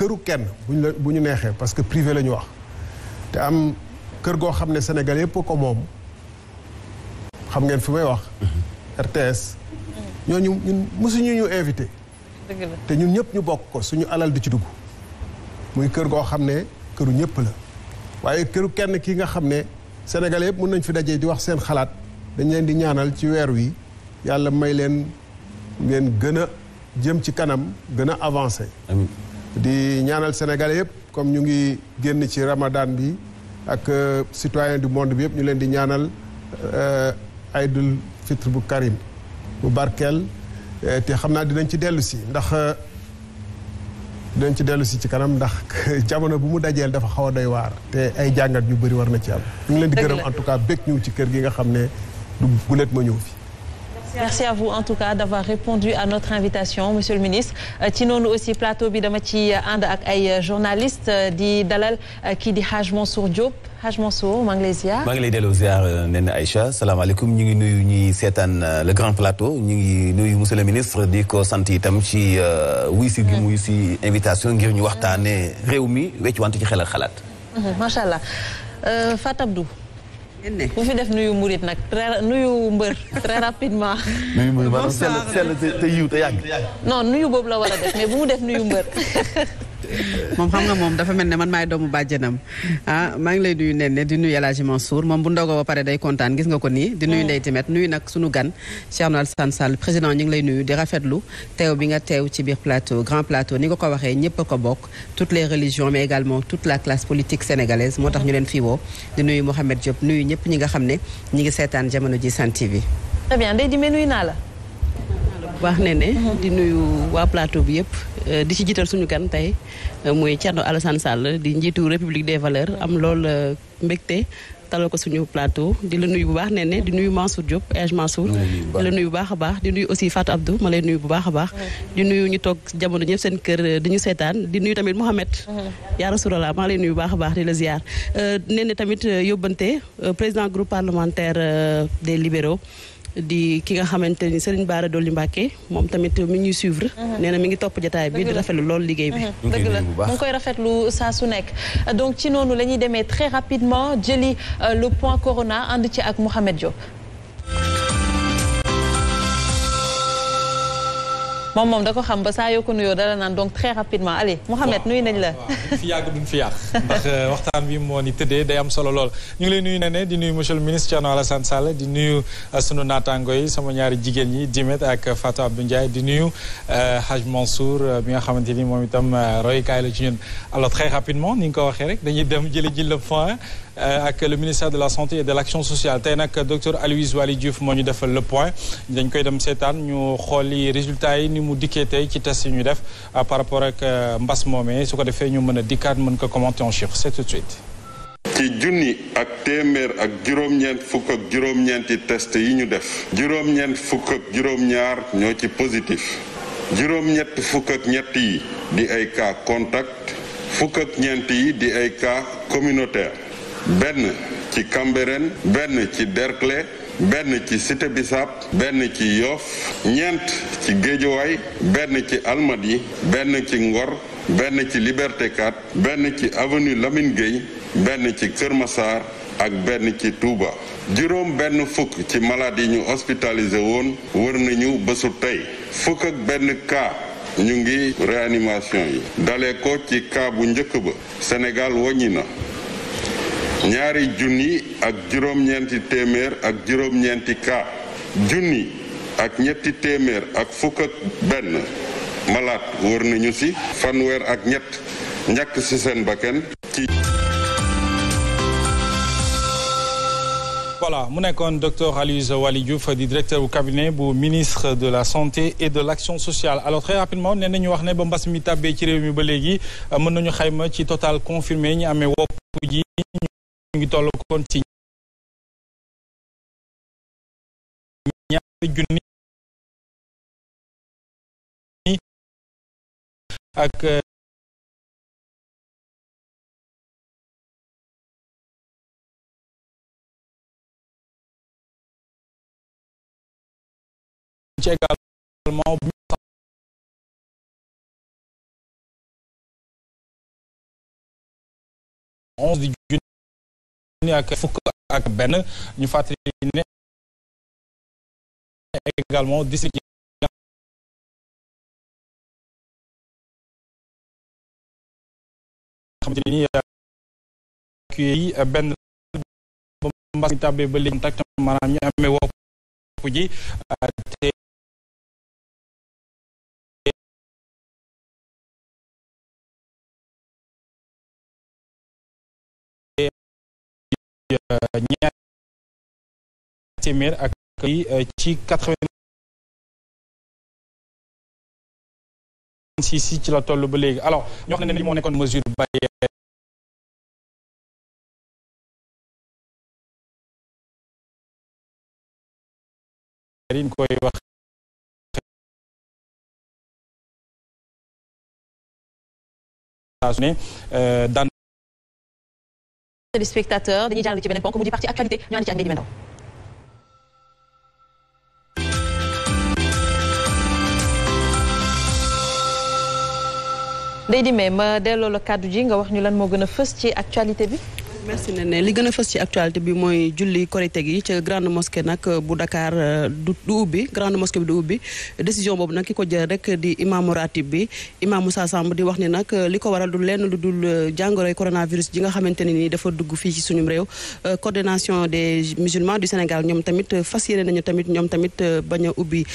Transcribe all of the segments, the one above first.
këru kenn bu ñu bu ñu neexee parce que privé la ñu wax te am kër goo xam ne Sénégal yëpp ko moom xam ngeen fi may wax. Mm-hmm. RTS. ñooñu ñun mosuñu ñu invité. te ñun ñëpp ñu bokk ko suñu alal di ci dugg. muy kër goo xam ne këru ñëpp la waaye këru kenn ki nga xam ne Sénégal yëpp mun nañ fi dajee di wax seen xalaat dañ leen di ñaanal ci weer wi yàlla may leen ngeen gën a jëm ci kanam gën a avancé. amiin. di ñaanal sénégal yëpp comme ñu ngi génn ci ramadan bi ak euh, citoyen du monde bi yëpp ñu leen di ñaanal euh, aydul fitre bu karim bu barkeel euh, te xam naa dinañ ci dellusi ndax dinañ ci dellu si ci kanam ndax jamono bu mu dajeel dafa xaw a day waar te ay jàngat yu bari war na ci am ñu ngi leen di gërëm en tout cas bég ñu ci kër gi nga xam ne du gulet ma ñëw fi merci à vous en tout cas d'avoir répondu à notre invitation monsieur le ministre euh, ci noonu aussi plateau bi dama ci ànd ak ay journaliste euh, di dalal euh, kii di Haj Mansour Diop Haj Mansour maa ngi lay ziar. maa ngi lay delloo ziar nee na Aïcha salaamaaleykum ñu ngi nuyu ñuy seetaan le grand plateau ñu ngi nuyu monsieur le ministre di ko sant itam ci wuy si gi muy si invitation ngir ñu waxtaane réew mi wecc wante ci xelal xalaat. macha allah Fatabdou ku fi def nuyu murit nag très nuyu mbër très rapidement. nuyu mbër maanaam sell sell te yiw te yàgg. non nuyu boobu la war a def mais bu mu def nuyu mbër. moom xam nga moom dafa mel ne man maay doomu bàjjenam ah maa ngi lay nuyu nen ne di nuyu El Hadji Mansour moom bu ndogoo ba pare day kontaan gis nga ko nii di nuyu Ndeye Timet nuyu nag sunu gan Thierno Alassane Sall président ñu ngi lay nuyu di rafetlu teew bi nga teew ci biir plateau ni nga ko waxee ñëpp a bokk toutes les religions mais également toute la classe politique sénégalaise moo tax ñu leen fii woo di nuyu Mouhamed Diop nuyu ñëpp nga xam ne ñi ngi seetaan jamono ji Sen TV très bien naa la waax ne ne di nuyu waa plateau bi yëpp Euh, di ci jiital suñu gan tey euh, muy Thierno Alassane Sall di njiitu République des valeurs am lool euh, mbégte talal ko suñu plateau di la nuyu bu baax nee ne di nuyu Mansour Diop Age Mansour di la nuyu a baax di nuyu aussi Fatou Abdou ma lay nuyu bu baax a baax di nuyu ñu toog jamono ñëpp seen kër dañu ñu seetaan di nuyu tamit Mohamed yaa Rasulallah maa lay nuyu bu baax a baax di la ziar nee tamit yóbbante président groupe parlementaire des libéraux di ki nga xamante ni Serigne Bara Dolly Mbacké moom tamit mi ñuy suivre. Mhm. nee na mi ngi topp jataay bi di rafetlu loolu liggéey bi. Mhm. dëgg la mu ngi koy rafetlu saa su nekk. donc ci noonu la ñuy demee très rapidement jëli euh, le point corona ànd ci ak Mouhamed Diop. moom moom dako xam ba saa yoo ko nuyoo dara naan donc très rapidement allez Mouhamed nuyu nañ la fi yàgg duñ fi yàq ndax euh, waxtaan bi moo ni tëddee day am solo lool ñu ngi lay nuyu ne ne di nuyu monsieur le ministre Thierno Alassane Sall di nuyu euh, sunu naataango sama ñaari jigéen ñi Dimet ak fato Abdou Ndiaye di nuyu euh, Haj Mansour bi nga xamante ni moom itam royukaay la ci ñun alors très rapidement ni nga ko waxee rek dañuy dem jëli ji le point Euh, ak le ministère de la santé et de l'action sociale tey nag docteur Aloyse Waly Diouf moo ñu defa le point dañ koy dem seetaan ñu xooli résultat yi ni mu dikkee tey ci test yi ñu def euh, par rapport ak euh, mbas moomee su ko defee ñu mën a dikkaat mën ko commenter en chiffre c'est tout de suite ci ak téeméer ak juróom fukk ak juróom-ñeenti test yi ñu def juróom-ñeent fukk ak juróom ñoo ci positif juróom-ñett yi di ay cas contact fukk yi di ay cas communautaire benn ci Cambérène benn ci Derklé benn ci site Bissap benn ci yoof ñeent ci Géejawaay benn ci Almadi benn ci Ngor benn ci Liberté benn ci avenue Lamine Gueye benn ci Kër Massar ak benn ci tuuba juróom benn fukk ci malade yi ñu hospitalisé woon wër nañu bésu tey fukk ak benn cas ñu ngi réanimation yi dalee ko ci cas bu njëkk ba Sénégal woññi na ñaari junni ak juróom-ñeenti téeméer ak juróom-ñeenti cas junni ak ñetti téeméer ak fukk ak benn malaat wër nañu ci fanweer ak ñett ñàkk ci seen bakkan ci voilà mu nekkoon docteur Aloyse Waly Diouf di directeur bu cabinet bu ministre de la santé et de l'action sociale alors très rapidement nee nañu wax ne ba mbas mi tàbbee ci réew mi ba léegi mën nañu xayma ci total confirmé ñi amee wopp ji ñu ngi toll kon ci junni ak euh, ci également ak fukk ak benn ñu fàttali ne également district yi nga xamante ni benn ba mbas mi ba léegi contact maanaam ñu amee wopp ji te ñaar téeméer ak euh, ci si si ci la toll ba léegi alors ñoo xam ne li moo mesure bàyyi koy wax euh, daan téléspectateurs dañuy jàll ci beneen ponk mu di parti actualité ñu ànd ci ak Ndeye Diagne Ndao kàddu ji nga wax ñu lan moo gën a fës ci actualité bi merci ne ne li gën a fës ci actualité bi mooy julli korite gi ca grande mosquée nag euh, bu Dakar euh, du ubbi grande mosquée bi du ubbi décision boobu nag ki ko jël rek di imaamu ratib bi imaam Moussa Samb di wax ni nag euh, li ko waral du lenn lu dul jàngoro jàngoroy coronavirus ji nga xamante ne nii dafa dugg fii ci suñu réew coordination des musulmans du Sénégal ñoom tamit fas yéene nañu tamit ñoom tamit bañ ubbi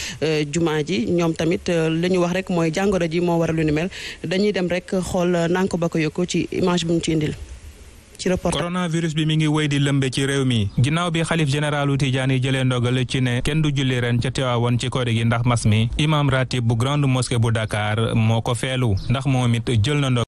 jumaa ji ñoom tamit li ñu wax rek mooy jàngoro ji moo waral lu ni mel dañuy dem rek xool nank ba ko ci image bu ci indil ci reportage. coronavirus bi mi ngi wéy di lëmbe ci réew mi ginnaaw bi xalif généralu Tijaan yi jëlee ndogal ci ne kenn du julli ren ca Tiwaawoon ci koor gi ndax mas mi imam ratib bu grande mosquée bu Dakar moo ko feelu ndax moom it jël na ndogal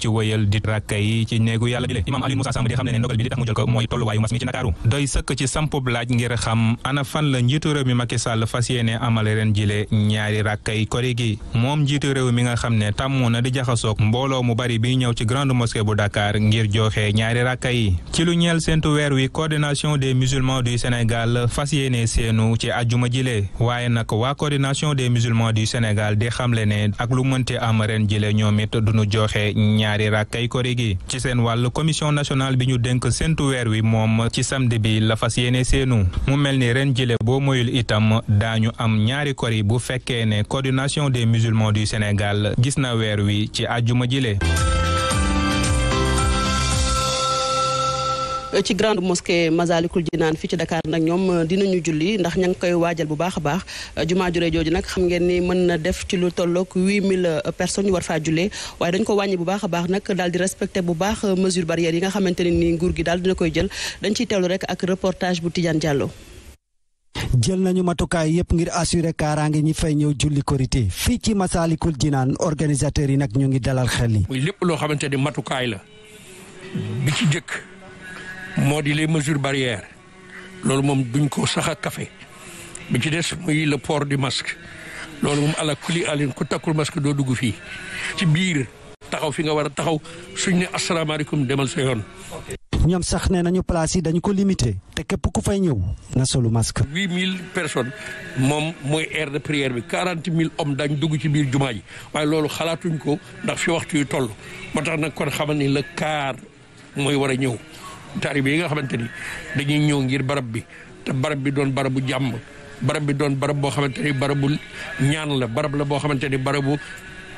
ci wëyal di rakka yi ci néegu yàlla bi le imaam Aliou Moussa Samb di xam ne ndogal bi li tax mu ko mooy tolluwaayu mas mi ci Ndakaaru doy sëkk ci sampub laaj ngir xam ana fan la njiitu réew mi Macky Sall fas yéene amale ren jile ñaari rakkay kori gi moom njiitu réew mi nga xam ne tàmm na di jaxasoog mbooloo mu bari bi ñëw ci grande mosquée bu Dakar ngir joxe ñaari rakka yi ci lu ñeel seentu weer wi coordination des musulmans du Sénégal fas yéene seenu ci ajuma jile waaye nag waa coordination des musulmans du Sénégal di xamle ne ak lu mënti am ren jile ñoom it duñu joxe ñaari ñaari rakkay kori gi ci seen wàll commission nationale bi ñu dénk séntu weer wi moom ci samedi bi la fas yéene seenu mu mel ni ren jële boo moyul itam daañu am ñaari kori bu fekkee ne coordination des musulmans du Sénégal gis na weer wi ci àjjuma jile ci grande mosquée Masalikul Jinaan fii ci Dakar nag ñoom euh, dinañu julli ndax ña ngi koy waajal bu baax a baax euh, jumaa jure jooju nag xam ngeen ni mën na def ci lu tolloog 8000 euh, personnes yu war faa jullee waaye dañ ko wàññi bu baax a baax nag daal di respecté bu baax mesure barrière yi nga xamante ne ni nguur gi daal dina koy jël dañ ciy teewlu rek ak reportage bu Tidiane Diallo. jël nañu matukaay yépp ngir assurer kaaraange ñi fay ñëw julli korité fii ci Masalikul Jinaan organisateurs yi nag ñu ngi dalal xel yi. muy lépp loo xamante ni matukaay la ci jëkk moo di les mesures barrières loolu moom duñ ko sax kafe bi ci des muy le port du masque loolu moom ala kuli alin ku takkul masque doo dugg fii ci biir taxaw fi nga war a taxaw suñ ne asalaamaaleykum demal sa yoon. ñoom sax nee nañu place yi dañ ko limité te képp ku fay ñëw nga solu masque. huit mille personnes moom mooy aire de prière bi quarante mille hommes dañ dugg ci biir jumaa ji waaye loolu xalaatuñ ko ndax fi waxtu yu toll moo tax nag kon xamal ni la quart mooy war a ñëw. taalibe yi nga xamante ni dañuy ñëw ngir barab bi te barab bi doon barabu jàmm barab bi doon barab boo xamante ni barabu ñaan la barab la boo xamante ni barabu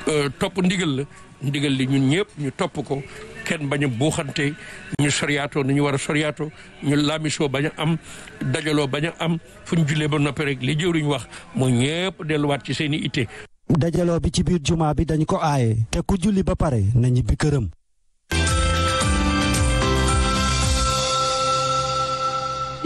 euh, topp ndigal la ndigal li ñun ñëpp ñu topp ko kenn bañ a buuxante ñu soriato nu war a soriato ñu laamisoo bañ a am dajaloo bañ am fu ñu jullee ba noppi rek li jëwriñ wax mooy ñëpp delluwaat ci seen i itte dajaloo bi ci biir jumaa bi dañ ko aaye te ku julli ba pare na ñibbi këram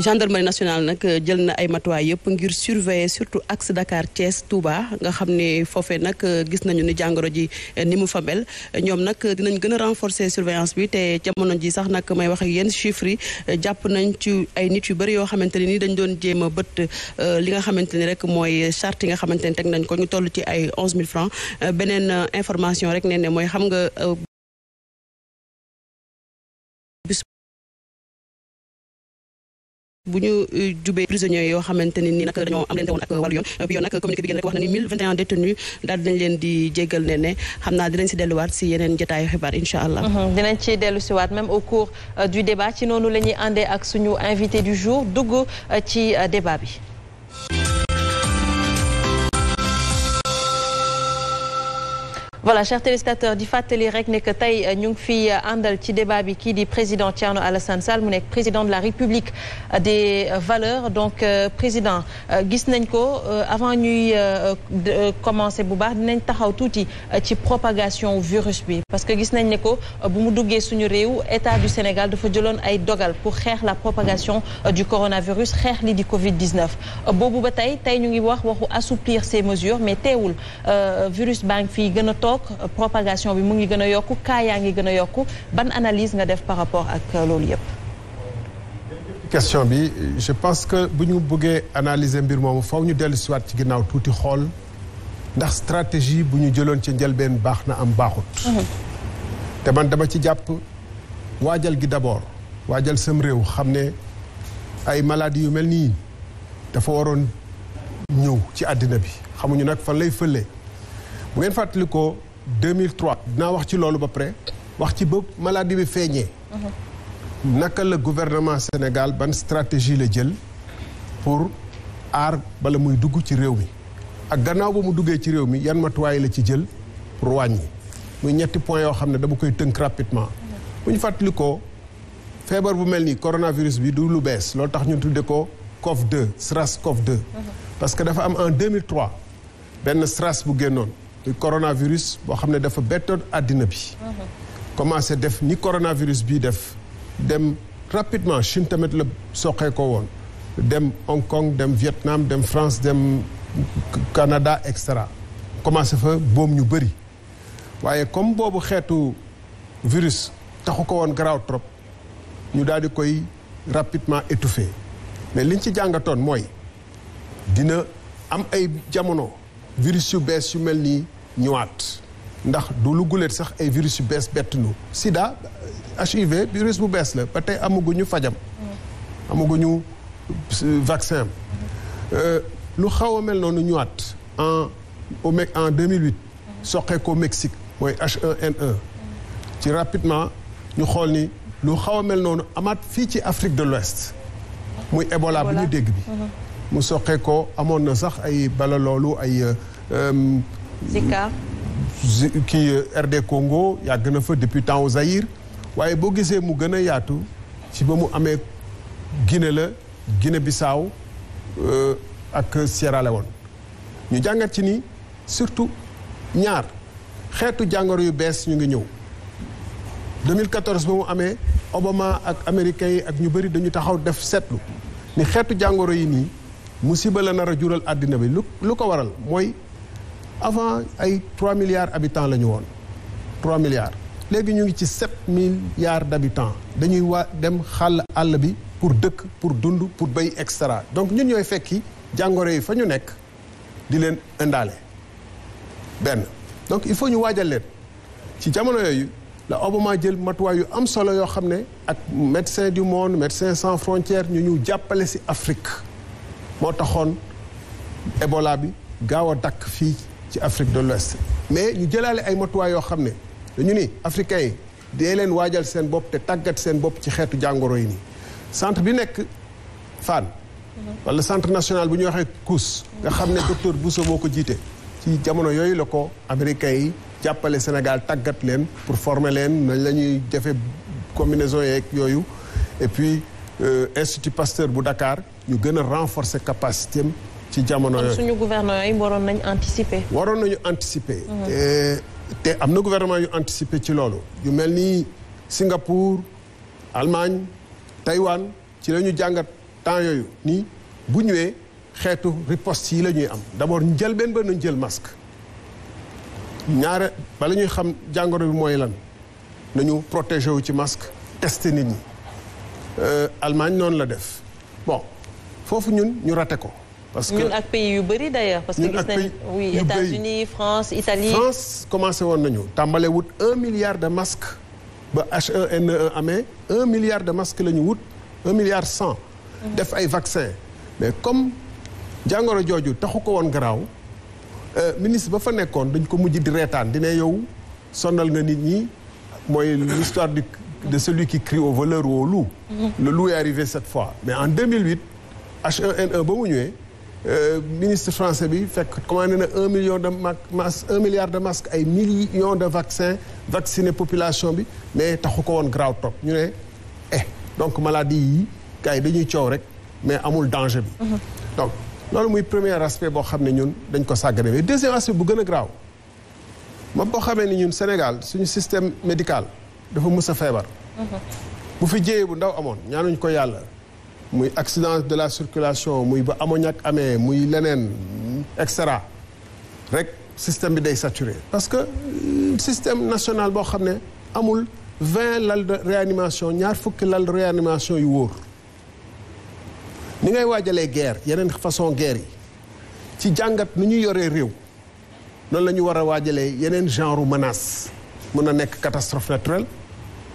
gendarmerie nationale nag euh, jël na ay matuwaay yëpp ngir surveiller surtout axe Dakar Thiès Touba nga xam ne foofe nag euh, gis nañu ni jàngoro ji euh, ni mu fa ñoom nag dinañ gën a renforcer surveillance bi te jamono ji sax nag may wax ak yéen chiffres jàpp nañ ci ay nit yu bëri yoo xamante ne nii dañ doon jéem a bët li nga xamante ni rek mooy charte yi nga xamante ni teg nañ ko ñu toll ci ay onze mille francs beneen information rek nee ne mooy xam nga bu ñu euh, jubee prisonniers yoo xamante ne ni nag dañoo am leen woon ak wàllu yoon bi yoon nag communiqué bi gën rek wax na ni 1021 détenus daal dinañ leen di jéggal ne ne xam naa dinañ si delluwaat si yeneen jotaayu xibaar incha allah mhm, dinañ ci dellu siwaat même au cours euh, du débat ci noonu la ñuy àndee ak suñu invité du jour dugg euh, ci débat bi voilà chers téléspectateurs di fàttali rek ne que tey euh, ñu ngi fi euh, àndal ci débat bi kii di président Thierno Alassane Sall mu nekk président de la République euh, des valeurs donc président gis nañ ko avant ñuy commencé bu baax dinañ taxaw tuuti ci propagation virus bi parce que gis nañ ne ko bu mu duggee suñu réew état du Sénégal dafa jëloon ay dogal pour xeex la propagation du coronavirus xeex li di Covid-19 boobu ba tey tey ñu ngi wax waxu assouplir ces mesures mais teewul virus baa ngi fi gën a yokk propagation bi mu ngi gën a yokk cas yaa ngi gën a yokk ban analyse nga def par rapport ak euh, loolu yëpp. question bi je pense que bu ñu bëggee analyser mbir moomu faw ñu dellu siwaat ci ginnaaw tuuti xool ndax stratégie bu ñu jëloon ci njëlbeen baax na am baaxut. Mhm. te man dama ci jàpp waajal gi d'abord waajal sam réew xam ne ay maladies yu mel nii dafa waroon ñëw ci àddina bi xamuñu nag fan lay fële bu ngeen fàttalikoo 2003 dinaa wax ci loolu ba pare wax ci ba maladie bi feeñee. Mhm. naka la gouvernement Sénégal ban stratégie la jël pour aar bala muy dugg ci réew mi ak gannaaw ba mu duggee ci réew mi yan matuwaay la ci jël pour wàññi muy ñetti point yoo xam ne dama koy tënk rapidement. Mhm. bu ñu fàttali ko feebar bu mel ni coronavirus bi du lu bees loolu tax ñu tudde ko COV 2 SRAS COV 2. Mhm. parce que dafa am en 2003 benn SRAS bu génnoon. coronavirus boo xam ne dafa bettoon àddina bi. commencé def ni coronavirus bii def dem rapidement Chine la soqee ko woon dem Hong Kong dem Vietnam dem France dem Canada et cetera commencé fa boom ñu bëri waaye comme boobu xeetu virus taxu ko woon garaaw trop ñu daal di koy rapidement étouffé mais liñ ci jàngatoon mooy dina am ay jamono virus yu bees yu mel nii ñëwaat ndax du lu guléet sax ay virus yu bees bett nu sida HIV virus bu bees la ba tey amaguñu fajam mm. amaguñu euh, vaccin euh, lu xaw a mel noonu ñuwaat en au me en 2008 mm. soqee ko Mexique mooy h 1 e n e. ci rapidement ñu xool ni lu xaw a mel noonu amaat fii ci Afrique de l'Ouest muy Ebola bi ñu dégg bi mm-hmm. mu soqee ko amoon na sax ay bala loolu ay euh, Zika. kii eh, RD Congo yàgg na fa depuis temps au waaye boo gisee mu gën a yaatu ci ba mu amee Guinée la Guinée Bissau eh, ak Sierra Leone ñu jàngat ci ni surtout ñaar xeetu jàngoro yu bees ñu ngi ñëw 2014 ba mu amee Obama ak américains yi ak ñu bëri dañu taxaw def seetlu ni xeetu jàngoro yi nii musiba la nara jural àddina bi lu ko waral mooy avant ay 3 milliards habitants la ñu woon 3 milliards léegi ñu ngi ci 7 milliards d' habitants dañuy waa dem xàll àll bi pour dëkk pour dund pour béy et donc ñun ñooy fekki jàngoro yi fa ñu nekk di leen indaale benn donc il faut ñu waajal ci jamono yooyu la Obama jël matuwaay yu am solo yoo xam ne ak médecins du monde médecins sans frontières ñu ñu jàppale si Afrique moo taxoon Ebola bi gaaw a dakk fii ci Afrique de l'Ouest mais ñu jëlaale ay matuwaay yoo xam ne dañu ni africains yi dee leen waajal seen bopp te tàggat seen bopp ci xeetu jàngoro yi nii centre bi nekk Fann wala centre national bu ñuy waxee COUS nga xam ne docteur Bousso moo ko jiite ci jamono yooyu la ko américains yi jàppale Sénégal tàggat leen pour former leen nañ lañuy jafe defe combinaison yeeg yooyu et puis euh, institut Pasteur bu Dakar ñu gën a renforcer capacité ci jamono yooyu suñu gouvernement yi waroon nañu anticiper. waroon nañu anticiper. Mhm. te am na gouvernement yu anticiper ci loolu. yu mel ni Singapour Allemagne Taïwan ci la ñu jàngat temps yooyu nii bu ñëwee xeetu riposte yi la ñuy am d'abord njëlbeen ba nañ jël masque ñaare bala ñuy xam jàngoro bi mooy lan nañu protéger wu ci masque tester nit ñi euh, Allemagne noonu la def foofu ñun ñu raté ko. parce que ñun ak pays yu bëri d'ailleurs. parce que gis nañu oui États-Unis France Italie. France commencé woon nañu tàmbale wut un milliard de masques ba h e n e amee un milliard de masques la ñu wut un milliard cent. def ay vaccin mais comme jàngoro jooju taxu ko woon garaaw euh, ministre ba fa nekkoon dañ ko mujj di reetaan dina yow sonal nga nit ñi mooy l'histoire du de celui qui crie au voleur ou au loup. Mm-hmm. le arrivé cette fois mais en 2008 H1N1 e ba mu ñëwee. Euh, ministre français bi fekk commandé na un million de masques un milliard de masques ay millions de vaccins vacciné population bi mais taxu ko woon graaw toog ñu ne eh donc maladie yi gars yi dañuy coow rek mais amul danger bi mhm. donc loolu muy premier aspect boo xam ne ñun dañ ko sàggane mais deuxième aspect bu gën a graaw moom boo xamee ni ñun Sénégal suñu système médical dafa mës a feebar mhm. bu fi jéyee bu ndaw amoon ñaanuñ ko yàlla muy accident de la circulation muy ba ak amee muy leneen et cetera rek système bi day saturé parce que euh, système national boo xam ne amul vingt lal de réanimation ñaar fukki lal de réanimation yu wóor ni ngay waajalee guerre yeneen façon guerre yi ci jàngat ni ñu yoree réew noonu la ñu war a waajalee yeneen genre menace mun a nekk catastrophe naturelle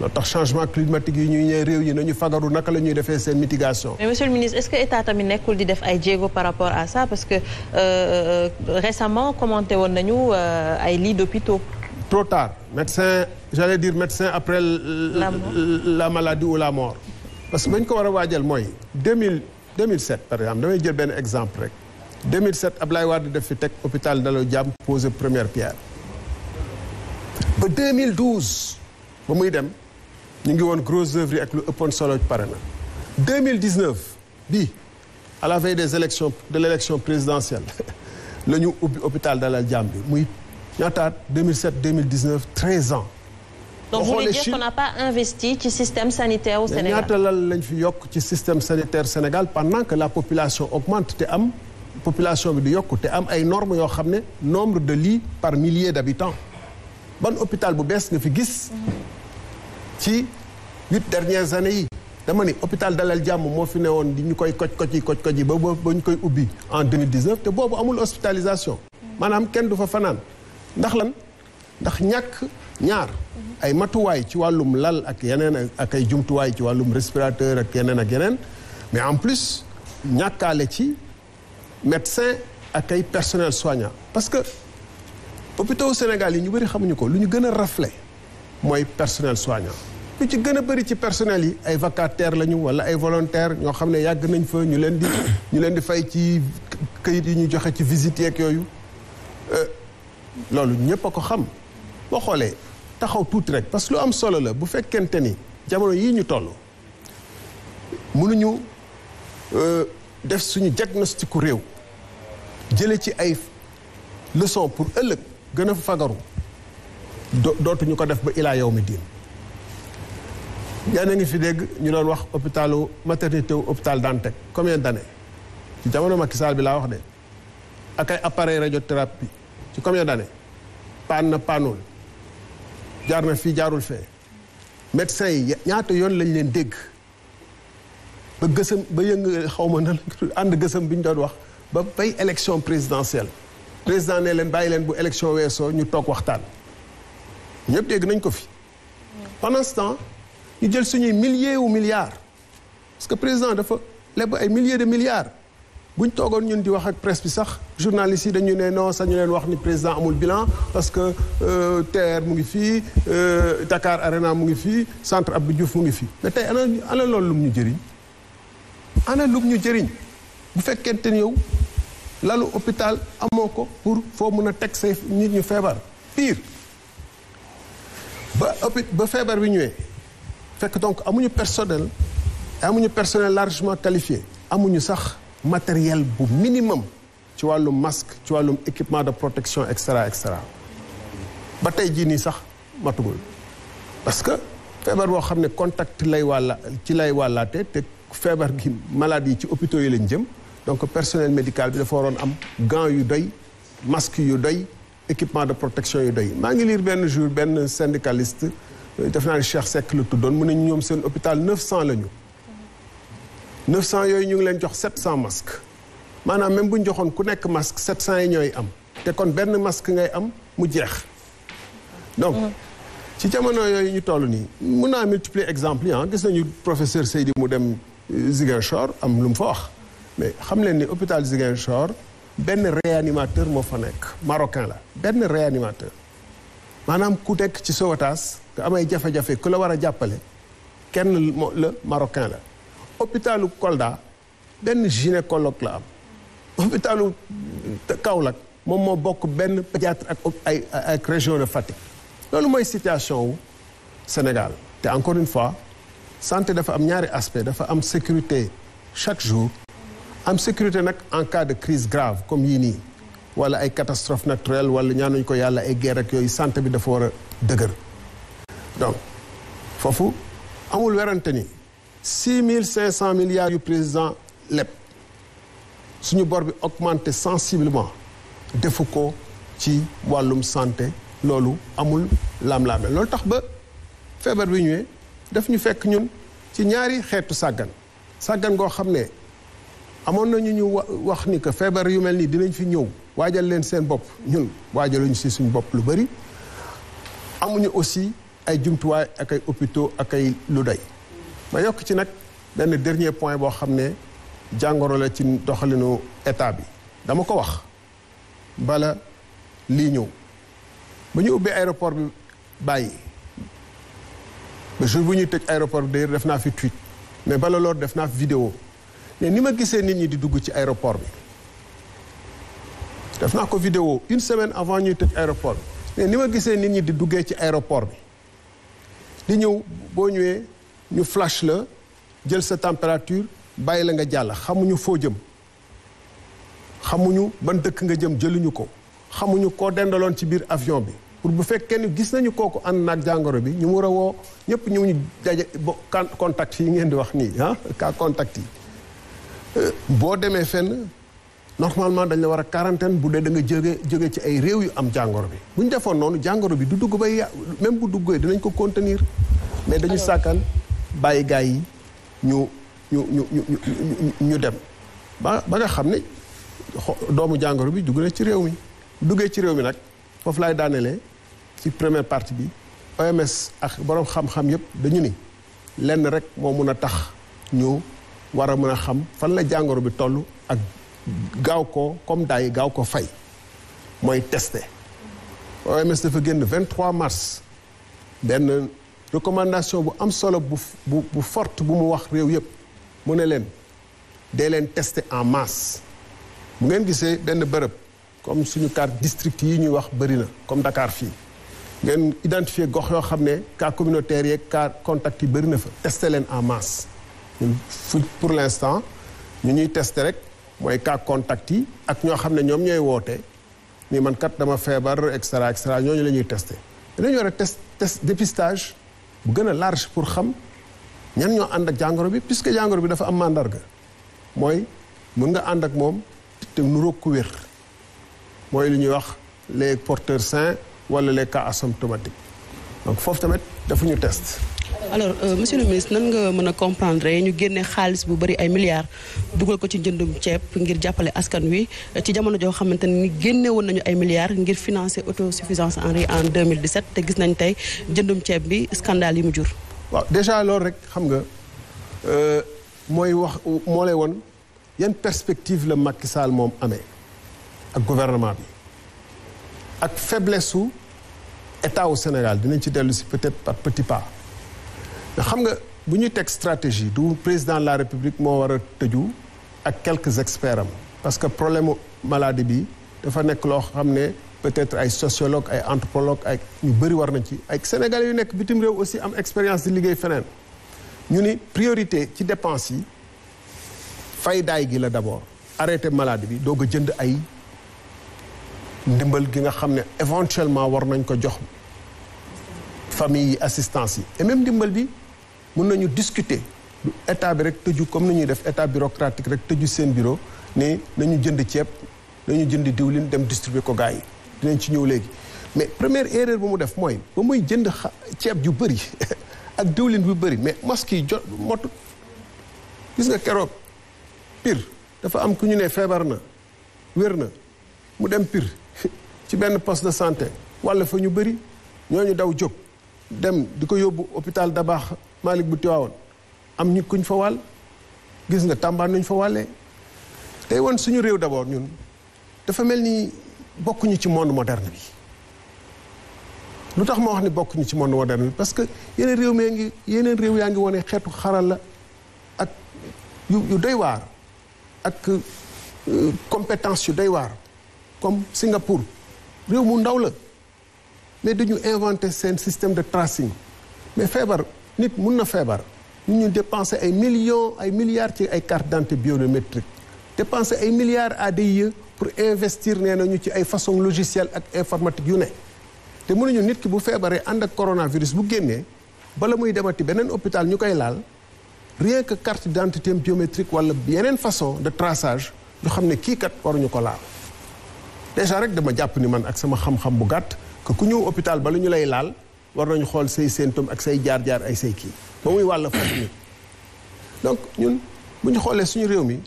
loo tax changement climatique yi ñuy ñëw réew yi nañu fagaru naka la ñuy defee seen mitigation. mais monsieur le ministre est-ce que état tamit nekkul di def ay jéego par rapport à ça parce que euh, euh récemment commenté woon nañu euh, ay lits d'hôpitaux trop tard médecin j'allais dire médecin après. la, la maladie ou la mort. parce que bañ ko war a waajal mooy deux mille deux mille sept par exemple damay jël benn exemple rek. 2007 Ablaye di def fi teg hôpital Dalal Jàmm posé première pierre ba 2012 ba muy dem. ñu ngi woon gros œuvre yi ak lu ëppoon solo pare na 2019 bii à la veille des élections de l' élection présidentielle la ñu ubbi hôpital Dalal Jàmm bi muy ñaataat 2007 2019 13 ans. donc vous voulez dire qu'on n'a pas investi ci système sanitaire au Sénégal ñaata lan lañ fi yokk ci système sanitaire Sénégal pendant que la population augmente te am population bi di yokk te am ay normes yoo xam ne nombre de lits par millier d' habitants ban hôpital bu bees nga fi gis. ci huit dernières années yi dama ni hôpital Dalal Jàmm moo fi woon di ñu koy koj koj yi koj koj yi ba ba ñu koy ubbi en 2019 te boobu amul hospitalisation maanaam kenn du fa fanaan ndax lan ndax ñàkk ñaar ay matuwaay ci wàllum lal ak yeneen ak ay jumtuwaay ci wàllum respirateur ak yeneen ak yeneen mais en plus ñàkkaale ci médecin ak ay personnel soignant parce que hôpitaux Sénégal yi ñu bëri xamuñu ko lu ñu gën a raflé mooy personnel soignant lu ci gën a bëri ci personnel yi ay vacataires lañu wala ay volontaires ñoo xam ne yàgg nañ fa ñu leen di ñu leen di fay ci këyit yu ñu joxe ci visite yeeg yooyu euh, loolu ñëpp a ko xam boo xoolee taxaw tuuti rek parce que lu am solo la bu fekkente ni jamono yii ñu toll mënuñu euh, def suñu ci diagnostiku réew jële ci ay leçon pour ëllëg gën a fagaru dootuñu ko def ba ilaa yow mi diin yéen a ngi fi dégg ñu doon wax hôpitalu maternité wu hôpital Dantec combien d'années ci jamono Macky Sall bi laa wax de ak ay appareil radiothérapie ci combien d'années paan na paanul jaar na fii jaarul fee médecins yi ñaata yoon lañ leen dégg ba gësëm ba yëng xaw ma na ànd gësëm bi ñu doon wax ba bay élection présidentielle président ne leen bàyyi leen bu élection weesoo ñu toog waxtaan ñëpp dégg nañ ko fi pendant temps ñu jël suñuy milliers wu milliards parce que président dafa leb ay millier de milliards buñ toogoon ñun di wax ak presse bi sax journalistes yi dañu ne non sax ñu leen wax ni président amul bilan parce que euh, mu ngi fii euh, Dakar Arena mu ngi fii centre Abdou Diouf mu ngi fii mais tey ana ana loolu lum ñu jëriñ ana lum ñu jëriñ bu fekkente ni yow lalu hôpital amoo ko pour foo mën a teg say nit ñu feebar pire ba ba feebar bi ñëwee. fekk donc amuñu personnel amuñu personnel largement qualifié amuñu sax matériel bu minimum ci wàllum masque ci wàllum équipement de protection et cetera et ba tey jii nii sax matugul parce que feebar boo xam ne contact lay wàlla ci lay wàllaate te feebar gi malade yi ci hôpitaux yi lañ jëm donc personnel médical bi dafa waroon am gants yu doy masque yu doy équipement de protection yu doy maa ngi liir benn jour benn syndicaliste def naa ne Cheikh Seck la tuddoon mun nañ ñoom seen hôpital 900 la ñu. 900 yooyu ñu ngi leen jox 700 masques maanaam même bu ñu joxoon ku nekk masque 700 yi ñooy am te kon benn masque ngay am mu jeex. donc ci jamono yooyu ñu toll nii mun naa multiplier exemple yi ah, gis nañu professeur Seydi mu dem euh, Ziguinchor am lu mu fa wax mais xam leen ni hôpital Ziguinchor benn réanimateur moo fa nekk marocain la benn réanimateur maanaam ku nekk ci Sowatas. nga amay jafe-jafe ku la war a jàppale kenn mo la marocain la hôpitalu Kolda benn gynécologue la am hôpitalu Kaolack moom moo bokk benn pédiatre ak ay ak région de Fatick loolu mooy situation wu Sénégal te encore une fois santé dafa am ñaari aspect dafa am sécurité chaque jour am sécurité nag en cas de crise grave comme yii nii wala ay catastrophe naturelle wala ñaanuñ ko yàlla ay guerre ak yooyu santé bi dafa war a dëgër donc foofu amul werante ni six mille cinq cent milliards yu président leb suñu bor bi augmenté sensiblement defu ko ci wàllum santé loolu amul laam-laame loolu tax ba feebar bi ñëwee daf ñu fekk ñun ci ñaari xeetu sàggan sàggan goo xam ne amoon nañu ñu wax ni que feebar yu mel nii dinañ fi ñëw waajal leen seen bopp ñun lañu si suñu bopp lu bëri amuñu aussi ay jumtuwaay ak ay hôpitaux ak ay lu dey ma yokk ci nag benn dernier point boo xam ne jàngoro la ci doxalinu état bi dama ko wax bala lii ñëw ba ñu ubbee aéroport bi bàyyi ba jour bu ñuy tëj aéroport bi d'ailleurs def naa fi tweet mais bala loolu def naa fi vidéo mais ni ma gisee nit ñi di dugg ci aéroport bi def naa ko vidéo une semaine avant ñuy tëj aéroport bi mais ni ma gisee nit ñi di duggee ci aéroport bi ki ñëw boo ñëwee ñu flash la jël sa température bàyyi la nga jàll xamuñu foo jëm xamuñu ban dëkk nga jëm jëluñu ko xamuñu koo dendaloon ci biir avion bi pour bu fekkee ni gis nañu kooku ànd naag jàngoro bi ñu war a woo ñëpp ñu ñu daje bo contact yi ngeen di wax nii ah cas contact yi euh, boo demee fenn normalement dañ la war a quarantaine bu dee danga nga jóge jóge ci ay réew yu am jàngoro bi bu defoon noonu jàngoro bi du dugg bay ya même bu duggee dinañ ko contenir mais dañu sàkkal bàyyi gaay yi ñu ñu ñu ñu ñu dem ba ba nga xam ne doomu jàngoro bi dugg ci réew mi duggee ci réew mi nag foofu lay daaneele ci première partie bi OMS ak boroom xam-xam yépp dañu ni lenn rek moo mun a tax ñu war a mën a xam fan la jàngoro bi toll ak gaaw ko comme daay gaaw ko fay mooy tester OMS dafa génn 23 mars benn recommandation bu am solo bu bu forte bu mu wax réew yëpp mu ne leen dee leen teste en masse bu ngeen gisee benn bërëb comme suñu car district yi ñuy wax bëri na comme Dakar fii ngeen identifier gox yoo xam ne cas communautaire yeeg cas contact yi bëri na fa tester leen en masse ñun fu pour l'instant ñu ñuy tester rek mooy cas contact yi ak ñoo xam ne ñoom ñooy woote ni man kat dama feebar et cetera et ñooñu la ñuy testé dañu war a test test dépistage bu gën a large pour xam ñan ñoo ànd ak jàngoro bi puisque jàngoro bi dafa am màndarga mooy mën nga ànd ak moom te nuroog ku wér mooy li ñuy wax les porteurs sains wala les cas asymptomatiques donc foofu tamit dafa ñu test alors euh, monsieur le ministre nan nga mën a comprendre ñu génne xaalis bu bari ay milliards dugal ko ci njëndum ceeb ngir jàppale askan wi ci jamono joo xamante ni génne woon nañu ay milliards ngir financer autosuffisance en riz en 2017 te gis nañ tey jëndum ceeb bi scandale yi mu jur. waaw déjà loolu rek xam nga euh, mooy wax moo lay won yan perspective la Macky Sall moom amee ak gouvernement bi ak faiblesse su état au Sénégal dinañ ci dellu si peut-être par petit pas. xam nga bu ñu teg stratégie du président la république moo war a tëju ak quelques experts parce que problème maladie bi dafa nekk loo xam ne peut-être ay sociologue ay entrepologue ay ñu bëri war nañ ci ay sénégalais yu nekk bitim réew aussi am expérience di liggéey feneen ñu ni priorité ci dépense yi fay daay gi la d'abord arrêté maladie bi doog a jënd ay ndimbal gi nga xam ne éventuellement war nañ ko jox famille yi assistance yi et ndimbal bi mun nañu discuter du état bi rek tëju comme ni ñuy def état bureaucratique rek tëju seen bureau na nañu jënd ceeb nañu jënd diwlin dem distribuer ko gars yi dinañ ci ñëw léegi. mais première erreur bu mu def mooy ba muy jënd ceeb ju bëri ak diwlin bu bëri mais masque yi jot motut gis nga keroog pire dafa am ku ñu ne feebar na wér na mu dem pire ci benn poste de santé walla fa ñu bëri ñu daw jóg dem di ko yóbbu hôpital baax Malick bu Tiwaawoon am ñu kuñ fa wàll gis nga Tamba nuñ fa wàllee tey wan suñu réew d'abord ñun dafa mel ni bokkuñu ci monde moderne bi lu tax ma wax ni bokkuñu ci monde moderne bi parce que yeneen réew mee ngi yeneen réew yaa ngi wane xeetu xaral la ak yu yu doy waar ak euh, compétence yu doy waar comme Singapour réew mu ndaw la mais dañu inventé seen système de tracing mais feebar nit mun na feebar ñu ñu dépenser ay millions ay milliards ci ay carte d'identité biométrique dépenser ay milliards ADIE pour investir nee nañu ci ay façon logicielle ak informatique yu ne te mënuñu nit ki bu feebaree ànd ak coronavirus bu génnee bala muy demati beneen hôpital ñu koy laal rien que carte d'identité biométrique wala yeneen façon de traçage ñu xam ne kii kat waruñu ko laal déjà rek dama jàpp ni man ak sama xam-xam bu gàtt ku ñëw hôpital bala ñu lay laal war nañu xool say séentom ak say jaar-jaar ay say kii ba muy wàll faj mi donc ñun bu ñu xoolee suñu réew mi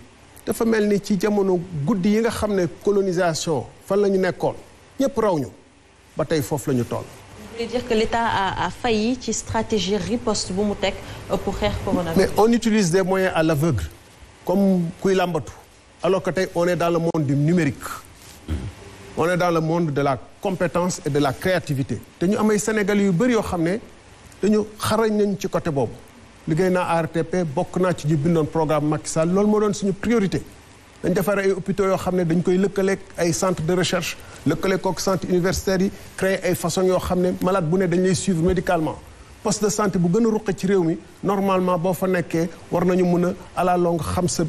dafa mel ni ci jamono guddi yi nga xam ne colonisation fan la ñu nekkoon ñëpp raw ñu ba tey foofu la ñu toll. vous dire que l'État a, a failli ci stratégie riposte bu mu teg pour xeex coronavirus. mais on utilise des moyens à l'aveugle comme kuy làmbatu alors que tey on daal dans le di du numérique. on est dans le monde de la compétence et de la créativité te ñu amay Sénégal yu bëri yoo xam ne dañu xarañ nañ ci côté boobu liggéey naa ARTP bokk naa ci ñu bindoon programme Macky Sall loolu moo doon suñu priorité dañ defar ay hôpitaux yoo xam ne dañ koy lëkkaleek ay centre de recherche lëkkaleeg kook centre universitaire yi créer ay façon yoo xam ne malaat bu ne dañ lay suivre médicalement poste de santé bu gën a ruqe ci réew mi normalement boo fa nekkee war nañu mën a à la longue xam sa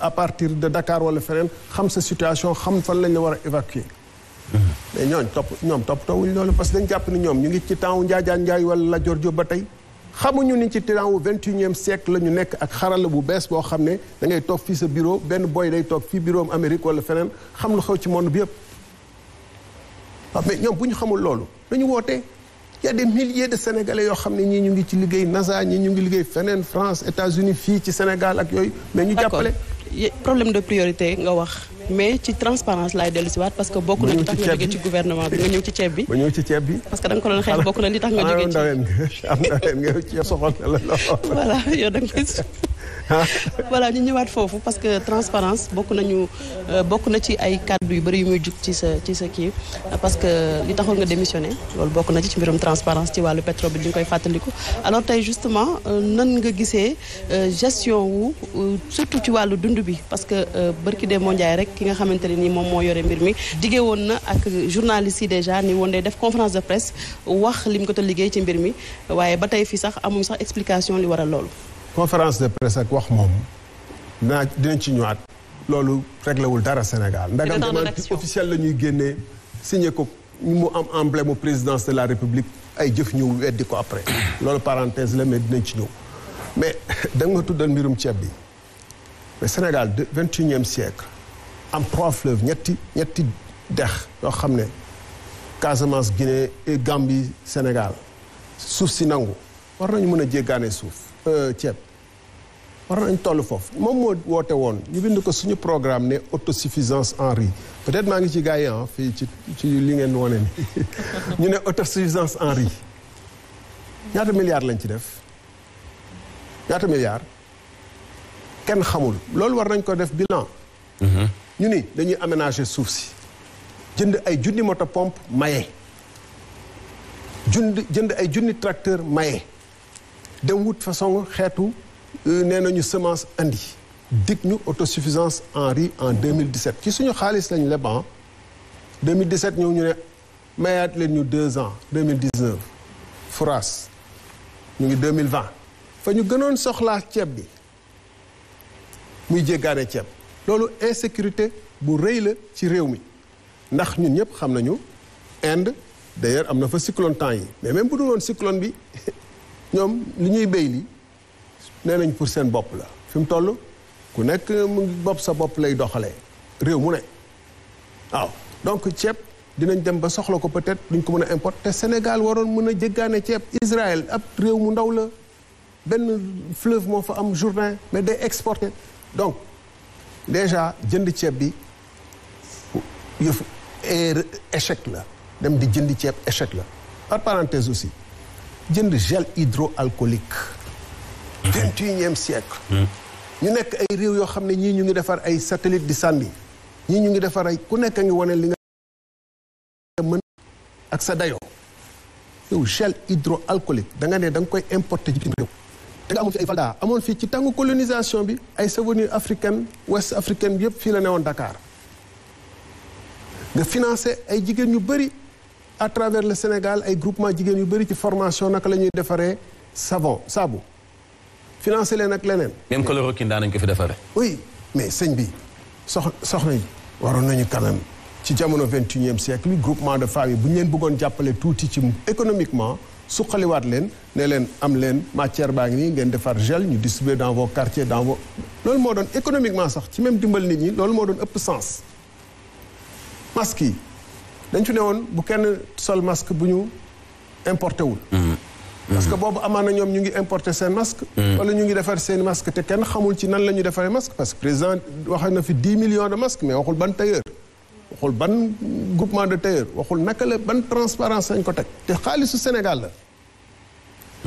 à partir de Dakar wala feneen xam sa situation xam fan lañ la war a évacuer mais ñooñ topp ñoom toppatoo wuñ loolu parce que dañ jàpp ni ñoom ñu ngi ci temps wu Njaajaan Njaay wala Lat Joor Jóob ba tey xamuñu ni ci temps wu vingt et unième siècle la ñu nekk ak xarala bu bees boo xam ne dangay toog fii sa bureau benn boy day toog fii bureau am Amérique wala feneen xam lu xew ci monde bi yëpp waaw ah, mais ñoom bu ñu xamul loolu dañu wootee y a des milliers de sénégalais yoo xam ne ñii ñu ngi ci liggéey NASA ñii ñu ngi liggéey feneen France États-Unis fii ci Sénégal ak yooyu mais ñu jàppale problème de priorité nga wax mais ci transparence laay dellu si waat parce que bokk na li tax nga jógee ci gouvernement bi nga ñëw ci ceeb bi ba ñëw ci ceeb bi parce que da nga ko doon xeex bokk na li tax nga jógee ci am ndaween nga soxal na la lool voilà yow da nga voilà ñu ñëwaat foofu parce que transparence bokk nañu euh, bokk na ci ay kàddu yu bari yu muy jug ci sa ci sa kii euh, parce que li taxoon nga démissionné loolu bokk nañu ci ci mbirum transparence ci wàllu pétrole bi ñu koy fàttaliku alors tey justement euh, nan nga gisee gestion wu surtout ci wàllu dund bi parce que bërki dee moo rek ki nga xamante ne nii moom moo yore mbir mi digée woon na ak journaliste yi déjà ni woon day def conférence de presse wax lim ko te liggéey ci mbir mi waaye ba tey fii sax amuñ sax explication li waral loolu conférence de presse ak wax moom dinaa dinañ ci ñëwaat loolu réglewul dara Sénégal ndagam demande officielle la ñuy génnee signé ko mu am emblème mu présidence de la République ay jëf ñëw weddi ko après loolu parenthèse la mais dinañ ci ñëw mais da nga tuddal mbirum ceeb bi mais Sénégal vingt et unième siècle am trois fleuves ñetti ñetti dex yoo xam ne Casamance Guinée et Gambie Sénégal suuf si nangu war nañu mën a jéggaane suuf ceeb euh, war nañ toll foofu moom moo woote woon ñu bind ko suñu programme ne autosuffisance en riz peut-être maa ngi ci gars yi ah, fii ci ci li ngeen wone ni ñu ne autosuffisance en riz ñaata milliards lañ ci def ñaata milliards kenn xamul loolu war nañ ko def bilan mhm. ñu ni dañuy aménager suuf si jënd ay junni moto pompe maye jund jënd ay junni tracteur maye dem wut façon xeetu euh, nee nañu semence andi dig ñu autosuffisance en riz en 2017 ci suñu xaalis lañ leban 2017 ñëw ñu ne mayaat leen ñu deux ans 2019 foras ñu ngi 2020 fa ñu gënoon soxlaa ceeb bi muy jéggaane ceeb loolu insécurité bu rëy la ci réew mi ndax ñun ñëpp xam nañu Inde d'ailleurs am na fa cyclone temps yi mais même dul woon cyclone bi ñoom li ñuy béy li nee nañ pour seen bopp la fi mu toll ku nekk mu ngi bopp sa bopp lay doxalee réew mu ne waaw donc ceeb dinañ dem ba soxla ko peut-être duñ ko mën a te Sénégal waroon mën a jéggaane ceeb Israël ab réew mu ndaw la benn fleuve moo fa am Jourdain mais day exporter donc déjà jënd ceeb bi yëfu échec la dem di jënd ceeb échec la par parenthèse aussi jënd gel hydroalcoolique. vingt et unième siècle. ñu nekk ay réew yoo xam ne ñii ñu ngi defar ay satellite di sànni ñii ñu ngi defar ay ku nekk ngi wane li nga mën ak sa dayoo. yow gel hydroalcoolique da nga ne da nga koy importe ci bitim réew. da nga amoon ay Valda amoon fii ci tàngu colonisation bi ay souvenir africaine ouest africaine yëpp fii la ne woon Dakar nga financé ay jigéen ñu bari à travers le Sénégal ay groupement jigéen yu bëri ci formation naka la ñuy defaree savon saabu financé leen ak leneen. même chloroquine daan nañ ko fi defaree. oy mais sëñ bi sox soxna yi waroon nañu quand ci jamono vingt et unième siècle groupement de femmes bu ñu leen bëggoon jàppale tuuti ci économiquement suqaliwaat leen ne leen am leen matière baa ngi nii ngeen defar gel ñu distribuer dans vos quartiers dans loolu moo doon économiquement sax ci même dimbal nit ñi loolu moo doon ëpp sens masque dañ fi ne woon bu kenn sol masque bu ñu importé wul. Mm-hmm. parce que mm-hmm. boobu amaan na ñoom ñu ngi importé seen masque. Mm-hmm. wala ñu ngi defar seen masque te kenn xamul ci nan la ñu defaree masque parce que président waxee na fi dix millions de masques mais waxul ban tailleur. waxul ban groupement de tailleur waxul naka la ban transparence sañ ko teg te xaalisu Sénégal la.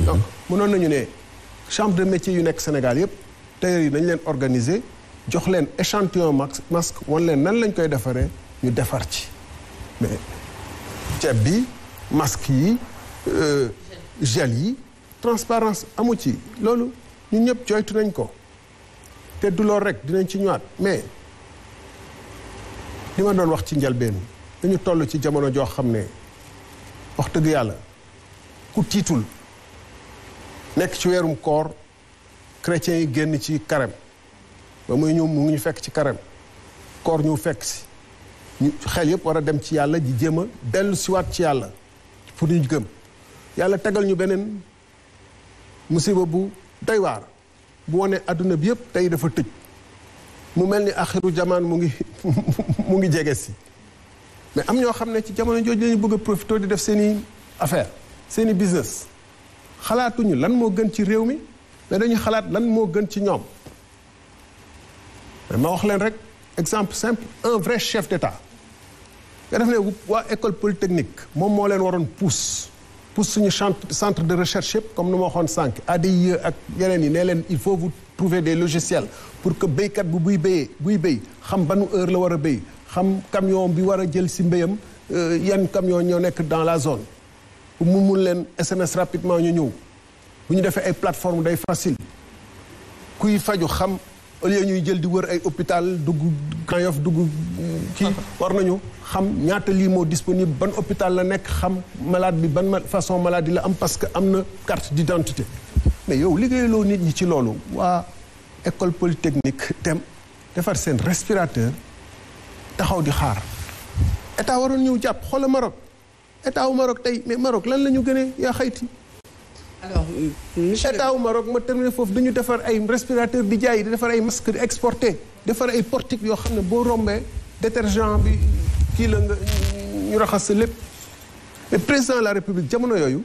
donc mënoon nañu ne chambre de métier yu nekk Sénégal yëpp tailleur yi nañ leen organiser jox leen échantillon masque wan leen nan lañ koy defaree ñu defar ci. mais ceeb bi masque yi euh, gel yi transparence amu ci loolu ñun ñëpp joytu nañ ko te du loolu rek dinañ ci ñëwaat mais li ma doon wax ci njalbeen dañu toll ci jamono joo xam ne wax dëgg yàlla ku tiitul nekk ci weerum koor chrétiens yi génn ci carême ba muy ñëw mu ngi ñu fekk ci carême koor ñu fekk si ñu xel yëpp war a dem ci yàlla ji jéem a dellu siwaat ci yàlla pour ñu gëm yàlla tegal ñu beneen musiba bu doy waar bu wane adduna bi yëpp tey dafa tëj mu mel ni axiru jamaan mu ngi mu ngi jege si mais am ñoo xam ne ci jamono jooju lañu bëgg a di def seeni affaire seen i business xalaatuñu lan moo gën ci réew mi mais dañu xalaat lan moo gën ci ñoom mais ma wax leen rek exemple simple un vrai chef d'État nga def ne waa école polytechnique moom moo leen waroon pousse pousse suñu centre de recherche yëpp comme nu ma waxoon sànq ADIE ak yeneen yi ne leen il faut vous trouver des logiciels pour que béykat bu buy béyee buy béy xam ba nu heure la war a béy xam camion bi war a jël si mbéyam euh, yan camion ñoo nekk dans la zone pour mu mun leen SMS rapidement ñu ñëw bu ñu defee ay plateforme day facile kuy faju xam au ñuy jël di wër ay hôpital dugg Grand Yoff euh, kii war nañu xam ñaata lii moo disponible ban hôpital la nekk xam malade bi ban façon maladie la am parce que am na carte d'identité mais yow liggéeyaloo nit ñi ci loolu waa école polytechnique dem defar seen respirateur taxaw di xaar état waroon ñëw jàpp xoola Maroc état wu Maroc tey mais Maroc lan la ñu gënee yaa xayti alors euh, monsieur état wu Maroc ma terminé foofu dañu defar ay respirateur di jaay di defar ay masque di exporté defar ay portique yoo xam ne boo rombee détergent bi kii la nga ñu raxas sa lépp mais président la république jamono yooyu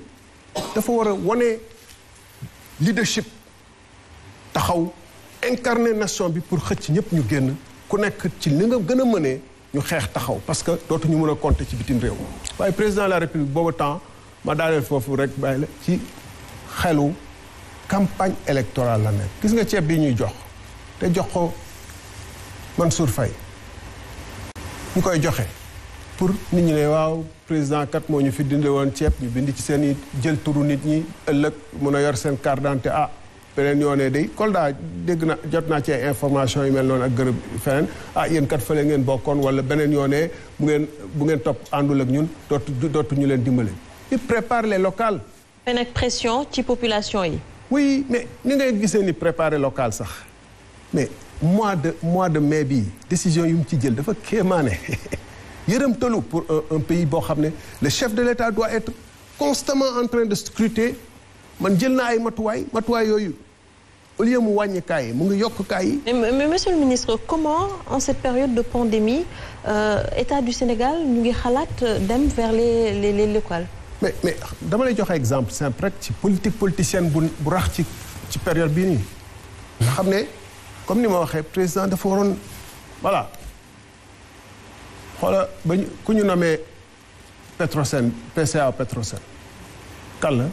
dafa war a wane leadership taxaw incarner nation bi pour xëcc ñëpp ñu génn ku nekk ci li nga gën a mënee ñu xeex taxaw parce que dootuñu mën a compter ci bitim réew waaye président la république boobu temps ma daaneel foofu rek bàyyi la ci xelu campagne électorale la nekk gis nga ceeb bi ñuy jox te jox ko Mansour Faye ñu koy joxe pour nit ñi ne waaw président kat moo ñu fi dindi woon ceeb ñu bind ci seen i jël turu nit ñi ëllëg mun a yor seen carte d'identité ah beneen yoonee day Kolda dégg na jot naa ci information yu mel noonu ak gërëm feneen ah yéen kat fële ngeen bokkoon wala beneen yoonee bu ngeen bu ngeen topp àndul ak ñun dootu dootu ñu leen dimbale il prépare les locales mais pression ci population yi wuy mais ni ngay gisee ni préparer local sax mais mois de mois de mai bii décision yu mu ci jël dafa kéemaane yërëmtalu pour un, pays boo xam ne le chef de l'État doit être constamment en train de scruter man jël na ay matuwaay matuwaay yooyu au lieu mu wàññi yi mu ngi yokk yi. mais monsieur le ministre comment en cette période de pandémie euh, État du Sénégal ñu ngi xalaat dem vers les les les locales. mais mais dama lay joxe exemple simple rek ci politique politicienne bu bu rax ci ci période bii nii. nga xam ne comme ni ma waxee président de waroon voilà. xoola ba ñu ku ñu nommé Petrosen PCA Petrosen kan la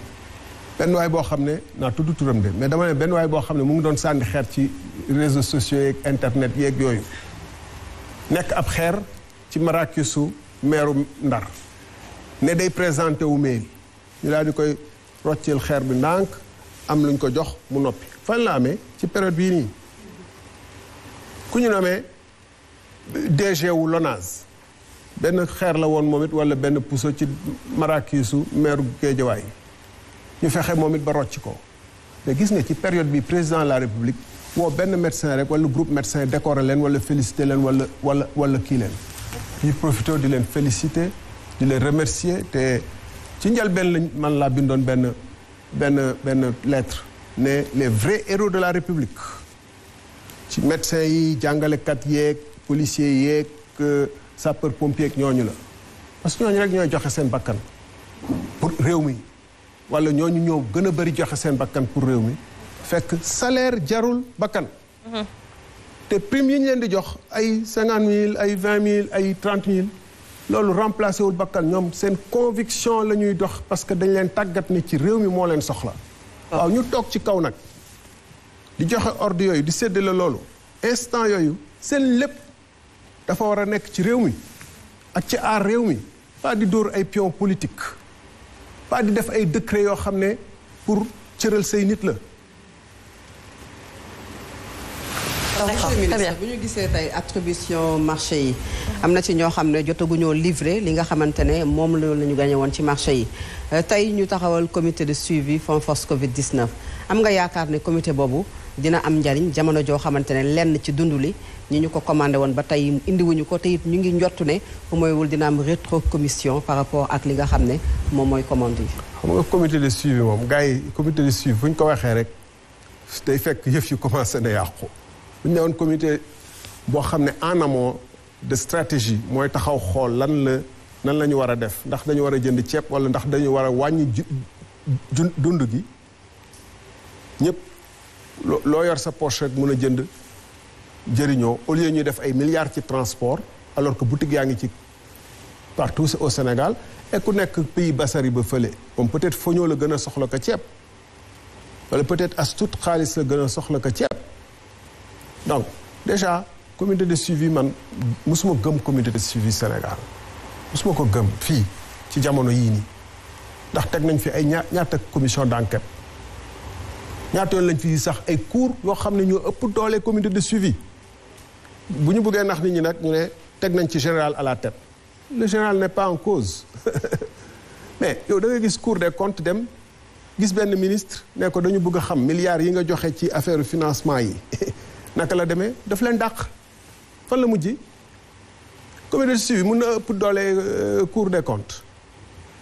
benn waay boo xam ne naa tudd turam de mais dama ne benn waay boo xam ne mu ngi doon sànni xeer ci réseaux sociaux yeeg internet yeeg yooyu nekk ab xeer ci marakisu meeru Ndar ne day présenté wu mairie ñu daal di koy roccil xeer bi ndànk am luñ ko jox mu noppi fan la amee ci période bii nii ku ñu nommé DG wu LONASE benn xeer la woon moom it wala benn puso ci maraakiisu meeru Géejawaay ñu fexe moom it ba rocc ko mais gis nga ci période bi président de la république woo benn médecin rek wala groupe médecin décoré leen wala félicité leen wala wala wala kii leen ñu profité di leen félicité di leen remercier te ci njëlbeen lañ man laa bindoon benn benn benn lettre ne les vrais héros de la république ci médecins yi jàngalekat yeeg policiers yeeg euh, sapeur pompier ak ñooñu la parce que ñooñu rek ñooy joxe seen bakkan pour réew mi wala ñooñu ñoo gën a bëri joxe seen bakkan pour réew mi fekk salaire jarul bakkan mhm. te prime yi ñu leen di jox ay cinquante mille ay vingt mille ay trente mille loolu remplacé wul bakkan ñoom seen conviction la ñuy dox parce que dañ leen tàggat ni ci réew mi moo leen soxla waaw ñu toog ci kaw nag di joxe ordre yooyu di séddale loolu instant yooyu seen lépp dafa war a nekk ci réew mi ak ci aar réew mi pas di dóor ay pion politique pas di def ay décret yoo xam ne pour cëral say nit la bu ñu gisee tey attribution marché yi am na ci ñoo xam ne jotaguñoo livré li nga xamante ne moom loolu la ñu gagné woon ci marché yi euh, tey ñu taxawal comité de suivi fonds force covid 19 am nga yaakaar ne comité boobu dina am njariñ jamono joo xamante ne lenn ci dund li ñi ñu ko commandé woon ba tey indiwuñu ko te it ñu ngi njottu ne bu mooywul dina am rétro commission par rapport ak li nga xam ne moom mooy commande yi. xam nga comité de suivi moom gars yi comité de suivi fu ñu ko waxee rek day fekk yëf yu commencé na yàqu bu ñu ne woon comité boo xam ne en amont de stratégie mooy taxaw xool lan la nan la ñu war a def ndax dañu war a jënd ceeb wala ndax dañu war a wàññi dund gi ñëpp. loo yor sa poche rek mun a jënd jëriñoo au lieu ñuy def ay milliards ci transport alors que boutique yaa ngi ci partout au Sénégal et ku nekk pays basari ba fële moom peut-être foñoo la gën a soxla ko ceeb wala peut-être as tuut xaalis la gën a soxla ko ceeb donc déjà comité de suivi man mosuma gëm comité de suivi Sénégal mosuma ko gëm fii ci jamono yii nii ndax teg nañ fi ay ñaar ñaata commission d'enquête ñaata yoon lañ fi sax ay cours yoo xam ne ñoo ëpp doole comité de suivi bu ñu buggee nax nit ñi nag ne teg nañ ci général à la tête le général n'est pas en cause mais yow da gis cour des comptes dem gis benn ministre ne ko dañu bëgg a xam milliards yi nga joxe ci affaire financement yi naka la demee daf leen dàq fan la mujj comité de suivi mun na ëpp doole euh, cour des comptes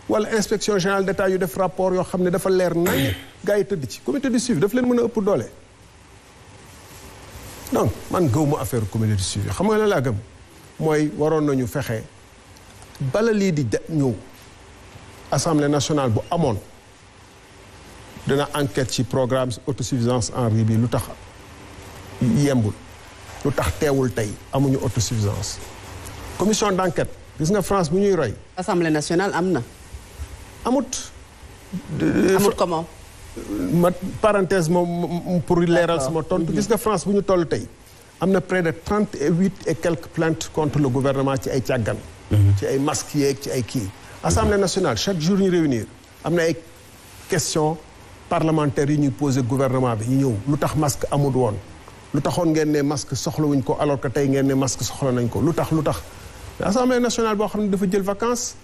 wala inspection générale d'État yu def rapport yoo xam ne dafa leer nañ gars tëdd ci comité de suivi dafa leen mën a ëpp doole donc man gëw ma affaire comité de suivi xam nga laa gëm mooy waroon nañu fexe bala lii di ja ñëw assemblée nationale bu amoon dina enquête ci programme autosuffisance en riz bi lu tax yembul lu tax teewul tey amuñu autosuffisance commission d'enquête gis nga France bu ñuy roy assemblée nationale am na amut. amut comment. ma parenthèse moom pour leeral sama tontu mhm. gis nga France bu ñu toll tey am na près de trente et huit et quelques plaintes contre le gouvernement ci ay càggan mhm. ci ay masques yeeg ci ay kii assemblée nationale chaque jour ñu réunir am na ay questions parlementaires yi ñuy poser gouvernement bi ñu ñëw lu tax masque amul woon lu taxoon ngeen ne masque soxlawuñ ko alors que tey ngeen ne masque soxla nañ ko lu tax lu tax assemblée nationale boo xam ne dafa jël vacances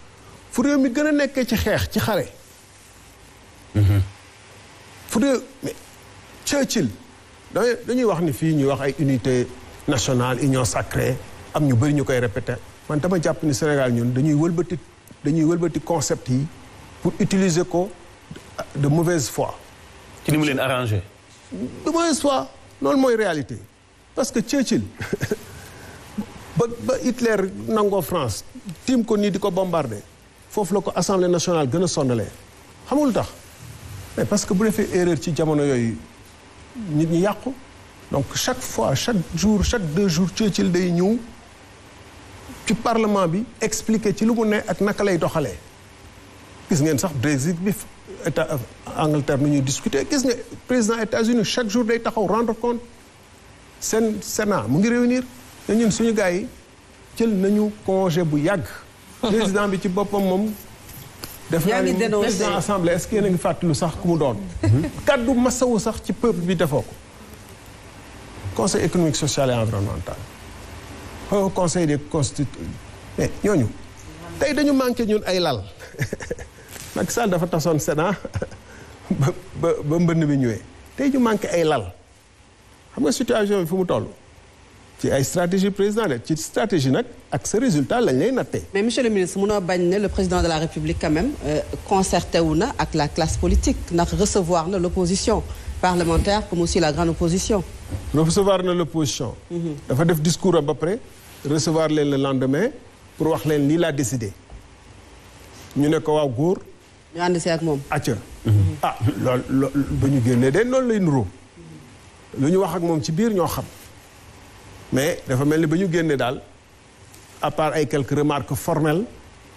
fu mi gën a nekkee ci xeex ci xare mm-hmm. fu réew mais Churchill dañuy wax ni fii ñuy wax ay unité nationale union sacrée am ñu bëri ñu koy répété man ma jàpp ni Sénégal ñun dañuy wëlbati dañuy wëlbati concept yi pour utiliser ko de mauvaise fois ki ni mu leen arrangé de mauvaise foi loolu mooy réalité parce que Churchill ba ba Hitler nangoo France tiim ko nii di ko bombardé foofu la ko assemblée nationale gën a sondalee xamul tax mais parce que bu defee erreur ci jamono yooyu nit ñi yàqu donc chaque fois chaque jour chaque deux jours Churchill day ñëw ci parlement bi expliquer ci lu mu ne ak naka lay doxalee gis ngeen sax Brexit bi état Angleterre nu ñuy discuter gis nga président États-Unis chaque jour day taxaw rendre compte seen sena mu ngi réunir te ñun suñu gars yi jël nañu congé bu yàgg président bi ci boppam moom. def naa ni président assemblée est-ce que a ngi fàttalu sax ku mu doon. kaddu masawu sax ci peuple bi defoo ko. conseil économique social et environnemental. au conseil tey dañu manqué ñun ay lal. Macky Sall dafa tasoon Sénat ba ba ba mbënd bi ñëwee. tey ñu manqué ay lal. xam nga situation bi fu mu toll. ci ay stratégie présidentielle ci stratégie nag ak sa résultat lañ lay nattee. mais monsieur le ministre munoo bañ ne le président de la république quand même euh, concerté wu na ak la classe politique ndax recevoir na l'opposition parlementaire comme aussi la grande opposition. recevoir na l'opposition. Mhm. dafa def discours am ba pare recevoir leen le lendemain pour wax leen lii la décidé ñu ne ko waaw góor. ñu ànd ak moom. acca mhm. ah loolu ñu génnee de noonu lay nuroo. Mhm. lu ñu wax ak moom ci biir ñoo xam. mais dafa mel ni ba ñu génnee daal à part ay quelques remarques formelles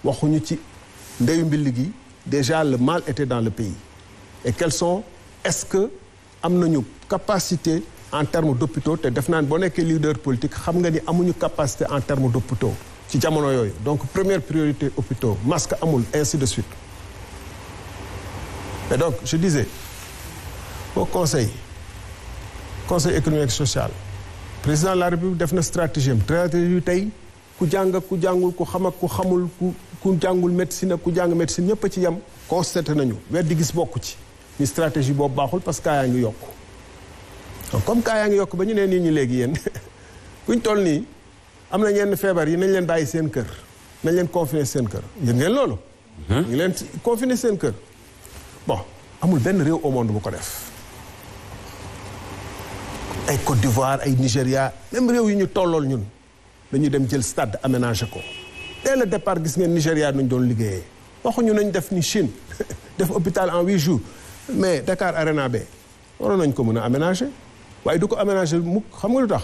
waxuñu ci ndeyu mbill gi déjà le mal était dans le pays et quels sont est-ce que am nañu capacité en terme d'hôpitaux te def naa ne boo nekkee leader politique xam nga ni amuñu capacité en terme d'hôpitaux ci jamono yooyu donc première priorité hôpitaux masque amul ainsi de suite mais donc je disais au conseil conseil économique social président de la république def na stratégie am stratégie tey ku jàng ku jàngul ku xam ak ku xamul ku ku jàngul médecine ak ku jàng médecine ñëpp a ci yem. constaté nañu di gis bokku ci ni stratégie boobu baaxul parce que yaa ngi yokk donc comme kaa yaa ngi yokk ba ñu nee nii ñu léegi yéen kuñ toll nii am na ñenn feebar yi nañ leen bàyyi seen kër nañ leen confiner seen kër yëg ngeen loolu. ñu leen confiner seen kër bon amul benn réew au monde bu ko def. ay Côte d'Ivoire ay Nigéria même réew yu ñu tollool ñun dañuy dem jël stade aménagé ko dès le départ gis ngeen Nigéria nañ doon liggéeyee waxuñu nañ def ni Chine def hôpital en huit jours mais Dakar Arena be waroon nañ ko mën a aménagé waaye du ko aménagé mukk xam nga lu tax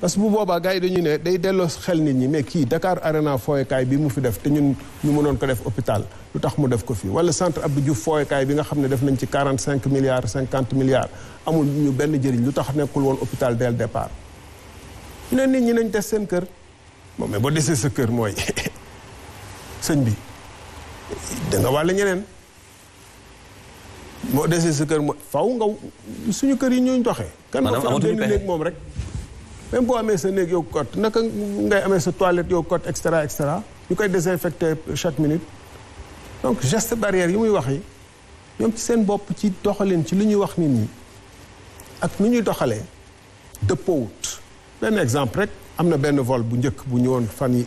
parce que bu boobaa gars yi dañuy ne day delloo xel nit ñi mais kii Dakar Arena fooyekaay bi mu fi def te ñun ñu mënoon ko def hôpital lu tax mu def ko fii wala centre Abdou Diouf fooyekaay bi nga xam ne def nañ ci quarante cinq milliards cinquante milliards amul ñu benn jëriñ lu tax nekkul woon hôpital dès le départ. ñu ne nit ñi nañ des seen kër moom mais boo desee sa kër mooy sëñ bi da nga wàll ñeneen moo desee sa kër mooy faw nga suñu kër yi ñuy doxee. kan moo moom rek. même boo amee sa néeg yow code naka ngay amee sa toilette yow code et cetera ñu koy désinfecté chaque minute donc geste barrière yi muy wax yi ñoom ci seen bopp ci doxalin ci li ñuy wax nit ñi ak nu ñuy doxalee dëppoowut benn exemple rek am na benn vol bu njëkk bu ñëwoon fan yi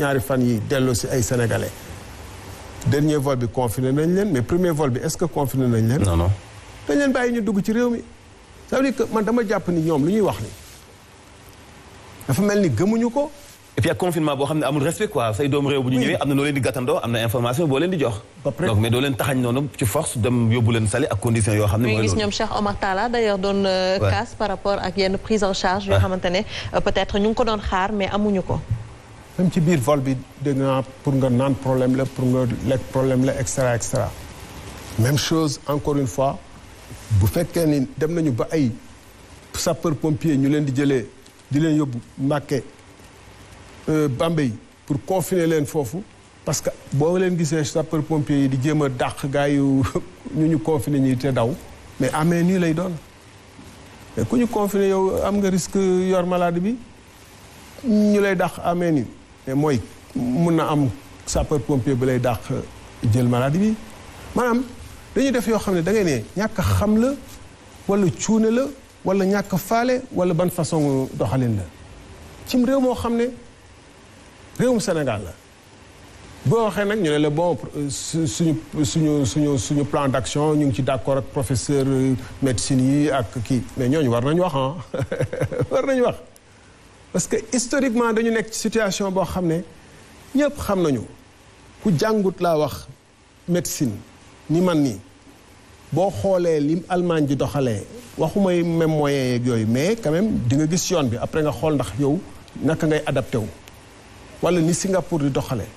ñaari fan yi delloo si ay sénégalais dernier vol bi confiné nañ leen mais premier vol bi est-ce que confiné nañ leen. non non dañ leen bàyyi ñu dugg ci réew mi. ça veut que man dama jàpp ni ñoom lu ñuy wax ni dafa mel ni gëmuñu ko. et puis ak confinement boo xam ne amul respect quoi say doomu réew bu ñu ñëwee am na noo leen di gàttandoo am na information boo leen di jox. donc mais doo leen taxañ noonu ci force dem yóbbu leen sali ak condition yoo xam euh, par rapport ak yenn prise en charge. yoo xamante ne euh, peut-être ñu ngi ko doon xaar mais amuñu ko. même ci biir vol bi dégg pour nga naan problème la pour nga lekk problème la et cetera et même chose encore une fois bu fekkee ni dem nañu ba ay sapeur pompier ñu leen di jëlee. di leen yóbbu Mbàkke euh, Bambey pour confiner leen foofu parce que boo leen gisee sapeur pompier yi di jéem a dàq gaa yu ñu ñu confiner ñi te daw mais amee nii lay doon mais ku ñu confiner yow am nga risque yor maladie bi ñu lay dàq amee nii mais mooy mun na am sapeur pompier bi lay dàq jël maladie bi maanaam dañuy def yoo xam ne da ngay ne ñàkk xam la wala cuune la wala ñàkk faale wala ban façon doxalin la cim réew moo xam ne réewum Sénégal la boo waxee nag ñu ne la bon suñu suñu suñu suñu plan d'action ñu ngi ci d'accord ak professeur euh, médecine yi ak kii mais ñooñu war nañu wax ah war nañu wax parce que historiquement dañu nekk ci situation boo xam ne ñëpp xam nañu ku jàngut laa wax médecine ni man nii boo xoolee lim Allemagne di doxalee waxumay même moyen yooyu mais quand même di nga gis yoon bi après nga xool ndax yow naka ngay adapté wu. wala ni Singapour di doxalee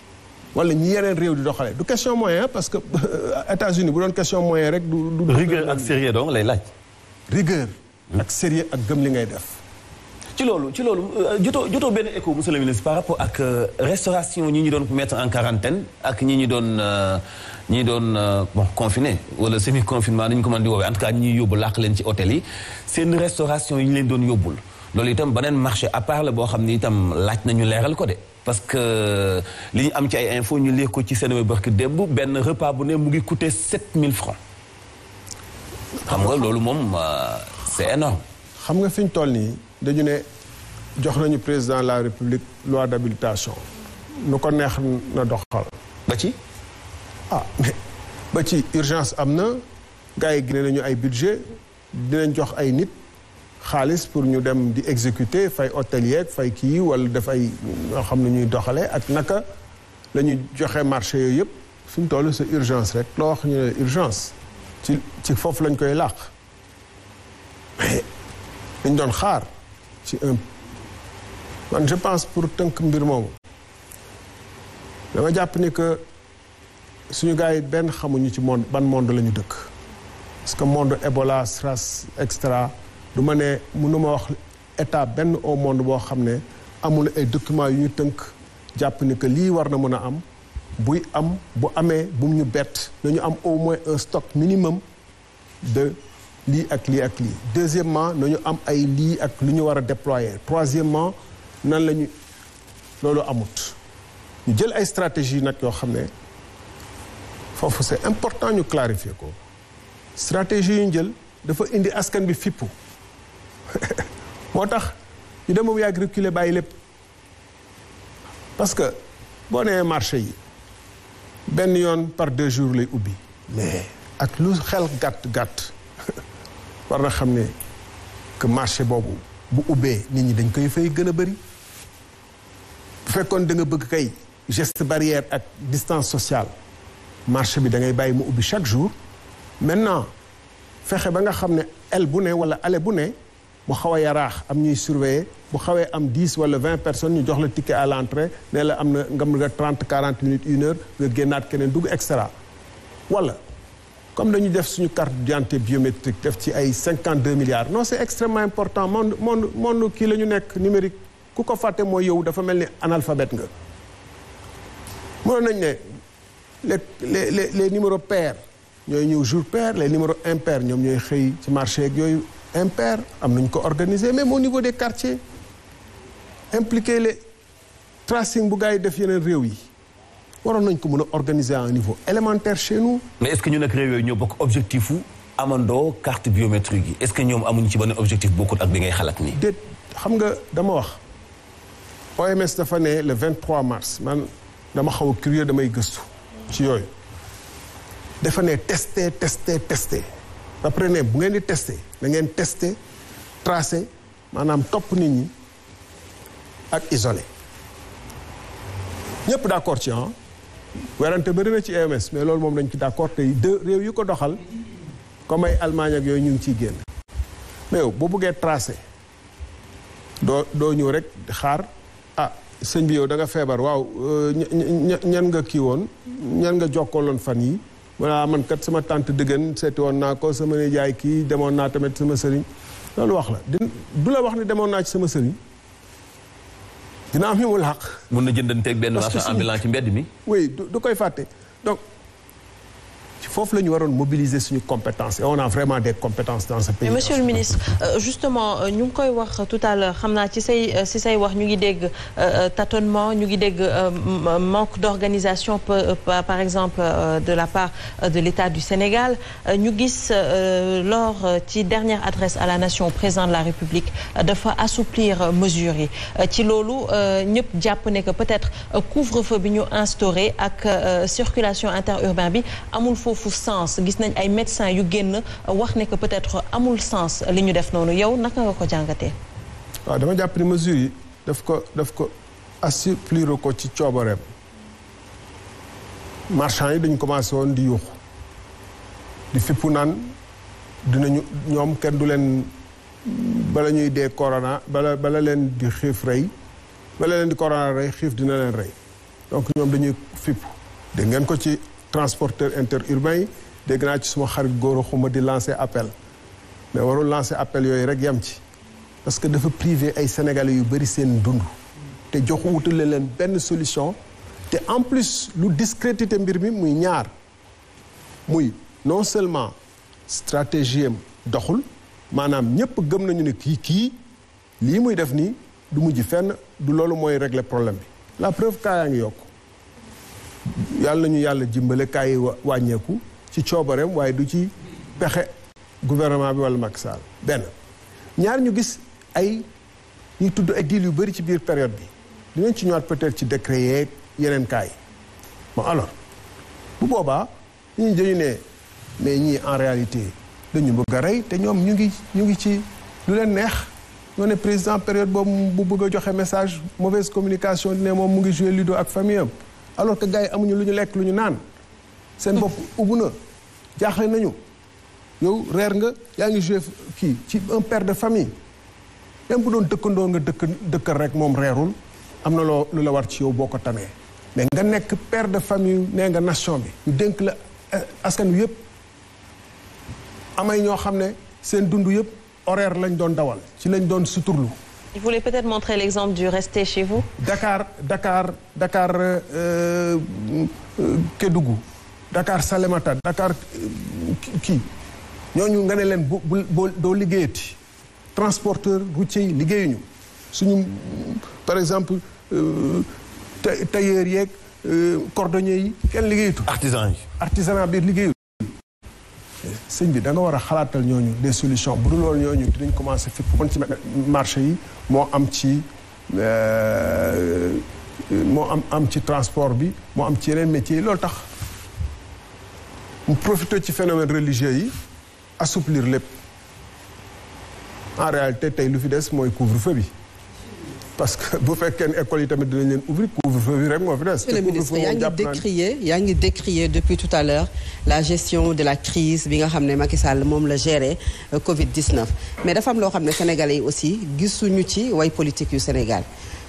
wala ñi yeneen réew di doxalee du question moyen parce que euh, États-Unis bu doon question moyen rek du. du rigueur ak sérieux donc lay laaj. rigueur ak sérieux ak gëm li ngay def. ci loolu ci loolu euh, jotoo jotoo benn écho monsieur le ministre par rapport ak euh, restauration ñi ñu doon mettre en quarantaine ak ñi ñu doon euh, ñi doon bon confiné wala semi confinement ni ñu ko mën di woowee en tout cas ñi yóbbu làq leen ci hôtel yi seen restauration yi ñu leen doon yóbbul loolu itam beneen marché à la boo xam ni itam laaj nañu leeral ko de parce que li ñu am ci ay info ñu leeg ko ci seen bërki démb benn repas bu ne mu ngi coûté 7000 francs xam nga loolu moom c'est xam nga fi ñu dañu ne jox nañu président la république loi d'habilitation nu ko neex na doxal. ba ci. ah mais ba urgence am na gars yi génne nañu ay budget dinañ jox ay nit xaalis pour ñu dem di exécuter fay hôtelier fay kii wala def ay ñoo xam ne ñuy doxalee ak naka la joxe marché yooyu yëpp suñ toll c'est urgence rek loo wax ñu ne urgence ci ci foofu lañ koy làq mais dañ doon xaar. ci un man je pense pour tënk mbir moomu dama jàpp ni que suñu gars yi benn xamuñu ci monde ban monde la ñu dëkk parce que monde ébola SRAS extra du ma ne mënuma wax état benn au monde boo xam ne amul ay documents yu ñu tënk jàpp ni que lii war na mën a am buy am bu amee bu ñu bett nañu am au moins un stock minimum de lii ak lii ak lii deuxièmement nañu am ay lii ak lu ñu war a déployer troisièmement nan la ñu loolu amut ñu jël ay stratégie nag yoo xam ne foofu c'est important ñu clarifier ko stratégie yu ñu jël dafa indi askan bi fippu moo tax ñu dem moom yàgg reculer bàyyi lépp parce que boo nee marché yi benn yoon par deux jours lay ubbi mais ak lu xel gàtt gàtt war na xam ne que marché boobu bu ubbee nit ñi dañ koy fay gën a bëri bu fekkoon danga bëgg kay geste barrière ak distance sociale marché bi da ngay bàyyi mu ubbi chaque jour maintenant fexe ba nga xam ne aile bu ne wala ale bu ne bu xaw a yaraax am ñuy surveiller bu xawee am 10 wala 20 personnes ñu jox la ticket à l'entrée nee la am na nga mën nga 30 40 minutes une heure nga génnaat keneen dugg et cetera wala comme dañu def suñu carte d'identité biométrique def ci ay cinquante deux milliards non c'est extrêmement important monde monde monde kii la ñu nekk numérique ku ko fàtte mooy yow dafa mel ni analphabète nga mënoon nañ ne les les les les numéros pairs ñooy ñëw jour pair les numéros impairs ñoom ñooy xëy ci marché ak yooyu impair am nañ ko organiser même au niveau des quartiers impliquer le tracing bu gars yi def yeneen réew yi waroon nañ ko mën a organiser à un niveau élémentaire chez nous. mais est-ce que ñu nekk réew yooyu ñoo bokk objectif wu amandoo carte biométrique yi est-ce que ñoom amuñu ci benn objectif bokkut ak bi ngay xalaat nii. déet xam nga dama wax OMS dafa ne le 23 mars man dama xaw a curieux damay gëstu ci yooyu dafa ne teste testé testé après ne bu ngeen di testé da ngeen testé tracé maanaam topp nit ñi ak isole ñëpp d'accord ci ah. werante bëri na ci EMS mais loolu moom dañ ci d'accord te deux réew yi ko doxal comme ay Allemagne yooyu ñu ngi ciy génn mais yow boo bëggee tracé doo doo ñëw rek xaar ah sëñ bi yow da nga feebar waaw euh, ñan nga kii woon ñan nga jokkooloon fan yi voilà ah, man kat sama tànt dëggan seeti woon naa ko sama nijaay kii demoon naa tamit sama sëriñ loolu wax la du la wax ni demoon naa ci sama sëriñ dina am ñu mu laaq. mun na jëndanteeg benn. parce que waa ci mbedd mi. oui du koy fàtte donc foofu la ñu waroon mobiliser suñu compétence et on a vraiment des compétences dans ce pays. monsieur le ministre euh, justement euh, ñu ngi koy wax tout à l'heure xam naa ci say euh, si say wax ñu ngi dégg tâtonnement ñu ngi dégg manque d'organisation par exemple de la part de l'État du Sénégal ñu gis lors ci dernière adresse à la nation président de la République dafa assouplir mesures yi ci loolu ñëpp jàpp ne que peut-être couvre-feu bi ñu instauré ak circulation interurbain bi foofu sens gis nañ ay médecins yu génn euh, wax ne que peut-être amul sens li ñu def noonu yow naka nga ko jàngatee. waa dama jàpp ni mesure yi daf ko daf ko assouplir ko ci coobareem marchand yi dañ commencé woon di yuuxu di fippu naan ñu ñoom kenn du leen bala ñuy dee corona bala bala leen di xiif rey bala leen di corona rey xiif dina leen rey donc ñoom dañuy fippu dégg ko ci transporteurs interurbains yi dégg naa ci suma xarit góor xuma di lancer appel mais warul lancer appel yooyu rek yam ci parce que dafa privé ay sénégalais yu bëri seen dund te joxu wutale leen benn solution te en plus lu discrédité mbir mi muy ñaar muy non seulement stratégie am doxul maanaam ñëpp gëm nañu ni kii kii lii muy def nii du mujj fenn du loolu mooy regle problème bi la preuve kaa yaa ngi yokk yàlla nañu yàlla jimbale kaay wàññeeku ci coobareem waaye du ci pexe gouvernement bi wala Macky Sall benn ñaar ñu gis ay ñuy tudd ay deal yu bëri ci biir période bi dinañ ci ñëwaat peut-être ci décret yeeg yeneen kaay bon alors bu boobaa ñun dañu ne mais ñii en réalité dañu bëgg a rey te ñu ngi ñu ngi ci lu leen neex ñoo ne président période boobu bu bëgg a joxe message mauvaise communication ne moom mu ngi joué Ludo ak famille am alors que gars yi amuñu lu ñu lekk lu ñu naan seen bopp ubbu na jaaxle nañu yow reer nga yaa ngi joué kii ci per de famille même bu doon dëkkandoo nga dëkk dëkkal rek moom reerul am na loo lu la war ci yow boo ko tamee mais nga nekk per de famille nee nga nation bi ñu dénk la eh, askan wi yëpp amay ñoo xam ne seen dund yëpp horaire lañ doon dawal ci lañ doon suturlu Il voulait peut-être montrer l'exemple du rester chez vous. Dakar, Dakar, Dakar, euh, euh, Dakar Salemata, Dakar euh, kii ñooñu nga ne leen bu bu doo liggéeyati transporteur routier yi liggéeyuñu suñu par exemple euh, tailleur yeeg euh, cordonnier yi kenn liggéeyatu. artisan yi artisanat bi liggéeyut. sëñ bi da nga war a xalaatal ñooñu des solutions bu dul loolu ñooñu dinañ commencé fi kon ci marché yi. moo am ci euh, moo am am ci transport bi moo am ci yeneen métiers yi loolu tax mu profité ci phénomène religieux yi assouplir lépp en réalité tey lu fi des mooy couvre-feu bi parce que bu fekkee ne école yi tamit dinañ leen ouvrir fi des. ministre yaa ngi décrier yaa ngi décrier depuis tout à l'heure la gestion de la crise bi nga xam ne Macky Sall moom la gérer euh, Covid 19. mais dafa am loo xam ne sénégalais yi aussi gisuñu ci way politique yu Sénégal.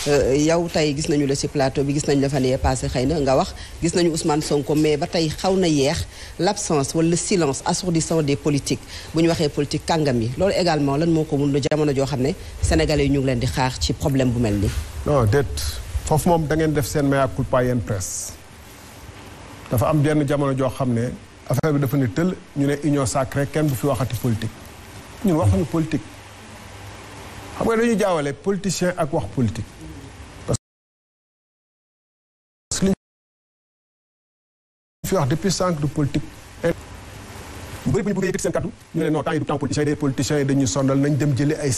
Euh, yow tey gis nañu la ci plateau bi gis nañu la fan yee xëy na nga wax gis nañu Ousmane Sonko mais ba tey xaw na yeex l'absence wala le silence assourdissant des politiques bu ñu waxee politique kàngam yi loolu également lan moo ko mun lu jamono joo xam ne sénégalais yi ñu ngi leen di xaar ci problème bu mel nii. non déet foofu moom da def seen mea culpa yéen presse dafa am benn jamono joo xam ne affaire bi dafa ne tël ñu ne union sacrée kenn bu fi waxati politique ñun waxuñu politique xam nga dañu jaawale politicien ak wax politique. fi wax depuis cinq de politique. mbëri bu ñu bëggee yëkkati seen kaddu ñu ne non temps yi yi politiciens yi dañuy sondal nañ dem jële ay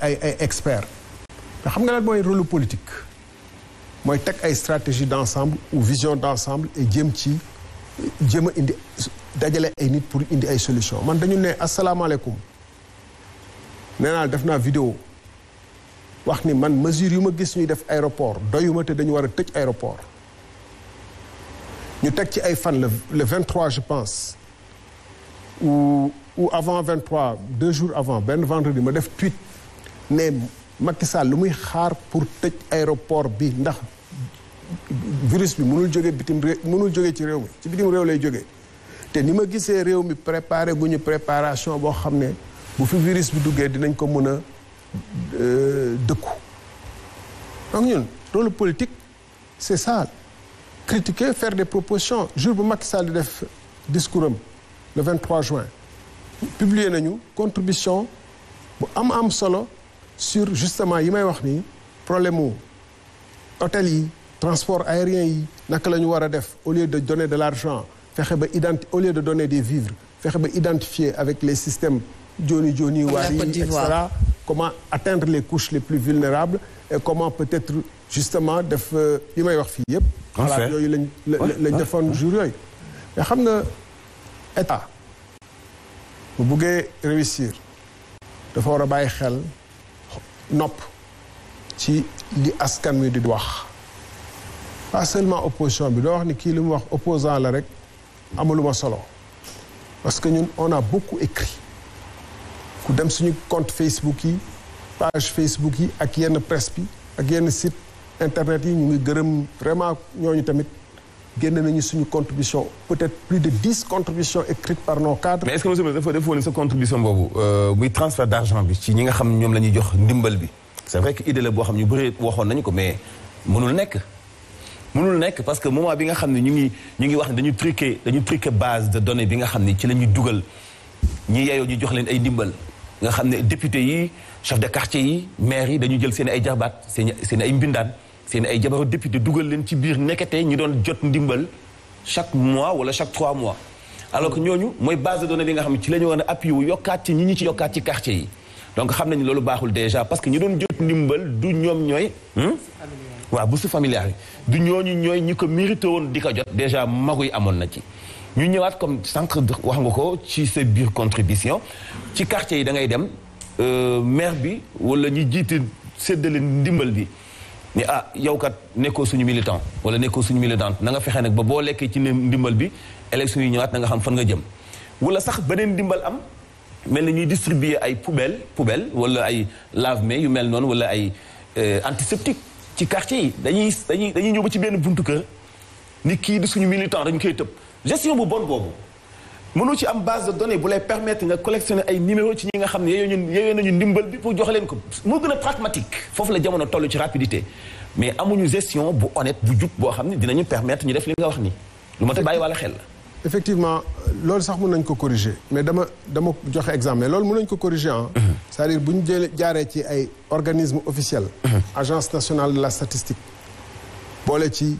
ay ay experts. xam nga lan mooy rôle politique mooy teg ay stratégie d' ensemble ou vision d' et jéem ci jéem a indi dajale ay nit pour indi ay solution man dañu ne asalaamaaleykum nee naa def naa vidéo wax ni man mesure yu ma gis ñuy def aéroport doyuma te dañu war a tëj aéroport. ñu teg ci ay fan la le 23 je pense ou ou avant trois deux jours avant benn vendredi ma def tweet ne Macky Sall lu muy xaar pour tëj aéroport bi ndax virus bi mënul jóge bitim réew jóge ci réew mi ci bitim réew lay jóge te ni ma gisee réew mi préparé gu ñu préparation boo xam ne bu fi virus bi duggee dinañ ko mën a euh, dëkku donc ñun rôle politique c'est ça critiquer faire des propositions jour bu Macky Sall def discours am le 23 juin publier nañu contribution bu am am solo sur justement yi may wax ni problème mu hôtel yi transport aérien yi naka la ñu war a def au lieu de donner de l'argent fexe ba identi au de donner des vivres fexe ba identifier avec les systèmes jooni jooni waar yi et cetera comment atteindre les couches les plus vulnérables et justement def euh, yi may wax fii yëpp. xalaat yooyu lañ lañ defoon jour yooyu. mais xam na état bu buggee réussir dafa war a bàyyi xel nopp ci li askan wi di wax pas seulement opposition bi doo wax ni kii li mu wax opposant la rek amuluma solo parce que ñun on a beaucoup écrit ku dem suñu compte Facebook yi page Facebook yi ak yenn presse bi ak yenn site. internet yi ñu ngi gërëm vraiment ñooñu tamit génne nañu suñu contribution peut-être plus de dix contributions écrites par nos cadres. mais est-ce que monsieur le dafa defoon sa contribution boobu muy euh, transfert d'argent bi ci ñi nga xam ñoom la ñuy jox ndimbal bi c'est vrai que idée la boo xam ñu bëri waxoon nañu ko mais mënul nekk. mënul nekk parce que moment bi nga xam ne ñu ngi ñu ngi wax ne dañu truquer dañu truquer base de données bi nga xam ne ci la ñuy dugal ñi yeyoo ñu jox leen ay ndimbal nga xam ne député yi chef de quartier yi maire yi dañu jël seen ay jarbaat seen seen ay mbindaan. seen ay jabaru député dugal leen ci biir nekkatee ñu doon jot ndimbal chaque mois wala chaque trois mois alors que ñooñu mooy base de données bi nga xam ne ci la ñu war a appui wu yokkaat ci ñi ñu ci yokkaat ci quartier yi donc xam nañu loolu baaxul déjà parce que ñi doon jot ndimbal du ñoom ñooy hmm? waaw bourse familiale yi du ñooñu ñooy ñi ko mérité woon di ko jot déjà magu yi amoon na ci ñu ñëwaat comme sànq wax nga ko ci sa biir contribution ci quartier yi da ngay dem euh, maire bi wala ñi jiite séddale ndimbal bi ni ah yow kat nekkoo suñu militant wala nekkoo suñu militante na nga fexe nag ba boo lekkee ci ndimbal bi élection yu ñëwaat na xam fan nga jëm wala sax beneen ndimbal am mel na ñuy distribuer ay poubelle poubelle wala ay lave yu mel noonu wala ay euh, antiseptique ci quartier yi dañuy dañuy dañuy ñëw ba ci benn buntu kër ni kii di suñu militant dañu koy tëb gestion bu bon boobu mënoo ci am base de données bu lay permettre nga collectionner ay numéro ci ñi nga xam ne yeyoo ñun yeyoo nañu ndimbal bi pour jox leen ko moo gën a pragmatique foofu la jamono toll ci rapidité mais amuñu gestion bu honnête bu jub boo xam ne dinañu permettre ñu def li nga wax nii lu ma ta bàyyi wàlla xel la effectivement loolu sax mun nañ ko corriger mais dama dama joxe exemple mais loolu mën nañ ko corriger ah cest à bu ñu jëlee jaaree ci ay organisme officiel mhm. agence nationale de la statistique boole ci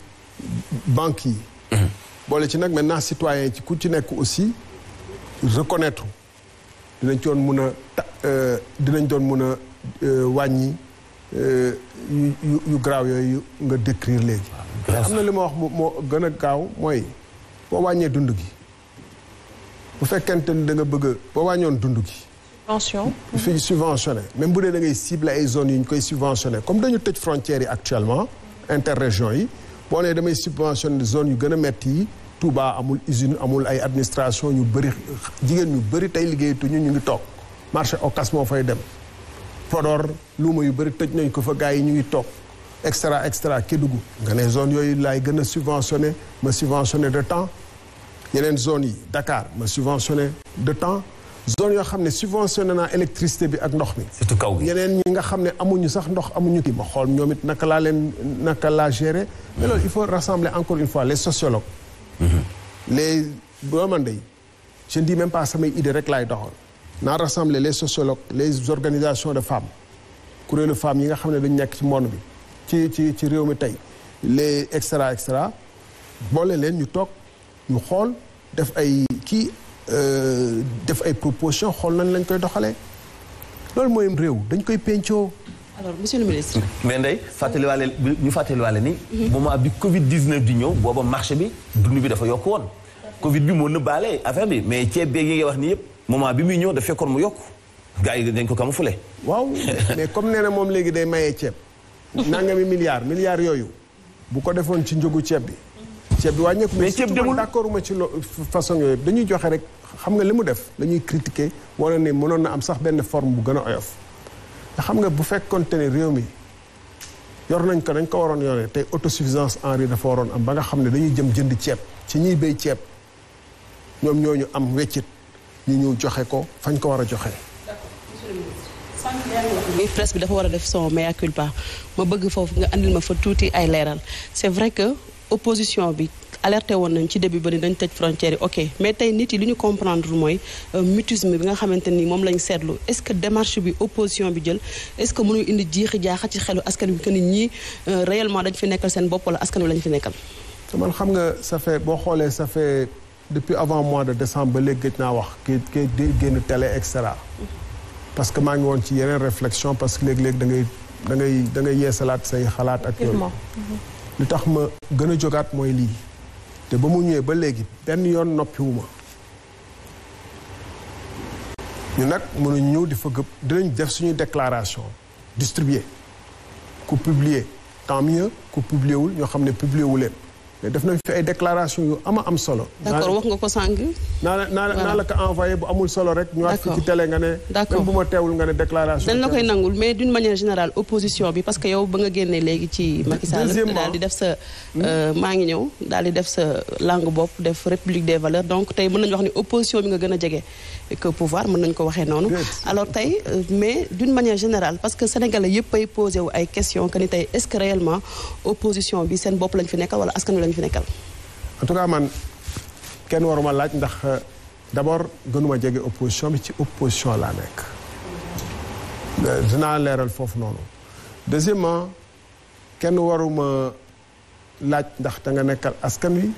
banque yi mhm. boole ci nag maintenant citoyen ci ku ci nekk aussi reconnaître dinañ ci doon mun a ta euh, dinañ doon mun a euh, wàññi euh, yu yu garaaw yooyu nga décrire léegi. am na li ma wax moo gën a gaaw mooy boo wàññee dund gi bu fekkente ni da nga bëgg a boo wàññoon dund gi. subvention. fi subventionné même bu dee da ngay cible ay zones yu ñu koy subventionné comme dañu tëj frontières yi actuellement interrégion yi boo nee damay subventionné zone yu gën a métti yi. Touba amul usine amul ay administration ñu bëri jigéen ñu bëri tey liggéey tuñu ñu ngi toog marché Ocass moo fay dem Podor luuma yu bëri tëj nañ ko fa gars yi ñu ngi toog extra extra Kédougou nga ne zone yooyu laay gën a subventionné ma subventionné de temps yeneen zone yi dakaar ma subventionné de temps zone yoo xam ne subventionné naa électricité bi ak ndox mi. surtout kaw yeneen ñi nga xam ne amuñu sax ndox amuñu kii. ma xool ñoom it naka laa leen naka laa gérer. mais il faut rassembler encore une fois les sociologues. Mm-hmm. les doomu ndey je ne dis même pas samay idée rek laay doxal naa rassembler les sociologues les organisations de femmes kuréelu femmes yi nga xam ne dañu nekk ci monde bi ci ci ci réew mi tey les et cetera boole leen ñu toog ñu xool def ay kii euh, def ay proposition xool nañ lañ koy doxalee loolu mooy réew dañ koy pencoo alors monsieur le ministre. mais ndey fàttaliwaale ñu fàttaliwaale ni. Mhm. moment bi Covid 19 di ñëw booba marché bi dund bi dafa yokk woon. Covid bi mën na baale affaire bi mais ceeb beeg yi ngay wax nii yëpp moment bi muy ñëw daf fekkoon mu yokk gars yi dañ ko fule waaw mais comme nee moom léegi day maye ceeb. mi milliards milliards yooyu bu ko defoon ci njëgu ceeb bi. ceeb bi wàññeeku mais ceeb demul d'accord ma ci lo façon yooyu dañuy joxe rek xam nga li mu def dañuy critiquer wala ne mënoon na am sax benn forme bu gën a oyof. te xam nga bu fekkoonte ne réew mi yor nañ ko dañ ko waroon yore tey autosuffisance en riz dafa waroon am ba nga xam ne dañuy jëm jënd ceeb ci ñuy béy ceeb ñoom ñoo ñu am weccit ñu ñëw joxe ko fañ ko war a joxe. bi presse bi dafa war a def son mea culpa ma bëgg foofu nga indi ma fa tuuti ay leeral c'est vrai que opposition bi. alerté woon nañ ci début ba ni dañ tëj frontière yi ok mais tey nit yi lu ñu comprendre mooy euh, mutisme bi nga xamante nii moom lañ seetlu est-ce que démarche bi opposition bi jël est-ce que mënul indi jiixi jaaxa ci xelu askan bi que ni ñii euh, réellement dañ fi nekkal seen bopp wala askan wi lañ fi nekkal. te man xam nga ça fait boo xoolee ça depuis avant mois de décembre ba léegi gëj naa wax kii kii génn télé et parce que maa ngi woon ci yeneen réflexion parce que léeg-léeg da ngay da ngay da ngay say xalaat ak. yooyu li tax ma gën a jógaat mooy lii. te ba mu ñëwee ba léegi benn yoon noppiwuma ñu nag mënuñ ñëw di fa gëpp dinañ def suñu déclaration distribuer ku publier tant mieux ku publier ñoo xam ne publier wu leen mais def nañ fi ay déclaration yu ama am solo. d'accord wax nga ko sànq. naa naa naa la ko envoyé bu amul solo rek. ñu wax fi ci télé nga ne. d'accord même bu ma teewul nga ne déclaration. dañ la koy nangul mais d'une manière générale opposition bi parce que yow ba nga génnee léegi ci. Macky Sall daal di def sa. Euh, maa ngi ñëw dal di def sa langue bopp def république de valeurs donc tey mën nañu wax ni opposition bi nga gën a jege. que pouvoir mën nañ ko waxee noonu alors tey mais d'une manière générale parce que sénégalais yëpp ay posé wu ay question que ni tey est-ce opposition bi seen bopp lañu fi nekkal wala askan wi lañu fi nekkal en tout cas man kenn waruma laaj ndax euh, d'abord gënuma jege opposition bi ci opposition laa nekk euh, dinaa leeral foofu noonu deuxièmement kenn waruma laaj ndax da nga nekkal askan wi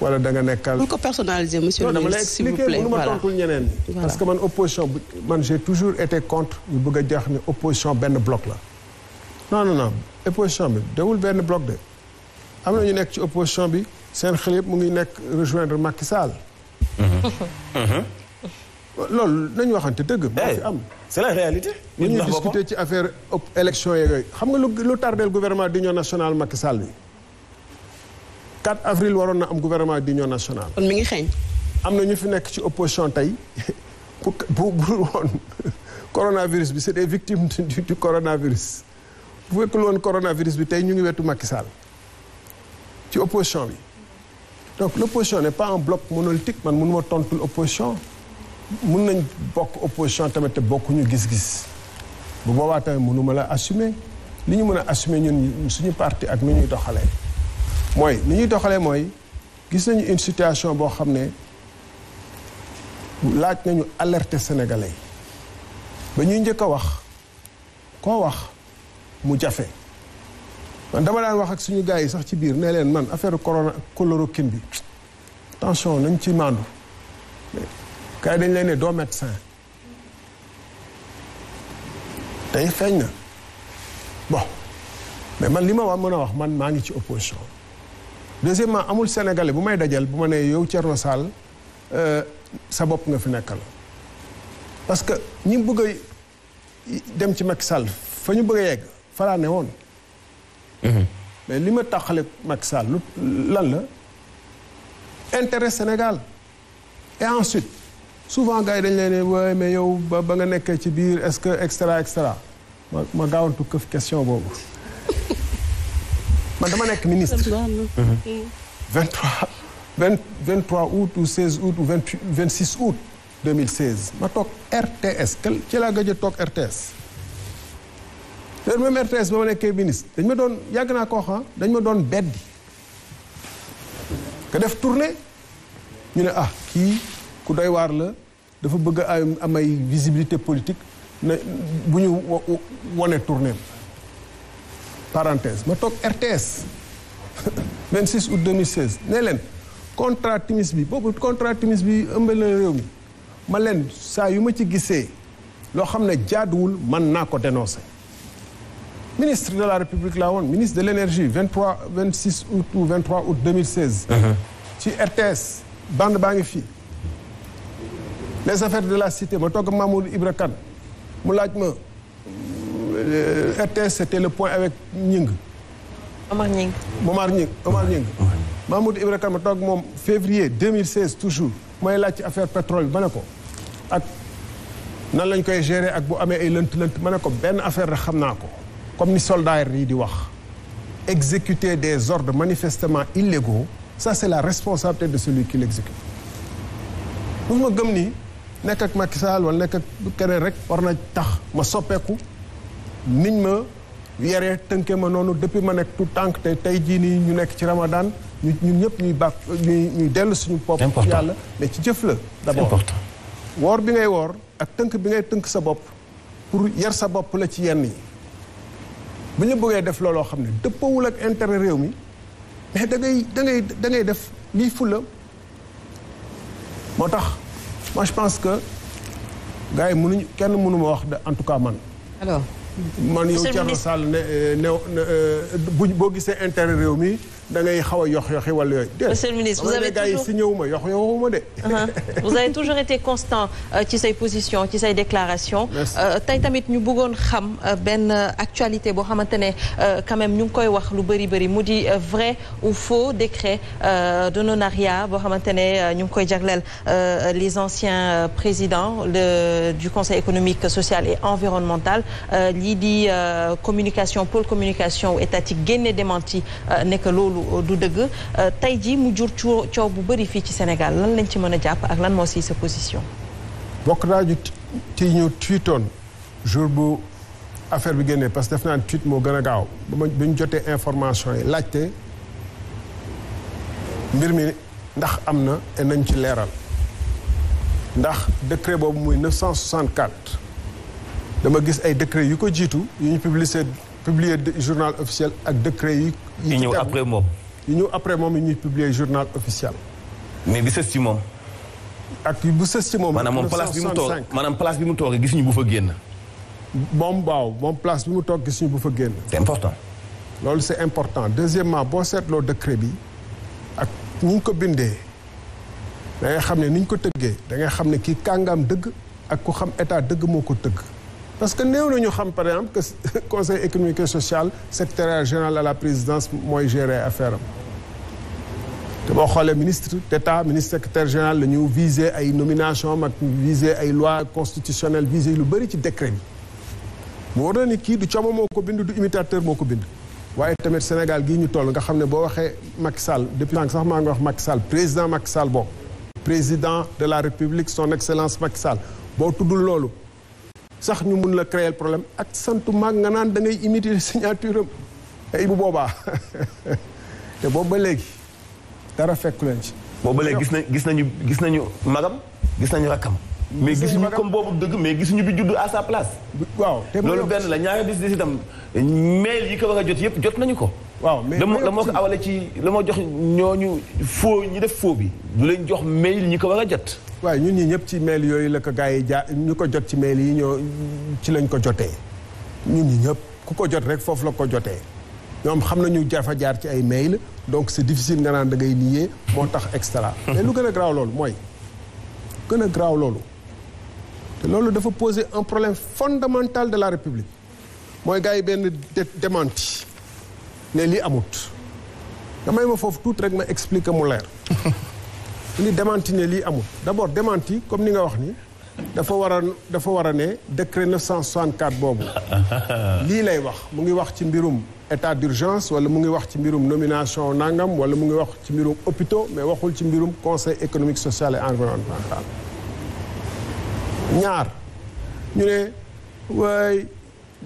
wala da nga nekkal. ko personnaliser monsieur le ministre s'il vous plaît non dama lay expliquer mënuma tontul ñeneen. parce que man opposition man j'ai toujours été contre ñu bëgg a jox ni opposition benn bloc la. non non opposition bi dewul benn bloc de am na ñu nekk ci opposition bi seen xel mu ngi nekk rejoindre Macky Sall. Mhm. loolu nañu waxante dëgg. moo fi eh, am c'est la réalité. ñu discuter ci affaire élection yeeg yooyu xam nga lu lu tardel di d'union nationale Macky Sall bi. 4 avril waroon na am gouvernement d'union nationale. kon mi ngi xeeñ. am na ñu fi nekk ci opposition tey bu bu bu woon coronavirus bi c'est des victimes du du coronavirus bu fekkul woon coronavirus bi tey ñu ngi wetu Macky Sall ci opposition bi donc l'opposition n'est pas un bloc monolithique man mënuma tontul opposition mën nañ bokk opposition tamit te bokkuñu gis-gis bu boobaa tamit mënuma la assumer li ñu mën a assumer ñun suñu partie ak nu ñuy doxalee. mooy ni ñuy doxalee mooy gis nañu une situation boo xam ne laaj nañu alerter sénégalais ba ñuy njëkk a wax koo wax mu jafe man dama daan wax ak suñu gars yi sax ci biir ne leen man affaire corona chloroquine bi tension nañ ci maandu gars dañ leen ne doo médecin tey feeñ na bon mais man li ma war mën a wax man maa ngi ci opposition deuxièmement amul sénégalais bu may dajal bu ma nee yow Thierno Sall euh, sa bopp nga fi nekkal parce que ñi bëgg a dem ci Macky Sall fa ñu bëgg a yegg falaa woon mhm. mais li ma taxale Macky Sall lan la intérêt Sénégal et ensuite souvent gars yi dañ leen ne waaye mais yow ba ba nga nekkee ci biir est-ce que et cetera et cetera ma ma gaawantu këf question boobu man dama nekk ministre. 23 20 23 août ou aut août ou 28 26 août 2016 ma toog RTS kel ci laa gëj a toog RTS. léegi même RTS ba ma nekkee ministre dañ ma doon yàgg naa koo xam ah, dañ ma doon beddi nga def tournée ñu ne ah kii ku doy waar la dafa bëgg a am ay visibilité politique na bu ñu wone tournée parenthèse ma toog RTS 26 août 2016 ne leen contra timis bi boobu contrat timis bi ëmb na réew mi ma leen saa yu ma ci gisee loo xam ne jaaduwul man naa ko dénoncé ministre de la république la woon ministre de l' énergie 23 26 août ou 23 août 2016 uh-huh. ci RTS bande baa ngi fi les affaires de la cité ma togg Mamoudou Ibra kan mu laaj ma Euh, RTS c'était le point avec Nying. Omar Nying. Omar Nying Omar Nying. Mahmoud Ibra Kane ma toog moom février 2016 toujours mooy laaj ci affaire pétrole bi ma ne ko ak nan lañ koy gérer ak bu amee ay lënt-lënt ma ne ko benn affaire rek xam naa ko comme ni soldats yi di wax exécuter des ordres manifestement illégaux sa c'est la responsabilité de celui qui l'exécute bu ma gëm ni nekk ak Macky Sall wala nekk ak keneen rek war na tax ma soppeeku niñ ma yaree tënke ma noonu depuis ma nekk tout tànk te tey jii nii ñu nekk ci ramadan ñu ñun ñëpp ñuy bàkk ñuy ñuy dellu suñu bopp yàlla mais ci jëf la d'abord woor bi ngay woor ak tënk bi ngay tënk sa bopp pour yar sa bopp la ci yenn yi bu ñu bëggee def looloo xam ne dëppawul ak intérêt réew mi mais da dangay da ngay def lii fula moo tax moi je pense que gars yi mënuñu kenn mënuma wax de en tout cas man man yow Thierno Sall ne euh, ne euh, boo gisee intérêt réew mi. da ngay xaw a yox yoxi wala yooyu. monsieur le ministre vous avez toujours si ñëwuma yox yoxuma de. Uh-huh. vous avez toujours été constant euh, ci say position ci say déclaration euh, tey tamit ñu bëggoon xam euh, benn actualité boo xamante ne quand même ñu ngi koy wax lu bëri bëri mu di vrai ou faux décret d'honorariat boo xamante ne ñu ngi koy jagleel les anciens présidents le du conseil économique social et environnemental lii di communication pôle communication étatique génne démenti nekk loolu. loolu euh, du dëgg euh, tey ji mu jur coow bu bëri fii ci Sénégal lan lañ ci mën a jàpp ak lan moo siy sa position bokk naa ñu ci ñu tweetoon jour bu affaire bi génnee parce que def naa tweet moo gën a gaaw ba ma bi ñu jotee information yi laajte mbir mi ndax am na et nañ ci leeral ndax décret boobu muy 964 dama gis ay décret yu ko jiitu yu ñu publier publier journal officiel ak décret yi ñu ñëw après moom ñu ñëw après moom yi ñuy publier journal officiel mais bi sës ci moom ak bu sës ci moom maanaam moom place bi mu toog maanaam place bi mu toog gis ñu bu fa génn moom waaw moom place bi mu toog gis ñu bu fa génn c'est important loolu c'est important deuxièmement boo seetloo décret bi ak ni ñu ko bindee da nga xam ne ni ñu ko tëggee da nga xam ne kii kàngam dëgg ak ku xam état dëgg moo ko tëgg parce que néew na ñu xam par exemple conseil économique social secrétaire général à la présidence mooy gérer affaire am te boo xoolee ministre d'État ministre secrétaire général la ñu viser ay nomination am ak ay loi constitutionnelle viser lu bëri ci décret bi mu war ni kii du coomo moo ko bind du imitateur moo ko bind waaye tamit Sénégal gii ñu toll nga xam ne boo waxee Macky Sall depuis sànq sax maa ngi wax Macky Sall président Macky Sall président de la République son excellence Macky boo tuddul loolu sax ñu mun la créer problème ak santu maag nga naan da ngay imiter signature am ay bu boobaa te boobu ba léegi dara fekku leen ci. boobu ba léegi gis nañ gis nañu gis nañu magam gis nañu rakkam. mais gis gisuñu comme boobu dëgg mais gisuñu bi juddu à sa place. waaw te loolu benn la ñaari bis itam mail yi ko war jot yëpp jot nañu ko. waaw mais la moo ko awale ci la moo jox ñu foo ñu def foo bi du leen jox mail ñi ko war a jot. waaye ñun ñi ñëpp ci mail yooyu la ko gars yi jaa ñu ko jot ci mail yi ñoo ci lañ ko jotee ñun ñi ñëpp ku ko jot rek foofu la ko jotee ñoom xam na nañu jafa jaar ci ay mail donc c'est difficile nga naan dangay ngay moo tax extra mhm. mais lu gën a graaw loolu mooy gën a graaw loolu te loolu dafa poser un problème fondamental de la république mooy gars yi benn démenti ne lii amut damay ma foofu tuuti rek ma expliquer mu leer li démenti ne lii amul d' abord démenti comme ni nga wax ni dafa war a dafa war a ne décret 964 boobu lii lay wax mu ngi wax ci mbirum état d' urgence wala mu ngi wax ci mbirum nomination nangam wala mu ngi wax ci mbirum hôpitaux mais waxul ci mbirum conseil économique social et environnemental ñaar ñu ne waay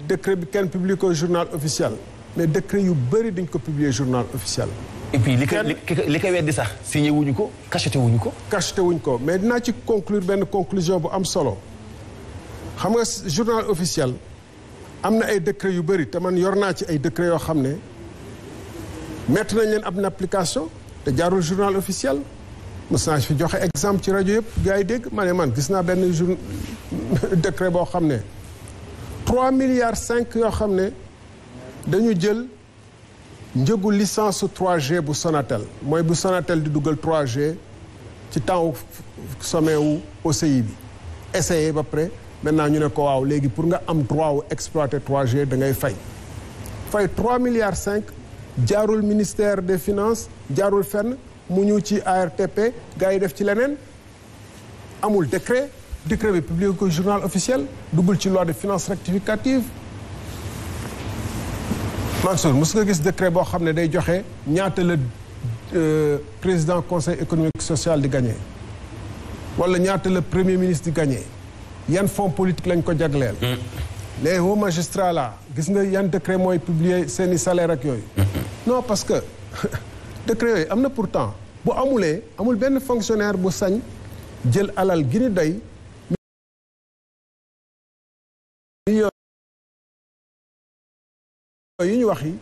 décret bi kenn publié ko journal officiel mais décret yu bëri dañ ko publier journal officiel et puis li koy li koy weddi sax signé wuñu ko cacheté wuñu ko. cacheté wuñ ko mais dinaa ci conclure benn conclusion bu am solo xam nga journal officiel am na ay décret yu bëri te man yor naa ci ay décret yoo xam ne mettre nañ leen ab napplication te jaarul journal officiel mos naa fi joxe exemple ci rajo yëpp gars yi dégg ma ne man gis naa benn jour décret boo xam ne trois milliards cinq yoo xam ne dañu jël. njëgu licence su 3G bu Sonatel mooy bu Sonatel di dugal trois g ci temps sommet wu OCI bi essayé ba pare maintenant ñu ne ko waaw léegi pour nga am droit wu exploiter 3G da ngay fay fay 3 milliards 5 jaarul ministère des finances jaarul fenn mu ñu ci ARTP gars yi def ci leneen amul décret décret bi publié ko journal officiel duggul ci loi de finances rectificative Mansour su nga gis décret boo xam ne day joxe ñaata la euh, président conseil économique sociale di gagné wala ñaata la premier ministre di gagné yan fonds politique lañ ko jagleel. Mm. les hauts magistrats là gis nga yan décret mooy publier seeni salaire ak yooyu. Mm-hmm. non parce que décret yooyu am na pourtant bu amulee amul benn fonctionnaire bu sañ jël alal gi ni doy. yu ñu wax yi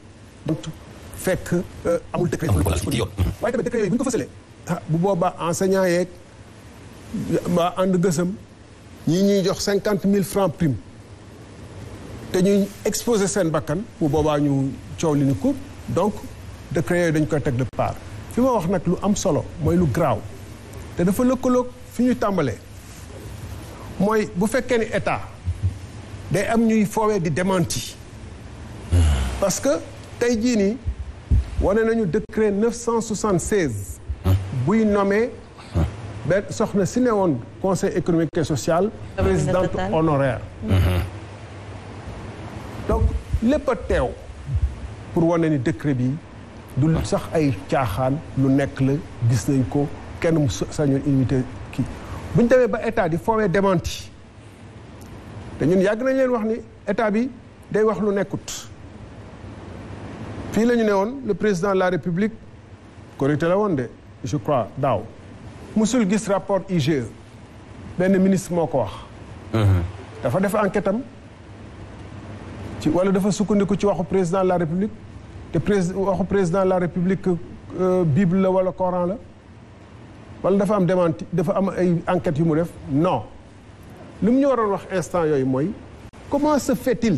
fekk euh, amul décret waaye tamit décret yooyu bu ñu ko fësalee ah, bu boobaa enseignant yeeg waa ànd gësam ñi ñuy jox cinquante mille francs prime te ñuy exposé seen bakkan bu boobaa ñu coow li ni ko donc décret yooyu dañ koy teg de part fi ma wax nag lu am solo mooy lu graaw te dafa lëkkaloog fi ñu tàmbalee mooy bu fekkee ni état day am ñuy foowee di démenti parce que tey jii nii wane nañu décret 976. buy nommé benn soxna si ne woon conseil économique sociale social. présidente honoraire. donc lépp a teew pour wane ni décret bi du sax ay caaxaan lu nekk la gis nañ ko kenn mu sañoon unité kii bu ñu ba état di formé démenti te ñun yàgg nañ leen wax ni état bi day wax lu nekkut. fii la ñu ne woon le président de la république korité la woon de je crois daaw musul gis rapport IGE benn ministre moo ko wax uh-huh. dafa def enquête am ci wala dafa sukkandiku ci waxu président de la république te waxu président de la république euh, bible la wala coran la wala dafa am démenti dafa am ay enquêtes yu mu def non li mu ñu waroon wax instant yooyu mooy comment se fait-il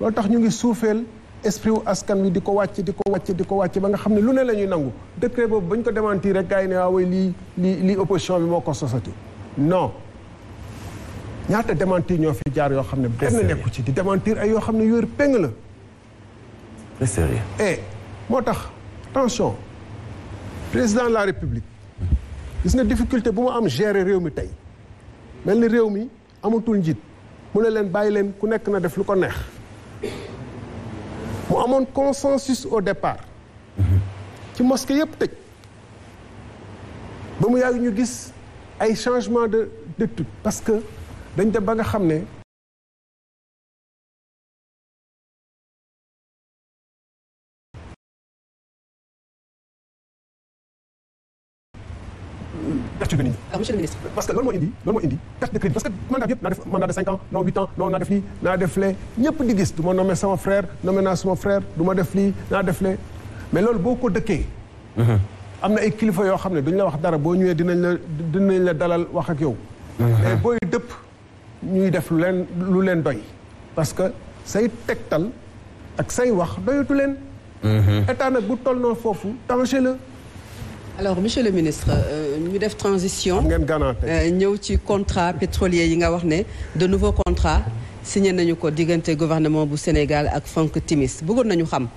loolu tax ñu ngi suufeel esprit wu askan wi di ko wàcc di ko wàcc di ko wàcc ba nga xam ne lu ne la ñuy nangu décret boobu bañ ko démentir rek gars yi ne waaw ah lii lii lii opposition bi moo ko sosati non ñaata démentir ñoo fi jaar yoo xam ne benn nekku ci di démentir ay yoo xam ne yóor péng la eh, tax tension président la république gis nga difficulté bu am gérer réew mi tey mel ni réew mi amatul njiit mu ne leen bàyyi leen ku nekk na def lu ko neex mu amoon consensus au départ ci mosquée yëpp tëj ba mu yàgg ñu gis ay changement de de parce que dañ dem ba nga xam ne alors parce que loolu moo indi loolu moo indi carte de crédit parce que mandat yëpp naa def mandat de 5 ans non 8 ans non naa def lii naa def lee ñëpp di gis du ma sama frère nommé naa sama frère du def lii naa def lee mais loolu boo ko dëkkee. Mhm. am na ay kilifa yoo xam ne duñ la wax dara boo ñëwee dinañ la dinañ la dalal wax ak yow. Mhm. mais booy dëpp ñuy def lu leen lu leen doy. parce que say tegtal ak say wax doyatu leen. Mhm. état nag bu toll noonu foofu danger la. alors le ministre. Euh, ñu def transition euh, ñëw ci contrat pétrolier yi nga wax ne de nouveau contrat signé nañu ko diggante gouvernement bu Sénégal ak Franck Timis bëggoon nañu xam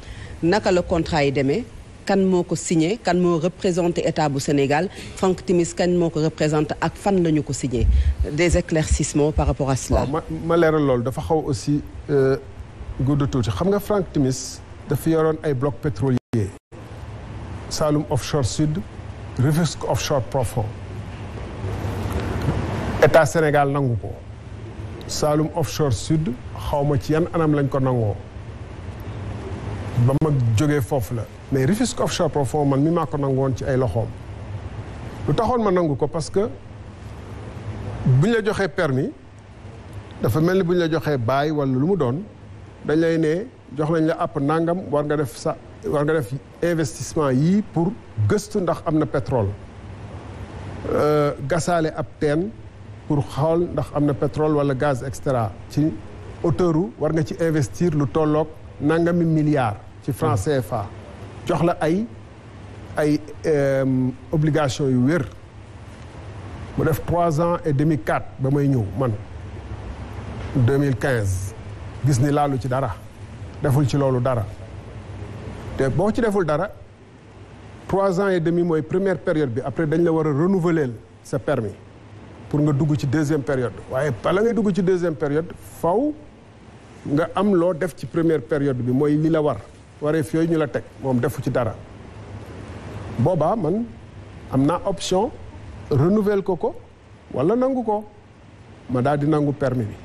naka la contrat yi demee kan moo ko signé kan moo représenté état bu Sénégal Franck Timis kan moo ko représenté ak fan la ko signe des éclaircissements par rapport à cela ma ma leeral loolu dafa xaw aussi euh, gudd tuuti xam nga Franck Timis dafa yoroon ay bloc pétrolier Saloum offshore sud Rufisque offshore profond état Sénégal nangu ko Saloum offshore sud xawma ci yan anam lañ ko nangoo ba mag jógee foofu la mais Rufisque offshore profond man mi maa ko nangoon ci ay loxoom lu taxoon ma nangu ko parce que buñ la joxee permi dafa mel ni buñ la joxee baay wala lu mu doon dañ lay ne jox nañ la àpp nangam war nga def sa war nga def investissement yii pour gëstu ndax am na pétrole euh, gasaale ab ten pour xool ndax am na pétrole wala gaz et cetera ci auteuru war nga ci investir lu tolloog nangami milliards ci franc hmm. CFA jox la ay ay euh, obligation yu wér mu def trois ans et demi quatre ba may ñëw man deux mille quinze gis ni laalu ci dara deful ci loolu dara te boo ci deful dara trois ans et demi mooy première période bi après dañ la war a renouveler sa permis pour nga dugg ci deuxième période waaye bala ngay dugg ci deuxième période faw nga am loo def ci première période bi mooy li la war wareef yooyu ñu la teg moom defu ci dara boobaa man am naa option renouvelle ko ko walla nangu ko ma daal di nangu permis bi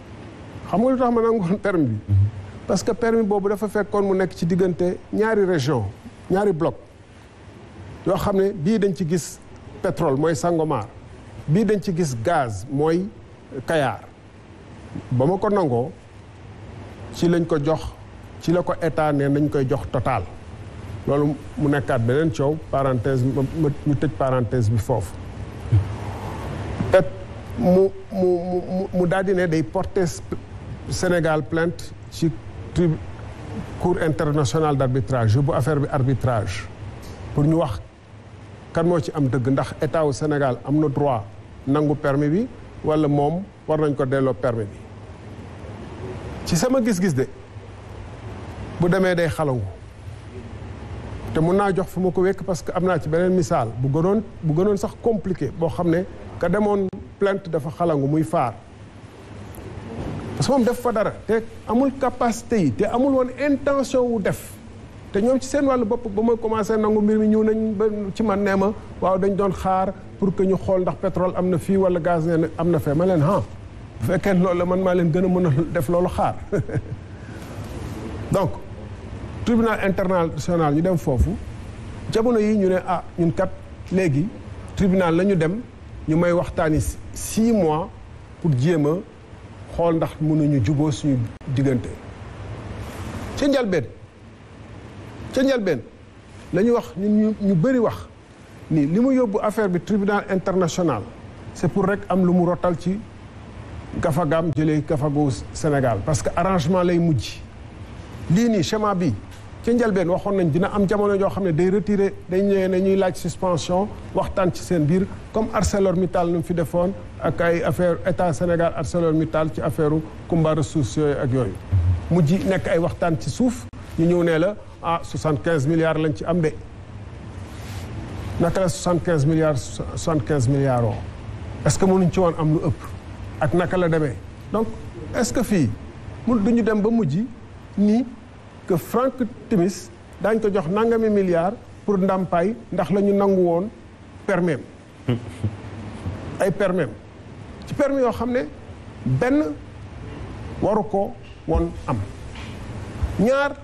xam nga lu tax ma nangu woon permis bi mhm. parce que permis boobu dafa fekkoon mu nekk ci diggante ñaari région ñaari bloc yoo xam ne bii dañ ci gis pétrole mooy Sangomar bii dañ ci gis gaz mooy Kayar ba ma ko nangoo ci lañ ko jox ci la ko état ne nañ koy jox total loolu mu nekkaat beneen coow parenthèse ñu tëj parenthèse bi foofu mu mu mu mu daal di ne day porter Sénégal plainte ci cour internationale d'arbitrage bu affaire bi arbitrage pour ñu wax kan moo ci am dëgg ndax état wu Sénégal am na droit nangu permis bi wala moom war nañ ko delloo permis bi ci sama gis-gis de bu demee day xalangu te mun naa jox fu ma ko wekk parce que am naa ci beneen misaal bu gënoon bu gënoon sax compliqué boo xam ne ka demoon plainte dafa xalangu muy faar parce moom def fa dara te amul capacité yi te amul woon intention wu def te ñoom ci seen wàllu bopp ba ma commencé nangu mbir mi ñëw nañ ba ci man nee ma waaw dañ doon xaar pour que ñu xool ndax pétrole am na fii wala gaz nee am na fee ma leen ah bu fekkee loolu la man maa leen gën a mën a def loolu xaar donc tribunal international ñu dem foofu jamono yi ñu ne ah ñun kat léegi tribunal la ñu dem ñu may waxtaani six mois pour jéem a xool ndax mënuñu juboo suñu diggante ca njalbeen ca njalbeen la ñu wax ñu ñu bëri wax ni li mu yóbbu affaire bi tribunal international c'est pour rek am lu mu rotal ci gafagaam jëlee gafagu Sénégal parce que arrangement lay mujj lii nii schéma bi ce njëlbeen waxoon nañ dina am jamono joo xam ne day retiré day ñëwee ne ñuy laaj suspension waxtaan ci seen biir comme ArcelorMittal nu mu fi defoon ak ay affaire état Sénégal ArcelorMittal ci affaire Kumba ressources yooyu ak yooyu. mujj nekk ay waxtaan ci suuf ñu ñëw nee la ah quinze milliards lañ ci am de naka la 75 milliards 75 milliards oo est-ce que mënuñ ci woon am lu ëpp ak naka la demee donc est-ce que fii mu duñu dem ba mujj nii. que Frank Timis daañ ko jox nangame milliards pour ndampaay ndax la ñu nangu woon permis ay permis ci perme yoo xam ne benn waru ko won am ñaar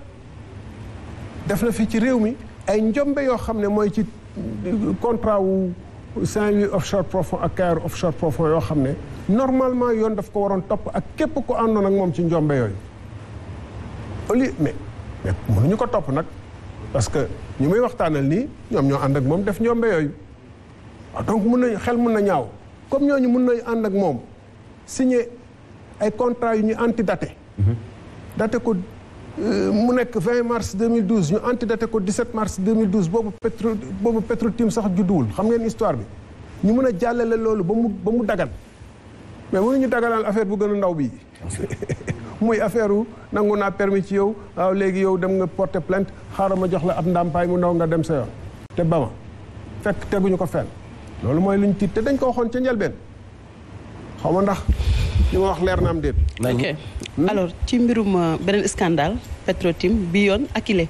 def na fi ci réew mi ay njombe yoo xam ne mooy ci contrat wu san louis offshore profond ak Kayar offshore profond yoo xam ne normalement yoon daf ko waroon topp ak képp ko àndoon ak moom ci njombe yooyu mais ñu ko topp nag parce que ñu muy waxtaanal nii ñoom ñoo ànd ak moom def ñoom yooyu waaw ah, donc mun nañu xel mun na ñaaw comme ñooñu mun nañu ànd ak moom signé ay contrat yu ñu antidaté mhm. date ko euh, mu nekk 20 mars 2012 ñu antidaté ko 17 mars 2012 boobu Petro boobu Petrotim sax judduwul xam ngeen histoire bi ñu mun a jàllale loolu ba mu ba mu dagan mais ñu daganal affaire bu gën a ndaw bii muy affaire wu nangu naa permis ci yow waaw léegi yow dem nga porter plainte xaaral ma jox la ab ndàmpaay mu ndaw nga dem sa yoon te ba ma fekk teguñu ko fenn loolu mooy luñ tiit te dañ ko waxoon ca njëlbeen xaw ma ndax li ma wax leer na am déet. ok hmm? alors ci mbirum euh, beneen scandale petro bi yoon Akilee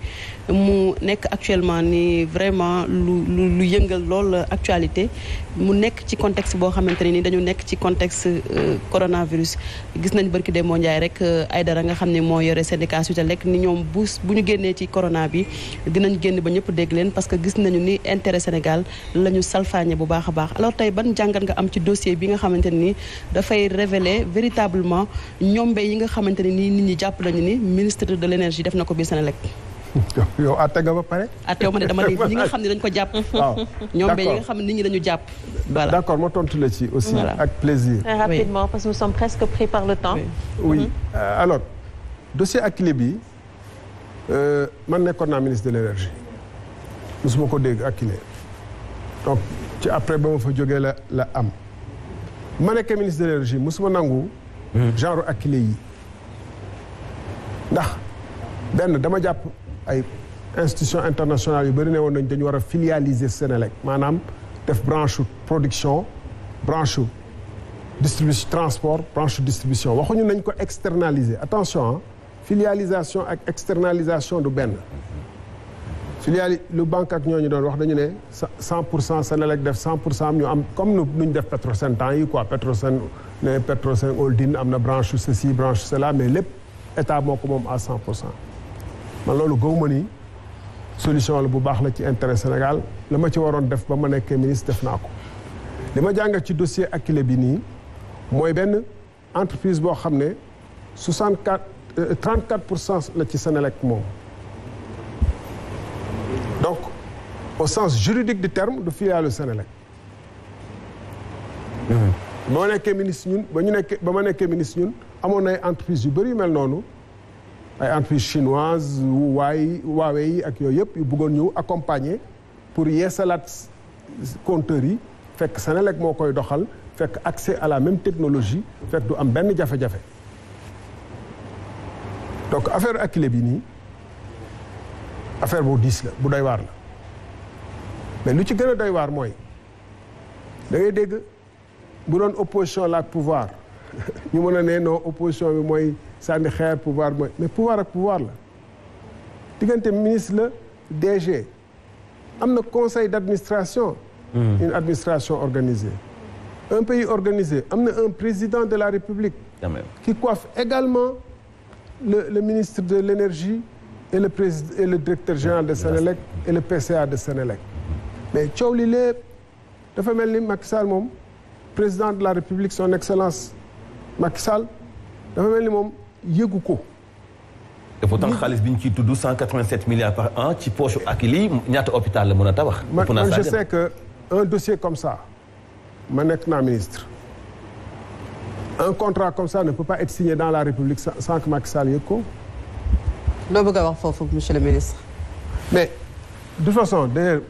mu nekk actuellement ni vraiment lu lu yëngal lool actualité mu nekk ci contexte boo xamante ne ni dañu nekk ci contexte euh, coronavirus gis nañ bërki de moo njaay rek euh, ay dara nga xam ne moo yore syndicat Sutelec ni ñoom bu bu ñu génnee ci corona bi dinañ génn ba ñëpp dégg leen parce que gis nañu ni intérêt Sénégal la ñu salfaañe bu baax a baax alors tey ban jàngat nga am ci dossier bi nga xamante ne ni dafay révéler véritablement ñoom mbéy yi nga xamante ne ni nit ñi jàpp nañu ni ministre de l'énergie def na ko biir Senelec yow àtte nga ba pare. àtteewu ma ne dama ne ñi nga xam ne dañ ko jàpp. waaw ñoom ba ñi nga xam jàpp. voilà d' accord ma tontu la ci aussi. ak plaisir. très parce que nous sommes presque pris par le temps. oui mm-hmm. euh, alors ak Akilee bi euh, man nekkoon naa ministre de l' énergie ko dégg Akilee donc ci après ba ma fa jógee la la am ma nekkee ministre de l' énergie mosuma nangu. Mm-hmm. genre Akilee yi ndax benn dama jàpp. ay institution internationale yu bëri ne woon nañ dañu war a filialiser Sénélec maanaam def branche production branche distribution transport branche distribution waxuñu nañu ko externaliser attention filialisation ak externalisation du benn filiali lu banque ak ñooñu doon wax dañu ne cent pour cent Sénélec def cent pour cent am ñu am comme nu ñu def Petrosen temps yi quoi Petrosen ne Petrosen Holding am na branche ceci branche cela mais lépp état moo ko moom à cent pour cent man loolu gëw ma ni solution la bu baax la ci intérêt Sénégal la ma ci waroon def ba ma nekkee ministre def naa ko li ma jàngat ci ak Akilee bi nii mooy benn entreprise boo xam ne 64 34 euh, pour cent la ci Sénélec moom donc au sens juridique du terme du filiale Sénélec mmh. ba ma nekkee ministre ñun ba ñu nekkee ba ma nekkee ministre ñun amoon ay entreprise yu bëri mel noonu ay entreprise chinoise waay Huawei yi ak yooyu yëpp yu buggoon ñëw accompagner pour yeesalaat compteurs yi fekk Senelec moo koy doxal fekk accès à la même technologie fekk du am benn jafe-jafe donc affaire Akilee bi nii affaire bu diis la bu doy la mais lu ci gën a waar mooy da dégg bu doon opposition la ak pouvoir ñu mën a ne non opposition bi mooy sànni xeer pouvoir mooy mais pouvoir ak pouvoir la diggante ministre la DG am na conseil d' administration hmm. une administration organisée un pays organisé am na un président de la République qui coiffe également le le ministre de l'énergie et le président et le directeur général de hmm. Sénélec et le PCA de Sénélec mais coow dafa mel ni Macky Sall moom président de la République son excellence Macky dafa mel ni moom yëgu ko. te pourtant xaalis bi ñu ciy tudd 187 milliards par an ci poche ak lii ñaata hôpital la mon a tabax. man je sais que un dossier comme ça ma nekk naa ministre. un contrat comme ça ne peut pas être signé dans la République sans que Macky Sall ko. loo bëgg a wax foofu monsieur le ministre. mais de toute façon d'ailleurs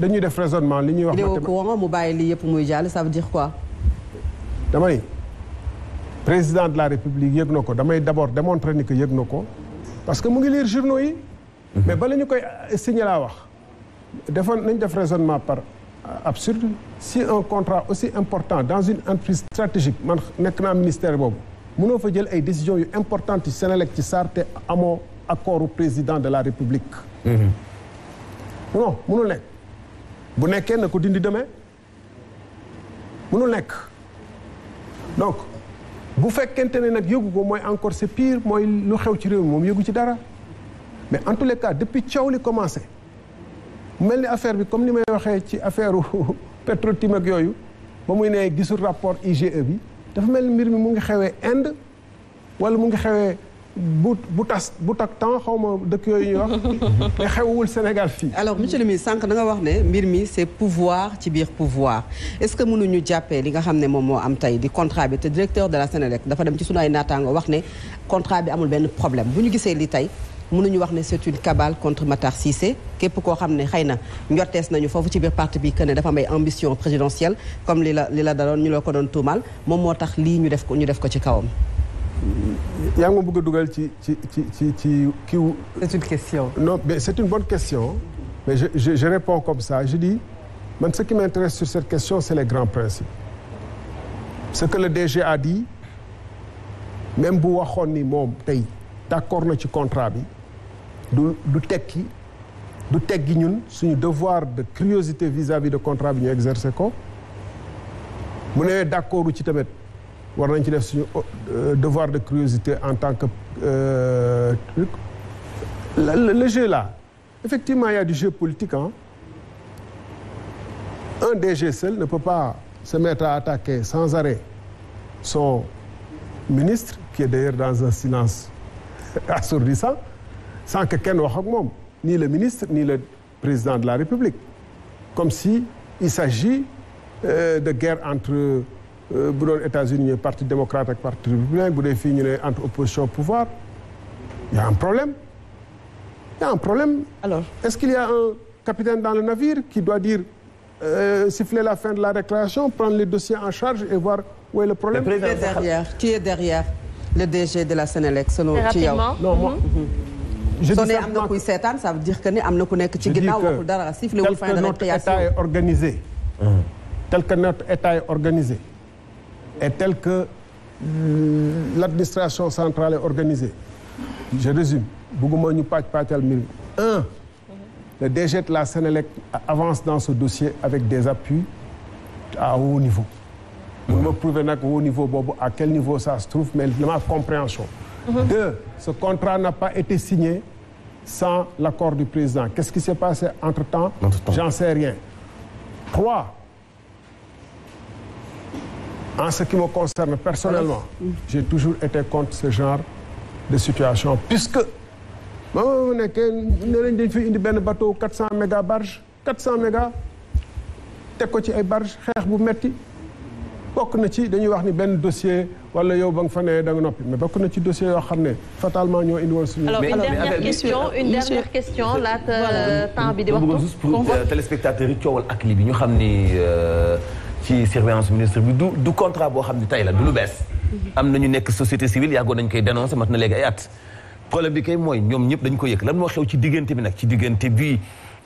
dañuy def raisonnement li ñuy wax. mu bàyyi lii yëpp muy jàll ça veut dire quoi. dama président de la république yëg na ko damay d'abord démontrer ni que yëg na ko parce que mu ngi lire journaux yi mhm. mais bala ñu koy euh, signé laa wax defoon nañ def raisonnement par euh, absurde si un contrat aussi important dans une entreprise stratégique man nekk naa ministère boobu mënoo fa jël ay décisions yu importantes ci Senelec ci SAR te amoo accordu président de la république mhm. non mënul nekk bu nekkee na ko dindi demee mënul nekk bu fekkente ne nag yëgu ko mooy encore c'est pire mooy lu xew ci réew moom yëgu ci dara mais en tous les depuis coow li commencé mel ni affaire bi comme ni may waxee ci affaire Petrotim ak yooyu ba muy ne gisul rapport IGE bi dafa mel ni mbir mi mu ngi xewee Inde wala mu ngi xewee bu bu tas bu tak temps xaw ma dëkk yooyu ñuy wax te xewul Sénégal fii. alors monsieur le ministre sànq da wax ne mbir mi c'est pouvoir ci biir pouvoir est-ce que munu ñu jàppee li nga xam ne moom moo am tey di contrat bi te directeur de la Sénélec dafa dem ci sunu ay naataango wax ne contrat bi amul benn problème bu ñu gisee li tey mënuñu wax ne c'est une cabale contre Matar Cissé képp koo xam ne xëy na njortees nañu foofu ci biir parti bi ne dafa am ay ambition présidentielle comme li la li la daloon ñu la ko doon moom moo tax lii ñu ko ñu def ko ci kawam. yaa nga ma bëgg a dugal ci ci ci ci ci kiw. c'est une question. non mais bonne question. mais je je je réponds comme ça je dis man ce qui m'intéresse sur cette question c'est les grands principes. ce que le DG a dit même bu waxoon ni moom tey d'accord na ci contrat bi du du tekki du teggi ñun suñu devoir de curiosité vis-à-vis de contrat bi ñu exercer ko mu ne d'accord ci tamit. war nañ ci def suñu euh, devoir de curiosité en tant que euh, truc le jeu là effectivement il y a du jeu politique hein un DG seul ne peut pas se mettre à attaquer sans arrêt son ministre qui est d'ailleurs dans un silence assourdissant sans que kenn wax ak moom ni le ministre ni le président de la République comme si il s'agit euh, de guerre entre Euh, bu doon États-Unis ñu parti démocrate ak parti républicain bu dee fii ñu ne entre opposition pouvoir y a un problème y a un problème. alors est-ce qu'il y a un capitaine dans le navire qui doit dire euh, siffler la fin de la récréation prendre les dossiers en charge et voir où est le problème. le président derrière tu es derrière le DG de la Sénélec. selon ci yow non moi. Mhm. je dis soo nee am na kuy seetaan ça veut dire que ne am na ku nekk ci ginnaaw waxul dara sifflewul fin de récréation mhm. tel que notre état est organisé. tel que notre état est organisé. est telle que mm, l'administration centrale est organisée. Je résume. Bugguma ñu pàcc pàccal mbir mi. Un, le DG de la Sénélec avance dans ce dossier avec des appuis à haut niveau. Pour me prouver nag haut niveau boobu à quel niveau ça se trouve mais de ma compréhension. Mhm. Deux, ce contrat n'a pas été signé sans l'accord du président. Qu'est-ce qui s'est passé entre-temps? Entre-temps. J'en sais rien. Trois, en ce qui me concerne personnellement j'ai toujours été contre ce genre de situation puisque ma ma nekkee ne nañ dañ fi indi benn bateau quatre cent méga barge quatre cent méga teg ko ci ay barge xeex bu metti bokk na ci dañuy wax ni benn dossier wala yow ba nga fa nee da nga noppi mais bokk na ci dossier yoo xam ne fatalement ñoo indi woon suñu. alors une dernière question une dernière question laata euh, temps bi di waxtu. Euh, téléspectateurs yi coowal ak li bi ñu xam ni. Euh, ci surveillance ministre bi du du contrat boo xam ne tey la du lu bees. Mhm. am na ñu nekk société civile yàggoon nañ koy dénoncé mat na léegi ay at. problème bi kay mooy ñoom ñëpp dañ ko yëg lan moo xew ci diggante bi nag ci diggante bi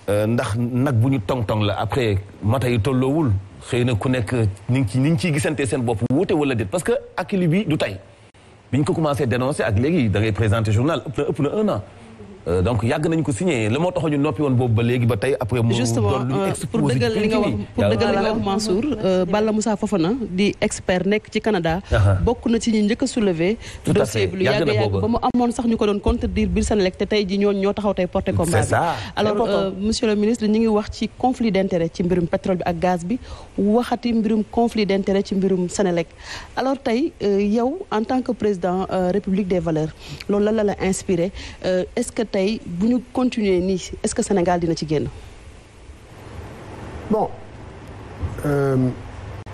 euh, ndax nag bu ñu tong-tong la après mata yu tolloowul xëy na ku nekk ni ngi ci ni ngi ciy gisantee seen bopp wuute wala déet parce que akili bi du tey ñu ko commencé dénoncé ak léegi da ngay présenté journal ëpp na ëpp un an. Euh, donc yàgg nañ ko signé la moo taxoon ñu noppi woon boobu ba léegi ba tey après. mu doon lu euh, exposé pour euh, nekk ci Canada. bokk na ci ñi njëkk a soulever. dossier bi lu yàgg yàgg ba mu amoon sax ñu ko doon contredire biir Senelec te tey ji ñooñu ñoo taxaw tey porté combat bi. alors monsieur le ministre ñu ngi wax ci conflit d'intérêt ci mbirum pétrole bi ak gaz bi waxati mbirum conflit d'intérêt ci mbirum Senelec alors tey yow en tant que président République des valeurs loolu la la la inspiré tey bu ñu continuer nii est-ce que Sénégal dina ci génn. bon euh,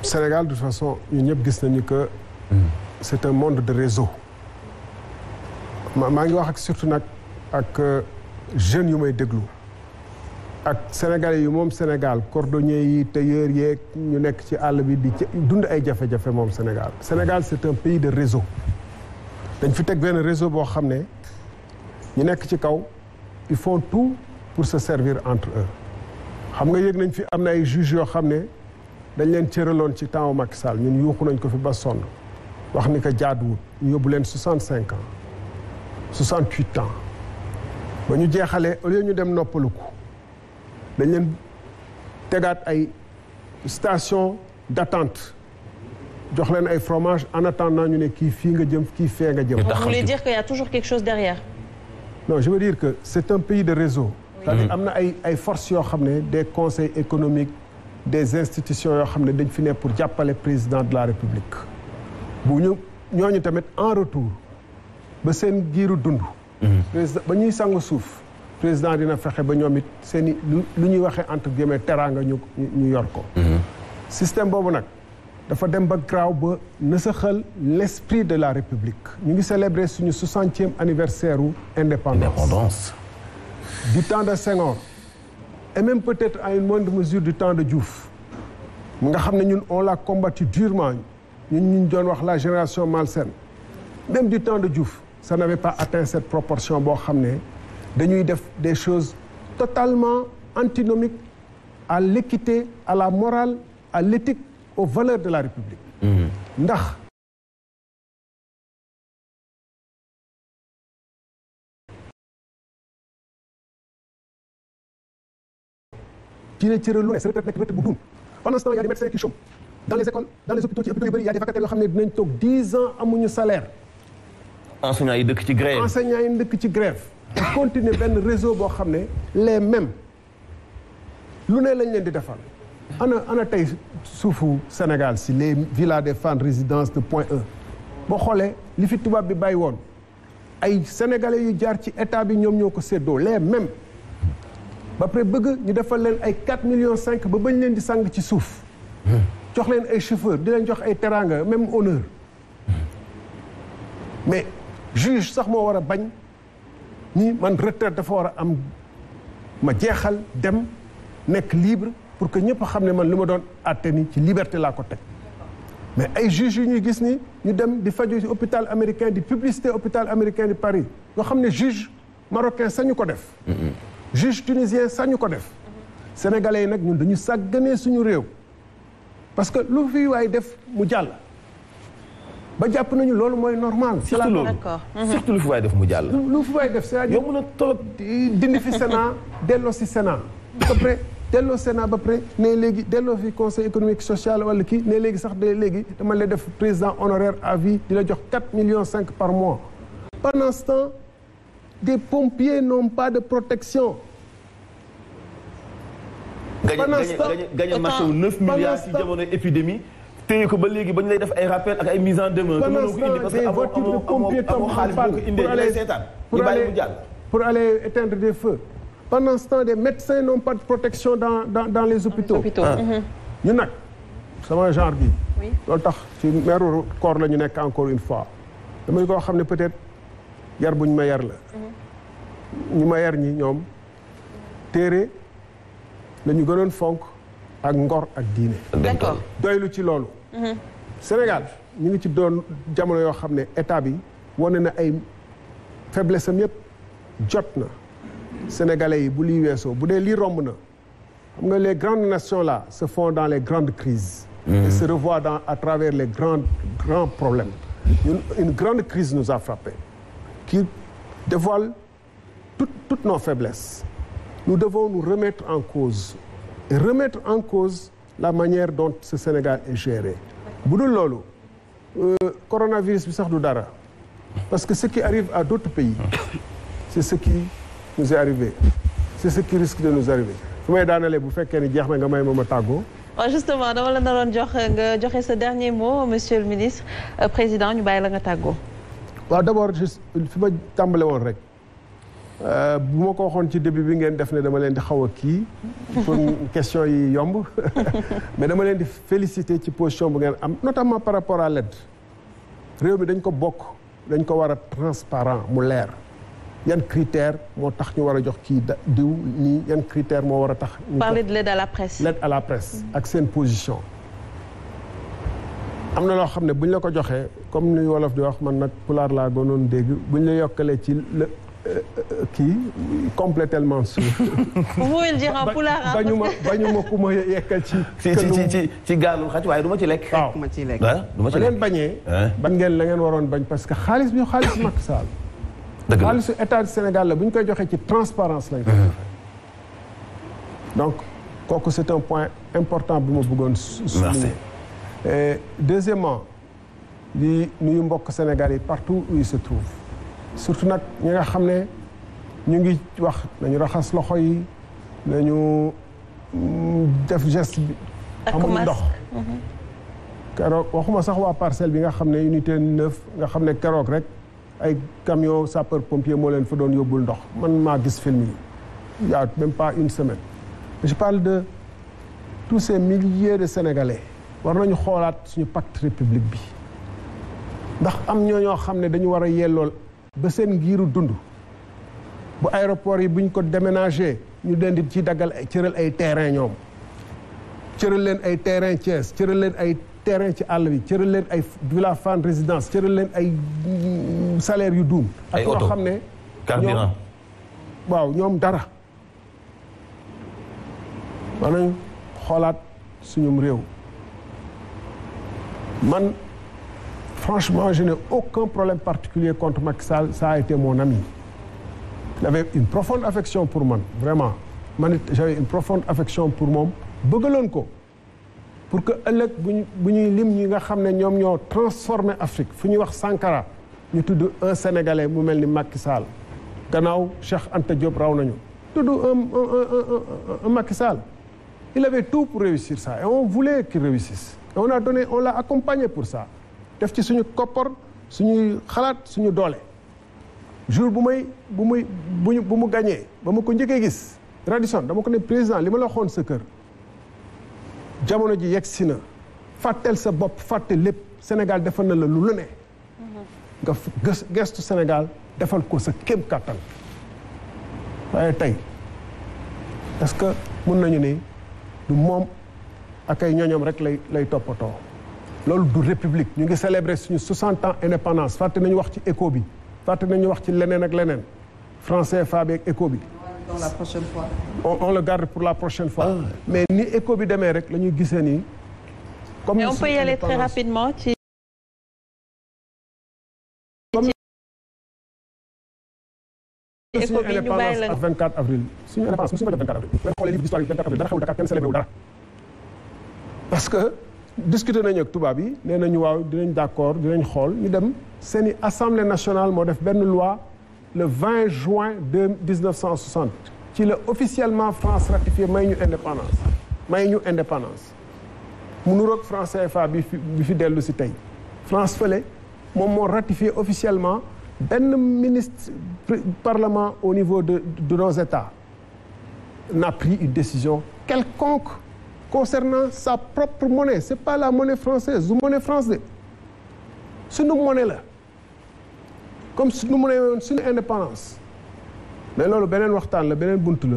Sénégal de toute façon ñun ñëpp gis nañu que. Hmm. c'est un monde de réseau. ma maa ngi wax ak surtout nag ak euh, jeunes yu may déglu ak sénégalais yu moom Sénégal cordonniers yi tailleurs yeeg ñu nekk ci àll bi di dund ay jafe-jafe moom Sénégal. Sénégal c'est un pays de réseau. dañ fi teg benn réseau boo xam ne. ñu nekk ci kaw ils font tout pour se servir entre eux xam nga yëg nañ fi am na ay juges yoo xam ne dañ leen cëraloon ci temps Macky Sall ñun yuuxu nañ ko fi ba sonn wax ni ko jaaduwut ñu yóbbu leen soixante cinq ans soixante huit ans ba ñu jeexalee au lieu ñu dem noppaluku dañ leen tegaat ay station d'attente jox leen ay fromage en attendant ñu ne kii fii nga jëm kii fee nga jëm. Vous voulez dire qu'il y a toujours quelque chose derrière. non je veux dire que c'est un pays de réseau cest am na ay ay forces yoo xam ne des conseils économique des institutions yoo xam ne dañ fi ne pour jàppale président de la république bu ñu ñooñu tamit en retour ba seen giiru dund mm-hmm. ba ñuy sangu suuf président dina fexe ba ñoom it seen i lu ñuy waxee entre guillemets teraanga ñu ñu yor ko mm-hmm. système boobu nag dafa dem ba graaw ba nasaxal l'esprit de la république ñu ngi célébrer suñu soixantième anniversaire u indépendance du temps de Senghor et même peut-être à une moindre mesure du temps de Diouf mu nga xam ne ñun on l'a combattu durement ñu ñu doon wax la génération malsaine même du temps de Diouf ça n'avait pas atteint cette proportion boo xam ne dañuy def des choses totalement antinomique à l'équité à la morale à l'éthique aux valeurs de la République mm-hmm. ndax ci ne cëral lu ne sa a des médecins qui chôment dans les écoles dans les hôpitaux ci hôpitaux yu bëri y a xam ne dinañ toog dix ans amuñu salaire enseignants yi dëkk ci grève enseignants yi dëkk ci grève continuer benn réseau boo xam ne les mêmes lu ne lañ leen di defal ana ana tey suufu Sénégal si les villas des femmes résidence de point 1 boo xoolee li fi tubaab bi bàyyi woon ay sénégalais yu jaar ci état bi ñoom ñoo ko séddoo les mêmes ba pare bëgg ñu defal leen ay 4 millions cinq ba bañ leen di sang ci suuf. jox leen ay chauffeur di leen jox ay teraanga même honneur mais juge sax moo war a bañ ni man retraite dafa war a am ma jeexal dem nekk libre. pour que ñëpp xam ne man li ma doon àtte ni ci liberté laa ko teg mais ay juges yu ñuy gis ni ñu dem di faju ci hôpital américain di publicité hôpital américain de Paris nga xam ne juge marocain sañu ko def mm-hmm. juge tunisien sañu ko def sénégalais yi nag ñun dañu sàgganee suñu réew parce que lu fi waay def mu jàll ba jàpp nañu loolu mooy normal. c'est la loolu mm-hmm. surtout lu fi waay def mu jàll. lu fi waay def c'est-à-dire yow mën a fi Sénat delloo si Sénat à peu près delloo Sénat ba pare ne léegi delloo fi conseil économique social wala kii ne léegi sax de léegi dama lay def président honoraire à vie di la jox 4 millions 5 par mois. pendant ce temps des pompiers n'ont pas de protection. pendant ce temps gañe marché wu 9 milliards ci jamono épidémie. téye ko ba léegi ba ñu lay def ay rappel ak ay mise en demeure. pendant des pour aller éteindre des feux. pendant ce temps des médecins n'ont pas de protection dans dans dans les hôpitaux ah. mhm. ñu nag sama genre bi loolu tax ci meeru koor la ñu nekk encore une fois damay koo xam ne peut-être yar bu ñu ma yar la mhm. ñu ma yar ñi ñoom téere la ñu gënoon fonk ak ngor ak diine d'accord doylu ci loolu mhm. Sénégal ñu ngi ci doon jamono yoo xam ne état bi wane na ay faiblesse am yëpp jot na sénégalais yi bu lii weesoo bu dee lii romb na xam nga les grandes nations là se font dans les grandes crises mhm. et se revoient dans à travers les grands grands problèmes ñun une grande crise nous a frappés qui dévoile toutes toutes nos faiblesses nous devons nous remettre en cause et remettre en cause la manière dont ce Sénégal est géré bu dul loolu euh, coronavirus bi sax du dara parce que ce qui arrive à d'autres pays c'est ce qui nous est arrivé c'est ce qui risque de nous arriver fu may daanalee bu fekkee ni jeex na nga may ma ma tàggoo. waaw justement dama la naroon jox nga joxe sa dernier mot monsieur le ministre euh, président ñu bàyyi la nga tàggoo. waa d'abord juste fi ma tàmbale woon rek euh, bu ma ko waxoon ci début bi ngeen def ne dama leen di xaw a kii. pour question yi yomb mais dama leen di féliciter ci position bu ngeen am notamment par rapport à l'aide réew mi dañ ko bokk dañ ko war a transparent mu leer. yan critère moo tax ñu war a jox kii diw nii yan critère moo war a tax. ñu parler de l'aide à la presse. l'aide à la presse ak seen position. am na loo xam ne buñ la ko joxee comme nu wolof di wax man nag pulaar laa gënoon dégg bu ñu la yokkalee ci la euh, euh, kii complètement sûr. vous pouvez le ma bañu ma ku ma yekkal ci. ci ci ci ci xaj waaye duma ci lekk. waaw du ma ci lekk. ba ngeen bañee. ban ngeen la ngeen waroon bañ parce que xaalis bi xaalis Macky Sall. dëgg la xaalisu état du Sénégal la bu ñu koy joxee ci transparence lañ koy joxee mhm. donc kooku c' est un point important bi ma bëggoon merci deuxièmement di nuyu mbokk Sénégal yi partout où ils se trouvent surtout nag ñi nga xam ne ñu ngi wax nañu raxas loxo yi nañu mm, def gest bi amul ndox mhm. keroog waxuma sax waa parcelle bi nga xam ne unité neuf nga xam ne keroog rek ay camion sapeur pompier moo leen fa doon yóbbul ndox man maa gis film yi il y pas une semaine je parle de tous ces milliers de sénégalais war nañu xoolaat suñu pacte république bi ndax am ñoo ñoo xam ne dañu war a yellool ba seen ngiiru dund bu aéroport yi buñ ko déménagé ñu leen ci daggal ay cëral ay terrain ñoom cëral leen ay terrain Thiès cëral leen ay terrain ci àll bi cëral leen ay villa fan résidence cëral leen ay salaire yu duum ak yoo xam ne carburant waaw ñoom dara maanaam xoolaat suñum réew man franchement je n'ai aucun problème particulier contre Macky Sall ça a été mon ami il une profonde affection pour man vraiment man it j'avais une profonde affection pour moom bëggaloon ko pour que ëllëg buñ bu ñuy lim ñi nga xam ne ñoom ñoo transformé Afrique fu ñuy wax Sankara ñu tudd un mu mel ni Macky Sall gannaaw Cheikh Anta Diop raw nañu tudd un un Macky Sall il avait tout pour réussir ça et on voulait qu'il réussisse et on a donné on l'a accompagné pour ça def ci suñu koppor suñuy xalaat suñu doole jour bu may bu muy bu mu gagné ba ma ko njëkkee gis Radisson dama ko ne président li ma la waxoon sa kër jamono ji yegg si na fàtteel sa bopp fàtte lépp Sénégal defal na la lu lu ne nga gestu Sénégal defal ko sa kéem kàttan waaye tey parce que mun nañu ni du moom ak ay ñooñam rek lay lay toppatoo loolu du république ñu ngi célébrer suñu 60 ans indépendance fàtte nañu wax ci éco bi fàtte nañu wax ci leneen ak leneen français faabi éco bi pour la prochaine fois. On, le garde pour la prochaine fois. Ah, mais ni écho bi demee rek la ñuy gisee nii. comme mais on peut y aller très rapidement ci. écho bi ñu bàyyi la 24 avril suñu indépendance suñu parce que discuter nañu ak tubaab yi nee nañu waaw dinañ d'accord dinañ xool ñu dem. seeni assemblée nationale moo def benn loi. le 20 juin de 1960 ci la officiellement France ratifié may ñu indépendance may ñu indépendance mu nuroog France CFA bi fi bi fi dellu si tey France fële moom moo ratifié officiellement benn ministre parlement au niveau de de nos États n'a pris une décision quelconque concernant sa propre monnaie c'est pas la monnaie française du monnaie française sunu monnaie la. comme su nu mu ne woon suñu indépendance mais loolu beneen waxtaan la beneen bunt la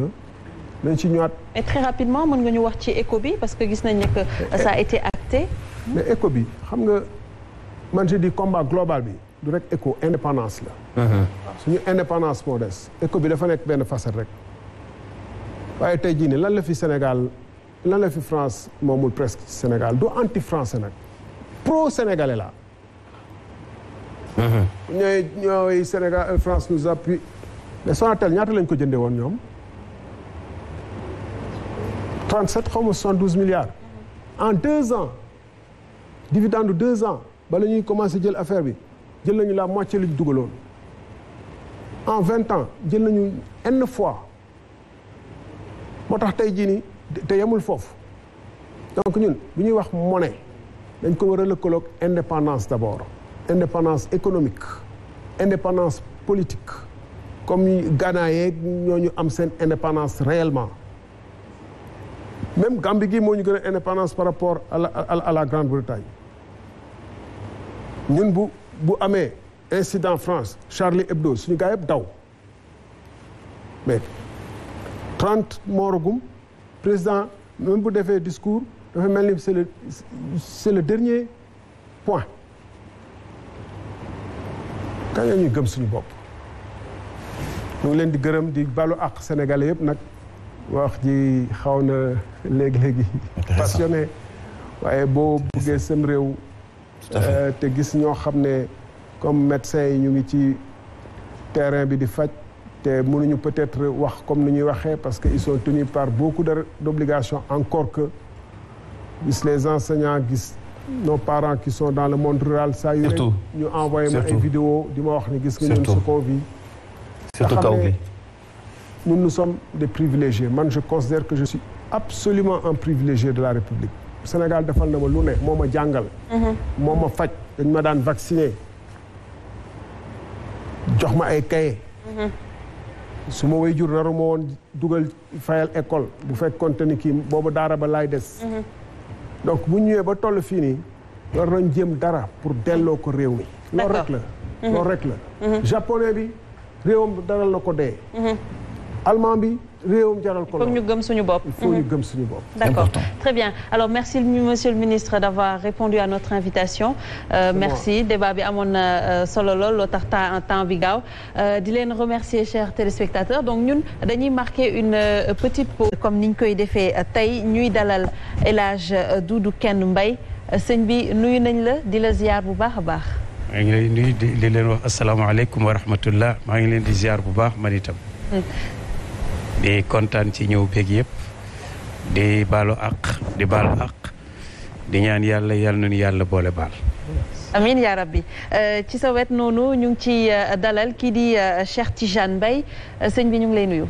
dañ ci ñëwaat. mais très rapidement mën nga ñu wax ci éco bi parce que gis nañ ne que eh, a été acté. Eh, mais éco bi xam nga man je di combat global bi du rek éco indépendance la. Uh-huh. suñu indépendance moo des. éco bi dafa nekk benn facette rek waaye tey jii nii lan la fi Sénégal lan la fi France moomul presque Sénégal du anti français nag pro sénégalais la. ñooy ñooy Sénégal euh, France nous appuie mais Sonatel ñaata lañ ko jëndee woon ñoom 37 xaw ma 72 milliards en deux ans dividende deux ans bala ñuy commencé jël affaire bi jël nañu la moitié li ñu dugaloon en vingt ans jël nañu n fois moo tax tey jii ni te yemul foofu donc ñun bu ñuy wax monnaie dañ ko war a lëkkaloog indépendance d'abord indépendance économique indépendance politique comme Ghana ñoo ñu am seen indépendance réellement même Gambie gii moo ñu gën a indépendance par rapport à la a la Grande-Bretagne ñun bu bu amee incident France Charlie Hebdo suñu gaa yëpp daw mais trente mooragum président même bu defee discours dafa mel ni c'est le c'est le dernier point kañ la ñuy gëm suñu bopp ñu ngi leen di gërëm di balu àq sénégalais yëpp nag wax ji xaw na léegi-léegi passionné waaye boo buggee sëm réew euh, te gis ñoo xam ne comme médecins yi ñu ngi ci terrain bi di faj te mënuñu peut-être wax comme ni ñuy waxee parce que ils sont tenus par beaucoup d'obligations encore que gis les enseignants gis nos parent qui sont dans le monde rural saa yu rek ñu envoyé ma ay vidéo di ma wax ni gis nga ñun ce qu'on vit surtout kaw gi ñun nous sommes des privilégiés man je considère que je suis absolument un privilégié de la République Sénégal defal na ma lu ne moom ma jàngal mhm. moo ma faj dañ ma daan vacciner jox ma ay kaye mhm. su ma waajur naru ma woon dugal fayal école bu fekkonte ni kii boobu daara ba laay des mhm. donc bu ñëwee ba toll fii nii war nañ jéem dara pour delloo ko réew mi. loolu rek la mhm. loolu rek la. Mhm. japonais bi réewam dara la ko dee. Mhm. allemand bi. réewam jaral ko. il ñu gëm suñu bopp. Mm-hmm. gëm suñu bopp. d'accord très bien alors merci monsieur le ministre d'avoir répondu à notre invitation. Euh, merci débat bi amoon na euh, solo lool loo tax temps bi gaaw euh, di leen remercier chers téléspectateurs donc ñun dañuy marquer une euh, petite pause. comme niñ koy defee tey ñuy dalal El Hadj Doudou Kène Mbaye sëñ bi nuyu nañ la di la ziar bu baax a baax. maa ngi lay nuyu di leen wax asalaamaaleykum wa maa ngi leen di ziar bu baax man di kontaan ci ñëw beeg yëpp di baalu ak di baalu ak di ñaan yàlla yal nañu yàlla boole baal. amin yaa rabbi euh, ci sa wet noonu ñu ngi ci euh, dalal kii di euh, Cheikh Tidiane mbay sëñ bi ñu ngi lay nuyu.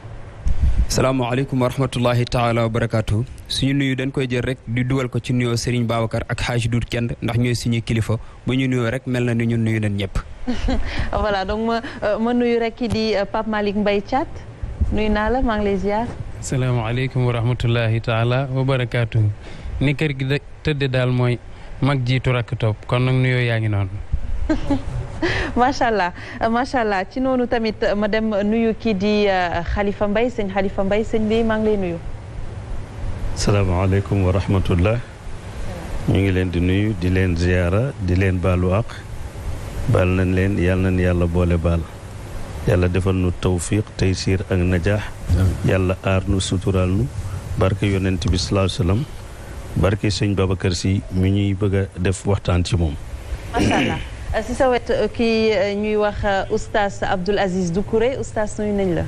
salaamaaleykum wa rahmatullahi taala wa barakaatu. suñu nuyu dañ koy jël rek di dugal ko ci nuyoo Serigne Babacar ak Hadj Doudou Kend ndax ñooy suñu kilifa bu ñu nuyoo rek mel na ni ñu nuyu nañ ñëpp. voilà donc nuy naa la maa ngi lay ziar. salaamaaleykum wa rahmatullahi taala wa barakaatu. ni kër gi de tëdde daal mooy mag jiitu rakk topp kon nag nuyoo yaa ngi noonu. macha allah macha allah ci noonu tamit ma dem nuyu kii di euh, Khalifa Mbaye sëñ Khalifa Mbaye sëñ bi maa ngi lay nuyu. salaamaaleykum wa rahmatullah ñu ngi leen di nuyu di leen ziyaara di leen baalu àq baal nañ leen yàlla nañ yàlla boole baal. yàlla defal nu tawfiq taysiir ak najaax yàlla aar nu suturaal nu barke yonent bi salaahu salaam barke sëñ Babacar si mi ñuy bëgg a def waxtaan ci moom macha euh, si sa wet euh, kii euh, ñuy wax oustaz Abdoul Aziz Doucouré oustaz nuyu nañ la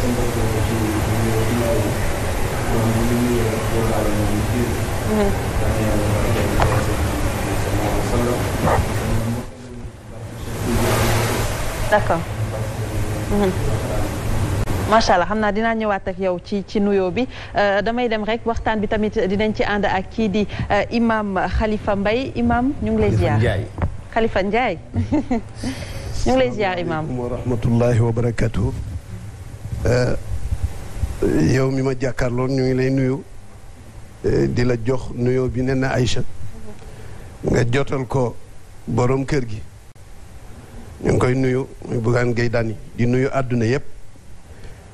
Mhm. sa mbokk allah xam naa dina ñëwaat ak yow ci ci nuyoo bi euh, damay dem rek waxtaan bi tamit dinañ ci ànd ak kii di euh, imam Khalifa Mbaye imam ñu ngi lay ziar Khalifa Ndiaye ñu ngi wa rahmatullahi Eh, yow mi ma jàkkaarloon ñu ngi lay nuyu eh, di la jox nuyoo bi ne na Aïcha nga jotal ko boroom kër gi ñu ngi koy nuyu muy Bougane Gueye Dany di nuyu àdduna yépp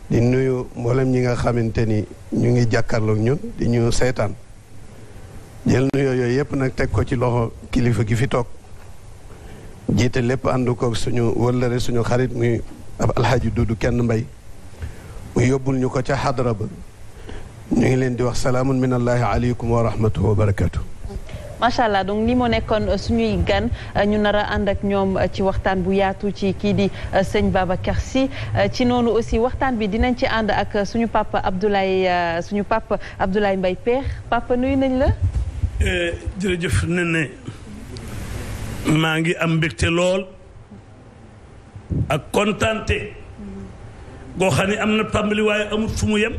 di nuyu mboolem ñi nga xamante ni ñu ngi jàkkaarloog ñun di ñu seetaan jël nuyoo yooyu yépp nag teg ko ci loxo kilifa gi fi toog jiite lépp ànd koog suñu wëllëre suñu xarit muy ab alxaaji Dudu kenn mbay mu yóbbul ñu ko ca xadra ba ñu ngi leen di wax salaamun min allahi aleykum wa rahmatuhu wa barakatuh macha allah donc li moo nekkoon euh, suñuy gan euh, ñu nar a ànd ak ñoom euh, ci waxtaan bu yaatu ci kii di sëñ Babacar Sy ci noonu aussi waxtaan bi dinañ ci ànd ak suñu papa Abdoulaye suñu papa Abdoulaye Mbaye Pekh papa nuyu nañ la. jërëjëf ne ne maa ngi am mbégte lool ak goo xam ne am na tàmbali waaye amul fu mu yem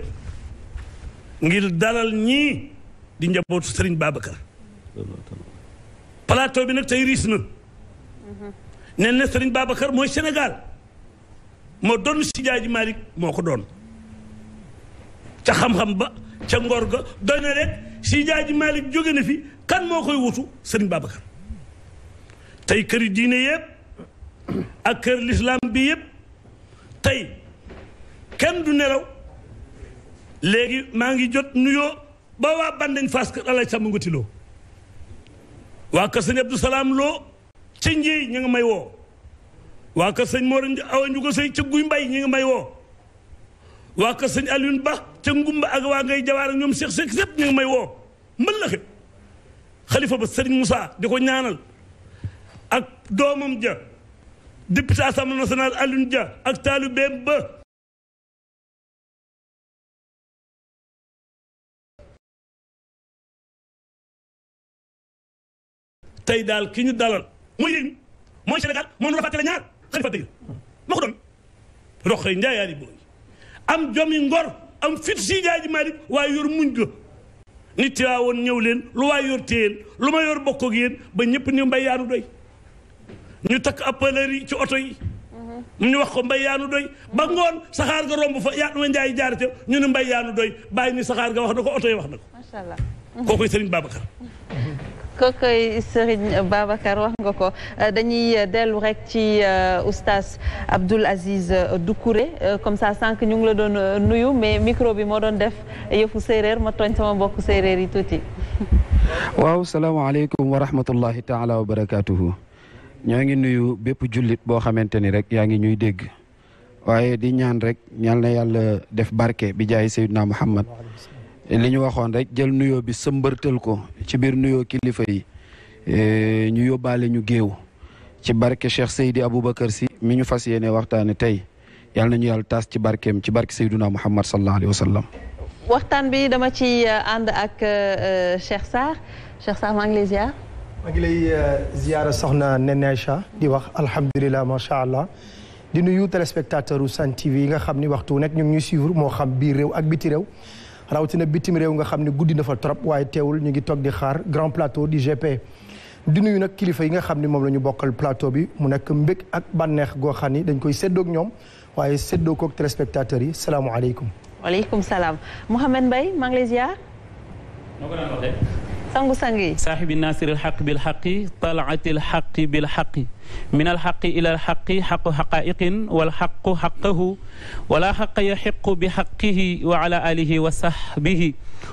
ngir dalal ñii di njabootu sëriñ Babacar plateau bi nag tey riis na nee na Serigne mooy senegal moo doon si jaaji Malick moo ko doon ca xam-xam ba ca ngor ga doy na rek si jaaji jóge na fi kan moo koy wutu Serigne Babacar tey këri diine yépp ak kër l'islam bi yëpp tey kenn du nelaw léegi maa ngi jot nuyoo ba waa bandañ fas kër alay sàmm nga tiloo waa kër sëñ Abdou Salaam loo ca Njéy ñu ngi may woo waa kër sëñ Mor Awa Ndiouga Sey ca Guy Mbay ñu ngi woo waa kër sëñ Alioune Ba ca Ngumba ak waa ngay jawaar ñoom Cheikh Cheikh sëpp ñu ngi may woo mën la xib ba sëriñ Moussa di ko ñaanal ak doomam ja député assemblée nationale Alioune Dia ak taalu beem ba tey daal ki ñu dalal muy réew mi mooy Sénégal moom la fàttali ñaar Xalifa dëgg ma ko doon roxoy njaayaari booy am jomi ngor am fit si jaaji Maalik waaye yor muñ ga nit yaa woon ñëw leen lu waay yor téyeen lu ma yor bokk ak yéen ba ñëpp ni mbay yaanu doy ñu takk appeleur yi ci oto yi mhm. ñu wax ko mbay yaanu doy ba mhm. ngoon saxaar ga romb fa yaat ma njaay jaar ca ñu ne mbay yaanu doy bàyyi ni saxaar ga wax na ko oto yi wax na ko kookoy Sëriñ Babacar mhm. kookoy Serigne Babacar wax nga ko euh, dañuy dellu rek ci euh, oustaz Abdoul Aziz Doucouré euh, comme ça sànq ñu ngi la doon nuyu mais micro moo doon def yëfu séréer ma tooñ sama mbokk séréer yi tuuti. waaw salaamaaleykum wa rahmatullahi taala wa barakaatuhu. ñoo ngi nuyu bépp jullit boo xamante ni rek yaa ngi ñuy dégg. waaye di ñaan rek ñal na yàlla def barke bi jaay Seydina Muhammad li ñu waxoon rek jël nuyoo bi sëmbërtal ko ci biir nuyoo kilifa yi e, ñu yóbbaale ñu géew ci barke Cheikh Seydi Aboubacar si mi ñu fas yéene waxtaane tey yàlla nañu yàlla taas ci barkeem ci barke Seyduna Muhammad sallallahu alayhi wa sallam waxtaan bi dama ci e, ànd ak e, Cheikh Sarr Cheikh Sarr maa ngi lay ziar maa ngi lay ziara soxna Nene Aïcha di wax alhamdulilah macha allah di nuyu téléspectateur u Sen nga xam ni waxtu nekk ñu ngi ñuy suivre moo xam biir réew ak biti réew rawatina bitim réew nga xam ne guddi na fa trop waaye teewul ñu ngi toog di xaar grand plateau du GP. di nuyu nag kilifa yi nga xam ni moom la ñu bokkal plateau bi mu nekk mbég ak bànneex goo xam ni dañ koy séddoog ñoom waaye séddoo kook téléspectateurs yi salaamualeykum. waaleykum salaam Mouhamed Mbaye maa ngi lay ziar. noo ko daan waxee. sangu sang yi. saaxibi naasiril xaq bil xaqi talaatil xaqi bil min alxaqi ila alxaqi xaqu xaqaa'iqin wal xaqu xaqahu wala xaqa yaxiqu bi xaqihi wa ala alihi wa sahbihi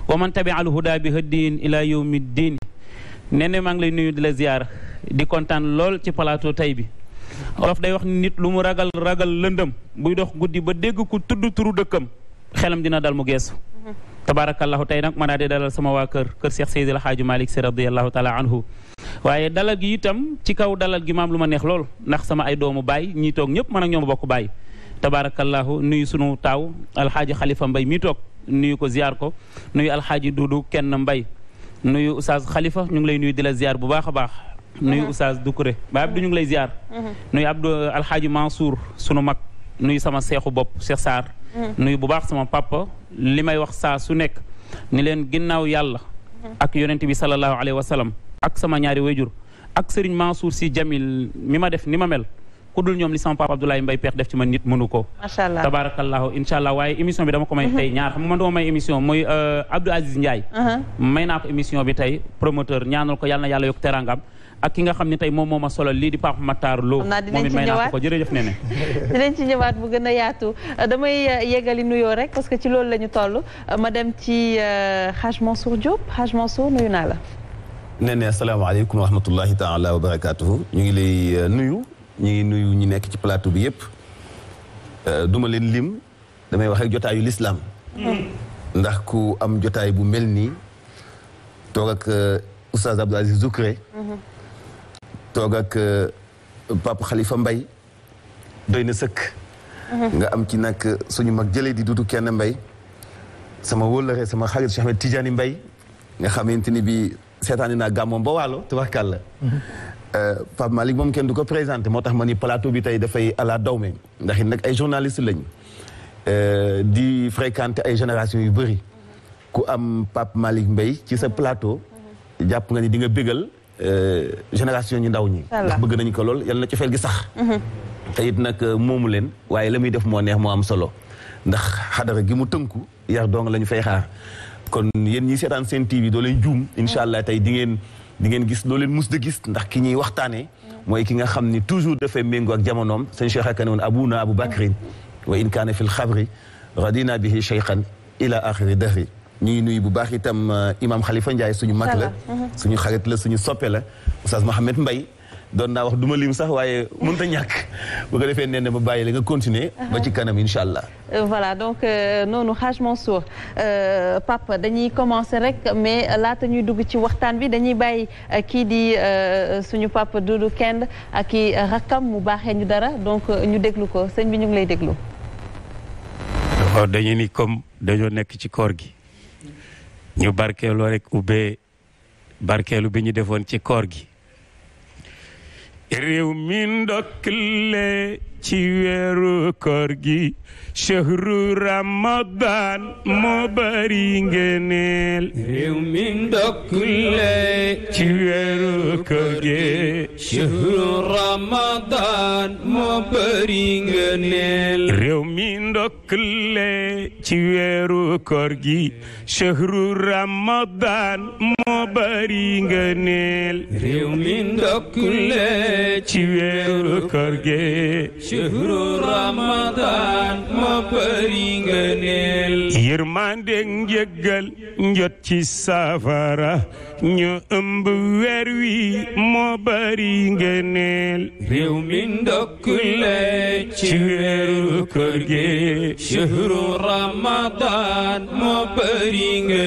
wa man tabia al huda bi hëddiin ila yawmi ddiin nee na maa ngi lay nuyu di la ziyaar di kontaan lool ci plateau tey bi olof day wax nit lu mu ragal ragal lëndëm buy dox guddi ba dégg ku tudd turu dëkkam xelam dina dal mu geesu mhm. tabaarakallahu tey nag ma daa di dalal sama waa kër kër Cheikh Seydil Hadji Malick Sy radiyallahu taala anhu waaye dalal gi itam ci kaw dalal gi maam lu ma neex lool ndax sama ay doomu baay ñiitoog toog ñëpp man ak ñoom bokk baay tabaarakallaahu nuyu sunu taaw alxaaji xalifa mbay mii toog nuyu ko ziar ko nuyu alxaaji duudu kenn mbay nuyu oustaz xalifa ñu ngi lay nuyu di la ziar bu baax a baax nuyu oustaz Dukure ba Abdou ñu ngi lay ziar nuyu Abdou alxaaji Mansour sunu mag nuyu sama seexu bopp Cheikh Sarr nuyu bu baax sama papa li may wax saa su nekk ni leen ginnaaw yàlla ak yonent bi sallallahu alayhi wa sallam ak sama ñaari wayjur ak Serigne Mansour Sy Jamil mi ma def ni ma mel ku dul ñoom li sama papa Abdoulaye Mbaye peex def ci man nit mënu ko tabaarakallaahu insha allah waaye émission bi dama ko may tey ñaar xam nga man dama may émission mooy euh, Abdou Aziz Ndiaye uh-huh. may naa ko émission bi tey promoteur ñaanal ko yàlla na yàlla yokk teraangam ak ki nga xam ne tey moom moo ma solo lii di Pape Matar Lo moom it may naa ko jërëjëf nee ne dinañ ci ñëwaat a nee ne asalaamaaleykum wa rahmatullahi taala wa barakaatuhu ñu ngi lay euh, nuyu ñu ngi nuyu ñi nekk ci palaatu bi yëpp euh, duma leen lim damay wax rek jotaayu lislaam hmm. ndax ku am jotaay bu mel nii toog ak euh, oustaz Abdou Aziz Zoukré hmm. toog ak Pape mbay Mbaye doy na sëkk hmm. nga am ci nag suñu mag jëlee di dudu kenn mbay sama wóllare sama xarit Cheikh Ahmed Tidiane Mbaye nga xamante ni bi seetaani naa gàmmoom ba waalo tubaarkàlla euh, Pape Malick moom kenn du ko présenté moo tax ma ni plateau bi tey dafay ala daw me ndax it nag ay journaliste lañu euh, di fréquenté ay génération yu bëri ku am Pape Malick Mbaye ci sa plateau jàpp nga ni di nga bégal euh, génération ñu ndaw ñi ndax bëgg nañu ko lool yal na ci fel gi sax mhm. te it nag moomu leen waaye la muy def moo neex moo am solo ndax xadara gi mu tënku yar doonga la ñu kon yéen ñi seetaan seen TV doo leen juum incha allah tey di ngeen di ngeen gis loo leen mus de gis ndax ki ñuy waxtaanee mooy ki nga xam ni toujours dafay méngoo ak jamonoom seen cheikh akane woon abuna abou bakrin wa in kaana fi lxabri radina bihi cheikhan ila axiri dahri ñuy nuyu bu baax itam euh, imam xalifa Ndiaye suñu mag la suñu xarit la suñu soppe la oustaz Mohamed Mbaye doon naa wax du lim sax waaye mënut a ñàkk bu ko defee nee na ma bàyyi la nga continuer ba ci kanam incha allah. Euh, voilà donc euh, noonu Haj Mansour euh, Pape dañuy commencer rek mais laata ñuy dugg ci waxtaan bi dañuy bàyyi kii di suñu Pape Doudou kenn ak i rakkam mu baaxee ñu dara donc ñu déglu ko sëñ bi ñu ngi lay déglu. waaw dañu ni comme dañoo nekk ci koor gi ñu barkeeloo rek ubbee barkeelu bi ñu defoon ci koor gi. réew mi ndokkle ci weeru koor gi shahru ramadan moo bari ngeeneel réew mi ci weeru koor gi réew mi ndokkule ci weeru koor gi shahru ramadan moo bari ngeeneel réew mi ndokkule ci ma përi nga neel njot ci saafara ñu ëmb weer wi moo bari nga neel réew mi ndokkule ci weeru kër gi shahru ramadan moo bari nga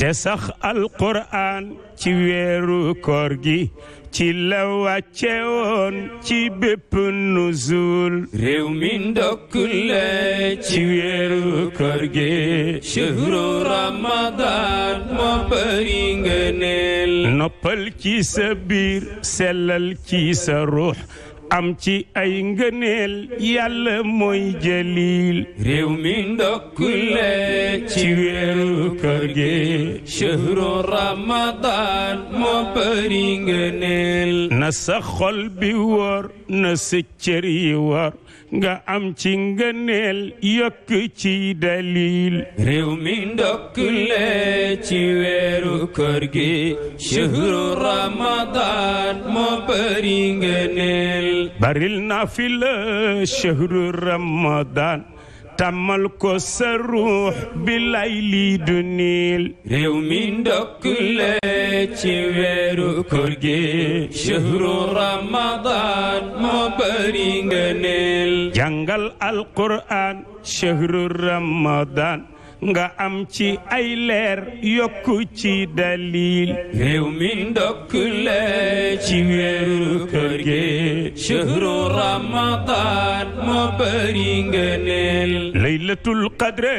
te sax alquran ci weeru kor gi ci la wàcce woon ci bépp nuzul réew mi ndokk le ci weeru kor gi chehru ramadan moo bëri ngëneel noppal ci sa biir sellal ci sa ruux am ci ay ngëneel yàlla mooy jaliil réew mi ndokkule ci weeru kër gi shahru ramadan moo bëri ngëneel na sa xol bi wóor na sa cër yi wóor nga am ci ngëneel yokk ci dalil réew mi ndokkule ci weeru kor gi shahru ramadan moo bari ngëneel baril na fi la shahru ramadan tàmmal ko sa ruux bi lay du niil réew mi ndokk la ci weeru koor shahru ramadan moo bari nga neel jàngal alquran shahru ramadan nga am ci ay leer yokku ci dalil réew mi ndokk la ci weeru kër gi shahru ramadan moo bëri ngëneel laylatul qadre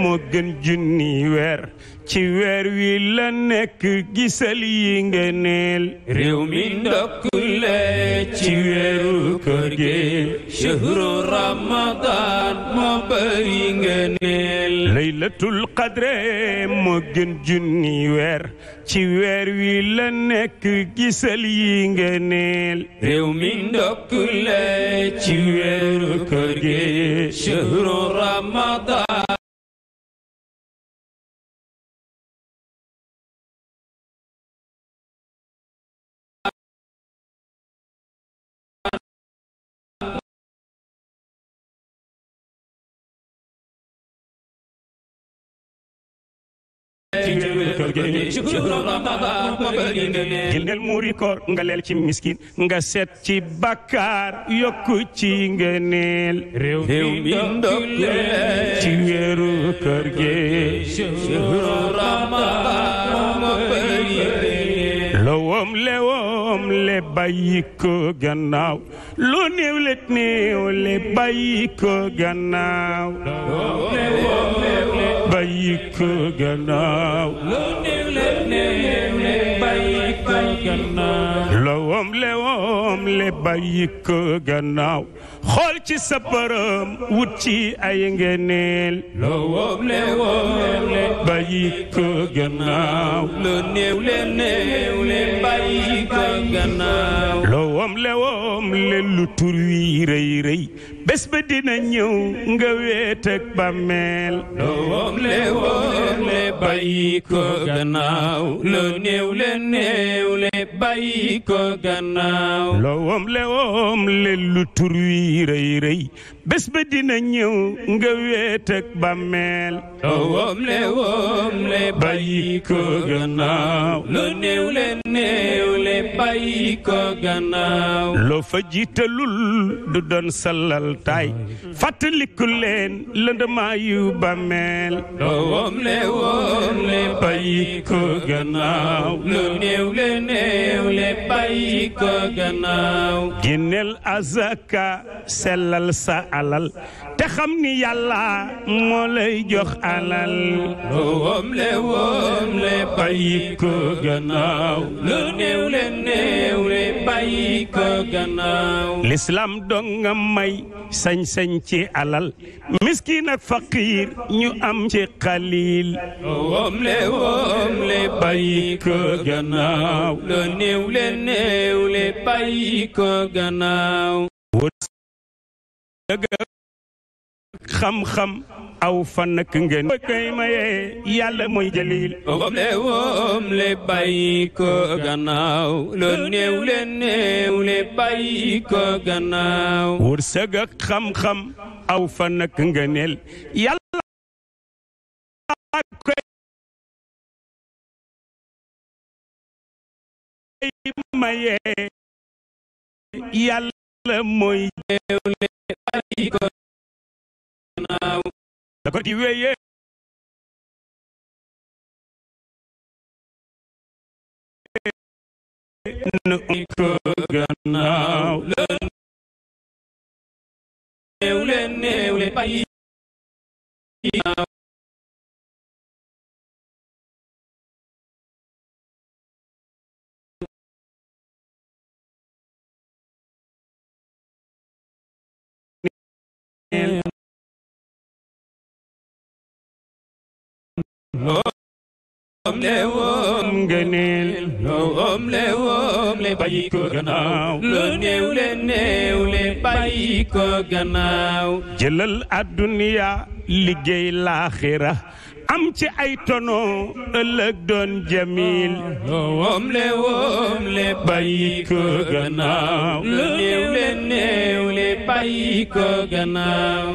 moo gën junni weer ci weer wi lan nekk gisal yi nga neel réew mi ndokkule ci weeru kër gi shahru ramadan moo bari nga neel laylatul qadre moo gën junni weer ci weer wi la nekk gisal yi nga neel réew mi ndokkule ci weeru kër gi ramadan gindel i koor nga leel ci miskin nga seet ci bakkaar yokku ci ngëneel réew mi ci weeru koor gi lowom lewom moom le bàyyi ko gannaaw lu néew let néew le bàyyi ko gannaaw bàyyi ko gannaaw lowam lewam le bàyyi ko gannaaw xool ci sa wut ci ay ngeneel lowam lewam le bàyyi ko gannaaw le le néew le lu tur wi rëy rëy bés ba dina ñëw nga wéet ak bàmmeel doom le woon le lu tur wi rëy rëy bés ba dina ñëw nga wéet ak bàmmeel doom le woom le bàyyi ko gannaaw loo fa jiitalul du doon sallal dal tay fàttaliku leen lëndëmaa yu bàmmeel doom le woon le bàyyi ko gannaaw lu néew le néew le bàyyi ko gannaaw génneel azaka sellal sa alal te xam ni yàlla moo lay jox alal doom le woon le bàyyi ko gannaaw lu néew le néew le bàyyi ko gannaaw l'islam dong nga may sañ-sañ ci alal miskin ak faqiir ñu am ci xaliil wom le wom le bàyyi ko gannaaw lo néew le néew le bàyyi ko gannaaw aw fan ak ngeen koy maye yàlla mooy jëlil roble woom le bàyyi ko gannaaw lu néew le néew le bàyyi ko gannaaw wërsëg ak xam-xam aw fan ak ngeenel yàlla koy maye yàlla mooy jëlil bàyyi ko Lakoti weye nu ko gannaaw leen néew leen néew leen bàyyi ginnaaw loom le woom ngëneel loom le woom le bàyyi ko gannaaw lu néew le liggéey laaxira am ci ay tono ëllëg doon jamil woom le le bàyyi le néew le bàyyi ko gannaaw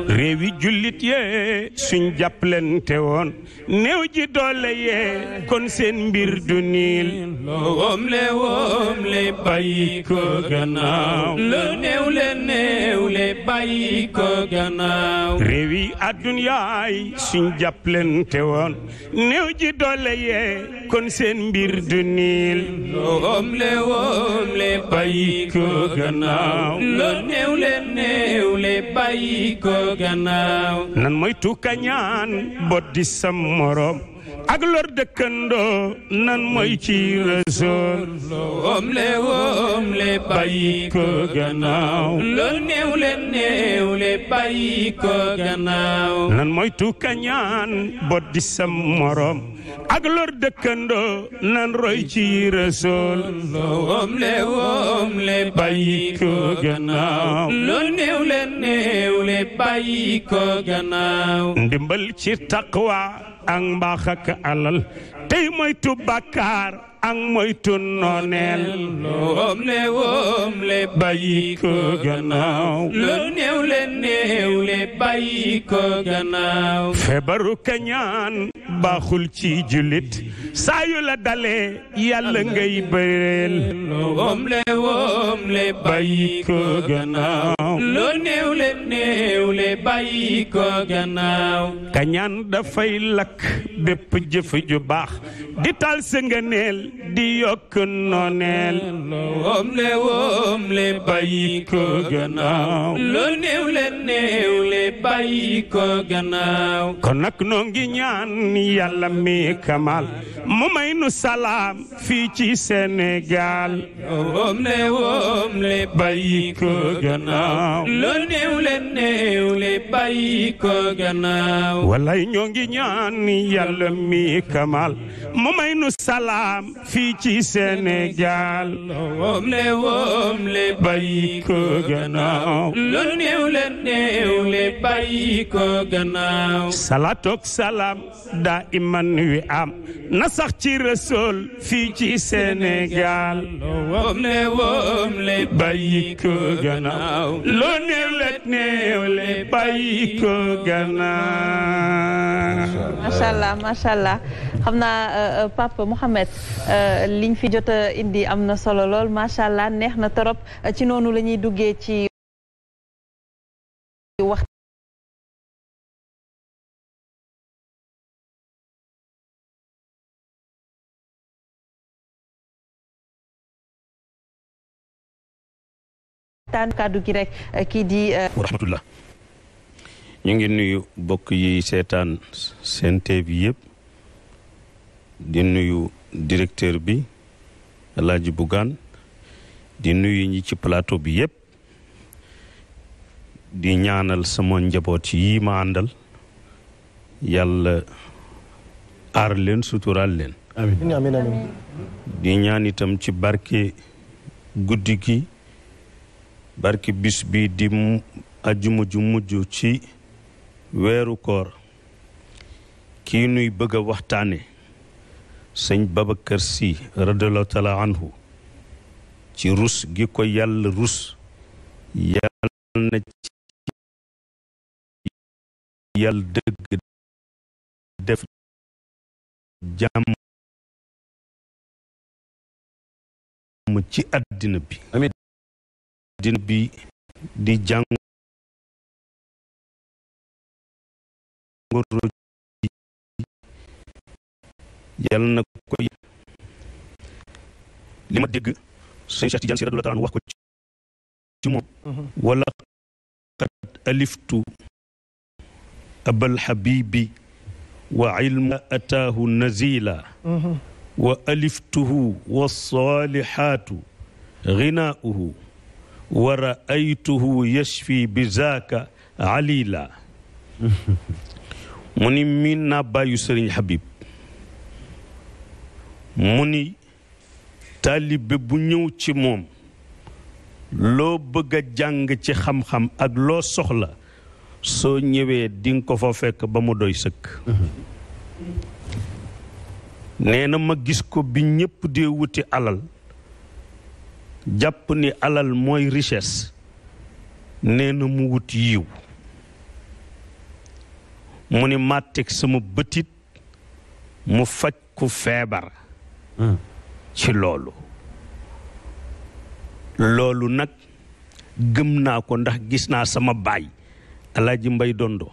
seen mbir du le woom le bàyyi ko gannaaw lu néew le néew woon ji doole yee kon seen mbir du niil loom le woom le bàyyi ko gannaaw lo le néew le bàyyi ko gannaaw nan moytu kañaan bot di sam morom ak lor dëkkandoo nan mooy ci Rasuul om le om le bàyyi ko gannaaw lool néew le néew le bàyyi ko gannaaw nan mooy tuuka ñaan bot di sa morom ak lor dëkkandoo nan roy ci Rasuul om le om le bàyyi ko gannaaw lool néew le néew le bàyyi ko gannaaw ndimbal ci taqwa ak mbaax ak alal tey moytu bàkkaar ak moytu nooneel feebaru kañaan baaxul ci jullit saa la dalee yàlla ngay bëreel lu ëmle le néew le bàyyi ko gannaaw kañaan dafay lakk bépp jëf ju baax di tal sa ngëneel di yokk nooneel woom le woom le bàyyi ko gannaaw lu néew le néew le bàyyi ko gannaaw kon nag noo ñaan yàlla mi kamal mu nu salaam fii ci Sénégal woom le woom ñaan yàlla mi mu may nu salaam fii ci Sénégal wom le wom le bàyyi ko salaam daa iman wi am na sax ci Rasuul fii ci Sénégal wom le wom le le néew le bàyyi ko gannaaw Euh, Pape Mouhamed euh, liñ fi jot indi am na solo lool macha allah neex na torop euh, ci noonu lañuy ñuy duggee ci wax taan kàddu gi rek kii di wa ñu ngi nuyu bokk yi seetaan seen TV yépp di nuyu directeur bi El bu Bougane di nuyu ci plateau bi yépp di ñaanal sama njaboot yi ma àndal yàlla aar leen sutural leen. amiin amiin di ñaan itam ci barke guddi gi barke bis bi di ajjuma ju ci weeru koor kii nuy bëgg a waxtaane sëñ Babacar Sy radiallahu taala anhu ci rus gi ko yàlla rus yàlla na ci yàlla dëgg def jàmm ci àddina bi àddina bi di jàng yàlla na ko yëg li ma dégg sëñ Cheikh Tidiane Sy radiyallahu taala wax ko ci moom mhm. wala qad aliftu abal habibi wa ilma ataahu nazila mhm. wa aliftuhu wassalihatu غناؤه ورأيته يشفي بذاك عليلا mu ni miin naa bàyyu Sëriñ Habib mu ni taalibe bu ñëw ci moom loo bëgg jàng ci xam-xam ak loo soxla soo ñëwee di nga ko fa fekk ba mu doy sëkk nee na ma gis ko bi ñépp dee wuti alal jàpp ni alal mooy richesse nee na mu wut yiw mu ni ma teg sama bëtit mu faj ku feebar ci loolu loolu nag gëm naa ko ndax gis naa sama baay alaaji mbay dondo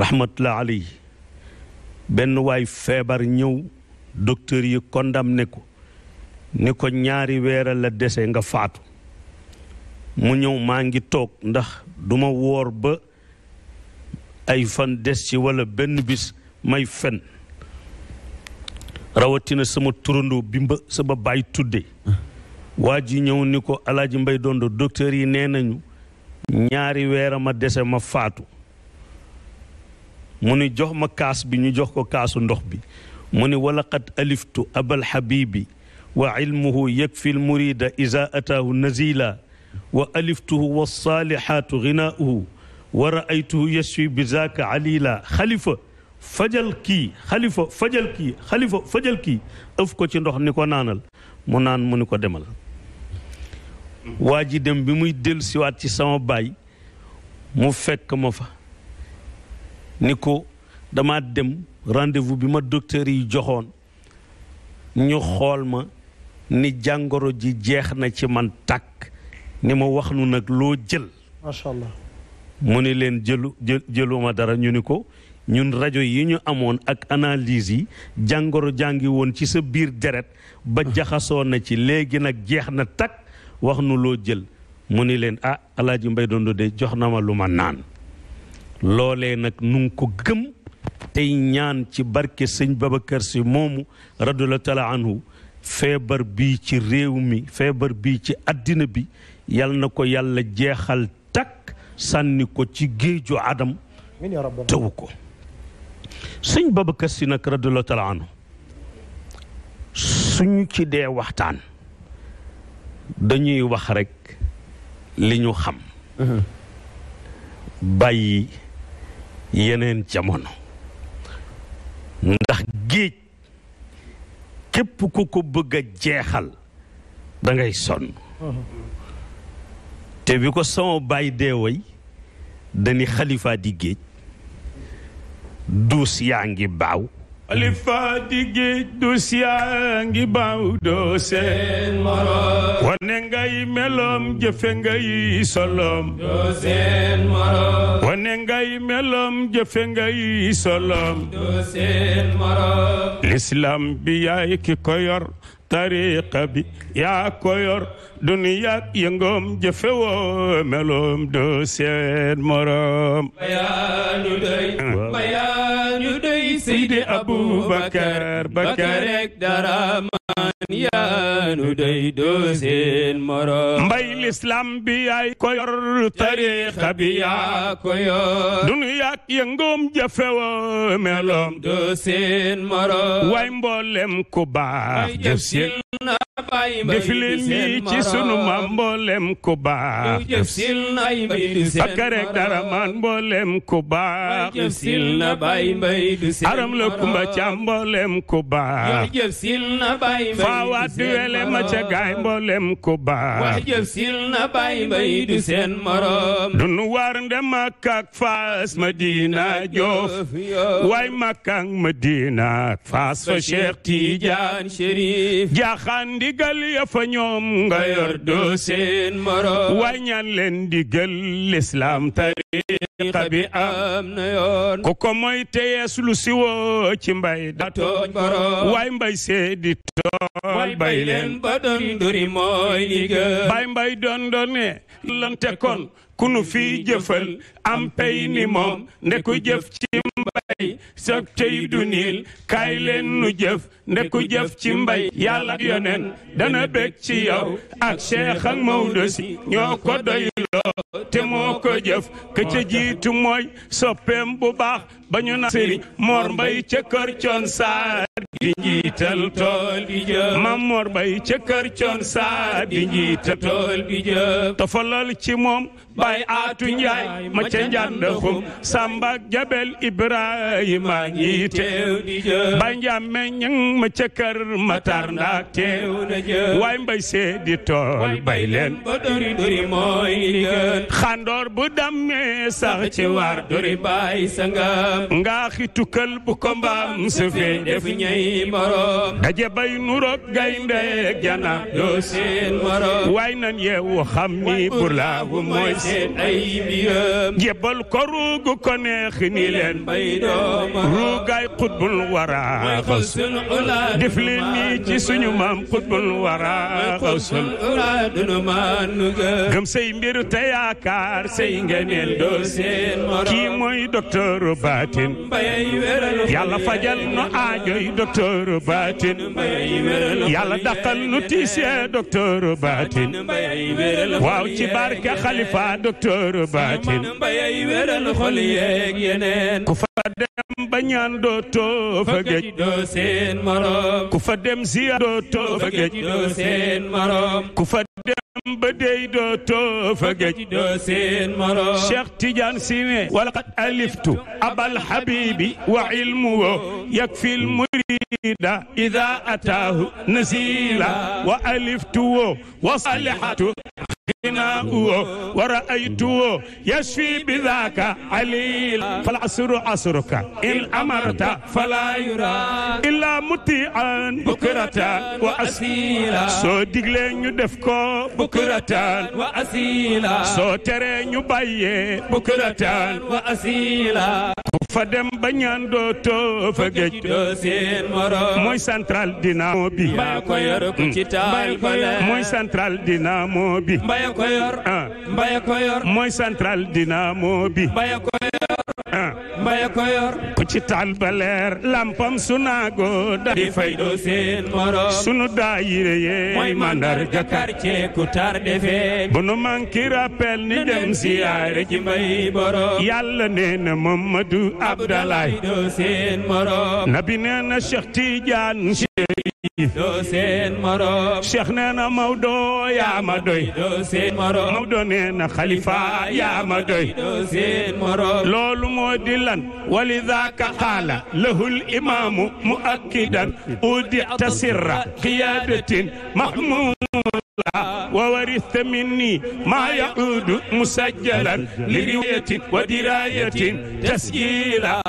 rahmatullah alay benn waay feebar ñëw docteur yi kondam condamné ko ni ko ñaari weer la dese nga faatu mu ñëw maa ngi toog ndax duma woor ba ay fan des ci walla benn bis may fen rawatina sama turandoo bi mba baay tudde waa ji ñëw ni ko alaaji mbay dondo docteur yi nee nañu ñaari weera ma dese ma faatu mu ni jox ma kaas bi ñu jox ko kaasu ndox bi mu ni walaqad aliftu abal habibi wa ilmuhu yakfi l murida isa ataahu nazila wa aliftuhu wa salihaatu ghinaauhu wa raaytuhu yashfi bi zaaka alila xalifa fajal kii xalifa fajal kii xalifa fajal kii ëf ko ci ndox ni ko naanal mu naan mu ni ko demal waa ji dem bi muy dellu siwaat ci sama baay mu fekk ma fa ni ko dama dem rendez bi ma docteur yi joxoon ñu xool ma ni jàngoro ji jeex na ci man tàkk ni ma wax nu nag loo jël macha allah mu ni leen jëlu jëluma dara ñu ni ko ñun rajo yi ñu amoon ak analyse yi jàngoro jàngi woon ci sa biir deret ba jaxasoo na ci léegi nag jeex na takk wax nu loo jël mu ni leen ah alaaji mbay dondo de jox na ma lu ma naan loolee nag nu ko gëm tey ñaan ci barke sëñ Babacar si moomu radiyallahu taala feebar bii ci réew mi feebar bi ci àddina bi yal na ko yàlla jeexal takk sànni ko ci géeju adam tewu ko sëñ Babacar Si nag radiyallaahu taala anhu suñu ci dee waxtaan dañuy wax rekk li ñu xam mhm. bàyyi yeneen jamono ndax géej képp ku ko bëgg a jeexal dangay sonn mhm. te bi ko sama bàyyi deeway dañi xalifaa di géej duus yaa ngi baaw li faa di géej duus yaa ngi baaw doo seen morom wane ngay meloom jëfe ngay solom doo seen morom wane ngay meloom jëfe ngay solom doo seen morom lislaam bi yaay ki ko yor tariqa bi yaa ko yor duniyaak yëngoom jëfewoo meloom doo seet moroom bayaanu doy ah. bayaanu doy Seydi Abubakar Bakar ek daraam yaanu day doo seen moroom mbay lislaam bi yaay ko yor tariixa bi yaa ko yor dunyaak yëngoom jafewoo meloom doo seen moroom waay mboolem ku baax jëf si def leen lii ci sunu maam mboolem ku baax jëf si ak rek dara maan mboolem ku baax jëf si na bay mbay du seen aram la kumba ca mboolem ku baax jëf si na bay mbay waawaat di wele ma ca gaay ku baax wax jëf sil na mbay du seen morom dunu waar nde Makka Faas Madina Joof waay Makka ak Faas fa Cheikh Tidiane Chérif jaaxaan ndigal ya ñoom nga yor doo waay ñaan leen ndigal l'islam tariix xabi am na yoon ku ko mooy teyees lu siwoo ci mbay da tooñ waay mbay seedi tooñ mooy bay ba doon duri mooy liggéey bay mbay doon doon ne lante kon ku nu fii am pay ni moom nde jëf ci mbay sa tey du niil kaay leen jëf nde jëf ci mbay yàlla yonen dana bég ci yow ak Cheikh ak Maodo ñoo ko doyloo te moo ko jëf ka ca jiitu mooy soppeem bu baax ba ñu naan sëriñ Mor Mbay ca kër Coon Saar tool bi jëf Maam Mor Mbay ca kër Coon Saar tool bi jëf tofalal ci moom Baay Aatu Njaay ma ca njàndaxum Samba ak Jabel Ibrahima ngi teew di jëf Baay Njàmme ñang ma ca Matar Ndaak teew na jëf waay Mbay see tool bay leen ba dori mooy li gën bu dammee sax ci waar dori baay sanga ngaa xitukal bu ko mbaam sëfee def ñay morom daje bay nuroog gaynde ak jana doo seen morom waay nan yeewu xam ni bur laahu mooy seen ay mbiram jébbal ko ruugu ko neex ni leen bay dooma ruugaay xutbul wara xawsul ula def leen nii ci suñu maam xutbul wara xawsul ula dunu maanu gëm say mbir te yaakaar say ngeneel doo seen morom kii mooy docteur ba baatin yàlla fajal nu aajoy docteur baatin yàlla daqal nu tiise docteur baatin waaw ci barke xalifa docteur baatin ku fa dem ba ñaan ku fa dem ziyaar dootoo fa géej ku fa ba dey doo too fa géej doo seen moro Cheikh Tidiane Sine walaqad aliftu abal habibi wa ilmu wo yakfi al murida ida ataahu nasila wa aliftu wo wa salihatu ورأيته يشفي بذاك عليل فالعصر عصرك إن أمرت فلا يرى إلا مطيعا بكرة وأسيلا سو ديغلي ني دفكو بكرة وأسيلا سو تري ني بايي بكرة وأسيلا fa dem ba ñaan dootoo fa géej mooy central dynamo bi mooy central dynamo bi mbaya ko yor ah. mooy central dynamo bi mbaya ko yor mbaya lampam sunaago di fay seen morom sunu daayire yee mooy mandarga quartier ku tar defee bu nu manki ni dem siyaare ci mbay borom yàlla nee na Mamadou Abdalaay seen morom nabi nee na Cheikh Tidiane doo seen morom Cheikh nee na Maodo yaa ma doy. doo seen morom Maodo nee na Khalifa yaa ma doy. doo seen morom loolu moo di lan. wali zaaka qaala lahul imaamu muakkidan udita sirra qiyaadatin mahmud وورثت مني ما يعود مسجلا لرواية ودراية تسجيلا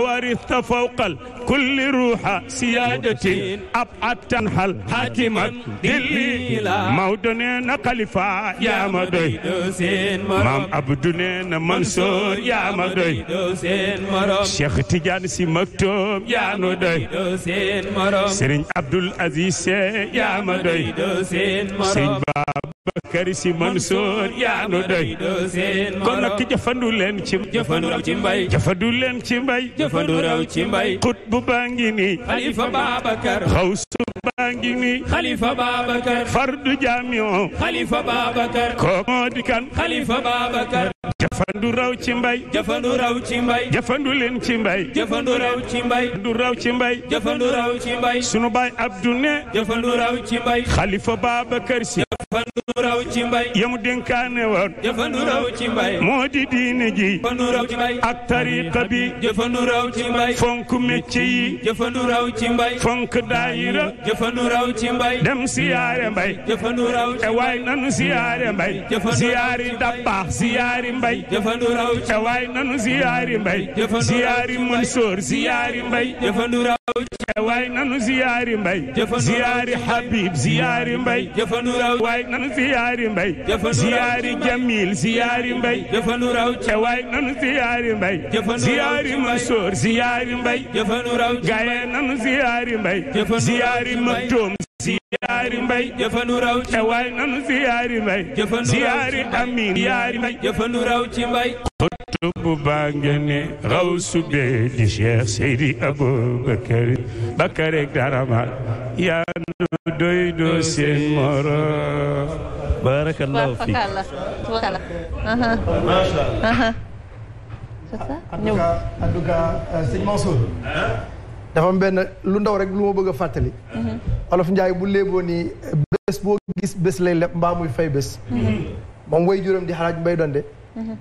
وورثت فوق كل روح سيادة أبعد تنحل حاتما دليلا مودنين خليفة يا مدوي مام عبدنين منصور يا مدوي شيخ تجان سي مكتوم يا مدوي سرين عبد العزيز يا مدوي sëñ Ba Bakari Si Mansour yaa nu doy kon nag jëfandu leen ci jëfandu raw ci mbay jëfandu leen ci mbay jëfandu raw ci mbay xut bu baa ngi nii xalifa Babacar xawsu baa ngi nii xalifa Babacar fardu jaamio xalifa Babacar koo moo di kan xalifa Babacar jëfandu raw ci mbay jëfandu raw ci mbay jëfandu leen ci mbay jëfandu raw ci mbay du raw ci mbay jëfandu raw ci mbay sunu baay Abdou ne jëfandu raw ci mbay xalifa Babacar Si fandu raw ci mbay yamu dénkaane woon jëfandu raw ci di diine ji ci mbay ak tariqa bi fonk métier yi jëfandu raw ci fonk daayira dem siyaare mbay jëfandu waay nanu siyaare mbay siyaari dabbaax siyaari mbay jëfandu raw ci e waay nanu siyaari mbay waay nanu ziyaari mbay ziyaari habib ziyaari mbay jëfandu raw waay nanu ziyaari mbay ziyaari jamil ziyaari mbay jëfandu raw ca waay nanu ziyaari mbay ziyaari mansoor ziyaari mbay jëfandu raw gaye nanu ziyaari mbay ziyaari maktoum ziyaari mbay jëfandu raw ca waay nanu ziyaari mbay ziyaari amin ziyaari mbay jëfandu raw ci mbay bu baa ngeen ne xawsu be di Cheikh Seydi Aboubacar Bakarek Daramal yaa nu doy doo moro barakallahu fi masha Allah en tout cas dafa am lu ndaw rek lu ma bëgg fàttali olof Njaay bu léeboo nii bés boo gis bés lay leb mbaa fay bés mhm. moom way juróom di xalaaj mbay donde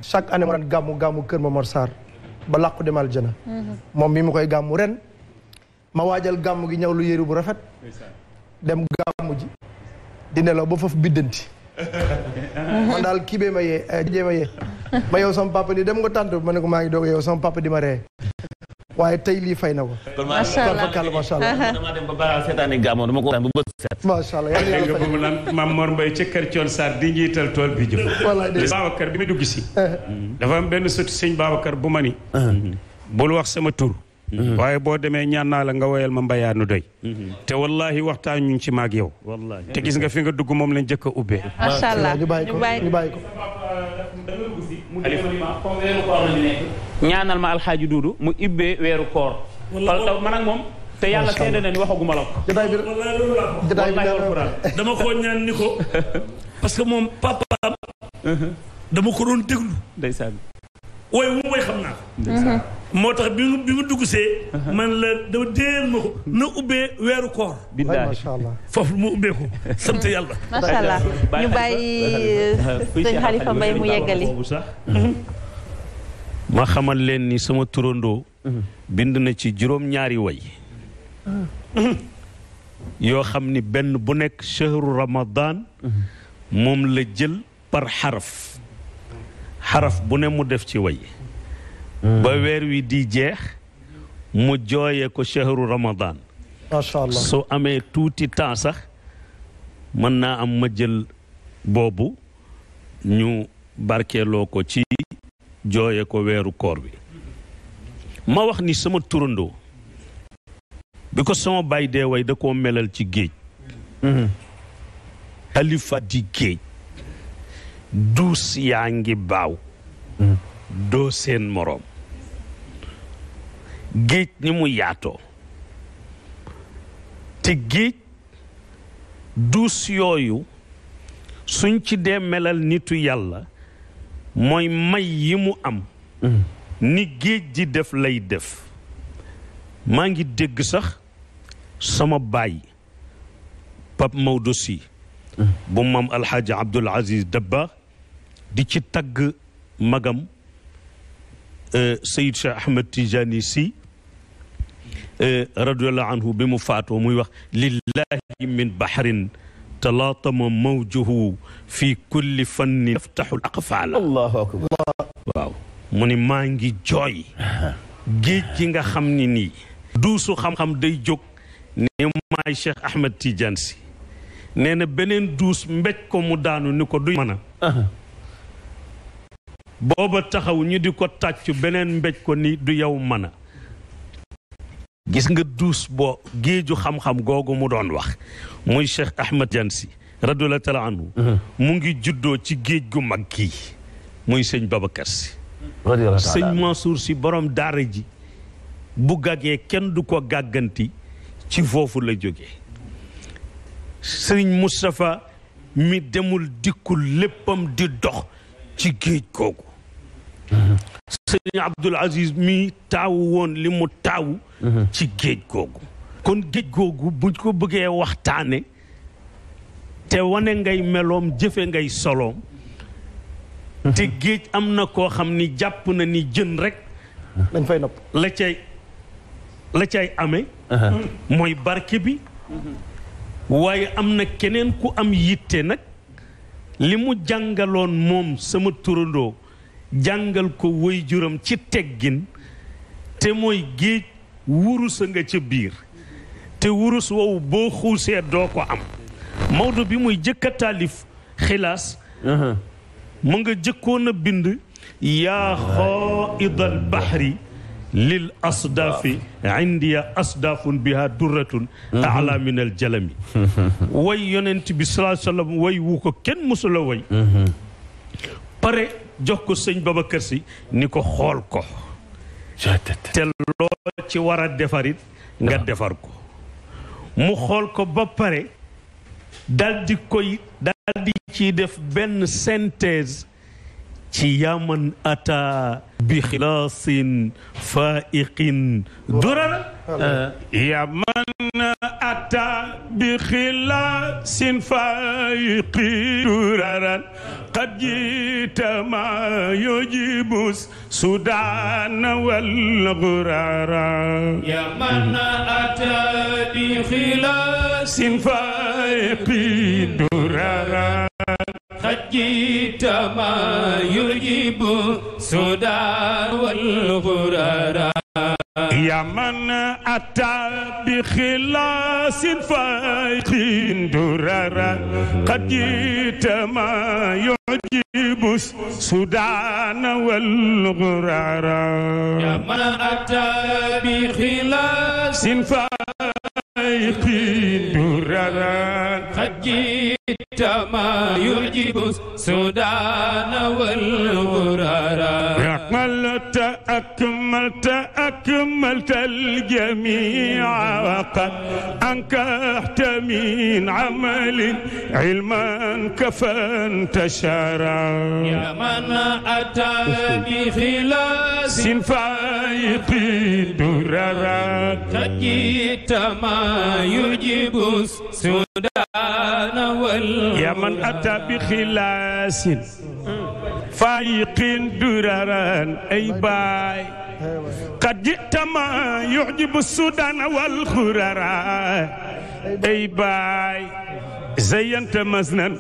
chaque année ma gàmmu gàmmu kër Momar Sarr ba làqu dem aljana mhm. moom mi mu koy gàmmu ren ma waajal gàmmu gi ñëw lu yëru bu rafet dem gàmmu ji di nelaw ba foofu biddanti man daal kii bee ma yee eh, jee ma yee ma yow sama papa ni dem nga tànt ma ne ko maa ngi doog yow sama papa di ma ree waaye tey lii fay na ko. macha allah kon macha allah. damaa dem ba seetaani gàmmu dama ko waxtaan ba bët set. macha allah yàlla yàlla fay naan maam Mor Mbaye ca kër Thion Sarr di jiital tool bi jëf. voilà dégg Babacar bi mu dugg si. Eh. dafa am benn sëtu sëñ kër bu ma ni. Ah. bul wax sama tur. Mm-hmm. waaye boo demee ñaan naa la nga woyal ma mbayaanu doy mm-hmm. te wallahi waxtaan ñu ci maag yow te gis nga fi nga dugg moom lañ jëkk a ubbee macha allah ñu bàyyi ko ñu ñaanal ma alxaaji duudu mu ibbee weeru koor parce que man ak moom te yàlla seede na ni waxaguma la dama ko ñaan ni ko parce que moom papaam uh-huh. dama ko doon déglu ndeysaan wooy mu xam naa moo tax bi mu bi uh-huh. man la dama déel ma ko na ubbee weeru koor. billaahi macha allah foofu mu ubbee ko sant yàlla. macha allah ñu bàyyi uh, uh-huh. xamal leen ni sama turandoo. Uh-huh. bind na ci juróom-ñaari way. yoo xam ni benn bu nekk shahru Ramadan. moom la jël par xaraf. xaraf bu ne mu def ci way. ba weer wi di jeex mu jooyee ko shahru ramadan macha allah su amee tuuti temps sax mën naa am ma jël boobu ñu barkeeloo ko ci jooye ko weeru koor bi ma wax ni sama turandoo bi ko sama baay dee way da koo melal ci géej mm-hmm. xalifa di géej duus yaa ngi baaw mm-hmm. doo seen moroom géej ni mu yaatoo te géej duus yooyu suñ ci dee melal nitu yàlla mooy may yi mu am mm. ni géej di def lay def maa ngi dégg sax sama baay Pape Maodo Sy mm. bu maam Alxaaji Abdul Aziz Dabba di ci tagg magam euh, Seyid Cheikh Ahmed Tijani Sy Eh, radiallahu anhu bi mu faatoo muy wax lillahi min bahrin talaatama mawjuhu fi kulli fanni yaftaxul aqfaala mu ni maa ngi jooy géej gi nga xam ni ni duusu xam-xam day jóg ne maay Cheikh Ahmed Tidiane si nee na beneen duus mbéj ko mu daanu ni ko du mën a di ko tàccu beneen mbéj ni du yow gis nga duus boo géeju xam-xam googu mu doon wax muy Cheikh Ahmed Tidiane Sy radiyallaahu taalaa anhu mhm. mu ngi juddoo ci géej gu mag kii muy sëñ Babacar Sy sëñ Mansour Sy borom daara ji bu gàggee kenn du ko gàgganti ci foofu la jóge sëñ mustafa mi demul dikkul léppam di dox ci géej googu mhm. sëñ Abdoul Aziz mi taawu woon li mu taawu ci géej googu kon géej googu buñ ko bëggee waxtaane te wane ngay meloom jëfe ngay soloom te géej am na koo xam ni jàpp na ni jën rekk dañ fay nopp la cay la cay amee uh-huh. mooy barke bi waaye am na keneen ku am yitte nag li mu jàngaloon moom sama turadoo jàngal ko woy juram ci teggin te mooy géej wurus nga ca biir te wurus wow boo xuusee doo ko am Maodo bi muy jëkk a taalif xilaas mu nga jëkkoon a bind yaa xaaidal bahri lil asdaafi indiya asdaafun biha durratun ala min al jalami way yonent bi salaa sallam way wu ko kenn mosula way pare jox ko sëñ Babacar Si ni ko xool ko te lool ci war a defarit nga defar ko mu xool ko ba pare dal di koy dal di def benn synthèse ci yaman ata bi xilaasin faiqin durar yaman ata bi xilaasin faiqin duraran qad jiita ma yujibus sudan wal gurara yaman ata bi xilaasin faiqin duraran قد جئت ما يجيب سدى والغرر يا من أتى بخلاص فايق دررا قد جئت ما يعجب سدان والغرارا يا من أتى بخلاص فايق الرذان قد جئت ما يعجب السودان والغرارا أكملت أكملت أكملت الجميع وقد أنكحت من عمل علما كفانتشرا يا من أتى بخلاص فايق دررا قد جئت ما يعجب السودان سودان وال يا من أتى بخلاس فايق دررا أي باي قد جئت ما يعجب السودان والخرراء أي باي زينت مزنا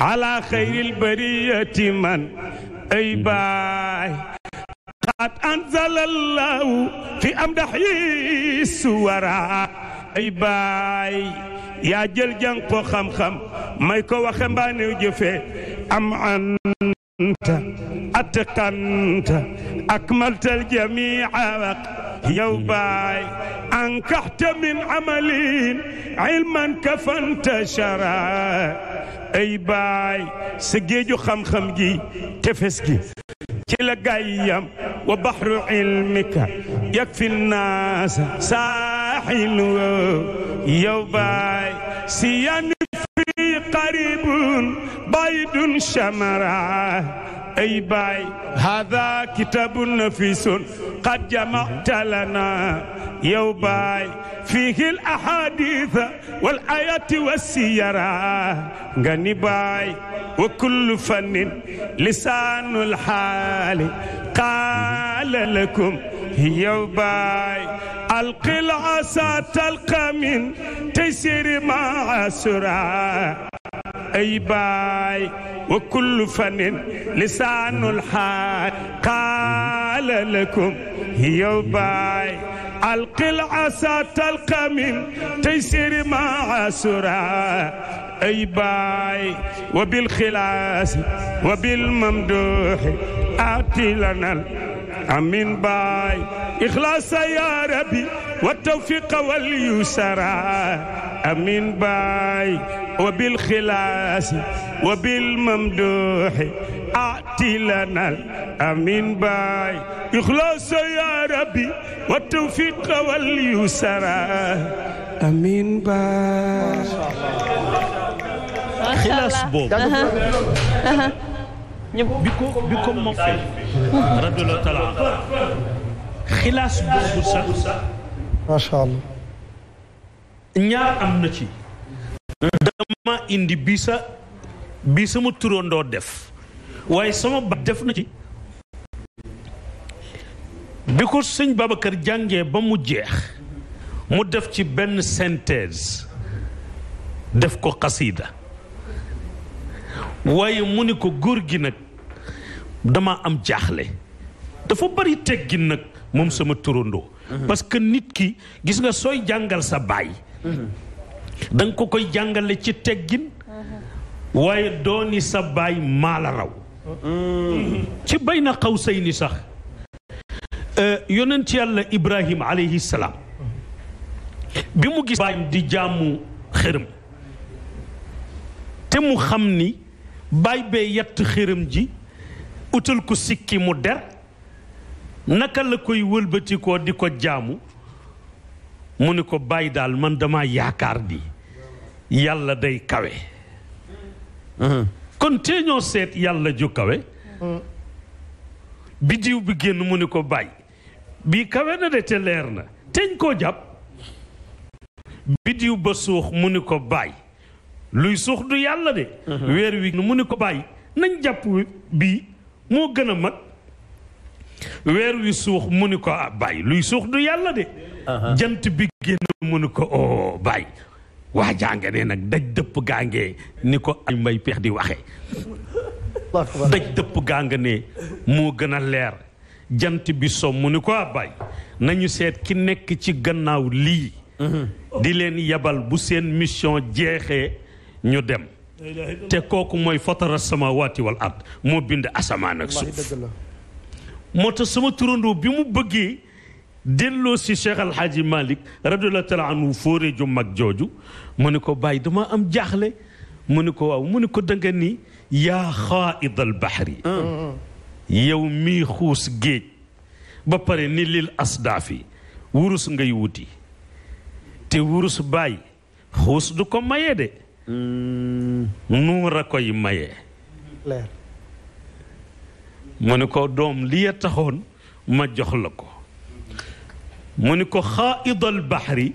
على خير البرية من أي باي قد أنزل الله في أمدحي السورة أي باي yaa jël jàng ko xam-xam may ko waxe mbaanew jëfe am anta atqanta akmaltal jamia waq yow baay ankaxta min amalin ilman kafanta shara ay baay sa géeju xam-xam gi tefes gi ci la gaay yam wa baxru ilmika yakfi nnaasa xiin woo yow baay si yan fi qaribun baydun shamara ay baay hada kitabun nafisun qad jamacta lana yow baay fiihi l ahaditha wal ayati wasiyara nga ni baay wa kullu fannin lisaanul xaali qaala lakum yow baay alqil asa talqa min taysiri ma asura ay baay wa kullu fanin lisaanul xaal qaala lakum yow baay alqil asa talqa min taysiri ma asura ay baay wa bil xilaasi wa bil mamduuxi aati lanal amin baay ikhlaasa ya rabbi wa tawfiqa wal yusara amin baay wa bil xilaasi wa bil mamduuxi aati lanal amin baay ikhlaasa ya rabbi wa tawfiqa wal yusara amin baay xilaas boobu biko biko mofe radiyallahu taala xilaas boobu sax ñaar am na ci dama indi bii sa bii sama turandoo def waaye sama ba def na ci bi ko sëñ Babacar jàngee ba mu jeex mu def ci benn synthèse def ko xasiida waaye mu ni ko góor gi nag dama am jaaxle dafa bari teggin nag moom sama turandoo parce que nit ki gis nga sooy jàngal sa baay danga ko koy jàngale ci teggin waaye dooni sa baay maa la raw ci bay na xaw say ni sax euh, yonent yàlla ibrahim alayhi salaam bi mu gis baayam di jàmmu xërëm te mu xam ni baay bee yett xërëm ji utal ko sikki mu der naka la koy wëlbatikoo di ko jaamu mu ni ko bàyyi daal man dama yaakaar di yàlla day kawe kon tee ñoo seet yàlla ju kawe bidiw bi génn mu ni ko bàyyi bii kawe na de te leer na teñ koo jàpp bidiw ba suux mu ni ko bàyyi luy suux du yàlla de weer wi mu ni ko bàyyi nañ jàpp bii moo gën a mag weer wi suux mu ni ko ah, bàyyi luy suux du yàlla de uh-huh. jant bi génn mu ni ko o oh, bàyyi waa jànge ne nag daj dëpp gaangee ni ko ay mbay peex di waxee daj dëpp gaanga ne moo gën a leer jant bi so mu ni ko ah, bàyyi nañu seet ki nekk ci gannaaw lii uh-huh. di leen yabal bu seen mission jeexee ñu dem te kooku mooy fatara samawaati wal ard moo bind asamaan ak suuf moo ta suma turandoo bi mu bëggee delloo si Cheikh Al Hadj Malick radiyallahu ju mag jooju mu ne ko bàyyi damaa am jaaxle mu ne ko waaw mu ne ko danga ni yaa xaaid al bahri ah. yow mii xuus géej ba pare ni lil asdaafi wurus ngay wuti te wurus bàyyi xuus du ko maye de Mm. nuur a koy maye leer mu ni ko doom li taxoon ma jox la ko mu ni ko xaaidal baxri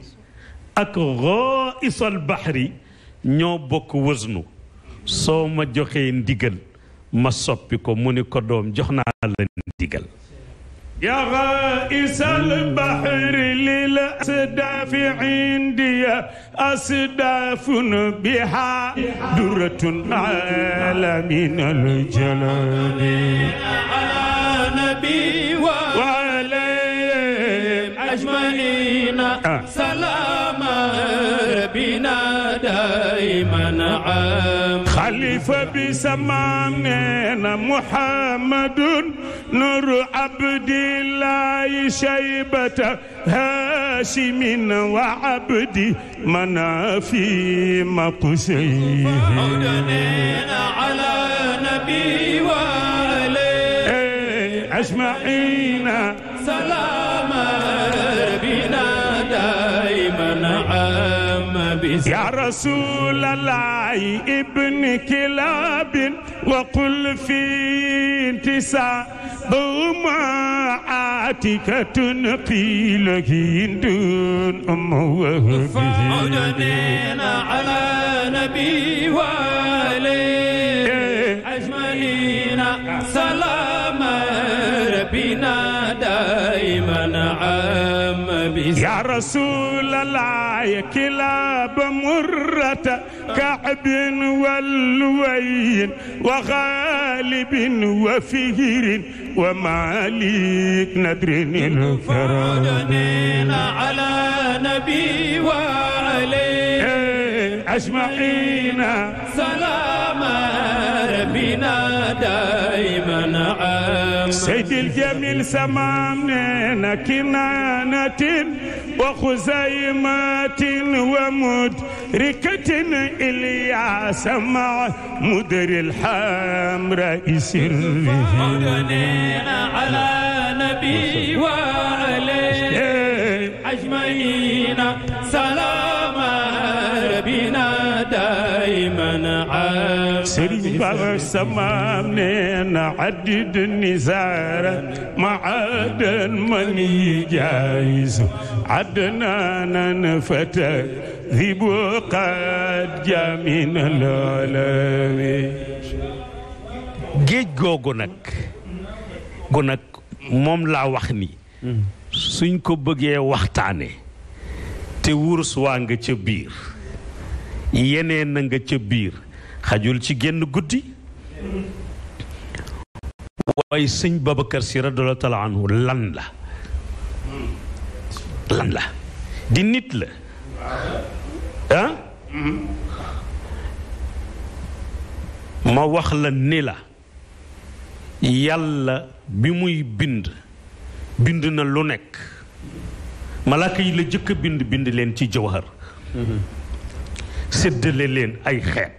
ak xaaisal baxri ñoo bokk wësnu soo ma joxee ndigal ma soppi ko mu ne ko doom jox naa la ndigal يا غائس البحر للأسداف عندي أسداف بها درة على من الجلال على نبي وعلى أجمعين سلام ربنا دائما عام خليفة بسمامنا محمد نور عبد الله شيبة هاشم وعبد منافي مقسيه على نبي وآله أجمعين سلام ربنا دائما عام يا رسول الله ابن كلاب وقل في انتساء بمعاتك تنقي لكن دون أم وهبه على نبي والي أجمعين سلام ربنا دائما عام يا رسول الله يا كلاب مرة كعب واللوي وغالب وفهر ومالك ندر الفرادين على نبي وعليه أجمعين سلام ربنا دائما عام سيد الجميل سمامنا كنانة وخزيمات ومدركة إلياس مع مدير الحمراء سره على نبي وعليه أجمعين سلاما sëriñ Baba samaam nee na addid nizaara ma adan man yi jaayisu adnaanan fata zibu qaad jaamina loolawe géej googu nag gu nag moom laa wax ni suñ ko bëggee waxtaane te wurus waa nga ca biir yeneen na nga ca biir xajul ci génn guddi waaye sëñ Babacar Si radiyallaahu lan la lan di nit la ah? ma wax la ni la yàlla bi muy bind bind na lu nekk malaaka yi la jëkk bind bind leen ci jawhar séddale leen ay xeet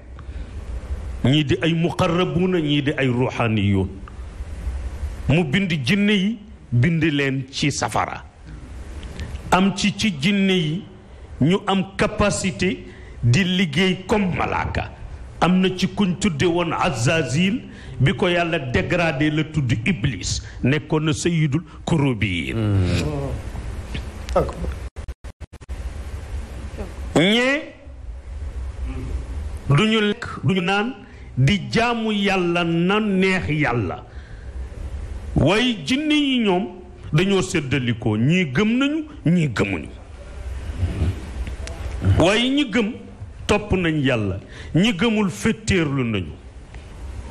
ñii di ay muqarrabuuna ñii di ay ruuxaaniyuun mu bind jinne yi bind leen ci safara am ci ci jinne yi ñu am capacité di liggéey comme malaaka am na ci kuñ tudde woon azazil bi ko yàlla dégradé la tudd iblis nekkoon na sayidul kurubiyin mm. ñee du lekk du naan di jaamu yàlla na neex yàlla waaye jinne yi ñoom dañoo séddalikoo ñii gëm nañu ñii gëmuñu waaye ñi gëm topp nañ yàlla ñi gëmul féttéerlu nañu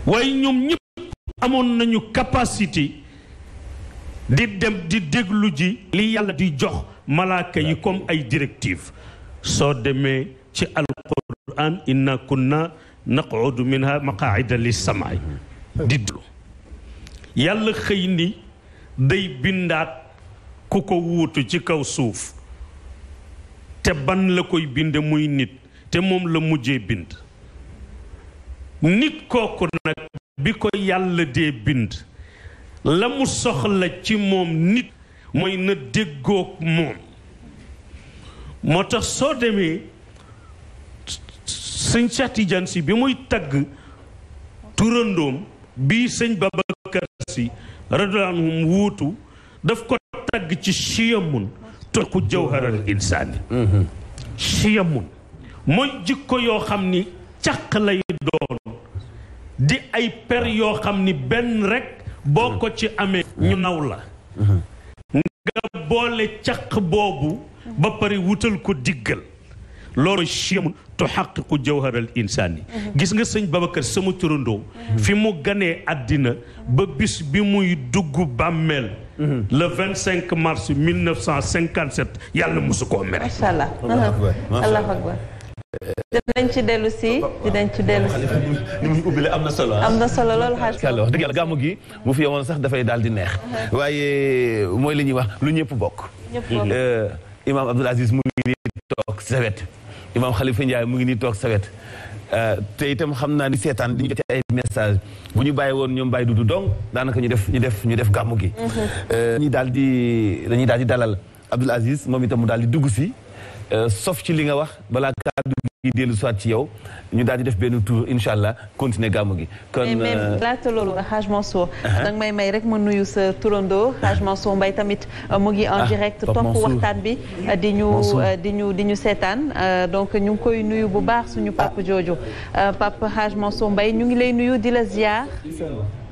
waaye ñoom ñëpp amoon nañu capacité di dem di déglu ji li yàlla di jox malaaka yi comme ay directive soo demee ci alquran alquran inna kunna naqudu minha maqaida lissamai di déglu yàlla xëy ni day bindaat ku ko wuutu ci kaw suuf te ban la koy binde muy nit te moom la mujjee bind nit kooku nag bi ko yàlla dee bind la mu soxla ci moom nit mooy na déggoog moom moo tax soo demee sëñ Cheikh bi muy tagg turandoom bii sëñ Babacar si radiyallahu wuutu daf ko tagg ci siyamun tuxu jawharal insaani mhm. siyamun mooy jikko yoo xam ni caq lay doon di ay per yoo xam ni benn rekk boo ko ci amee ñu naw la mhm. nga boole caq boobu ba pare wutal ko diggal loolu chimu tuhaqiqu jawharal insaani mhm. gis nga sëñ Babacar sama turandoo mhm. fi mu gane àddina ba bis bi muy dugg bàmmeel mhm. le 25 mars 1957 yàlla mosu koo mere. macha allah allahu akbar dinañ ci dellu si dinañ ci dellu si. am na solo ah. am na solo loolu xaalis. wax dëgg gi bu sax dafay daal di neex. waaye mooy li ñuy wax lu ñëpp bokk. ñëpp bokk euh, mu ngi nii toog imaam Khalifa Ndiaye mu ngi nii toog sawet euh, te itam xam naa ni seetaan di ñu ay message bu ñu bàyyi woon ñoom bàyyi dudu dong daanaka ñu def ñu def ñu def gàmmu gi. dañuy mhm. euh, daal di dañuy daal di dalal Abdoul Aziz moom itam mu daal di dugg si. Euh, sof ci li nga wax balaa kàddu gi dellu soit ci yow ñu daal di def benn tour incha allah continuer gàmmu gi. kon mais mais euh, laata loolu Haj Mansour. Uh-huh. may may rek ma nuyu sa turandoo uh-huh. Haj Mansour tamit euh, mu ngi en ah, direct topp waxtaan bi di ñu di ñu di ñu seetaan donc ñu ngi koy nuyu bu baax suñu ah. papa jooju papa Haj Mansour Mbaye ñu ngi lay nuyu di la ziar.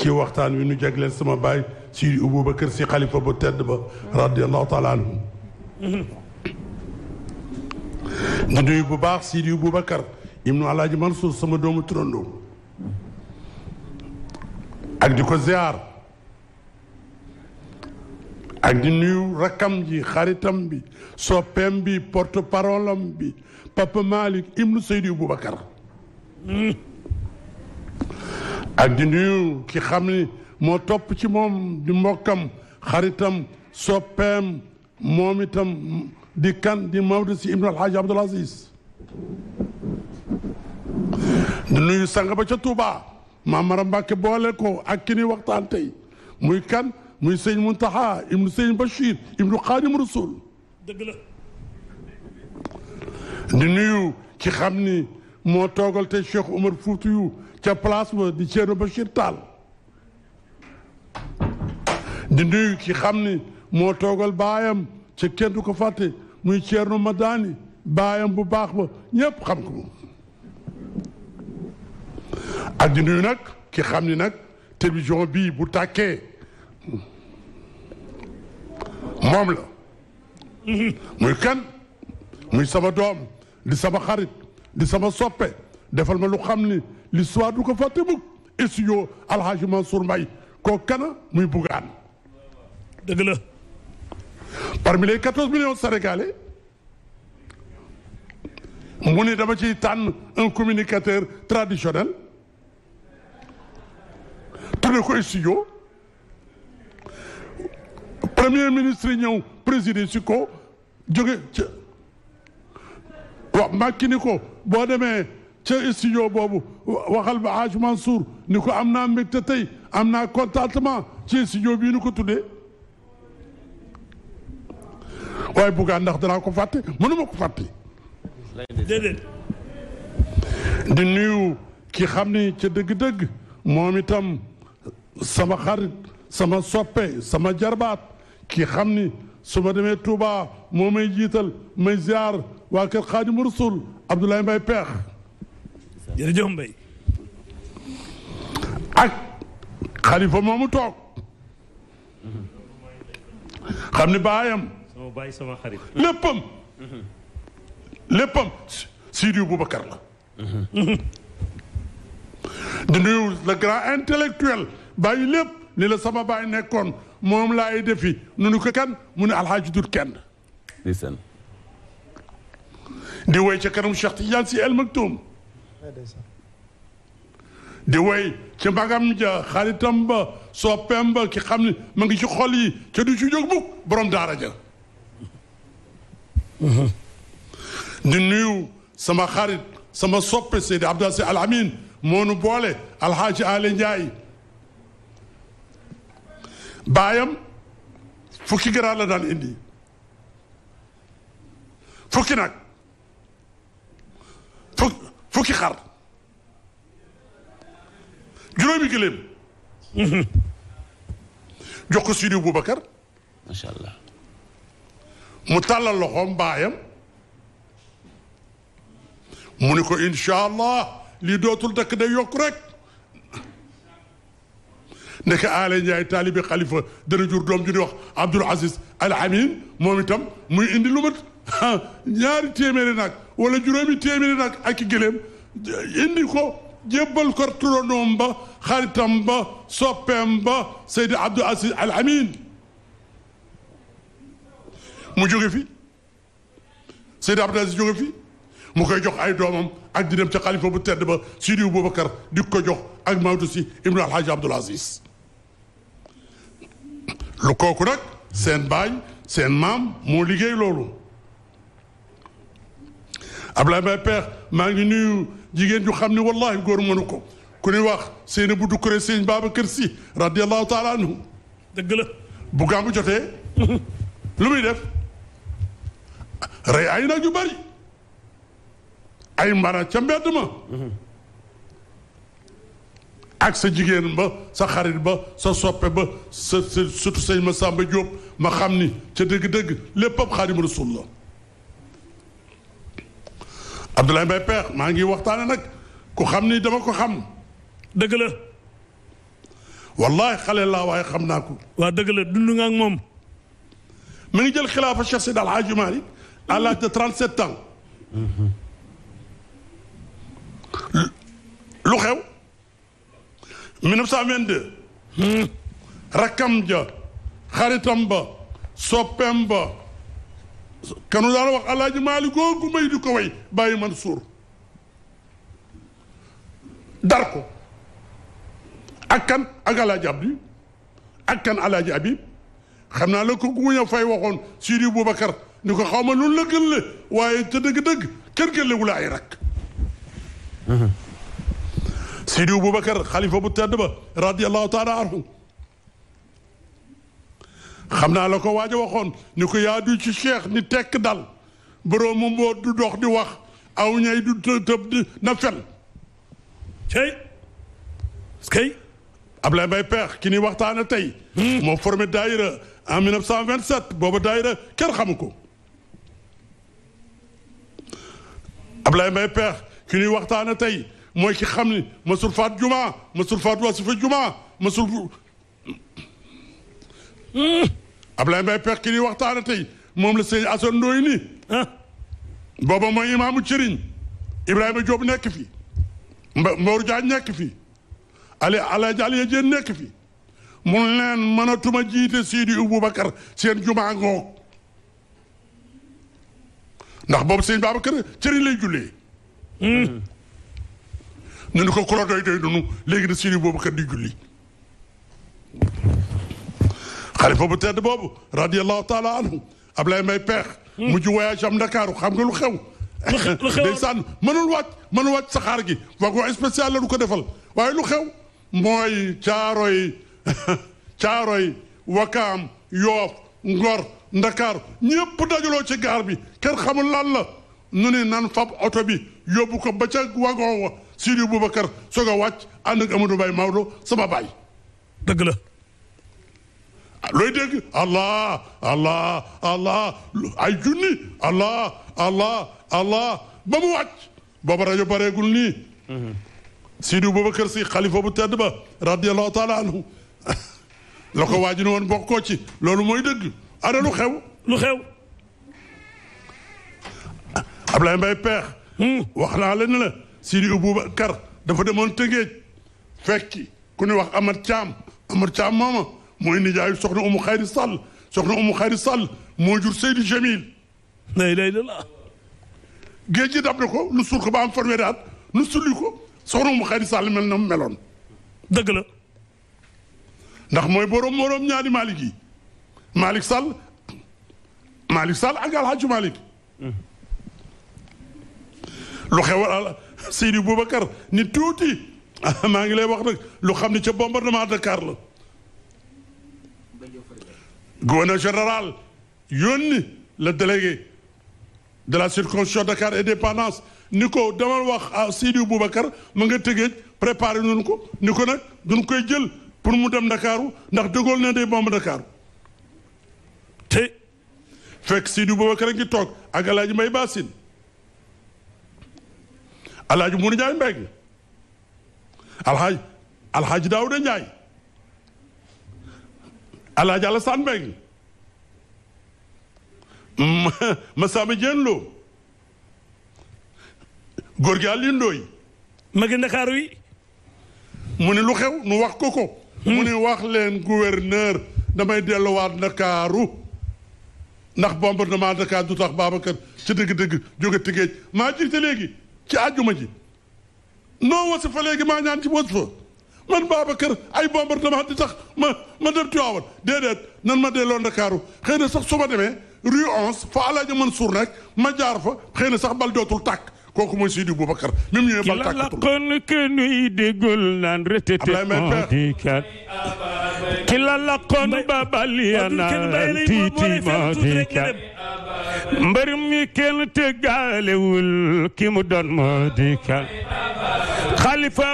ci waxtaan wi nu jagleel sama baay si Aboubacar si xalifa bu tedd ba radiallahu taala anhu di nuyu bu baax Sidi Boubacar ibnu Alaaji Mansour sama doomu turandoo ak di ko ziar ak di nuyu rakkam ji xaritam bi soppeem bi porte parole am bi Papa Malick ibnu Seydi Boubacar ak di nuyu ki xam ni moo topp ci moom di mbokkam xaritam soppeem moom itam di kan di Maodo si Ibn Alhaji Abdoul di nuyu sang ba ca Touba Mamara Mbàkke boole ko ak ki ni waxtaan muy kan muy sëñ Muntaxa Ibn sëñ Bachir Ibn Xaadim Rasul di nuyu ki xam ni moo toogal tey Cheikh Omar Foutiyou ca place ba di Thierno ba Tall di nuyu ki xam ni moo toogal baayam ca kenn du ko fàtte muy Thierno Madani baayam bu baax ba ñëpp xam ko ak di nuyu nag ki xam ni nag télévision bii bu tàkkee moom la muy kan muy sama doom di sama xarit di sama soppe defal ma lu xam ni l'histoire du ko fàtte mukk studio Alhaji Mansour Mbaye koo kana muy Bougane dëgg la parmi les quatorze millions sénégalais mu ne dama ci tànn un communicateur traditionnel tudde ko premier ministre ñëw présider si ko jóge ca waaw màkki ni ko boo demee ca studio boobu waxal ba Hadj Mansour ni ko am naa mbégte tey am naa contentement ci studio bii nu ko tuddee waaye buggaan ndax danaa ko fàtte mënuma ko fàtte déedéet ki xam ni ca dëgg-dëgg moom itam sama xarit sama soppe sama jarbaat ki xam ni suma demee Touba moo may jiital may ziar waa kër Xaadimu Rasul Abdoulaye Mbaye Peex jërëjëf Mbaye ak xalifa moomu toog xam ni bayam sama baay sama xarit léppam léppam Sidi Boubacar la grand intellectuel bàyyi lépp ni la sama baay nekkoon moom laay defi nu nu ko kan mu ne alxaaji dut kenn di woy ca kanam Cheikh Tidiane si El Maktoum di woy ci magam ja xaritam ba ki xam ne ma ngi ci xol yi ca du ci jóg mukk borom daara di nuyu sama xarit sama soppe Seydi Abdou Si Al Amin moonu boole alxaaji Ale Ndiaye baayam fukki garaat la daan fukki nag fukki xar juróomi gëléem jox ko Sidi Boubacar macha allah mu tàllal loxoom baayam mu ni ko incha allah lii dootul dakk day yokk rek nekk Aale Ndiaye taalibi xalifa dana jur doom ju di wax Abdoul Aziz Al Amin moom itam muy indi lu mat ñaari téeméeri nag wala juróomi téeméeri nag ak i gëléem indi ko jébbal ko turandoom ba xaritam ba soppeem Aziz Al Amin mu jóge fi Seydi Abdou Aziz jóge fi mu koy jox ay doomam ak di dem ca xalifa bu tedd ba Sidi Boubacar di ko jox ak Maodo si Ibnu Alhaji Abdoul Aziz lu kooku nag seen baay seen maam moo liggéey loolu Ablaye Mbaye Pekh maa ngi nuyu jigéen ju xam ne wallahi góor mënu ko ku ñuy wax seeni bu dukkure sëñ Babacar Si radiallahu taala anhu dëgg la bu gàmmu jotee lu muy def rey ay nag yu bari ay mbara ca mbedd ma ak sa jigéen ba sa xarit ba sa soppe ba sa sa surtout sëñ ma Samba Diop ma xam ni ca dëgg-dëgg lépp ab Xaadimu Rasuul Abdoulaye Mbaye Pekh maa ngi waxtaane nag ku xam ni dama ko xam dëgg la wallaay xale laa waaye xam naa ko waa dëgg la dund nga ak moom mi ngi jël xilaafa Cheikh Seydi El Hadji Malick à l'âge de 37 ans lu xew 1922 hmm. rakkam ja xaritam ba soppem ba kanu daana wax alaaji maali googu may di ko way bàyyi Mansuur dar ko ak kan ak alaaji abdi ak kan alaaji abib xam naa la ko guña fay waxoon Sidi Boubacar ni ko xaw ma loolu la gën waaye te dëgg-dëgg kenn gën lewula ay rak Sidi Boubacar xalifa bu tedd ba radiallahu taala anhu xam naa la ko waaj a waxoon ni ko yaadu ci cheikh ni tekk dal boroomu mbóot du dox di wax aw ñay du tëb di na fel cey kay Ablaye Mbaye Peex ki ni waxtaane tey hmm. moo formé daayira en 1927 booba daayira kenn xamu ko Ablaye Mbaye Peex ki ñuy waxtaane tey mooy ki xam ni masul faat juma masul faat wasifa juma masul hmm. Ablaye Mbaye Pekh ki di waxtaane tey moom la sëñ Assane Ndoye nii ah, booba mooy imaamu Cëriñ Ibrahima Diop nekk fi Mbour Diagne nekk fi Ali Alaaji Aliya Jeen nekk fi mun leen mënatuma jiite Sidi Aboubacar seen jumaa ngoog ndax boobu sëñ Babacar Cëriñ lay jullee ñu hmm. ko ku la doy doy dunu léegi na Sidi Aboubacar di julli xalifa bu tedd boobu radiallahu taala anhu Ablaye Mbaye Peex hmm. mujj voyage am Ndakaaru xam nga lu xew ndeysaan mënul wàcc mënul wàcc saxaar gi wagon spécial la du ko defal waaye lu xew mooy caaroy caaroy wakaam yoof ngor ndakaaru ñëpp dajaloo ci gaar bi kenn xam lan la nu ni nan fab oto bi yóbbu ko ba ca wagon wa Sidi Boubacar soog a wàcc ànd ak Amadou Mbaye Maodo sama looy dégg allah allah allah allah ba mu wàcc booba rajo bareegul nii Sidi Boubacar si xalifa bu tedd ba taala anhu la ko waajin woon bokkoo ci loolu mooy dëgg ana lu xew lu xew Ablaye Mbaye Peex hmm. wax naa leen la Sidi dafa demoon Tëngéej fekki ku wax Amad Caam Amad Caam mooma mooy nijaayu soxna umu xayri sàll soxna umu xayri sàll moo jur Seydi Jamil la ilaha illallah géej gi dab na ko nu suul ba am fanweeri at nu sulli ko soxna umu xayri sàll na mu meloon dëgg la ndax mooy borom morom ñaari Malick yi Malick Sall Malick Sall ak Alhaji Malick lu xewal al Seydi Boubacar ni tuuti maa ngi lay wax nag lu xam ne ca bombardement Dakar la gouverneur général yónni le délégué de la circonscription Dakar et dépendance ni ko demal wax a Sidi Boubacar mu nga tëggeej préparé nañu ko ni ko nag duñ koy jël pour mu dem Ndakaaru ndax De Gaulle ne day bomb Ndakaaru te fekk Sidi Boubacar a ngi toog ak El may Mbaye Bassin El Hadj Mourou Ndiaye Mbengue El Hadj El Hadj Alaaji Alassane Mbengue Massamba Dieng Lo góor gi Aliou Ndoye magi Ndakaaru yi mu ne lu xew nu wax ko ko hmm. mu ne wax leen gouverneur damay delluwaat Ndakaaru ndax bombardement Dakar du tax Babacar ci dëgg-dëgg jóge tigéej maa jiite léegi ci àjjuma ji noo wasi fa léegi maa ñaan ci wasi fa man Babacar ay bombardement di sax ma ma dem Tiwaawan déedéet nan ma delloo Ndakaaru xëy na sax su ma demee rue onze fa Alaaji Mansour nekk ma jaar fa xëy na sax bal dootul tàkk kooku mooy ki la laqoon ke nuy déggul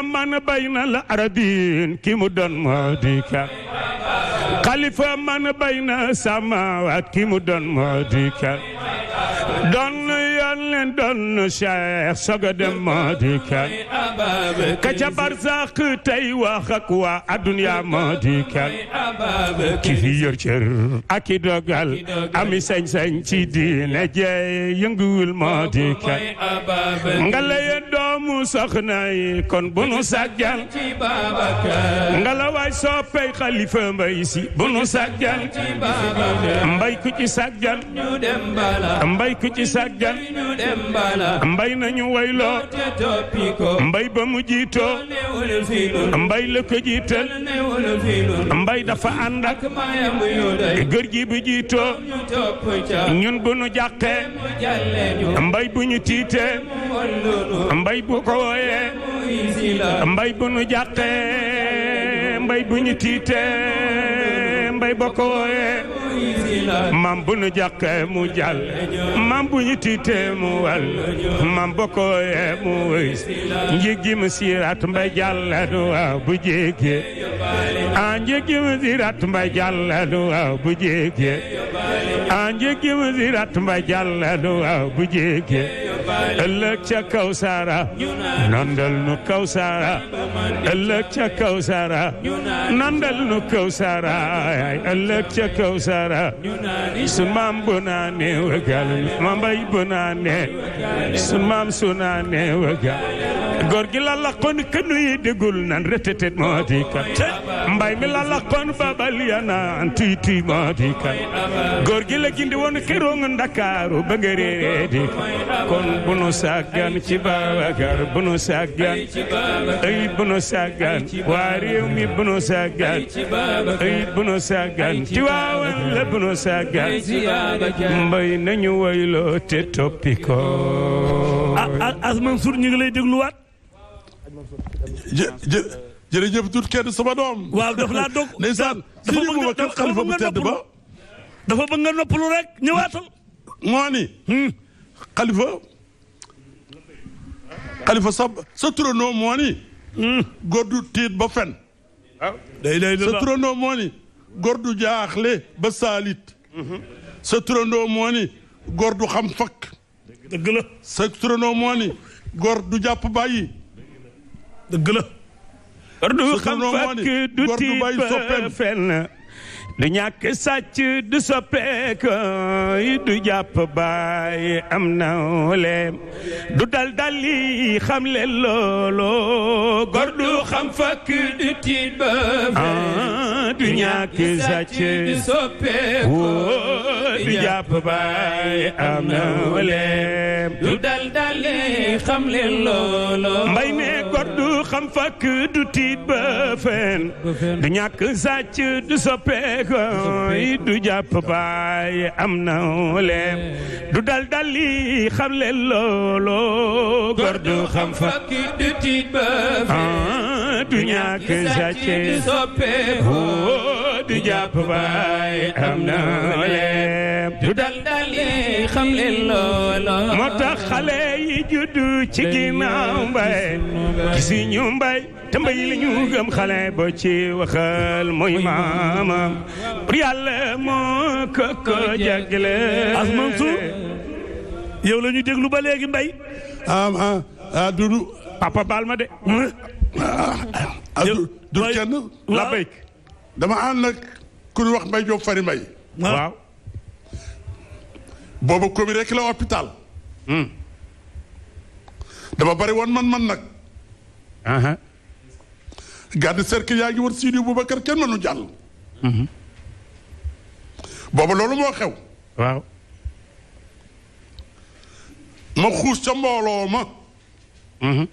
man bayna la arabin ki mu doon modikat xalifa man bayna sama ki mu doon modikat doon yal leen doon Cheikh soga dem moo di kel ka ca barzaq tey wax ak waa adduna moo di kel ki fi yor cër ak ki dogal ami sañ-sañ ci diine jee yënguwul moo di kel nga laye doomu soxna yi kon bu nu sàggal nga la waay soppey xalifa mbay si bu nu sàggal mbay ku ci sàggal mbay ku ci sàggal mbay nañu wayloo mbay ba mu jiitoo mbay la ko jiital mbay dafa ànd ak gër gi bu jiitoo ñun bu nu jàqee mbay bu ñu tiitee mbay bu ko mbay bu nu jàqee mbay bu ñu tiitee mbay ba ko maam bu nu jàqee mu jàll maam bu ñu tiitee mu wàll maam bokkooyee mu wëys njéggi mu siiraat mba jàllanu waaw bu jéegee bu jéegee ah njéggi mu siiraat mba jàllanu waaw nu kaw saara ëllëg ca kaw saara nandal nu kaw saara ëllëg ca dara maam bu naane wagal ma mbay bu naane sun maam su naane wagal góor gi la laqoon kënu yi dégul nan retetet moo di mbay mi la laqoon babal ya naan tuy tuy moo di gi la gindi woon ndakaaru ba nga réeree bu nu sàggan ci bu nu sàggan ay bu nu bu nu sàggan ay bu nu sàggan ci waawan lépp nu sagal mbay nañu wayloo te toppi ko as Mansour ñu ngi lay dégluwaat jërëjëf tut kenn sama doom waaw daf laa dog ndeysaan sëriñ Boubacar xalifa bu tedd ba dafa bëgg nga noppalu rek ñëwaatal moo ni hmm. xalifa xalifa sa sa turandoo moo ni hmm. góor du tiit ba fen ah, day day sa turandoo moo ni góor du jaaxle ba saalit sa turandoo moo ni góor du xam fakk dëgg la sa turandoo moo ni góor du jàpp bàyyi dëgg la góor du xam fakk du tiit ba fenn du ñàkk sàcc du soppeeku du jàpp baay am nawleem du dal dali xam le loolo góor xam fakk du tiit ba ah, du ñàkk sàcc du soppeeku du jàpp baay am nawleem du dal dali xam le loolo mbay ne góor xam fakk du tiit ba du ñàkk du soppeeku baay am na leem dal eh. dal li am leem du dal dal xam leen loolo ah, oh, moo tax xale yi juddu ci ginnaaw mbay ñu mbay te mbay li ñu gëm xale ba mooy maamam pour yàlla moo ko ko jagle as Mansour yow la ñu déglu ba léegi mbay ah ah, ah dudu papa baal ma de ah, ah, du kenn la béy dama ànd nag wax mbay Diop fari mbay booba komi rek la hôpital hmm. dama bari woon man man garde cercle yaa ngi war Sidi Boubacar kenn mënu jàll. Mhm. booba loolu moo xew. waaw. ma xuus ca mbooloo ma. Mhm.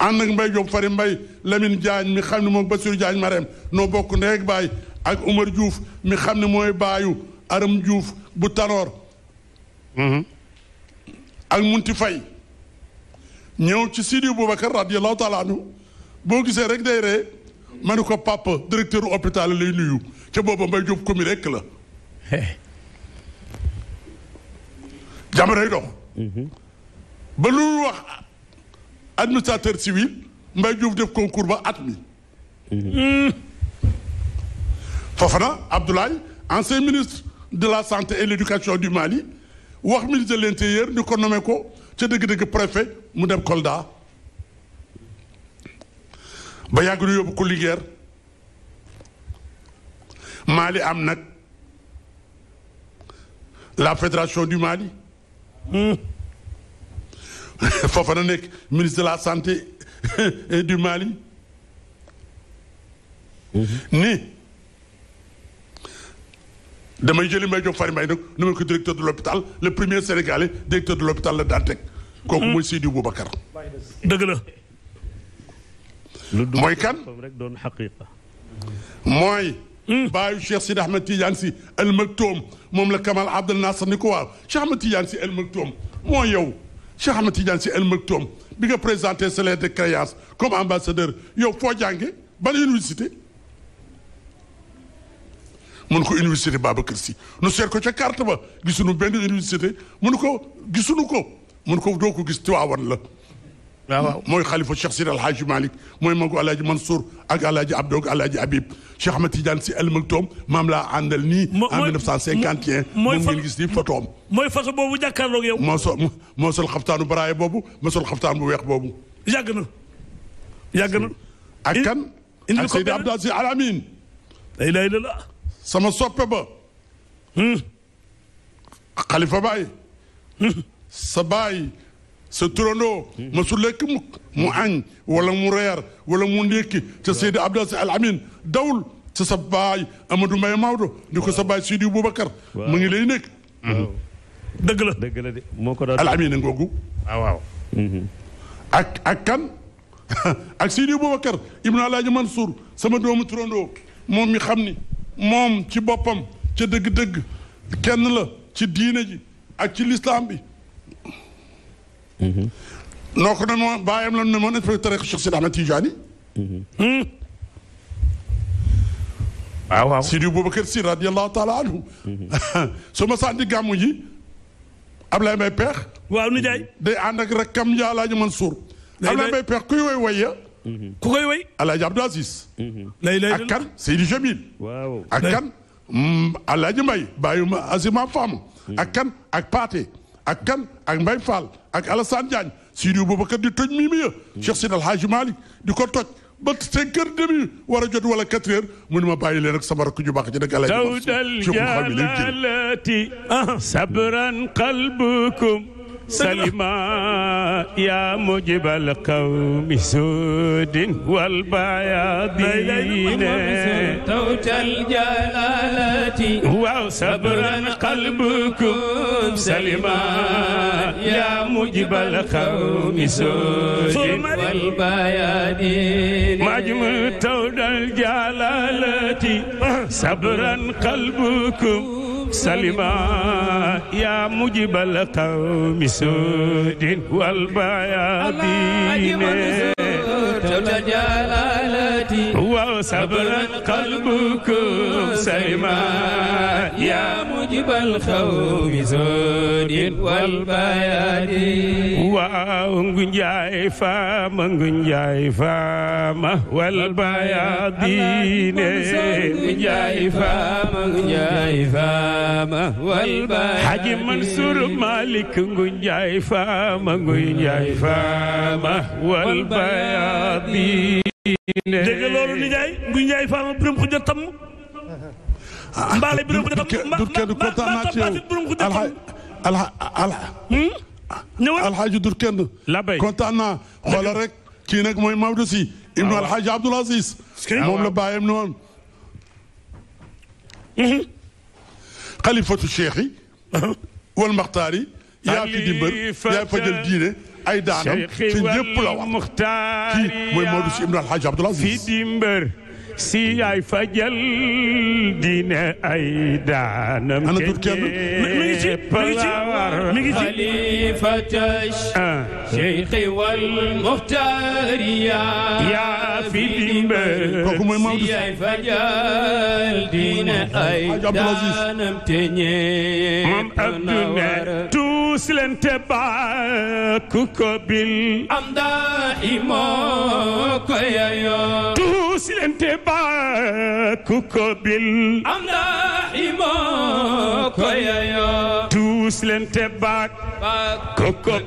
ànd ak Mbaye Diop Fari Mbaye Lamine Diagne mi xam ne moom Bassirou Diagne Marème noo bokk ndeeg baay ak Umar Diouf mi xam ne mooy baayu Aram Diouf bu Tanor. Mhm. ak Munti Fay ñëw ci Sidi Boubacar radiyallahu taala anhu boo gisee rek day ree ma ne ko papa directeur hôpital lay nuyu ca booba Mbaye Diop commune rek la. jamonoy dox. Mhm. ba lu wax administrateur civil Mbaye Diop def concours ba at mi. Mhm. Fofana Abdoulaye ancien ministre de la santé et l' éducation du Mali wax ministre de l' intérieur ñu ko nommé ko. ca dëgg-dëgg préfet mu dem Kolda ba yàgg yóbbu ko Linguère Mali am nag la fédération du Mali hmm. foofa nekk ministre de la santé du Mali hmm. ni damay jëli may Diop Fary Mbaye nag nommé ko directeur de l'hôpital le premier sénégalais directeur de l'hôpital la Dantec kooku hmm. mooy Seydi Boubacar dëgg la mooy kan mooy hmm. baayu Cheikh Sidi Ahmed Tidiane si El Maktoum moom la Kamal Abdel Nasser ni ko waaw Cheikh Ahmed Tidiane si El Maktoum moo yow Cheikh Ahmed Tidiane si El Maktoum bi nga présenté sa lettre de créance comme ambassadeur yow foo jànge ban mun ko université Babacar Sy nu seet ko ca carte ba gisuñu benn université mun ko gisuñu ko mun ko doo ko gis Tiwaawan la. waaw mooy xalifa Cheikh Sidi Alhaji Malick mooy magu Alhaji Mansour ak Alhaji Abdou ak Alhaji Habib Cheikh Ahmed Tidiane Sy Al Maktoum maam laa àndal nii. en 1951. mooy moom ngeen gis nii photoom. mooy façon boobu jàkkaarloog yow. moo sol moo sol xaftaanu baraaye boobu moo sol xaftaan bu weex boobu. yàgg na yàgg na. ak kan. indi ko ak Seydi Abdou Aziz Al Amin. la ilaha illallah. sama soppe ba xalifa hmm. baay hmm. sa baay sa turandoo hmm. masu lekk mukk mu añ wala mu reer wala mu ndékki te Seydi Abdou Aziz Al Amine dawul te sa baay Amadou Mbaye Maodo ni ko sa baay Seydi Boubacar mu ngi lay nekk dëgg la dëgg la ko daal Al Amine ngoogu ah, ak ak kan ak Seydi Boubacar Ibn Alaaji sama doomu turandoo moom mi xam ni moom ci boppam ca dëgg-dëgg kenn la ci diine ji ak ci lislaam bi mm-hmm. noo ko ne moom bàyyam la ne moon inspecteur rek Cheikh Sidi Ahmed Tidiane mm-hmm. waaw waaw Sidi Boubacar Si taala anhu mm-hmm. su ma sànni gàmmu ji Ablaye Mbaye Peex waaw nijaay day ànd ak rakkam Alaaji Mansuur Ablaye Peex kuy woy woy Mhm. ku koy way alaaji Abdou Aziz mhm. lay Jamil waaw ak mm, Mbay bàyyu ma Azima Fam mhm. ak kan ak Paate ak kan ak Mbay Fall ak Alassane Diagne Sidi Boubacar di toj mii mi ya Cheikh Sidi Alhaji Malick di ko toj ba cinq demi war a jot wala quatre mu ne ma bàyyi leen rek sama rakk ah, sabran qalbukum سلما يا مجب القوم سود والبياضين توج الجلالة وصبرا قلبكم سلما يا مجب القوم سود والبياضين مجمع توج الجلالة صبرا قلبكم سلما يا مجيب القوم سود والبياضين تتجلى وصبرا قلبكم سيما يا مجب الخوم زود والبياد واو نجاي فاما نجاي فاما والبياد نجاي فاما نجاي فاما والبياد حاج منصور مالك نجاي فاما نجاي فاما والبياد dégg loolu ni Ndiaye Nguy Ndiaye faama biram ko jot tam. Ah, mbaale biram ko jot tam dur kenn kontaan naa ci yow alxaaj alxaaj hmm? ñëwal alxaaji dur kenn. labay kontaan naa xoolal rek kii nag mooy Maodo si. Ah, waaw ibnu alxaaji Abdoul Aziz. moom la ah, bàyyam noonu. Hmm? xalifatu cheikh yi. wal maxtaar yi. yaa fi dimbal yaa fajal diine. ay daanam ci ñëpp la wax kii mooy Maodo si Ibn Alhaji Abdoul Aziz si yaay fajal dina ay daanam. ana tur kenn mi ngi ci mi ngi ci xalifata ah. cheikh wal muxtaar yaa fi dimbal. kooku mooy Maodo si yaay fajal dina ay daanam te ñee. moom Abdoulaye tuus leen te ba ku ko bil. am daa i moo ko yayoo. tuus leen te ba. kuko bil am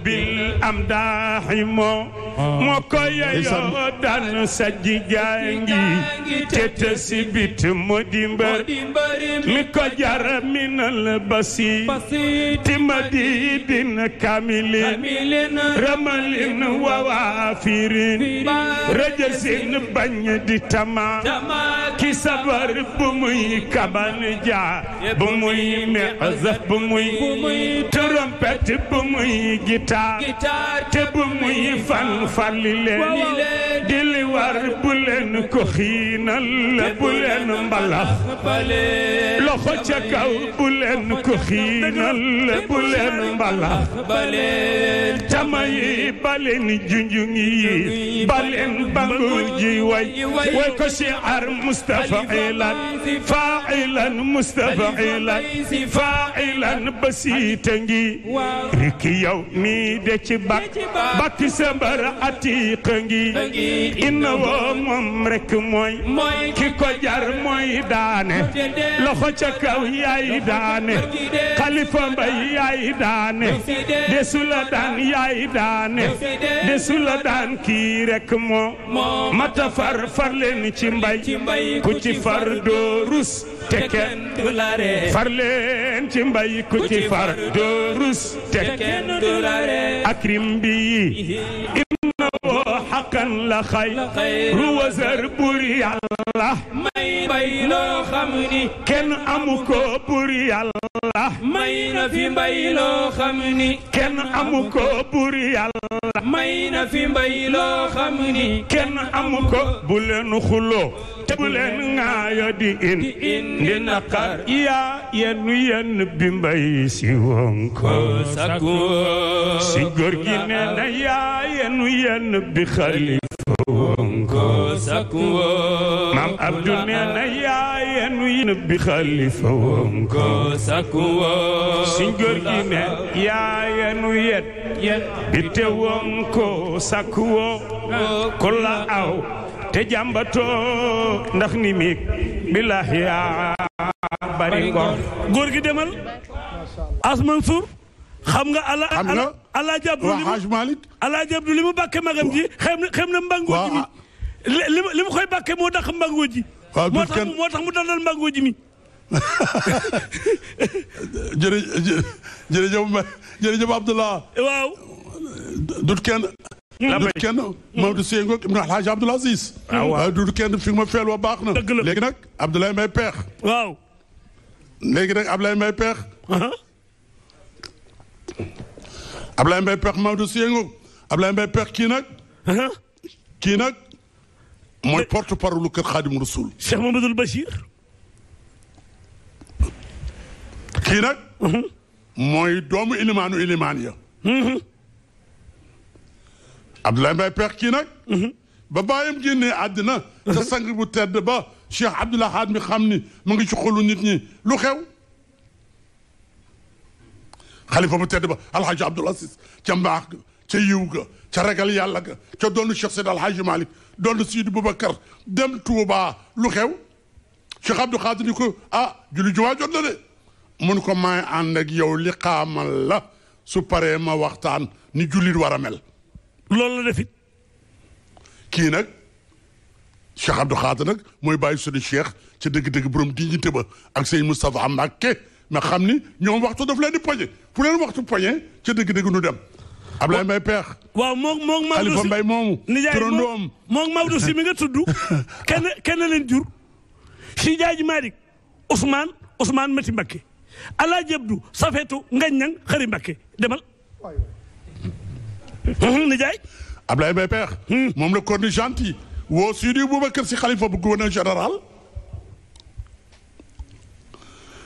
bil am da imo ah. mo koyoyo dan sajji jangi tete sibit mo dimbar mi ko min al basi timadi din kamilin ramalin wawafirin rajasin bañ di tama ki sabar bu muy kaban ja bu muy meqzaf bu muy trompette bu muy gitaar te bu muy fan falile di li war bu leen ko xiinal leen mbalax loxo ca baleen junjung baleen bangu ji way way ko si عر مستفعلا فاعلا مستفعلا فاعلا بسيتنجي ركي يومي دتي باك باك سمبر اتيقنجي انو موم رك موي كيكو جار موي داني لوخو تشكاو ياي داني خليفه مباي ياي داني دسولا دان ياي داني دسولا دان كي رك مو متفر فرلن تشم mbay ku ci far doo rus te du la far leen ci mbay ku ci far doo rus te kenn du la ree akrim bi bakkan la xayru wasar bur yàlla may bay loo xam ni kenn amu ko bur yàlla may na fi mbay loo xam ni kenn amu may na fi mbay loo xam ni kenn amu ko bu leen di in di naqar yaa yennu yenn bi mbay si si góor gi nee na yaa yennu yenn bi xal maam Abdou nee na yaayee nuyu na bi xalifa woon ko sakku woon suñ nu yet bi te woon ko sakku woon aw te jàmbatoo ndax ni mi billahi yaa bari ngor demal Asman Sour xam nga ala ala ala jàpp li mu xaaj Malick ala jàpp li mu bàkke magam ji xem na xem na mbangoo ji mi li li mu koy bàkke moo tax mbangoo ji moo tax moo tax mu dandal mbangoo ji mi jërëjëf jërëjëf jërëjëf Abdoulah waaw dut kenn du kenn Maodo Seye Ngok ibn Alhaji Abdoul Aziz ah, waaw ah, du kenn fi ma feel wa baax na léegi nag Abdoulaye Mbaye Peex waaw léegi nag Abdoulaye Mbaye Peex Ablaye Mbaye Pekh Maodo Senghor Ablaye Mbaye Pekh kii nag. kii nag mooy eh. porte parole kër Xaadim Rasul. Cheikh Mamadou nag. mooy doomu ilimaanu ya. Abdoulaye Mbaye Pekh kii nag. àddina. te sang bu tedd ba Cheikh Abdoul Ahad mi xam ni mu ngi ci xolu nit ñi lu xew. xalifa bu tedd ba alxaaji abdul asis ca mbaax ga ca yiw ga ca ragal yàlla ga ca doonu cheikh seydi alxaaji malik doonu sidi boubacar dem tuubaa lu xew cheikh abdou xaadir ni ko ah julli jumaa jot na de mun ko maay ànd ak yow li xaamal la su paree ma waxtaan ni jullit war a mel loolu la defit kii nag cheikh abdou xaadir nag mooy bàyyi sunu cheikh ca dëgg-dëgg borom dignité ba ak sëñ moustapha mbàkke mais xam ni ñoom waxtu daf leen di poñe fu leen waxtu poñe ca dëgg-dëgg nu dem. Ablaye Mbaye Peex. waaw moom moom Maodo si Alifa Mbaye moomu. nijaay moom moom Maodo si mi nga tudd. kenn kenn leen jur. si jaaji Malick Ousmane Ousmane Mati Mbakke ala jabdu safetu ngaññang xëri Mbakke demal. nijaay. Ablaye Mbaye Peex. moom la cornu gentil. woo Sidi Boubacar si xalifa bu gouverneur général.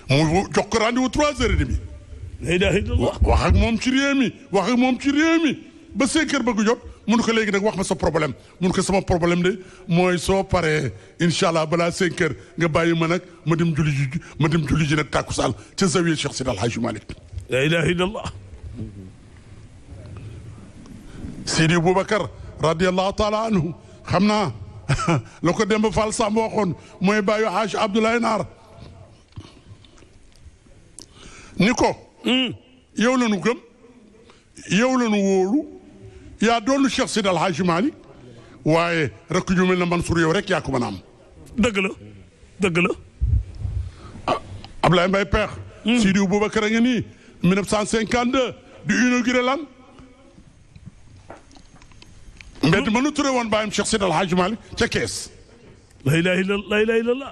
mu jox ko rendez-vous trois heures et demie. wax ak moom ci réew mi wax ak moom ci réew mi ba cinq heures bëgg jot mun ko léegi nag wax ma sa problème mun ko sama problème de mooy soo paree incha allah balaa cinq heures nga bàyyi ma nag ma dem julli ji ma dem julli ji nag tàkkusaan ca zawiya Cheikh Sidi El Hadj Malick. la ilaha illallah. Sidi Boubacar radiallahu taala anhu xam naa la ko Demba Fall Samb waxoon mooy bàyyi Haaj Abdoulaye Naar. ni ko hmm. yow la nu gëm yow la nu wóolu yaa doonu Cheikh Seydi El Hadji Malick waaye rakk ñu mel na Mansour yow rek yaa ko mën a am dëgg la dëgg la ah, Ablaye Mbaye hmm. a ngi nii 1952 di inauguré lan mbedd mënu turé woon bàyyam Cheikh Seydi El Hadji Malick la ilaha illallah la ilaha illallah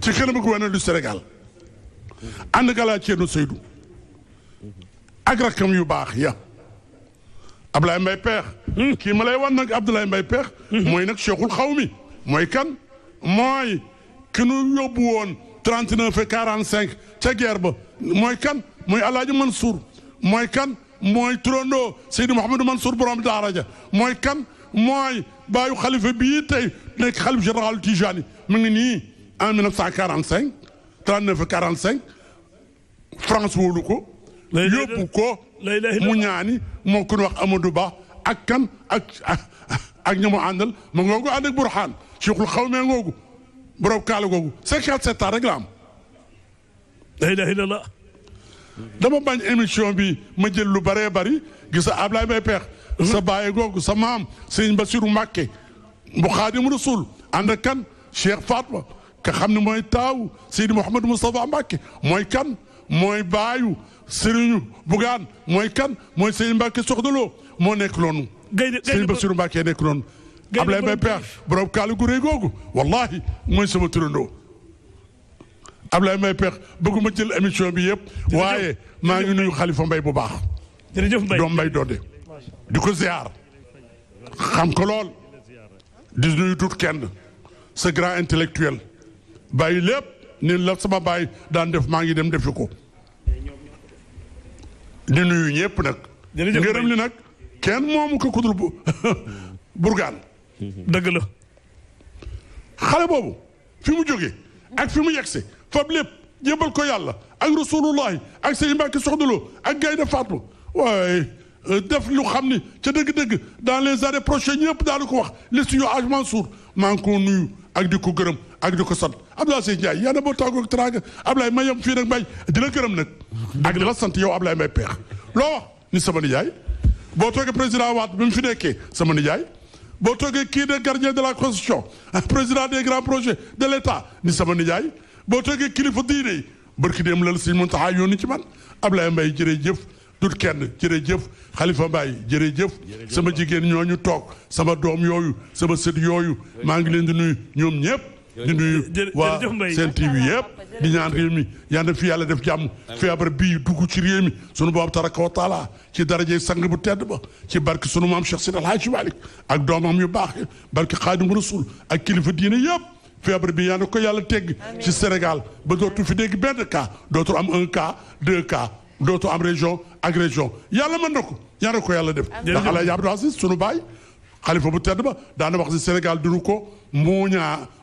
ci kanamu gouverneur Sénégal ànd nga laa Ceerno Seydou ak yu baax ya Abdoulaye Mbaye Peex hmm. kii ma lay wan nag Abdoulaye Mbaye Peex hmm. mooy nag cheikhul xaw mi mooy kan mooy ki nu yóbbu woon trente neuf et quarante cinq ca guerre mooy kan mooy Alaaji Mansour mooy kan mooy turandoo Seydi Mouhamadou Mansour borom daara ja mooy kan mooy baayu xalifa bii tey nekk xalif général Tijani mu ngi nii en 1945 39 45 France wóolu ko. yóbbu ko. mu ñaani moo ko wax Amadou Ba ak kan ak ak ña mu àndal ma ngoogu ànd ak Burhaan Cheikhul ngoogu borom kaala googu 57 ans rek la am. la ilaha dama bañ émission bi ma jël lu bëree bari gis nga Ablaye Mbaye Peex. Mhm. sa baaye googu sa maam Sëñ Basiru Mbàkke bu Xaadimu Rasuul ànd ak kan Cheikh Fatma. ka xam ne mooy taaw Seydi Mouhamadou Moustapha Mbacke mooy kan mooy baayu sëriñu bugaan mooy kan mooy Seydi Mbacke soxdaloo moo nekk loonu Seydi Bassirou Mbacke nekk loonu Ablaye Mbaye Pekh borom kaala gu rëy googu wallahi mooy sama turandoo Ablaye Mbaye bëgguma jël émission bi yëpp waaye maa ngi nuyu Khalifa Mbaye bu baax doom Mbaye Dodé di ko ziar xam ko lool di nuyu tuut kenn ce grand intellectuel bàyyi lépp ni la sama baay daan def maa ngi dem defi ko di nuyu ñëpp nag. ngërëm li nag kenn moomu ko kudul burgaan. dëgg la. xale boobu fi mu jógee ak fi mu yegsi fab lépp jébbal ko yàlla ak rasulullahi ak sëñ Mbàkke soxdaloo ak gaynde Faatu waaye euh, def lu xam ni ca dëgg-dëgg dans les années prochaines ñëpp daanu ko wax li suñu Hajj Mansour maa nuyu. ak di ko gërëm ak di ko sant Abdoulaye Seye Ndiaye yàlla boo tàggoog teraanga Ablaye may yam fii nag may dila la gërëm nag. ak di la sant yow Ablaye may peex. loo ni sama nijaay boo toogee président waat bi mu fi nekkee sama nijaay boo toogee kii de gardien de la constitution président des grands projets de l' état ni sama nijaay boo toogee kilifa diine yi barki dem la sëñ Muntaxa yónni ci man Ablaye Mbaye jërëjëf. dut kenn jërëjëf Khalifa Mbaye jëf sama jigéen ñooñu toog sama doom yooyu sama sët yooyu maa ngi leen di nuyu ñoom ñëpp di nuyu waa seen TV yëpp di ñaan réew mi yal na fi yàlla def jàmm feebar bii dugg ci réew mi sunu borom tabaraka wa taala ci darajey sang bu tedd ba ci barke sunu maam Cheikh Sidi El Hadji Malick ak doomam yu baax barke Xaadimu Rasul ak kilifa diine yëpp feebar bi yal ko yàlla tegg ci Sénégal ba dootu fi dégg benn kaa dootu am un dootu am région ak région yàlla mën na ko yàlla ko yàlla def ndax Alaaji sunu baay xalifa bu tedd ba daana wax si Sénégal duñu ko moo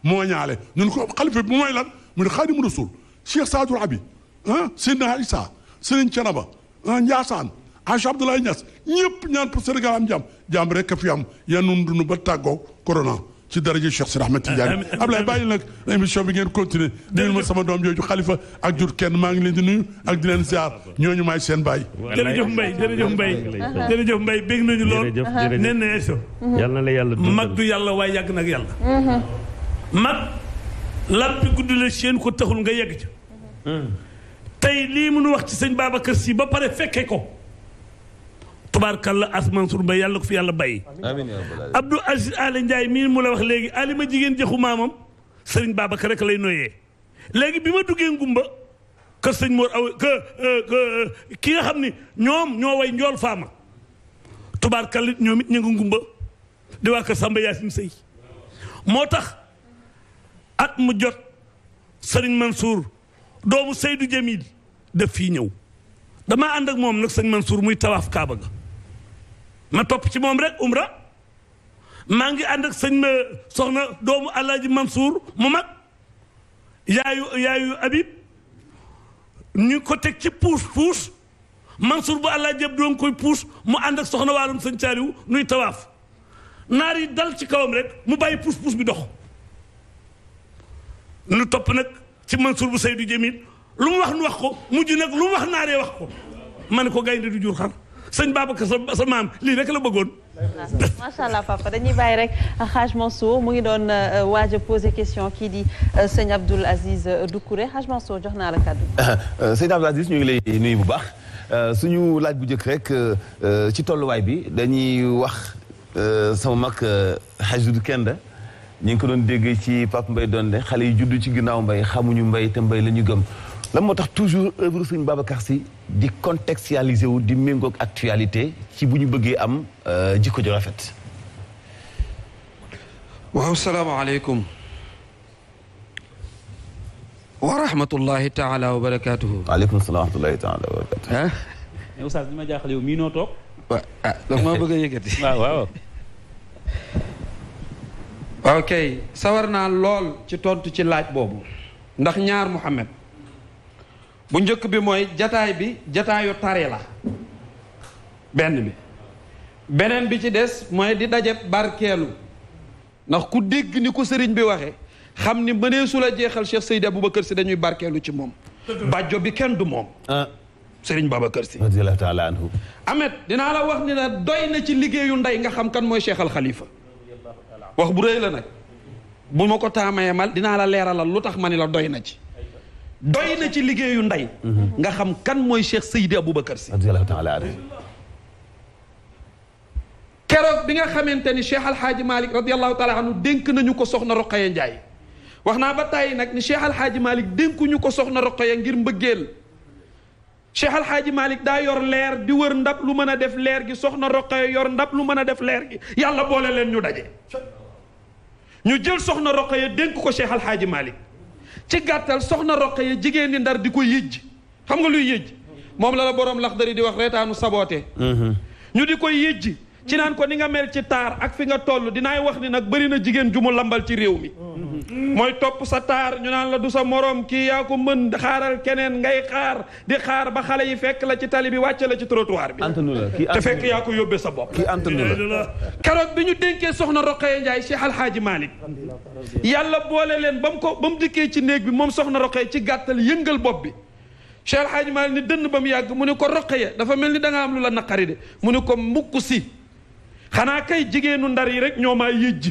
mooñaale ñun ko xalifa bi mu mooy lan mu ne Xaadimu Rasuul Cheikh Saadu Rabi ah Seydina Issa Serigne Thiénaba ah Ndiassane Hadj Abdoulaye Niass ñëpp ñaan pour Sénégal am jàmm jàmm rek a fi am yan nun dunu ba tàggoo corona ci daraja Cheikh Sidi Ahmed Tidiane Ablaye bàyyi nag émission bi ngeen continuer nuyul ma sama doom jooju xalifa ak jur kenn maa ngi leen di nuyu ak di leen ziar ñooñu maay seen baay jërëjëf Mbaye jërëjëf Mbaye jërëjëf Mbaye bég nañu lool nee na eso yal na la yàlla mag du yàlla waaye yàgg nag yàlla mag lappi gudd la seen ko taxul nga yegg ca tey lii mënu wax ci sëñ Babacar Sy ba pare fekke ko tubaarkalla as Mansour Mbaye yàlla ko fi yàlla bay Abdou Aziz Aly Ndiaye mii mu la wax léegi Aly ma jigéen jëxu maamam sëriñ Babacar rek lay noyee léegi bi ma duggee ngumba kër sëñ nga xam ni ñoom ñoo way njool faama tubaarkalla ñoom it ñu ngumba di waa kër Sey moo tax at mu jot sëriñ Mansour doomu Seydou Jamil daf fii ñëw dama ànd ak moom nag sëñ Mansour muy tawaaf Kaaba ga na topp ci moom rek umra maa ngi ànd ak sëñ ma soxna doomu Alaaji Mansour mu mag yaayu yaayu Habib ñu ko teg ci puus puus Mansour bu Alaaji Abdu doon koy puus mu ànd ak soxna wàllum sëñ Saaliw nuy tawaaf naar yi dal ci kawam rek mu bàyyi puus puus bi dox nu topp nag ci Mansour bu Seydou Jamil lu mu wax nu wax ko mujj nag lu mu wax naaree wax ko ma ne ko gaynde du jur xar sëñ Babacar sa sa maam lii la bëggoon. macha allah papa dañuy bàyyi rek Haj Mansour mu ngi doon euh, euh, waaj a question kii di euh, sëñ Abdoul Aziz du Haj Mansour jox naa la kàddu. sëñ Abdoul Aziz ñu ngi lay nuyu bu baax suñu laaj bu njëkk rek ci tolluwaay bi dañuy wax sama mag Haj Doudou Kende ñu ngi ko doon dégg ci Pape mbay doon ne xale yi juddu ci ginnaaw mbay xamuñu Mbaye te Mbaye la ñu gëm tax toujours œuvre sëñ Babacar si. di contextualiser wu di méngoog actualité ci bu ñu bëggee am euh, jikko ju rafet. waaw salaamaaleykum. wa rahmatullahi taala wa barakaatuhu. waaleykum salaam wa taala wa ah, bëgg a ok sawar naa lool ci tontu ci laaj boobu. ndax ñaar Muhammad bu njëkk bi mooy jataay bi jataayu tare la benn bi beneen bi ci des mooy di daje barkeelu ndax ku dégg ni ko sëriñ bi waxe xam ni mënee su la jeexal Cheikh Seydi kër si dañuy barkeelu ci moom bàjjo bi kenn du moom ah. sëriñ Babacar si radiyallahu taala anhu amet dinaa la wax ni na doy na ci liggéeyu ndey nga xam kan mooy Cheikh xalifa wax bu rëy la nag bu ma ko taamee mal dinaa la leeralal lu tax ma ni la doy na ci doy na ci liggéeyu ndey nga xam kan mooy Cheikh Seydi Aboubacar Sy keroog bi nga xamante ni Cheikh Alhaaji Malick radiallahu taala dénk nañu ko soxna Roqaya Njaay wax naa ba tàyyi nag ni Cheikh Alhaaji Malick dénkuñu ko soxna Roqaya ngir mbëggeel Cheikh Alhaaji Malick daa yor leer di wër ndab lu mën a def leer gi soxna Roqaya yor ndab lu mën a def leer gi yàlla boole leen ñu daje ñu jël soxna Roqaya dénk ko Cheikh Alhaaji Malick ci gàttal soxna Roqaya jigéen ñi ndar di ko yëj xam nga luy yëj moom la la lax laxdari di wax reetaanu saboote mm-hmm. ñu di koy yëj ci naan ko ni nga mel ci taar ak fi nga toll dinaay wax ni nag bëri na jigéen ju mu lambal ci réew mi mooy topp sa taar ñu naan la du sa morom kii yaa ko mën xaaral keneen ngay xaar di xaar ba xale yi fekk la ci tali bi wàcce la ci trottoir bi te fekk yaa ko yóbbee sa bopp keroog bi ñu dénkee soxna Roqaya Njaay Cheikh Alhaaji Malick yàlla boole leen ba mu ko ba mu dikkee ci néeg bi moom soxna Roqaya ci gàttal yëngal bopp bi Cheikh Alhaaji Malick ni dënn ba mu yàgg mu ne ko Roqaya dafa mel ni da am lu la naqari mu ne ko mukk si xanaa kay jigéenu ndar yi rek ñoo maa yëjj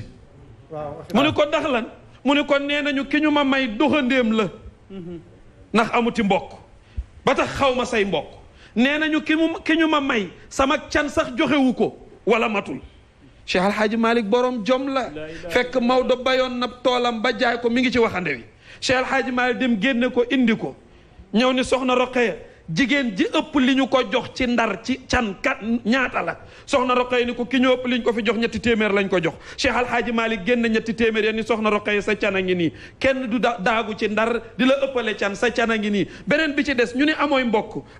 mu ne ko dax lan mu ne ko nee nañu ki ñu ma may doxandéem la mhm. ndax amuti mbokk ba tax xaw ma say mbokk nee nañu ki mu ki ñu ma may sama can sax joxewu ko walla matul Cheikh Alhaaji Malick boroom jom la fekk Maodo bayoon na toolam ba jaay ko mi ngi ci waxande wi Cheikh Alhaaji Malick dem génne ko indi ko ñëw ni soxna Roqeya jigéen ji ëpp li ñu ko jox ci ndar ci can kat ñaata la soxna roqee ni ko ki ñu ëpp li ñu ko fi jox ñetti téeméer lañ ko jox Cheikh Alhaaji Malick génn ñetti téeméer yéen ni soxna roqee sa can ngi nii kenn du da daagu ci ndar di la ëppale can sa can a ngi nii beneen ci des ñu ne amooy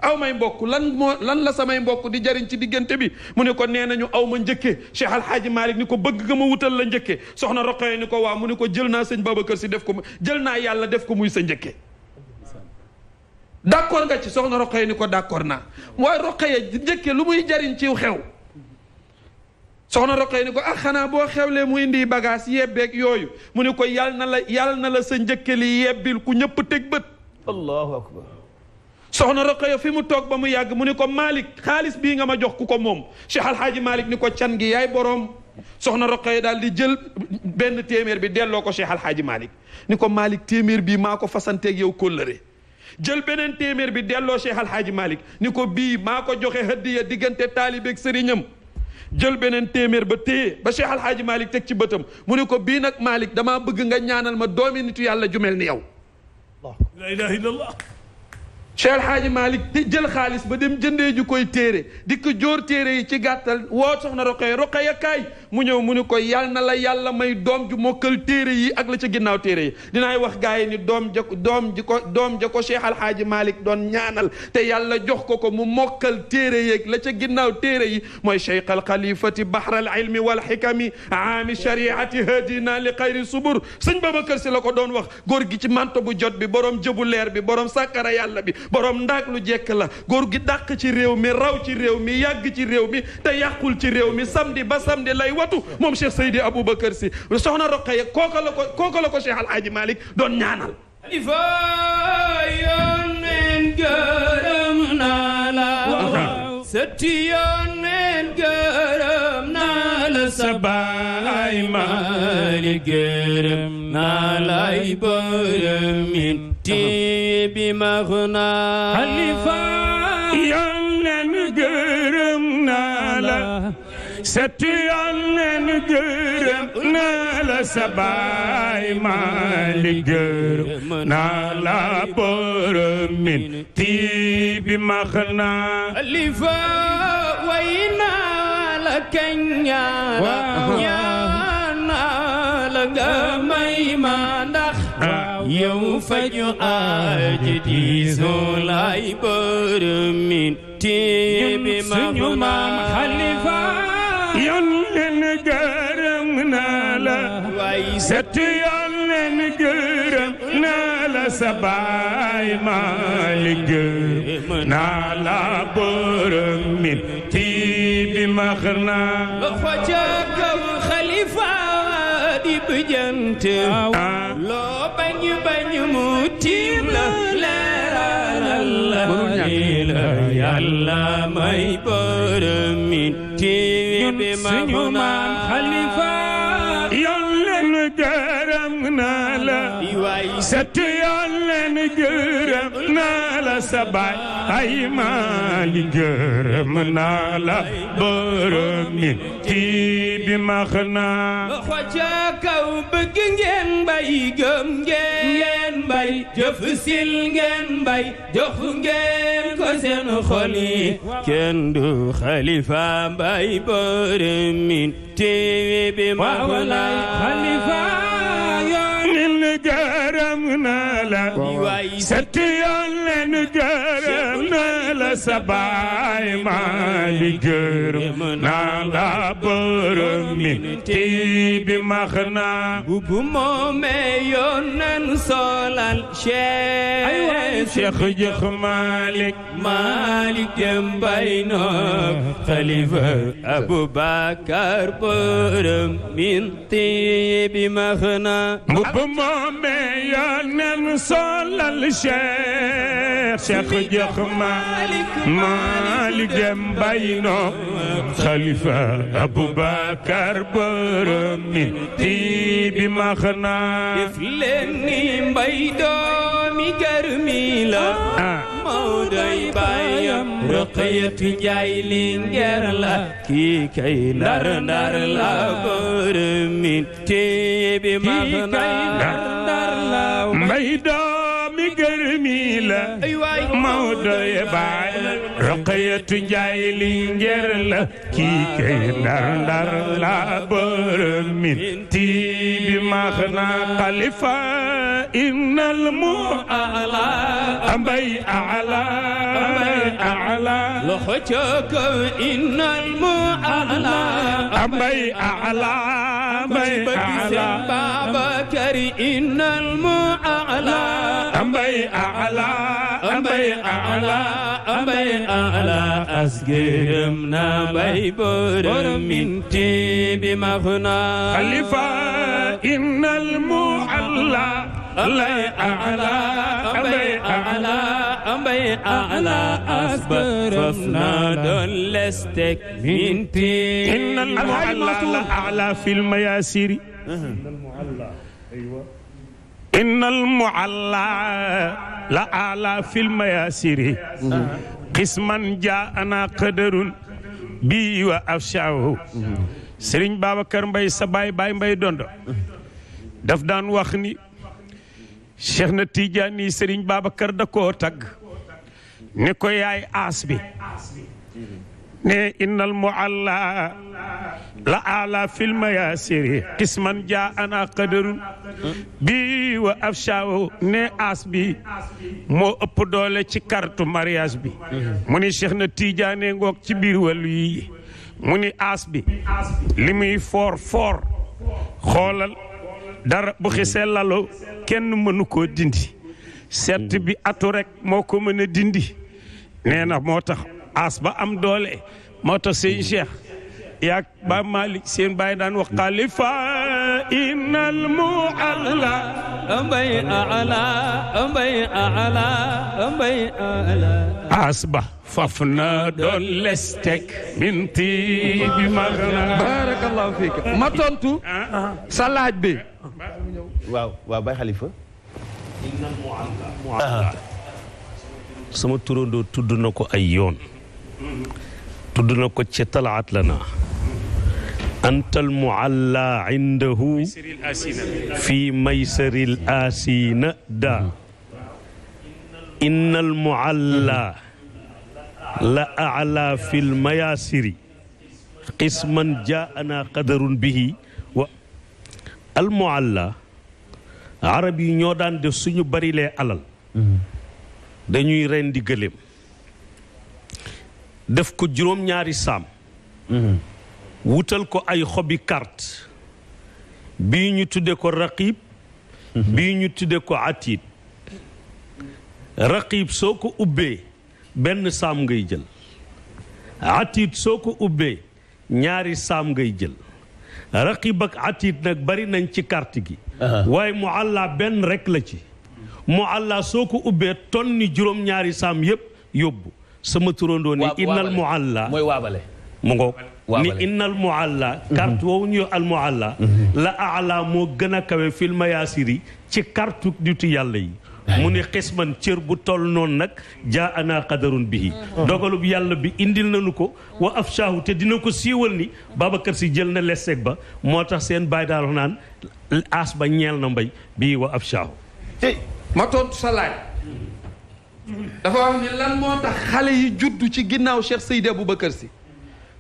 aw may mbokk lan lan la samay mbokk di jariñ ci diggante bi mu ne ko nee nañu aw ma njëkkee Cheikh Alhaaji Malick ni ko bëgg nga ma wutal la njëkke soxna roqee ni ko waa mu ne ko jël naa sëñ kër si def ko jël naa yàlla def ko muy sa njëkkee d'accord nga ci soxna Roqaya ni ko d'accord naa waaye Roqaya njëkke lu muy jariñ ciw xew soxna Roqaya ni ko ah xanaa boo xewlee mu indi bagaas yebbeeg yooyu mu ni ko yal na la na la sa njëkke li yebbil ku ñëpp teg bët allahu akbar soxna Roqaya fi mu toog ba mu yàgg mu ni ko Malick xaalis bii nga ma jox ku ko moom Cheikh Alhaaji Malick ni ko can gi yaay boroom soxna Roqaya daal di jël benn téeméer bi delloo ko Cheikh Alhaaji Malick ni ko Malick téeméer bii maa ko fasanteeg yow kóllëre jël beneen téeméer bi delloo Cheikh Alhaaji Malick ni ko bii maa ko joxe hëddiya diggante taalibeeg sëriñam jël beneen téeméer ba téye ba Cheikh Alhaaji Malick teg ci bëtam mu ne ko bii nag Malick damaa bëgg nga ñaanal ma doomi nitu yàlla jumel ni yow la ilaha illallah Cheikh El Hadj di jël xaalis ba dem jëndee ju koy téere dikk joor téere yi ci gàttal woo soxna Roqaya Roqaya kaay mu ñëw mu ni ko yal na la yàlla may doom ju mokkal téere yi ak la ca ginnaaw téere yi dinaay wax gars yi ni doom ja doom ji ko doom ja ko Cheikh El Hadj Malick doon ñaanal te yàlla jox ko ko mu mokkal téere yeeg la ca ginnaaw téere yi mooy Cheikh al Khalifati Bahra al ilmi wal xikami aami shariati hadina li xayri subur sëñ Babacar si la ko doon wax góor gi ci manto bu jot bi borom jëbu leer bi borom sàkkara yàlla bi borom ndaag lu jekk la góor gi dàq ci réew mi raw ci réew mi yàgg ci réew mi te yàqul ci réew mi samdi ba samedi lay watu moom Cheikh saydi Aboubacar Sy soxna Roqaya kooka la ko kooka ko Cheikh Al Hadji doon ñaanal ifa yoon neen gërëm naa sëti yoneen gërëm naa la sa baay maali gërëm naa lay bërëmin ti bi max naa setti Yàlla nu gërëm naa la sa baay Maalik gërëm la borom min tiibi max naa alifa way naa la kañ ñaara la nga may ma ndax ah. yow fañu aaji diisoo laay min tiibi max naa gërëm naa la waay sëtu Yonent gërëm naa la sa baay Maalik gërëm naa la borom mi tiibi max naa fa ca kaw xalifa di bëjante ah. loo bañ bañ mu tiim la yàlla may bërëmi téewe bi ma baay sëtu yoon leen gërëm naa la sa baay ay maali gërëm naa la borom mi kii bi max naa bëgg ngeen bay gëm ngeen bay jëf sil ngeen bay jox ngeen ko seen xol yi kenn bay borom mi téewe bi max gërëm na la sëtti na la sa baay Maalik na la borom mi tii bi max bu moomee Yonent solal Cheikh ay waay Cheikh jëx Maalik Maalik dem bay xalifa ah. Abubakar borom mi tii bi max doome yónneen solal Cheikh Cheikh jox Malick Malick dem bayno xalifa Aboubacar borom mi tii bi max naa def leen ni mbay doomi kër mi la ah. mawdoy baayam Ruqayatu li Lingeer la kii kay ndar ndar la bërëmi téebi mag naa mbay doom gërëmi la Maodo ye baay Roqayatu Njaay Lingeer la kii kay ndar ndar la bërëmin أبي أعلى بكر إن المعلى أبي أعلى أبي أعلى أبي أعلى أسقمنا بي بر من تيب مغنى خليفة إن المعلى mbay ala mbay ala mbay ala asbat faf naa doon les teg minti inna al mualla ala fil mayasiri inna al mualla la ala fil mayasiri qisman jaana qadarun bi wa afshaahu Serigne Babacar Mbaye sa baay baay Mbaye Dondo daf daan wax ni cheikh na tiijaan yi sëriñ Babacar da koo tagg ni ko yaay aas bi ne innal mualla la ala fil mayasiri qisman jaa ana qadarun bi wa afshaaw ne aas bi moo ëpp doole ci kartu mariage bi mu ni cheikh na tiijaane ngoog ci biir wàllu yi mu ni aas bi li muy foor foor xoolal dara bu xisee lalo kenn mënu ko dindi sett bi atu rek moo ko mën a dindi nee na moo tax as ba am doole moo tax seen cheikh yaag ba Malick seen bàyyi daan wax xalifa innal mu ala mbay ala mbay ala mbay ala as ba faf barakallahu fiik ma tontu ah. sa laaj bi waaw waaw Baye Khalifa. sama turandoo tudd na ko ay yoon. tudd na ko ci talaat la naa. antal mualla indahu fi maysaril asina da innal mualla la ala fil mayasiri qisman jaana qadarun bihi almualla arab yi ñoo daan def suñu barilee alal dañuy rendi gëléem def ko juróom-ñaari saam wutal ko ay xobi carte bii ñu tudde ko raqib bii ñu tuddee ko atiid raqib soo ko ubbee benn saam ngay jël atiid soo ko ubbee ñaari saam ngay jël raqib ak atiit nag bari nañ ci kart gi waaye mu àllaa benn rek la ci mu àllaa soo ko ubbee tonni juróom-ñaari saam yëpp yóbbu sama turandoo ni innal mu mooy waabale mu ngoog ni àllaa mhm. carte woowu ñu al mu àllaa mhm. la ala moo gën a kawe fil mayaasiri ci carte du yàlla yi mu ni xisman cër bu toll noonu nag jaa ana qadarun bihi mm-hmm. dogalub yàlla bi indil nañu ko wa afshaahu te dina ko siiwal ni Babacar si jël na lesseeg ba moo tax seen baay daal naan aas ba ñeel na mbay bii wa afshaahu tey ma tontu sa laaj dafa wax ni lan moo tax xale yi juddu ci ginnaaw Cheikh Seydi Aboubacar si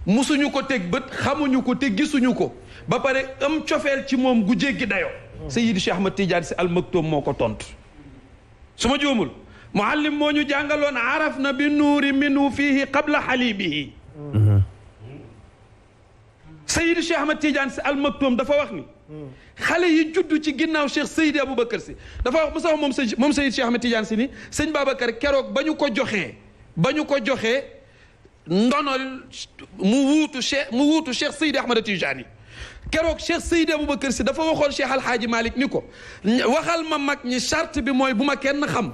musuñu ko teg bët xamuñu ko te gisuñu ko ba pare am cofeel ci moom gu jéggi dayoo mm-hmm. Seydi Cheikh ma Tidiane si Al moo ko tontu su ma juumul muallim moo ñu jàngaloon araf na bi nuuri minu fiihi qabla xalibihi sayid Cheikh Ahmad Tidiane si almaktoum dafa wax ni xale yi juddu ci ginnaaw Cheikh Seydi Aboubacar si dafa wax mu sax moom sëñ moom sayid Cheikh Ahmad Tidiane si ni sëñ Babacar keroog ba ñu ko joxe ba ñu ko joxe ndonol mu wuutu Cheikh mu wuutu Cheikh Seydi Ahmad yi keroog Cheikh Seydi Aboubacar si dafa waxoon Cheikh Alhaaji Malick ni ko waxal ma mag ñi charte bi mooy bu ma kenn xam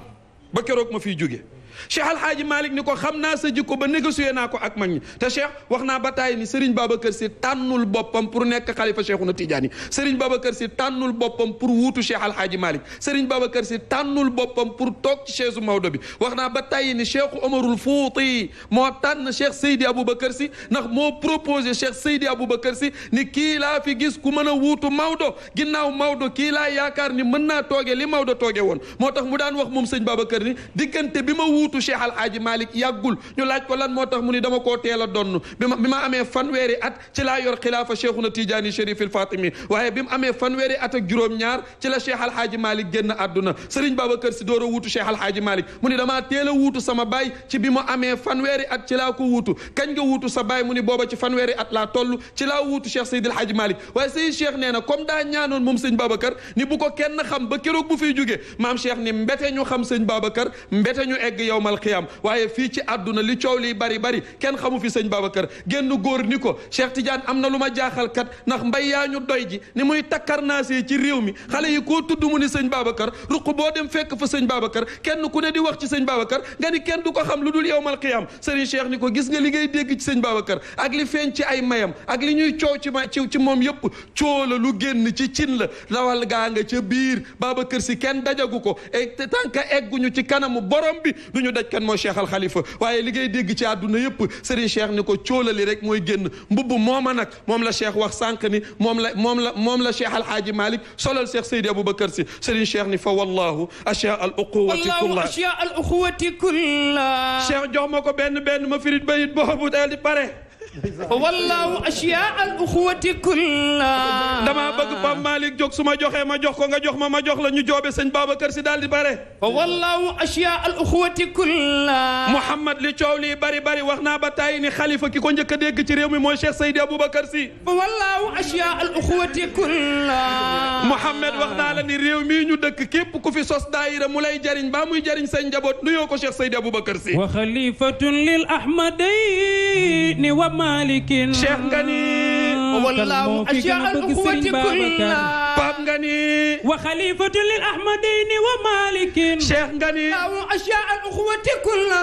ba keroog ma fiy jóge cheikh alhaaji malik ni ko xam naa sa ko ba négocié naa ko ak man ñi te cheikh wax naa ba tàyyi ni Serigne Babacar Sy tànnul boppam pour nekk xalifa Cheikhuna Tidiane Serigne Babacar Sy tànnul boppam pour wuutu cheikh alhaaji malik Serigne Babacar Sy tànnul boppam pour toog ci chaise Maodo bi wax naa ba tàyyi ni cheikh Omarul Fuuti moo tànn cheikh Seydi Aboubacar si ndax moo proposé cheikh Seydi Aboubacar si ni kii laa fi gis ku mën a wuutu Maodo ginnaaw Maodo kii laa yaakaar ni mën naa tooge li Maodo tooge woon moo tax mu daan wax moom sëñ Babacar ni diggante bi surtout Cheikh Al Hadji Malick yàggul ñu laaj ko lan moo tax mu ni dama koo teel a donn bi ma bi ma amee fanweeri at ci laa yor xilaafa Cheikhuna Tidiane Chérif il Fatimi waaye bi mu amee fanweeri at ak juróom-ñaar ci la Cheikh Al Hadji Malick génn àdduna Serigne Babacar Sy door a wuutu Cheikh Al Hadji mu ni a wuutu sama baay ci bi mu amee fanweeri at ci laa ko wuutu sa baay mu ni booba ci fanweeri at laa toll ci laa wuutu Cheikh Seydil Hadji Malick waaye Seydi Cheikh nee na comme daa ñaanoon moom Serigne Babacar ni bu ko kenn xam ba keroog bu fiy jógee maam Cheikh ni mbete ñu xam Serigne Babacar mbete ñu egg yow yowmal qiyam waaye fii ci àdduna li coow liy bari bari kenn xamu fi sëñ Babacar génn góor ni ko Cheikh Tidiane am na lu ma jaaxal kat ndax mbay yaa ñu doy ji ni muy takkarnaasee ci réew mi xale yi koo tudd mu ni sëñ Babacar ruq boo dem fekk fa sëñ Babacar kenn ku ne di wax ci sëñ Babacar nga ni kenn du ko xam lu dul yowmal qiyam sëriñ Cheikh ni ko gis nga li ngay dégg ci sëñ Babacar ak li feeñ ci ay mayam ak li ñuy coow ci ma ci ci moom yëpp coow la lu génn ci cin la lawal gaa nga ca biir Babacar si kenn dajagu ko et tant que ci kanamu borom bi daj kan mooy cheikh al xalifa waaye li ngay dégg ci àdduna yëpp Serigne Cheikh ni ko cóolali rek mooy génn mbubb mooma nag moom la cheikh wax sànq ni moom la moom la moom la cheikh alhaaji malik solal cheikh seydi aboubacar si Serigne Cheikh ni fa wallahu a al uquwati kulla achya al uquwati ma ko benn benn ma firit bayit boobu daal di pare wallaahu ashiyaa al uxuwati kulla dama bëgg Pape Malick jóg su ma joxee ma jox ko nga jox ma ma jox la ñu joobe sëñ Babacar si daal di bare. wallaahu ashiyaa al uxuwati kulla Mouhamad li coow lii bari bari wax naa ba tàyyi ni xalifa ki ko njëkk a dégg ci réew mi mooy Cheikh Seydi Aboubacar si. wallaahu ashiyaa al uxuwati kulla Mouhamad wax naa la ni réew mii ñu dëkk képp ku fi sos daayira mu lay jariñ ba muy jariñ seen njaboot nuyoo ko Cheikh Seydi Aboubacar si. wa xalifatun lil ahmadayni wa malikin cheikh nga ni wallaahu ajaa al uxwati kulla paap nga ni wa xalifatu lil ahmadayni wa malikin cheikh nga ni wallaahu ajaa al uxwati kulla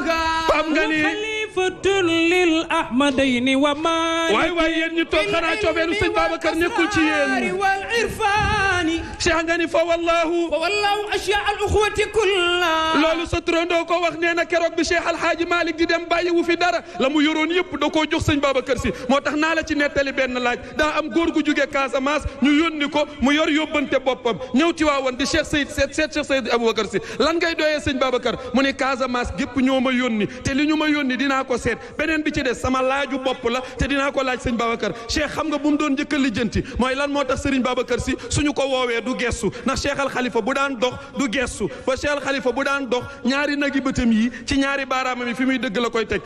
paap nga ni xalifatun lil ahmadayni wa malikin waay waay yéen ñu toog xanaa coobeelu sëñ Babacar nekkul ci yéen wal irfani cheikh nga ni fa wallaahu fa wallaahu ajaa al uxwati kulla loolu sa turandoo ko wax nee na keroog bi cheikh alhaaji malik di dem bàyyi wu fi dara la mu yoroon yëpp da koo jox sëñ Babacar Babacar Si moo tax naa la ci nettali benn laaj daa am góor gu jugee Casamance ñu yónni ko mu yor yóbbante boppam ñëw Tiwaawan di Cheikh Seyd seet seet Cheikh Seyd Aboubacar Si lan ngay doyee sëñ Babacar mu ni Casamance gépp ñoo ma yónni te li ñu ma yónni dinaa ko seet beneen bi ci des sama laaju bopp la te dinaa ko laaj sëñ Babacar Cheikh xam nga bu mu doon njëkk a lijjanti mooy lan moo tax sëriñ Babacar Si ñu ko woowee du gestu ndax Cheikh Al bu daan dox du gestu ba Cheikh Al bu daan dox ñaari nagi bëtam yi ci ñaari baaraamam yi fi muy dëgg la koy te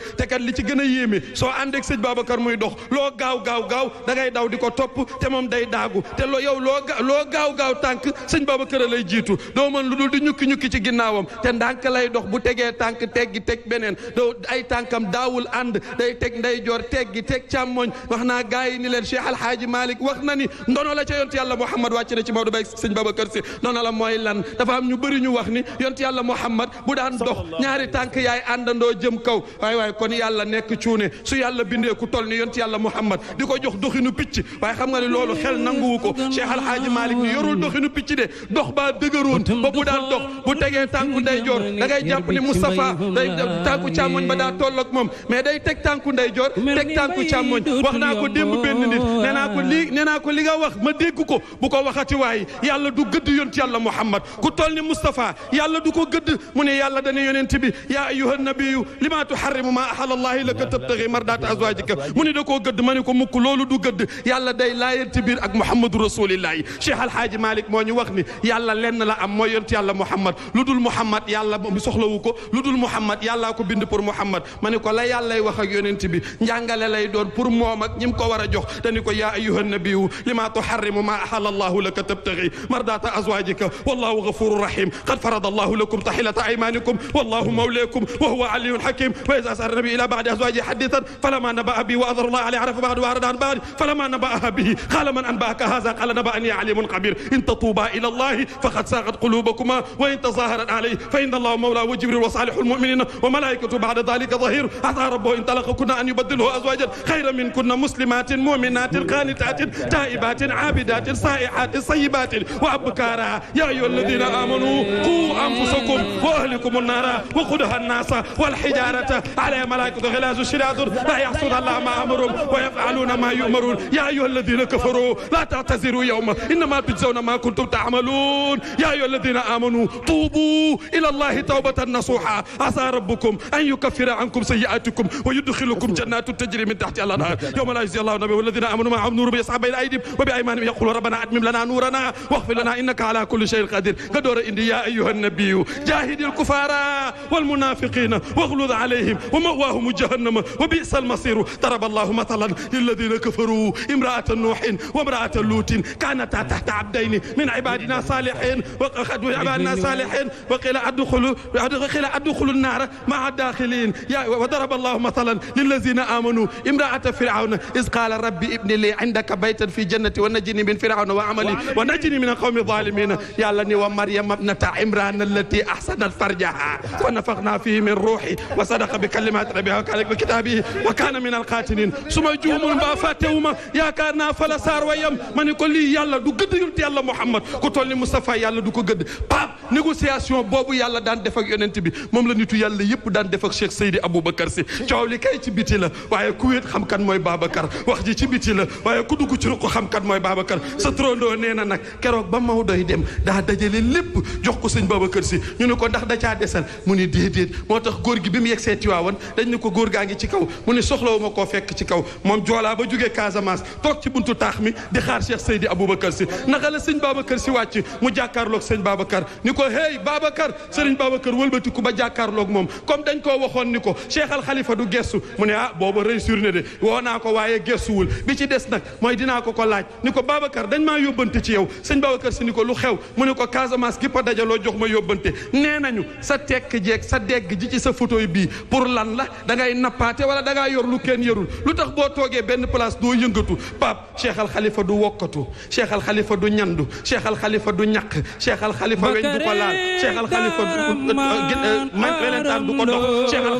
Babacar muy dox loo gaaw gaaw gaaw da daw di ko topp te moom day daagu te loo yow loo gaaw gaaw tànk sëñ Babacar lay jiitu doo mën lu dul di ñukki ñukki ci ginnaawam te ndànk lay dox bu tegee tànk teggi teg beneen doo ay tànkam daawul ànd day teg nday joor teggi teg càmmoñ wax naa gars yi ni leen Cheikh Alhaaji Malick wax na ni ndono la ca yont yàlla Mouhamad wàcc na ci Maodo Baye sëñ Babacar si ndono la mooy lan dafa am ñu bari ñu wax ni yont yàlla Mouhamad bu daan dox ñaari tànk yaay àndandoo jëm kaw waay waay ku toll ni yonti yàlla Muhammad di ko jox doxinu picc waaye xam nga ne loolu xel nanguwu ko Cheikh Al Hadj Malick ni yorul doxinu picc de dox baa dëgëroon ba bu daan dox bu tegee tànku ndeyjoor da ngay jàpp ni Moustapha day tànku càmmoñ ba daa toll moom mais day teg tànku ndeyjoor teg tànku càmmoñ wax naa ko démb benn nit nee ko lii wax ma dégg ko bu ko waxati waaye yàlla du gëdd yonti yàlla Muhammad ku toll ni Moustapha yàlla du ko gëdd mu ne yàlla dana yonent bi yaa ayyuhan nabiyyu lima tuharrimu ma ahalla Allahu laka barka mu ni da koo gëdd ma ni ko mukk loolu du gëdd yàlla day laayenti biir ak mouhamadou rasulillahi cheikh alhaaji malik moo ñu wax ni yàlla lenn la am mooy yont yàlla mouhamad lu dul mouhamad yàlla soxlawu ko lu dul mouhamad yàllaa ko bind pour mouhamad ma ni ko la yàllay wax ak yonent bi njàngale lay doon pour moom ak ñi mu ko war a jox dani ko yaa ayuha nabiyu lima tuharrimu ma ahal allahu laka tabtagi mardata azwajika wallahu gafuru rahim qad farada allahu lakum tahilata aymanikum wallahu mawlaykum wa huwa aliyun hakim wa iza sar nabi ila ba'di azwaji hadithan falama naba abi wa adar allah ala arafa baad wa arada an baad falama nabaaha bihi qaala man anbaaka haza qaala nabaani alimun xabir in tatuuba ila allahi faqad saqat qulubakuma wa in tazaharat alayhi fa inna allaha mawla wa jibril wa saalihu lmuminina wa malaikatu bada dalika zahir ata rabbo in talaqa kunna an yubaddilahu azwajan xayra min kunna muslimatin muminatin qanitatin taibatin abidatin saihatin sayibatin wa abkara ya ayuha alladina amanu qu anfusakum wa ahlikum annara wa qudaha annasa walxijarata alayha malaikatu xilaasu shidaadun la yaxsuna الله ما أمرهم ويفعلون ما يؤمرون يا أيها الذين كفروا لا تعتذروا يوما إنما تجزون ما كنتم تعملون يا أيها الذين آمنوا توبوا إلى الله توبة نصوحا عسى ربكم أن يكفر عنكم سيئاتكم ويدخلكم جنات تجري من تحتها الأنهار يوم لا يجزي الله النبي والذين آمنوا معهم نور يسعى بين أيديهم وبأيمانهم يقولون ربنا أتمم لنا نورنا واغفر لنا إنك على كل شيء قدير قدور إندي يا أيها النبي جاهد الكفار والمنافقين واغلظ عليهم ومأواهم جهنم وبئس المصير ضرب الله مثلا للذين كفروا امرأة نوح وامرأة لوط كانتا تحت عبدين من عبادنا صالحين وقد عبادنا صالحين وقيل ادخلوا وقيل ادخلوا النار مع الداخلين يا وضرب الله مثلا للذين امنوا امرأة فرعون اذ قال ربي ابن لي عندك بيتا في جنة ونجني من فرعون وعملي ونجني من القوم الظالمين يا لني ومريم ابنة عمران التي احسنت فرجها ونفخنا فيه من روحي وصدق بكلمات ربها وكتابه وكان من xaatinin su ma juumul mbaa fàttewuma yaakaar naa fala saar wayam ma ne ko lii yàlla du gëdd yonent yàlla Muhammad ku toll ni Moustapha yàlla du ko gëdd paap négociation boobu yàlla daan def ak yonent bi moom la nitu yàlla yëpp daan def ak Cheikh Seydi Aboubacar si coow li kay ci biti la waaye ku wéet xam kan mooy Babacar wax ji ci biti la waaye ku dugg ci ruq xam kan mooy Babacar sa trondoo nee na nag keroog ba maw doy dem daa dajale lépp jox ko sëñ Babacar si ñu ne ko ndax da caa desal mu ne déedéet moo tax góor gi bi mu yegsee Tiwaawan dañ ne ko góor gaa ngi ci kaw koo fekk ci kaw moom joolaa ba jugee Casamance toog ci buntu taax mi di xaar Cheikh Seydi Aboubacar si naka la sëñ Babacar si wàcc mu jàkkaarloog sëñ Babacar ni ko hey Babacar sëriñ Babacar wëlbatiku ba jàkkaarlook moom comme dañ koo waxoon ni ko Cheikh Al Khalifa du gestu mu ne ah booba réussir na de woo naa ko waaye gestuwul bi ci des nag mooy dinaa ko ko laaj ni ko Babacar dañ maa yóbbante ci yow sëñ Babacar si ni ko lu xew mu ne ko Casamance gi pa dajaloo jox yóbbante nee nañu sa tekk jeeg sa degg ji ci sa photo yi bii la yarul lu tax boo toogee benn place doo yëngatu Pape Cheikh xalifa du wokkatu Cheikh Al Khalifa du ñandu Cheikh Al du ñàkk Cheikh xalifa Khalifa du ko euh,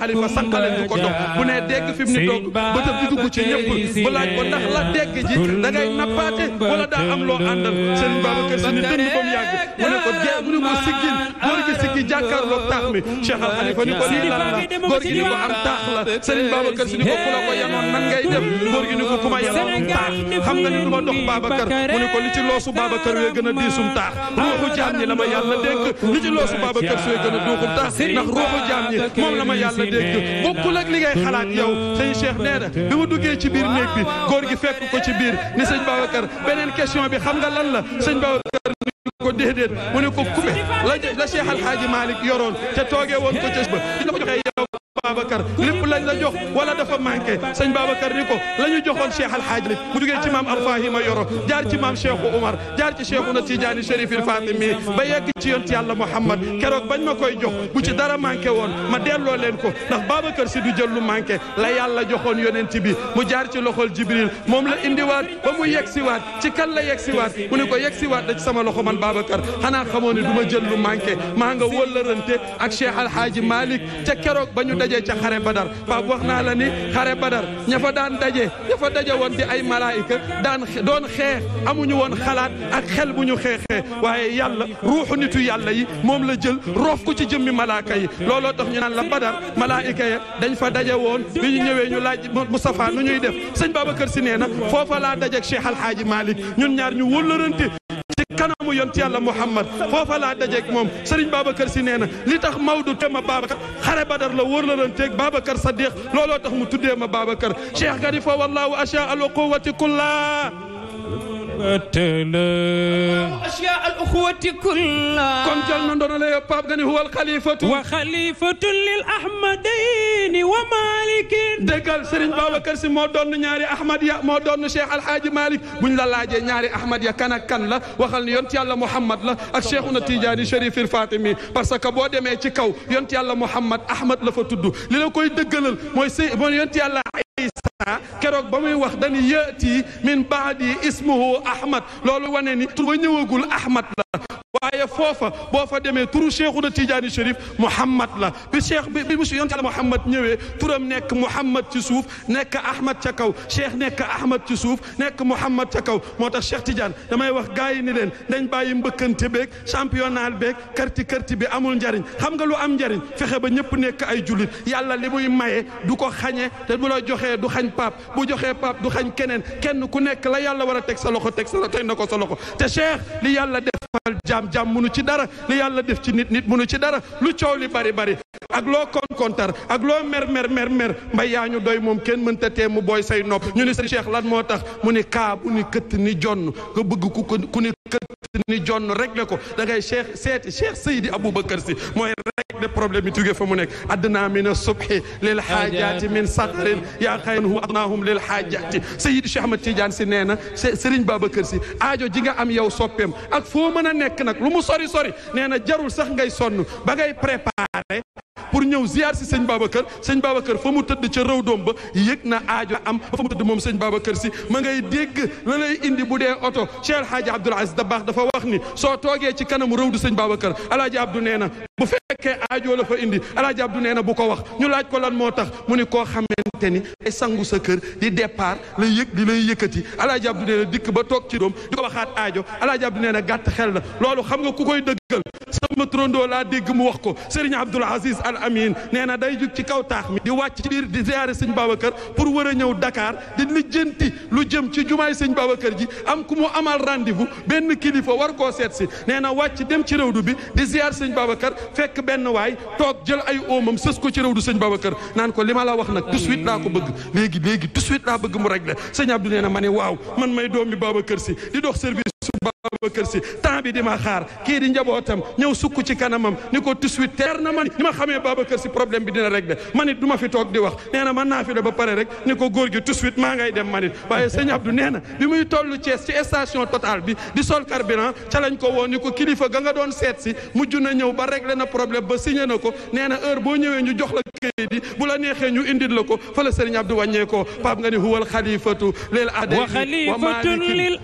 euh, dox bu nee dégg fi mu ne doog bëtam di dugg ci ñëpp bu laaj ko ndax la dégg ji da ngay nappaate wala daa am loo àndal seen Babacar Si ni dënd ba mu yàgg mu ne ko gée mu ne ko siggil góor gi siggi jàkkaarloog taax mi Cheikh Al ni ko lii lan la góor ni ko am taax la Serigne Babacar Si ni ko ko yenoon nan ngay def góor ni ko ku ma yenoon taax xam nga ni du ma dox Babacar mu ne ko li ci loosu Babacar wee gën a diisum taax ruuxu jaam ñi la ma yàlla dénk li ci loosu Babacar suwee gën a duuxum taax ndax ruuxu jaam ñi moom la ma yàlla dénk bokkul ak li ngay xalaat yow sëñ Cheikh nee bi ma duggee ci biir néeg bi góor gi fekk ko ci biir ni sëñ Babacar beneen question bi xam nga lan la sëñ Babacar ko déedéet mu ne ko kube la Cheikh Alhaaji Malick yoroon te toogee woon ko ca ba Babacar la jox wala dafa manqué sëñ Babacar ni ko la ñu joxoon Cheikh Al Hadj mu duggee ci maam Alfahima Yoro jaar ci maam Cheikh Oumar jaar ci Cheikh na Tidiane Chérif Il Fatimi ba ci yont yàlla Mouhamad ma koy jox bu ci dara manqué si du jël lu la yàlla joxoon yonent bi mu jaar ci loxol Jibril moom la indiwaat ba mu yegg siwaat ci kan la yegg siwaat mu ne ko yegg siwaat da ci sama loxo man Babacar xanaa xamoo ne du ma jël lu manqué maa nga wëllërante ak Cheikh Al Hadj Malick ca keroog ba dajee ca xare badar Pape wax naa la ni xare badar ña fa daan daje ña fa daje woon di ay malaayika daan doon xeex ñu woon xalaat ak xel bu ñu xeexee waaye yàlla ruuxu nitu yàlla yi moom la jël roof ko ci jëmmi malaaka yi looloo tax ñu naan la badar malaayika ya dañ fa daje woon bi ñu ñëwee ñu laaj Moustapha nu ñuy def sëñ kër Si nee na foofa laa dajeek Cheikh Alhaaji Malick ñun ñaar ñu wëllërante kanamu yont yàlla Muhammad foofa laa dajeeg moom Serigne Babacar si nee na li tax Maodo tuddee ma Babacar xare Badar la wóor la doon teeg Babacar Sadiq looloo tax mu tuddee ma Babacar Cheikh Gadi fa wallaahu achaa al quwwati kullaa kon jël na ndono la yow Pape Gani huwal xalifatu wa xalifatu lil ahmadayni wa malikin déggal Serigne Babacar si moo doon ñaari ahmad ya moo doon Cheikh Alhaaji Malick buñ la laajee ñaari ahmad ya kan ak kan la waxal ni yont yàlla Mouhamad la ak Cheikhuna Tidiane Chérifil Fatimi parce que boo demee ci kaw yont yàlla Mouhamad ahmad la fa tudd li la koy dëggalal mooy sëy mooy yont yàlla Isa keroog ba muy wax dañu yëti min baadi ismuhu ahmad loolu wane ni tur ba ñëwagul ahmad la waaye foofa boo fa demee turu cheikhu na tijaani chérif mouhamad la bi cheikh bi bi monsieur yonte yàlla mouhamad ñëwee turam nekk mouhamad ci suuf nekk ahmad ca kaw cheikh nekk ahmad ci suuf nekk mouhamad ca kaw moo tax cheikh tidiane damay wax gars yi ni leen dañ bàyyi mbëkkante beeg championnat beeg karti karti bi amul njariñ xam nga lu am njariñ fexe ba ñëpp nekk ay jullit yàlla xañ pap bu joxee pap du xañ keneen kenn ku nekk la yàlla war a teg sa loxo teg sa na ko sa loxo te cheikh li yàlla defal jaam jaam munu ci dara li yàlla def ci nit nit munu ci dara lu coow li bari bari ak loo kon kontar ak loo mer mer mer mer mbay yaa ñu doy moom kenn mënta te mu booy say nopp ñu ni sëñ lan moo tax mu ni kaa bu ni këtt ni jonn nga bëgg ku ku ni këtt ni jonn réglé ko da ngay cheikh seeti cheikh Seydi Aboubacar si mooy rek de problème yi tuge fa mu nekk adna min subhi lil hajati min saqarin yaa xayranhu adnahum lil hajati Seydi Cheikh Ahmad Tidiane si nee na Serigne Babacar si aajo ji nga am yow soppeem ak foo mën a nekk nag lu mu sori sori nee na jarul sax ngay sonn ba ngay pour ñëw ziar si sëñ Babacar sëñ kër fa mu tëdd ca rëw doom ba yëg na aajo am fa mu tëdd moom sañ sëñ Babacar si ma ngay dégg la lay indi bu dee oto Cheikh Alhaaji Abdoul Aziz Dabakh dafa wax ni soo toogee ci kanamu rëw du sëñ Babacar alaaji Abdou nee na bu fekkee aajo la fa indi alaaji Abdou nee na bu ko wax ñu laaj ko lan moo tax mu ni koo xamante ni ay sangu sa kër di départ la yëg di lay yëkkati alaaji Abdou nee na dikk ba toog ci doom di ko waxaat aajo alaaji Abdou nee na gàtt xel la loolu nga ku sama trondoo laa dégg mu wax ko Serigne Abdoul Aziz Al Amin nee na day jug ci kaw taax mi di wàcc ci biir di ziare sëñ Babacar pour war a ñëw Dakar di lijjanti lu jëm ci jumaay sëñ kër ji am ku mu amal rendez-vous benn kilifa war ko seet si nee na wàcc dem ci réwdu bi di ziar sëñ Babacar fekk benn waay toog jël ay oomam sës ko ci réwdu sëñ Babacar naan ko li ma la wax nag tout de suite laa ko bëgg léegi léegi tout de suite laa bëgg mu réglé sëñ Abdou ma ne waaw man Babacar Sy temps bi di ma xaar kii di njabootam ñëw sukk ci kanamam ni ko tout de suite teer na ma ni ma xamee Babacar Sy problème bi dina réglé man it fi toog di wax nee na man ba pare rek ni ko góor gi tout maa ngay dem man waaye sëñ Abdou nee na bi muy toll Thiès ci station Total bi di sol carburant ca lañ ko woon ni ko kilifa ga nga doon seet si mujj na ñëw ba réglé na problème ba signé na ko nee na heure boo ñëwee ñu jox la këyit la neexee ñu indil la ko fa la sëriñ Abdou wàññee ko Pape nga ni huwal xalifatu lil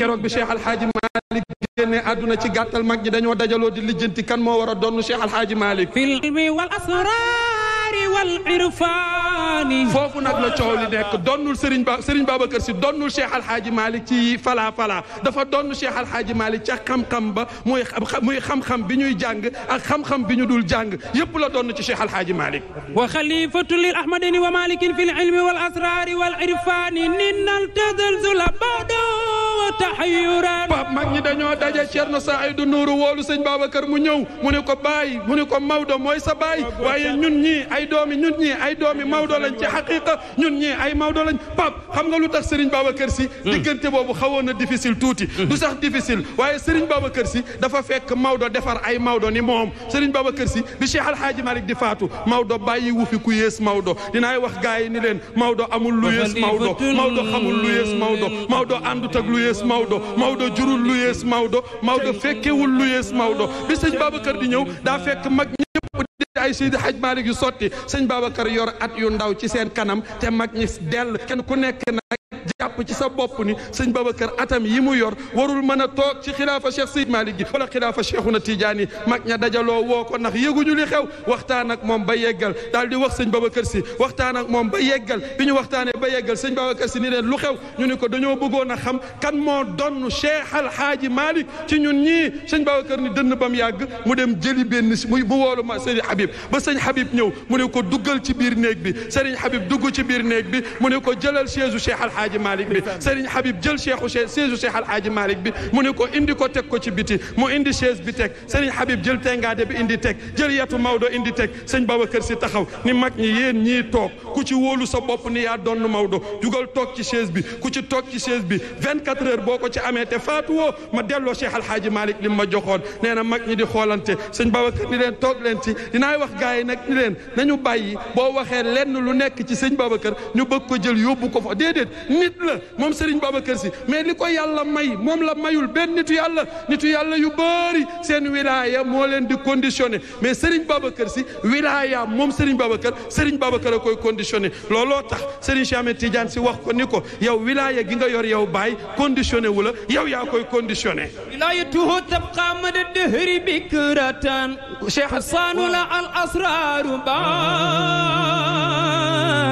keroog bi Cheikh Alxaaji Malik génne àdduna ci gàttal mag ñi dañoo dajaloo di lijjanti kan moo war a doon Cheikh Alxaaji Malik walirfani foofu nag la coow li nekk donnul Serigne Ba Serigne Babacar Sy donnul Cheikh Alhaaji Malick ci fala fala dafa donn Cheikh Alhaaji Malick ca xam-xam ba muy muy xam-xam bi ñuy jàng ak xam bi ñu dul jàng yépp la donn ci Cheikh Alhaaji Malick wa xalifatu lil ahmadini wa malikin fi l ilmi wal asrari wal irfani ninnal tazalzula bada wa taxayuran ñi dañoo daje Cerno Saidu Nuuru woolu Sëñ Babacar mu ñëw mu ne baay mu ne ko Maodo mooy sa baay waaye ñun ñi ay doom doomi ñun ñii ay doomi Maodo lañ ci xaqiqa ñun ñii ay Maodo lañ pap xam nga lu tax Serigne kër si hmm. diggante boobu xawoon na difficile tuuti hmm. du sax difficile waaye Serigne kër si dafa fekk Maodo defar ay Maodo ni moom Serigne Babacar Sy bi Cheikh Alhaaji Malick di faatu Maodo bàyyi wu fi ku yées Maodo dinaay wax gars yi ni leen Maodo amul lu yées Maodo Maodo xamul lu yées Maodo Maodo àndut ak lu yées Maodo Maodo jurul lu yées Maodo Maodo fekkewul lu yées Maodo bi Serigne ñëw mu di ay Seydi Hadj Malick yu sotti sëñ Babacar yor at yu ndaw ci seen kanam te mag ñi dell kenn ku nekk nag jàpp ci sa bopp ni sëñ Babacar atam yi mu yor warul mën a toog ci xilaafa Cheikh Sidi Malick gi wala xilaafa Cheikhuna Tidiane yi mag ña loo woo ko ndax yëguñu li xew waxtaan ak moom ba yeggal daal di wax sëñ Babacar si waxtaan ak moom ba yeggal bi ñu waxtaanee ba yeggal sëñ Babacar si ni ne lu xew ñu ni ko dañoo bëggoon a xam kan moo donn Cheikh Alhaaji Malick ci ñun ñi sëñ Babacar ni dënn bam yàgg mu dem jëli benn si muy mu woolu ma sëñ Habib ba sëñ Habib ñëw mu ne ko duggal ci biir néeg bi sëriñ Habib dugg ci biir néeg bi mu ne ko jëlal Malick bi Serigne Habib jël cheikhu che chaise Cheikh bi mu ne ko indi ko teg ko ci biti mu indi chaise bi teg Serigne Habib jël tengaade bi indi teg jël yetu Maodo indi teg sëñ Babacar si taxaw ni mag ñi yéen ñii toog ku ci wóolu sa bopp ni yaa donn Maodo jugal toog ci chaise bi ku ci toog ci chaise bi 24 heures boo ko ci amee te faatu ma delloo Cheikh Alhaaji Malick li ma joxoon nee na mag ñi di xoolante sëñ Babacar ni leen toog leen ci dinaay wax gars yi nag ni leen nañu bàyyi boo waxee lenn lu nekk ci sëñ Babacar ñu nit la moom Serigne Babacar Sy mais li ko yàlla may moom la mayul benn nitu yàlla nitu yàlla yu bëri seen wilaya moo leen di conditionné mais Serigne Babacar Sy wilaya moom Serigne Babacar Serigne Babacar a koy conditionné looloo tax Serigne Cheikh Ahmed Tidiane si wax ko ni ko yow wilaya gi nga yor yow bàyyi conditionné wu la yow yaa koy conditionné. wilayatuhu tabqa mada dëhri bikratan cheikh saanula al asraru ba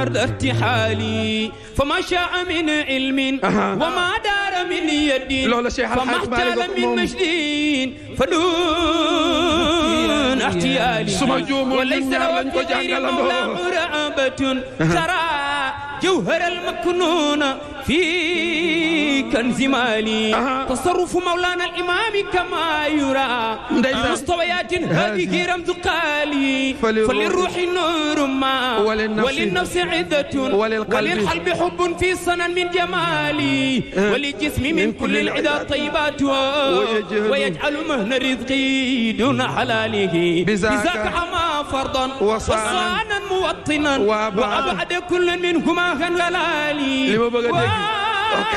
أرض ارتحالي فما شاء من علم وما دار من يد فما احتال من مجد فدون احتيالي وليس وكثير مولى مرابة ترى جوهر المكنون في كنز مالي تصرف مولانا الإمام كما يرى مستويات هذه رمز قالي فللروح نور ما وللنفس عدة وللقلب حب في صنن من جمالي وللجسم من كل العدا طيبات ويجعل مهن رزقي دون حلاله بذاك عما فرضا وصانا موطنا وأبعد كل منهما li ma bëgg a dégg ok.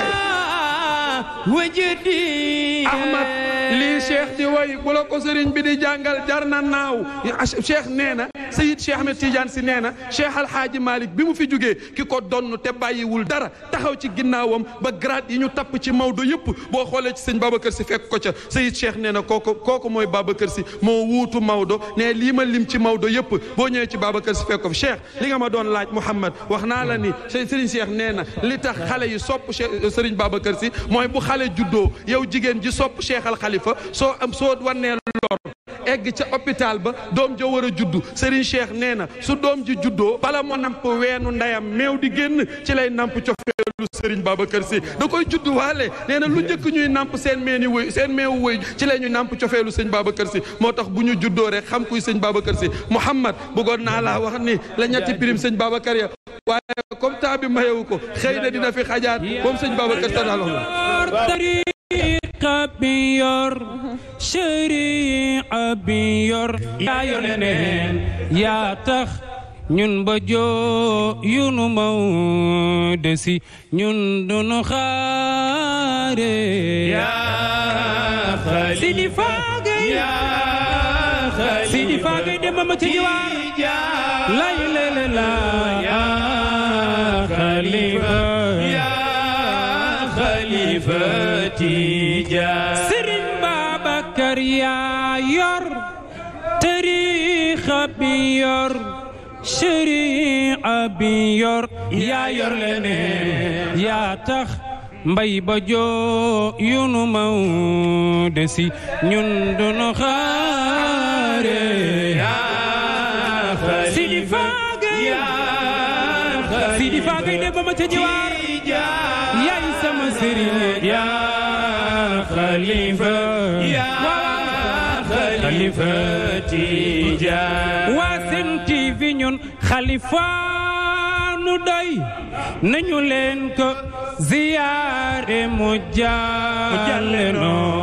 Ahmad lii cheikh di woy bu la ko sëriñ bi di jàngal jar na naaw cheikh nee na Sayid Cheikh Ahmed Tidiane si nee na cheikh Alhaaji Malick bi mu fi jógee ki ko donn te bàyyiwul dara taxaw ci ginnaawam ba grade yi ñu tapp ci Maodo yëpp boo xoolee ci sëñ Babacar si fekk ko ca Sayid Cheikh nee na kooku kooku mooy Babacar si moo wutu Maodo ne lii ma lim ci Maodo yëpp boo ñëwee ci baba si fekk ko fi li nga ma doon laaj Mouhamed wax naa la ni Serigne Cheikh nee na li tax xale yi sopp Cheikh Serigne Babacar si mooy bu xale juddoo yow jigéen ji sopp Cheikh Al soo am soo wannee lor egg ca hôpital ba doom ja war a juddu Serigne Cheikh nee na su doom ji juddoo bala moo namp weenu ndeyam meew di génn ci lay namp cofeelu Serigne Babacar Sy da koy juddu waale nee lu njëkk ñuy namp seen meeni seen meewu woy ci lay ñu nàmp cofeelu sëñ Babacar Sy moo tax bu ñu juddoo rek xam kuy sëñ Babacar Sy Mouhamad bëggoon naa laa wax ni la ñetti prime sëñ Babacar ya waaye comme temps bi mayewu ko xëy na dina fi xajaat moom sëñ Babacar Sy daal tariqa bi bi yor yaa tax ñun ba joo yu nu maw desi ñun du nu xaare yaa ma ci xalifati Sëriñ Babacar yaa yor tariixa bi yor sariixa yaa yor leneen yaa tax mbay ba joo yunu maw desi ñun dunu xaare Sidi Faagay Sidi Faagay de ba ma ca jiwaar yaay sama sëriñ yaa خليفة يا خليفتي جاء wasinti fi ñun xalifa nu doy nañu leen ko ziyaare mu jàlle noo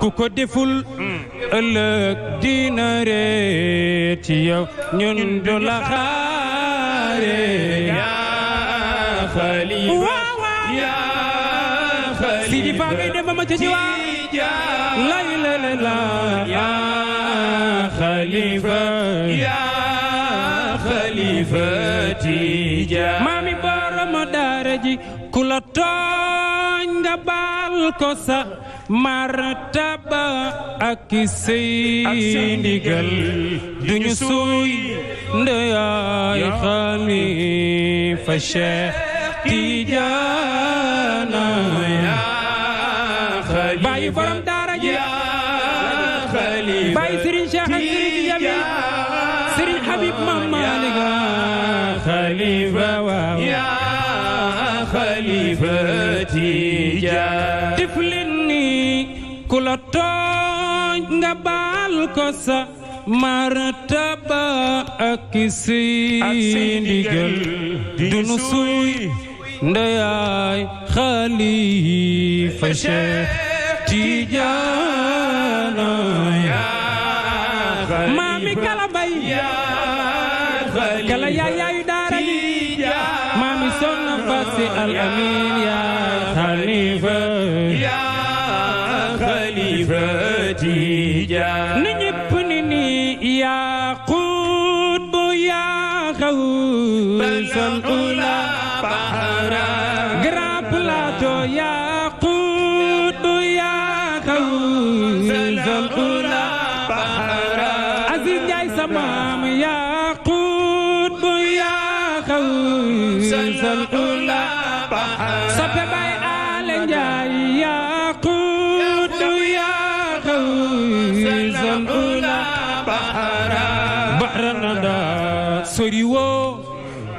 ku ko deful mm. ëllëg dina reet yow ñun du xaare ca jiwaan lay lay yaa xalifa yaa xalifa Tijaan maami borom daara ji ku la tooñ nga baal ko sa martaba ak say ndigal duñu suuy ndeyaay xalifa Cheikh Tijaan kosa martaba ak sey ndigal dunu suy ndeyaay xalifa Cheikh Tidiane maami kala bay kala yaayaayu daara maami sonna fasi al amin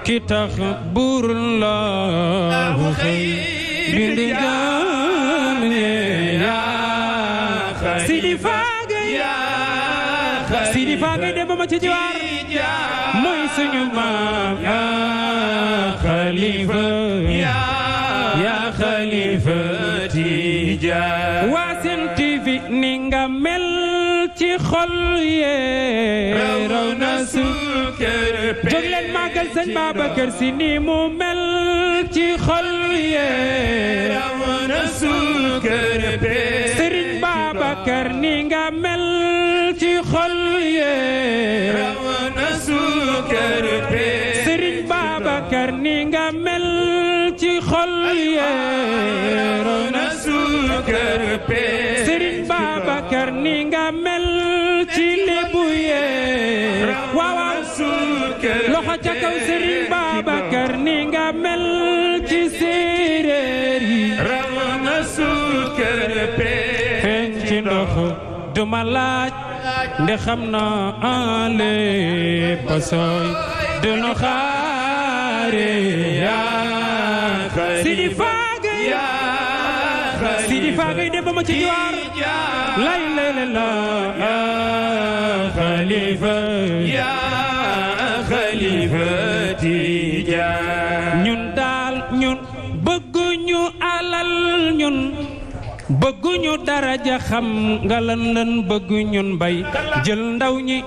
ki tax buur la bu xëy bindi jaam ñee Sidi Faagay Sidi Faagay dem ba ma ci jiwaar mooy suñu maam yaa xalifa yaa xalifa Tijaan ci xol yee raw na suukar jóg leen màggal ni mu mel ci yee raw na suukar sëriñ loxo ca kaw sëriñ Babacar ni nga mel ci séeréer yi raw na suukar feeñ ci ndox duma laaj nde xam na ale pasooy dunu xaare yaa sidi xalifaati ja ñun daal ñun bëgguñu alal ñun bëgguñu daraja xam nga lan lan bëgg bay jël ndaw ñi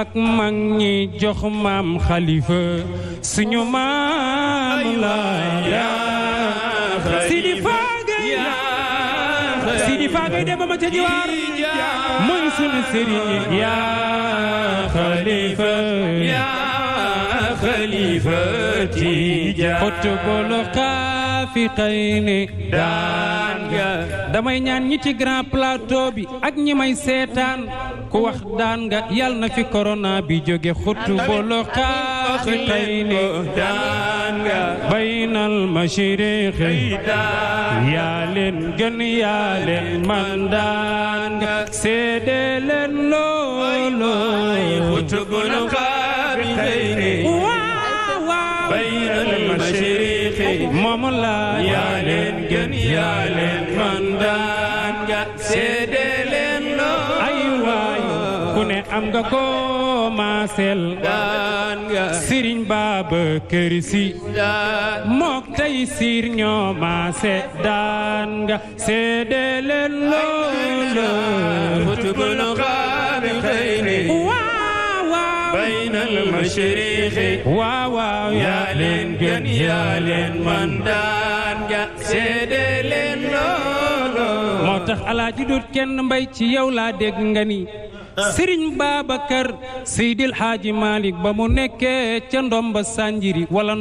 ak mag ñi jox maam xalifa suñu maam la sidi faagay sidi faagay dem ba ma ca yaa xalifa xalifatyi xutbul xaafiqayni daan nga damay ñaan ñi ci grand plateau bi ak ñi may seetaan ku wax daan nga yal na fi corona bi jóge xutbul xaafiqayni daan nga baynal mashriqi yaa leen gën yaa leen man daan seede leen loolu xutbul xaafiqayni المشرق moom la yaa leen gën yaa leen man daan nga seede leen loo ay waay ku ne am nga ko maasel daan nga sëriñ Babakar Si mook tey siir ñoo maase daan nga seede leen loo la بين المشريق واو يا لين جن daan ga seede leen loolu moo tax alaaji dut kenn mbay ci yow laa dégg nga ni Sëriñ kër siidil Haaji Malick ba mu nekkee ca ndoom ba sànjiri wala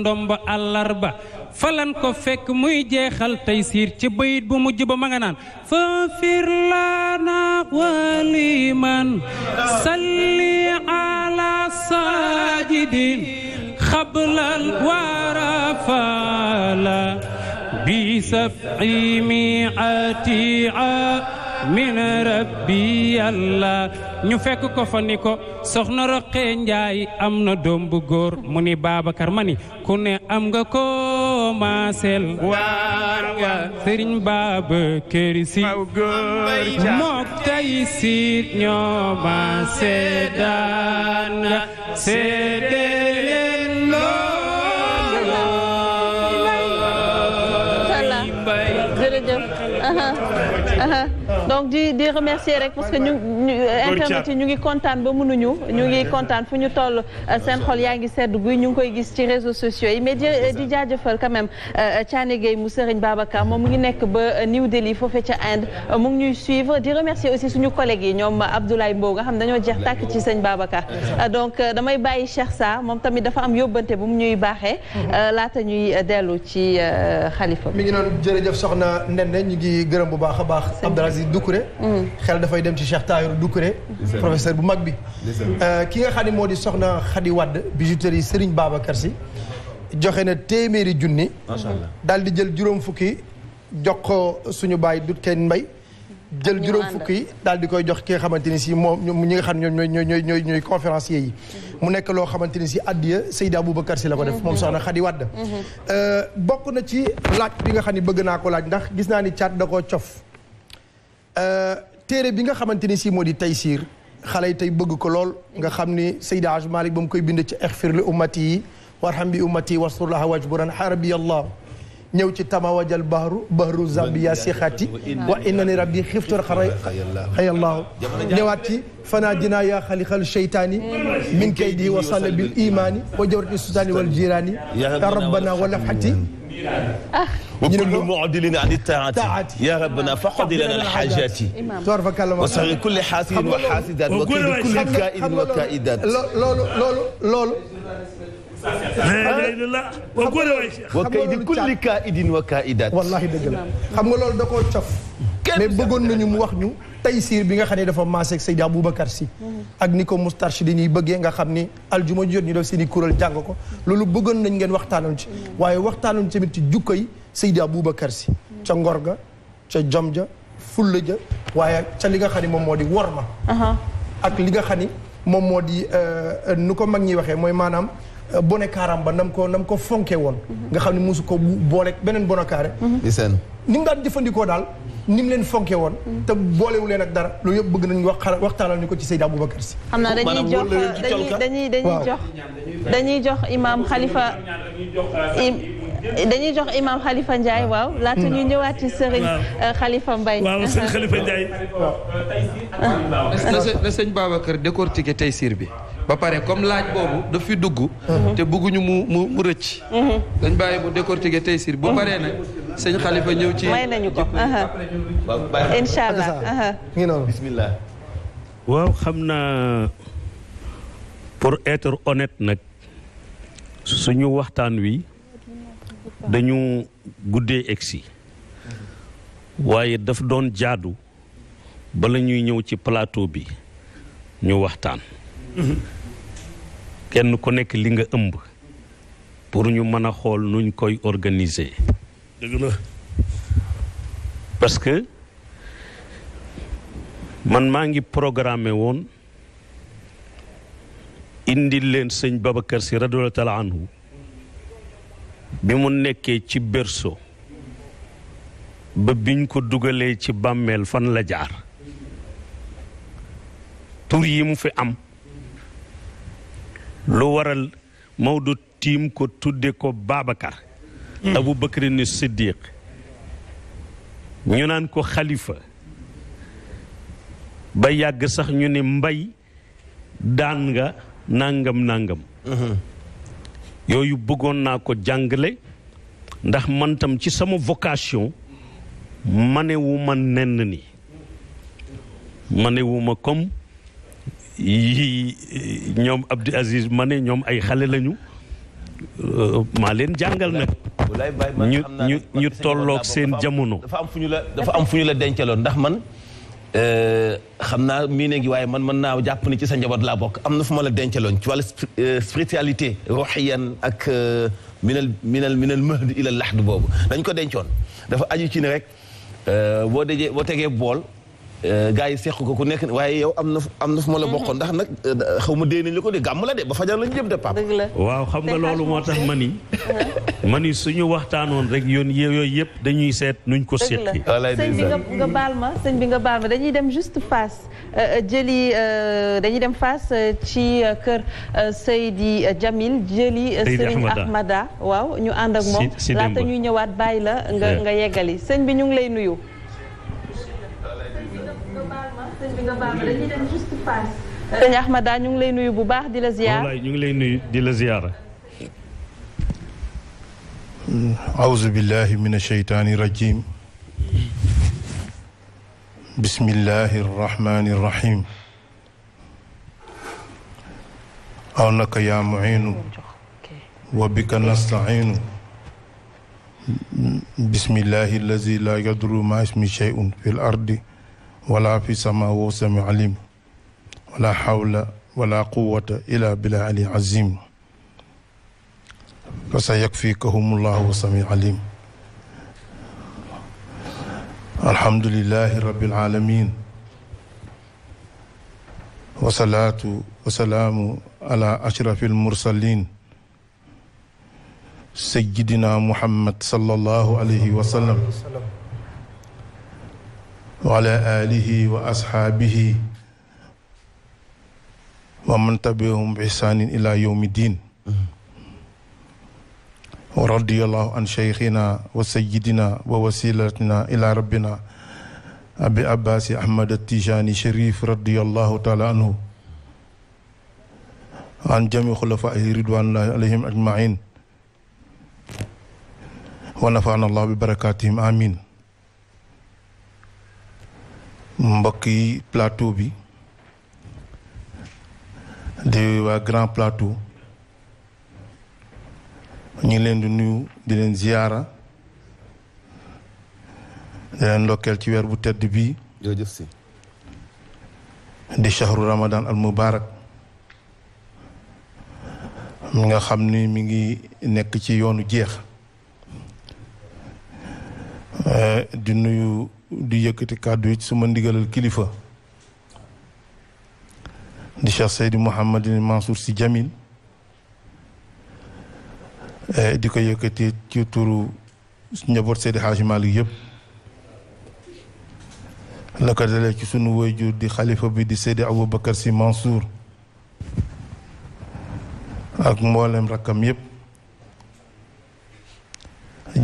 allar ba falan ko fekk muy jeexal tey siir ci bayit bu mujj ba ma nga naan fafir lana waliman salli ala sajidin xablal warafala bi safi miati min rabbi yàlla ñu fekk ko fa ni ko soxna Roqee Njaay am na doom bu góor mu ni Babacar ma ni ku ne am nga ko maasel waar nga sëriñ Babacar Si mook tay siit ñoo ma seedaana seedeleen lool donc di di remercier rek parce que ñu internet yi ñu ngi kontaan ba mënuñu ñu ngi kontaan fu ñu toll seen xol yaa ngi sedd guy ñu ngi koy gis ci réseaux sociaux yi mais di di jaajëfal quand même euh, Thiané Gueye mu Serigne Babacar moom mu ngi nekk ba New Delhi foofee ca Inde mu ñuy suivre di remercier aussi suñu collègues yi ñoom Abdoulaye Mbow nga xam dañoo jeex tàkk ci sëñ Babacar euh, donc euh, damay bàyyi Cheikh Sarr moom tamit dafa am yóbbante bu mu ñuy baaxee laata ñuy dellu ci xalifa mi ngi noonu jërëjëf soxna Ndeye ñu ngi gërëm bu baax a baax Abdoul Aziz Doucouré mm. xel dafay dem ci Cheikh Tahirou Doucouré professeur bu mag bi euh, ki nga xam ne moo di soxna Khady Wade bijouterie Serigne Babacar Sy joxe na téeméeri junni daal di jël juróom fukki jox ko suñu baay du kenn mbay jël juróom fukk yi daal di koy jox ki nga xamante ni si moom ñi nga xam ñoom ñooy ñooy ñooy ñooy conférencier yi. mu nekk loo xamante ni si addiya Seydi Aboubacar si la ko def. moom mm-hmm. soxna Khady Wade. Mm-hmm. Euh, bokk na ci laaj bi nga xam ne bëgg naa ko laaj ndax gis naa ni caat da koo cof. Euh, téere bi nga xamante ni si moo di Taysiir xale yi tey bëgg ko lool nga xam ni Seydi Aj Malik ba mu koy bind ci ixfir li ummati yi warham bi ummati wastur laha wajburan xarabi allah ñëw ci tamawajal bahru bahru zambiya sixati wa innani rabbi xiftur xaray xayallaahu ñëwaat ci fana dinaa yaa xalixal cheytaani min kaydi wa salla bil imaani wa jawrati sutaani wal jiraani ya rabbana wa lafxati wa kullu mu'dilin an taa'ati ya rabbana faqdi lana al-haajaati wa sahhi kulli haasidin wa haasidatin wa kaydi kulli kaa'idin wa kaa'idatin loolu loolu loolu wa kaydi kulli kaa'idin wa kaa'idatin wallaahi dëgg la xam nga loolu da koo cof mais bëggoon nañu mu wax ñu taysir bi nga xam ne dafa maase ak Seydi Aboubacar si ak ni ko moustarchi dañuy bëggee nga xam ni aljuma jot ñu def seen i kuréel jàng ko loolu bëggoon nañ ngeen waxtaanoon ci waaye waxtaanoon tamit ci jukkay Seydi Aboubacar si ca ngor ga ca jom ja fulla ja waaye ca li nga xam ne moom moo di wor ma ak li nga xam ni moom moo di euh, euh, nu ko mag ñi waxee mooy maanaam euh, bonekaaram ba nam ko nam ko fonkee woon mhm. nga xam ne mosu ko boole beneen bonekaare mhm. ni nga daan jëfandikoo daal ni mu leen fonkee woon. te boolewu leen ak dara loolu yëpp bëgg nañu wax waxtaanal ñu ko ci Seydou Aboubacar si. xam naa dañuy jox dañuy dañuy jox dañuy jox imaam Khalifa. dañuy jox imaam Khalifa Ndiaye waaw. laata ñu ñëwaat ci sëriñ euh, Khalifa xalifa mbay sëriñ Khalifa Ndiaye. waaw. na sëñ Babacar décortiquer tey siir bi. ba pare comme laaj boobu daf fi dugg. te bugguñu mu mu mu rëcc. dañ bàyyi mu décortiquer tey sir bu paree nag sëñ Xalifa ñëw ci. may nañu ko incha allah. waaw xam naa pour être honnête nag suñu waxtaan wi dañu guddee egsi waaye daf doon jaadu bala ñuy ñëw ci plateau bi ñu waxtaan. kenn ku nekk li nga ëmb pour ñu mën a xool nuñ koy organiser. dëgg parce que man maa ngi programmé woon indil leen sëñ Babacar si radiyallahu taala anhu bi mu nekkee ci berceau ba biñ ko dugalee ci bàmmeel fan la jaar tur yi mu fi am lu waral Maodo tiim ko tudde ko Babacar hmm. Abu Bakr ni Siddiq ñu naan ko xalifa ba yàgg sax ñu ne mbay daan nga nangam nangam hmm. yooyu bëggoon naa ko jàngale ndax man tam ci sama vocation manewuma nenn ni manewuma kom yii ñoom Abdou Aziz ma ne ñoom ay xale lañu euh, maa leen jàngal nag. ñu ñu ñu tolloog seen jamono. dafa am fu ñu la dafa am fu ñu la dencaloon ndax man euh, xam naa mii ne ngi waaye man mën naa jàpp ni ci sa njaboot laa bokk am na fu ma la dencaloon ci wàllu euh, spiritualité. ruuxiyan ak minal minal minal mahdi ila laxd boobu dañ ko dencoon dafa aju ci ne rek boo dajee boo tegee bool. Euh, gars yi seq ko ku nekk waaye yow am na am na fu ma la bokkoon mhm. ndax nag euh, xaw ma dee nañ ko de gàmm la de ba fajar lañ jëm de pap waaw xam loolu moo tax man yi man yi suñu waxtaanoon rek yoon yooyu yëpp dañuy seet nuñ ko seqi sëñ bi nga baal ma sëñ bi nga baal ma dañuy dem juste Fass euh, jëli dañuy dem Fass ci kër Seydi Jamil jëli Serigne Ahmada waaw ñu ànd ak moom laata ñuy ñëwaat bàyyi la nga eh. yeggali sëñ bi ñu ngi lay nuyu nga baal ma dañuy dem Ahmada ñu lay nuyu baax di la ziar wallaay ñu ngi lay nuyu di la ziar. awuzu billahi min asheytaani rajim. bismillahi rahmaani rahim. awnaka yaa muinu wa bika nastainu bismillahi allazi ma ismi sheyun fi l ardi wala fi sama wow sami alim wala xawla wala quwata ila bila ali azim fa sa yakfikahum llahu wa sami alim alhamdulilahi rabil alamin wasalaatu wasalaamu ala ashrafi almursalin sayidina muhammad sallallahu alayhi wa sallam wa ala alihi wa ashaabihi wa man tabiahum bi ihsaanin ila yawmi diin wa radiyallahu an cheikhina wa sayidina wa wasilatina ila rabbina abi abbasi ahmad tijaani sharif radiyallahu taala anhu an jami xulafaahi ridwanullahi alayhim ajmain wa nafaana allahu bi barakatihim amin mbokk yi plateau bi di waa grand plateau ñu ngi leen di nuyu di leen ziyaara di leen ndokkeel ci weer bu tedd bii. di shahru ramadan al mubarak mi nga xam ni mi ngi nekk ci yoonu jeex eh, di nuyu. di yëkkati kàddu yi ci suma ndigalal kilifa di Cheikh Seydi Mouhamadin Mansour Sy Djamil e, di ko yëkkati ci turu njaboot Seydi Hadji Malick yëpp la ko dalee ci sunu wayjur di xalifa bi di Seydi Aboubacar Sy Mansour ak mboolem rakkam yëpp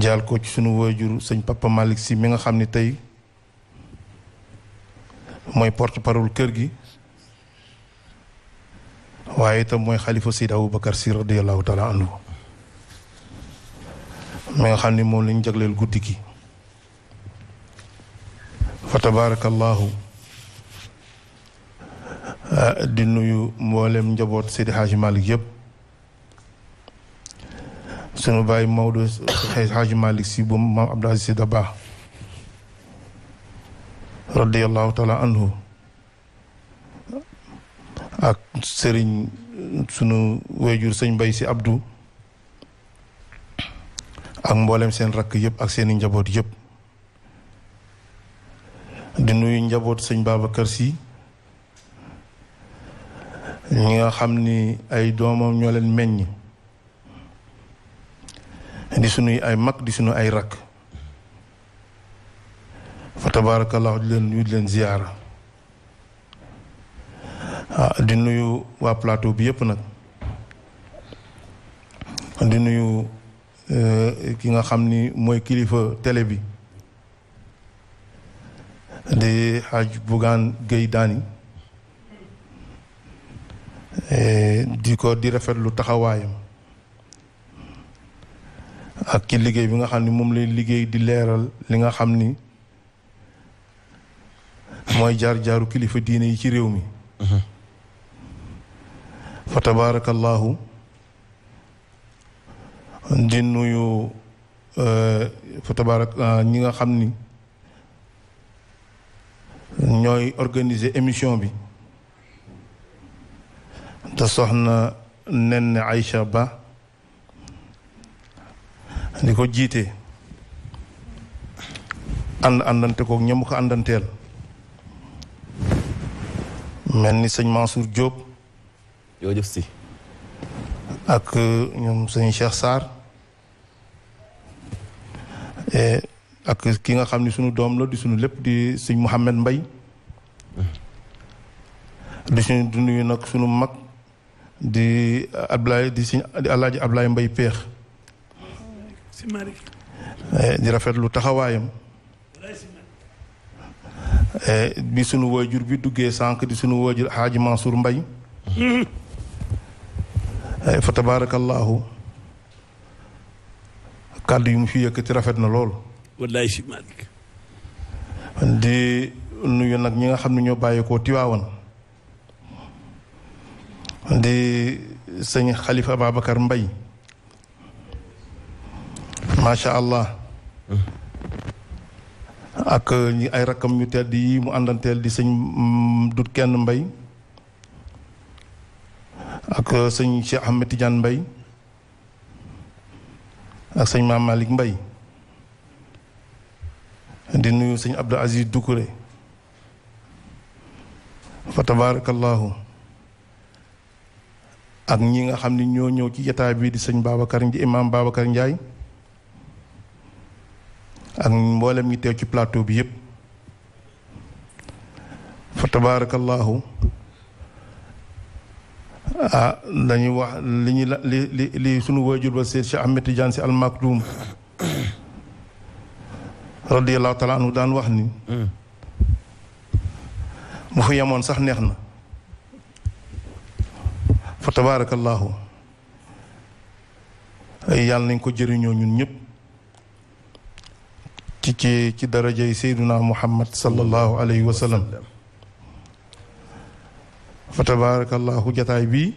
jaal ko ci sunu wayjur sëñ Papa Malick Sy mi nga xam ni tey mooy porte parole kër gi waaye itam mooy xalifa Seydi Aboubacar Sy radiyallahu taala anhu mi nga xam ne moom lañ jagleel guddi gi fa tabarakallahu ah, di nuyu mboolem njaboot Seydi Hadji Malick yëpp sunu bàyyi Maodo Hadji Malick si bu maam Abdou Aziz Sy radiallahu taala anhu ak sëriñ sunu wéyjur sëñ Mbay si Abdou ak mboolem seen rakk yëpp ak seeni njaboot yëpp di nuyu njaboot sëñ kër Si ñi nga xam ni ay doomam ñoo leen meññ di sunuy ay mag di sunu ay rakk fa tabaarakallaahu di leen nuyu di leen ziyaara ah, di nuyu waa plateau bi yëpp nag di nuyu eh, ki nga xam ni mooy kilifa télé bi di Hadj Bougane Gueye Dany eh, di ko di rafetlu taxawaayam ak ci liggéey bi nga xam ni moom lay liggéey di leeral li nga xam ni mooy jaar-jaaru kilifa diine yi ci réew mi fa tabaarakallaahu di eh, fa tabaarak eh, ñi nga xam ni ñooy organise émission bi te soxna nen Aïcha Ba di ko jiite ànd àndante kook ñam ko àndanteel mel ni sëñ Mansour jóob jërëjëf si. ak euh, ñoom sëñ Cheikh Sarr. ak ki nga xam ni suñu doom la di sunu lépp di sëñ Mouhamed mbay mm. di suñu dundu nag suñu mag di Ablaye di sëñ Alaaji Ablaye Mbaye Péex di rafetlu taxawaayam E, bi sunu waajur bi duggee sànq di sunu waajur xaaji Mansour Mbay e, fa tabaarakallaahu kàddu yu mu fi yëkkati rafet na lool. wallaay di nuyu nag ñi nga xam ne ñoo bàyyeekoo Tiwaawan di sëñ Xalifa Ababacar Mbay macha allah. Mm. ak ñi ay rakkam yu tedd yi mu àndanteel di sañ dut kenn mbay ak sëñ Cheikh Ahmed Tidiane mbay ak sëñ Maam Malick mbay di nuyu sëñ Abdou Aziz Doucouré fa tabarakallahu ak ñi nga xam ne ñoo ñëw ci jataay bii di sëñ Babacar di imaam Babacar Ndiaye ak mboolem ñi teew ci plateau bi yëpp fa tabaarakallaahu ah dañuy wax li ñu la li li li waajur ba Seex Ahmed Tidiane Sy Al Maktoum radiyallaahu taala anhu daan wax ni hmm. bu fi yemoon sax neex na fa tabaarakallaahu ay yàlla nañ ko jëriñoo ñun ñëpp ci ci ci darajay sayduna muhammad sallallahu alayhi wa fa tabaarakallahu jataay bi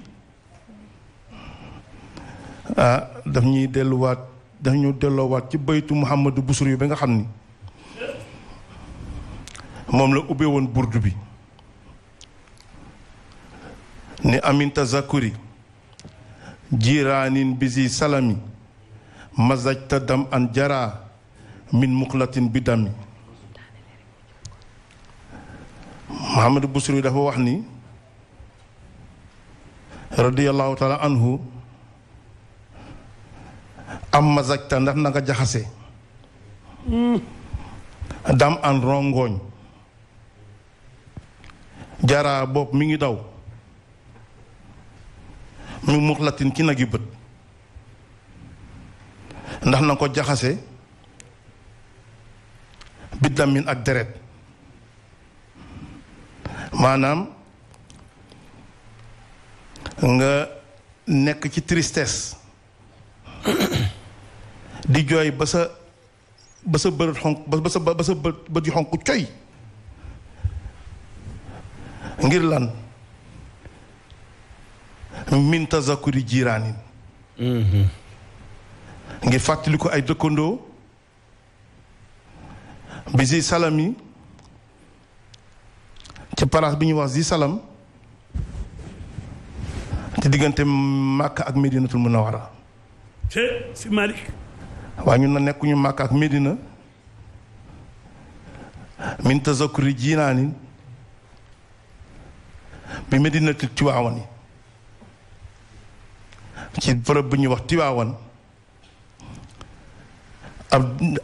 ah daf ñuy delluwaat daf ñu delloowaat ci baytu muhammadu busur yu ba nga xam ni moom la ubbee woon burdu bi ni amin tazakuri jiraanin bisi salami mazajta dam an jara min muqlatin bi dami Muhammadu Busiri dafa wax ni radiyallahu taala anhu am mazajta ndax na nga jaxase dam an rongoñ jaraa bopp mi ngi daw mi muxlatin ci nag yu bët ndax na ko jaxase bi damin ak deret maanaam nga nekk ci tristesse di jooy ba sa ba sa bërët xonq ba sa ba sa xonq coy ngir lan min tazakuri jiiraanin mm-hmm. ngir fàttali ko ay dëkkandoo bi si salam ci parax bi ñuy wax si salam te diggante Màkka ak Medinatul Munawara si Malik waaye ñun na nekkuñu Màkka ak Medina min tazakuri jiinaanin bi Medinatul Tiwaawan yi ci bërëb bu ñuy wax Tiwaawan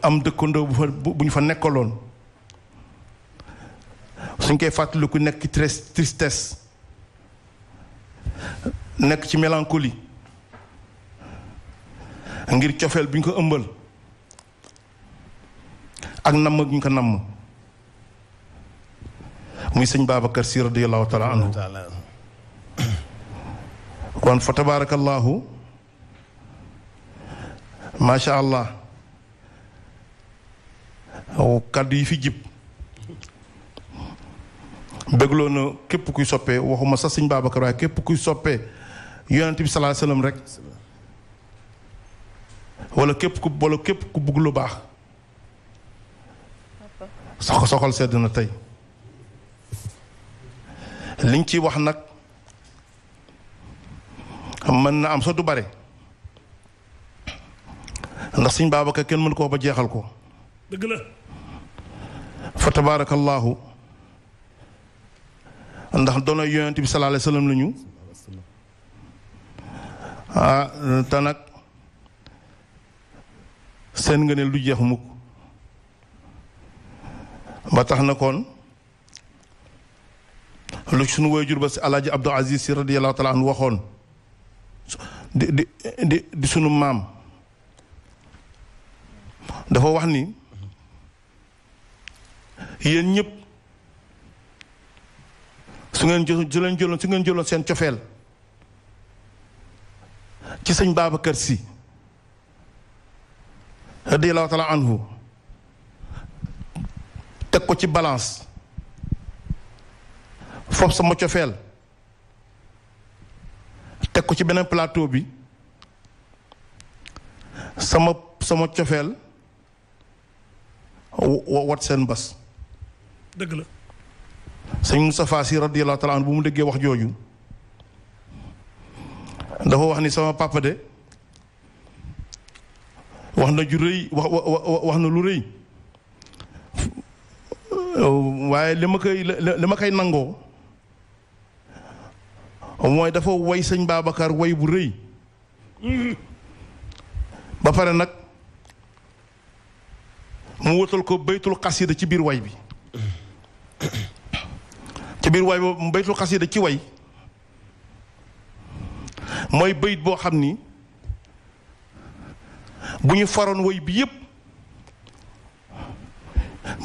am dëkkandoo bu fa bu ñu fa nekkaloon suñ koy fàttaliku nekk ci tristesse nekk ci mélancolie ngir cofeel bi ñu ko ëmbal ak namm bi ñu ko namm muy sëñ Babacar Si radiyallahu taala kon fa tabaarakallaahu macha allah kàddu yi fi jib bégloo na képp kuy soppee waxuma sax sëñ Babacar waaye képp kuy soppee yonent bi salaa salaam rek wala képp ku képp ku bugg lu baax sox soxal sedd na tey liñ ci wax nag mën na am sa du bare ndax sëñ Babacar kenn mënu koo ba jeexal ko fa tabaarakallaahu ndax doona yonent bi sallallahu alayhi wasallam lañu ah te nag seen ngëneel du jeex mukk ba tax na koon lu sunu waajur ba si alaaji Abdou Aziz si radiyallahu taala waxoon di di di di sunu maam dafa wax ni yéen ñépp su ngeen jëleen jëloon su ngeen jëloon seen cofeel ci sëñ Babacar Sy radiyallahu taala anhu teg ko ci balance foofu sama cofeel teg ko ci beneen plateau bi sama sama cofeel wat seen bas dëgg la. sëñ Moustapha Sy radiyallahu taala anhu bu mu déggee wax jooju dafa wax ni sama papa wax na ju rëy wax wax na lu rëy waaye li ma koy li ma koy nangoo mooy dafa woy sëñ Babacar woy bu rëy ba pare nag mu wutal ko baytul xasida ci biir woy bi ci biir waay boobu yi da ci way mooy bayit boo xam ni bu ñu faroon way bi yëpp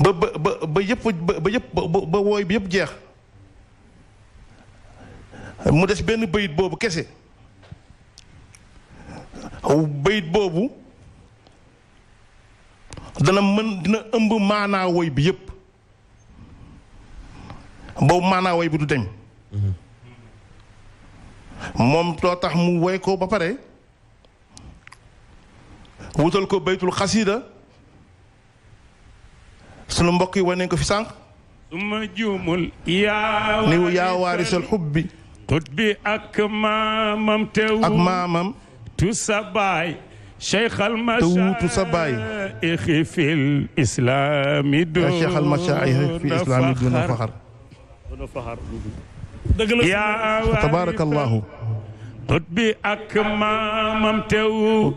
ba ba ba ba yëpp ba ba woy bi yëpp jeex mu des benn bayit boobu kese bayit boobu dana mën dina ëmb maanaa woy bi yëpp boobu maanaa way bu du deñ moom loo tax mu woy ko ba pare wutal ko baytul xasiida sunu mbokk yi wane ko fi sànq. suma juumul. niw yaa waarisal xubbi. xut bi ak maamam. teewul ak maamam. tu sa baay. al macha. te wuutu sa baay. ixi fil dëgg la yaa tabarakallahu tut bi ak maamam teew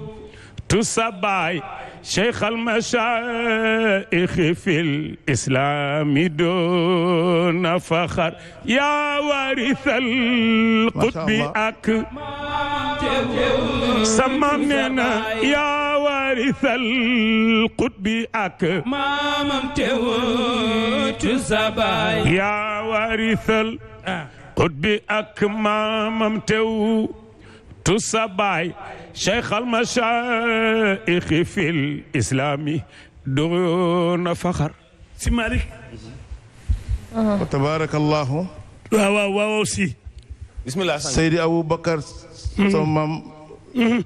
tu sa baay شيخ المشائخ في الإسلام دون فخر يا وارث القطب أك سممنا يا وارث القطب أك مامم تيوت يا وارث القطب أك مامم تيوت tusa baay cheikh al mashaayixi fil islaami duna faxar si Malick wa uh-huh. tabarakallahu waaw waaw waaw si bismillah Seydi Aboubacar mm-hmm. sama maam mm-hmm.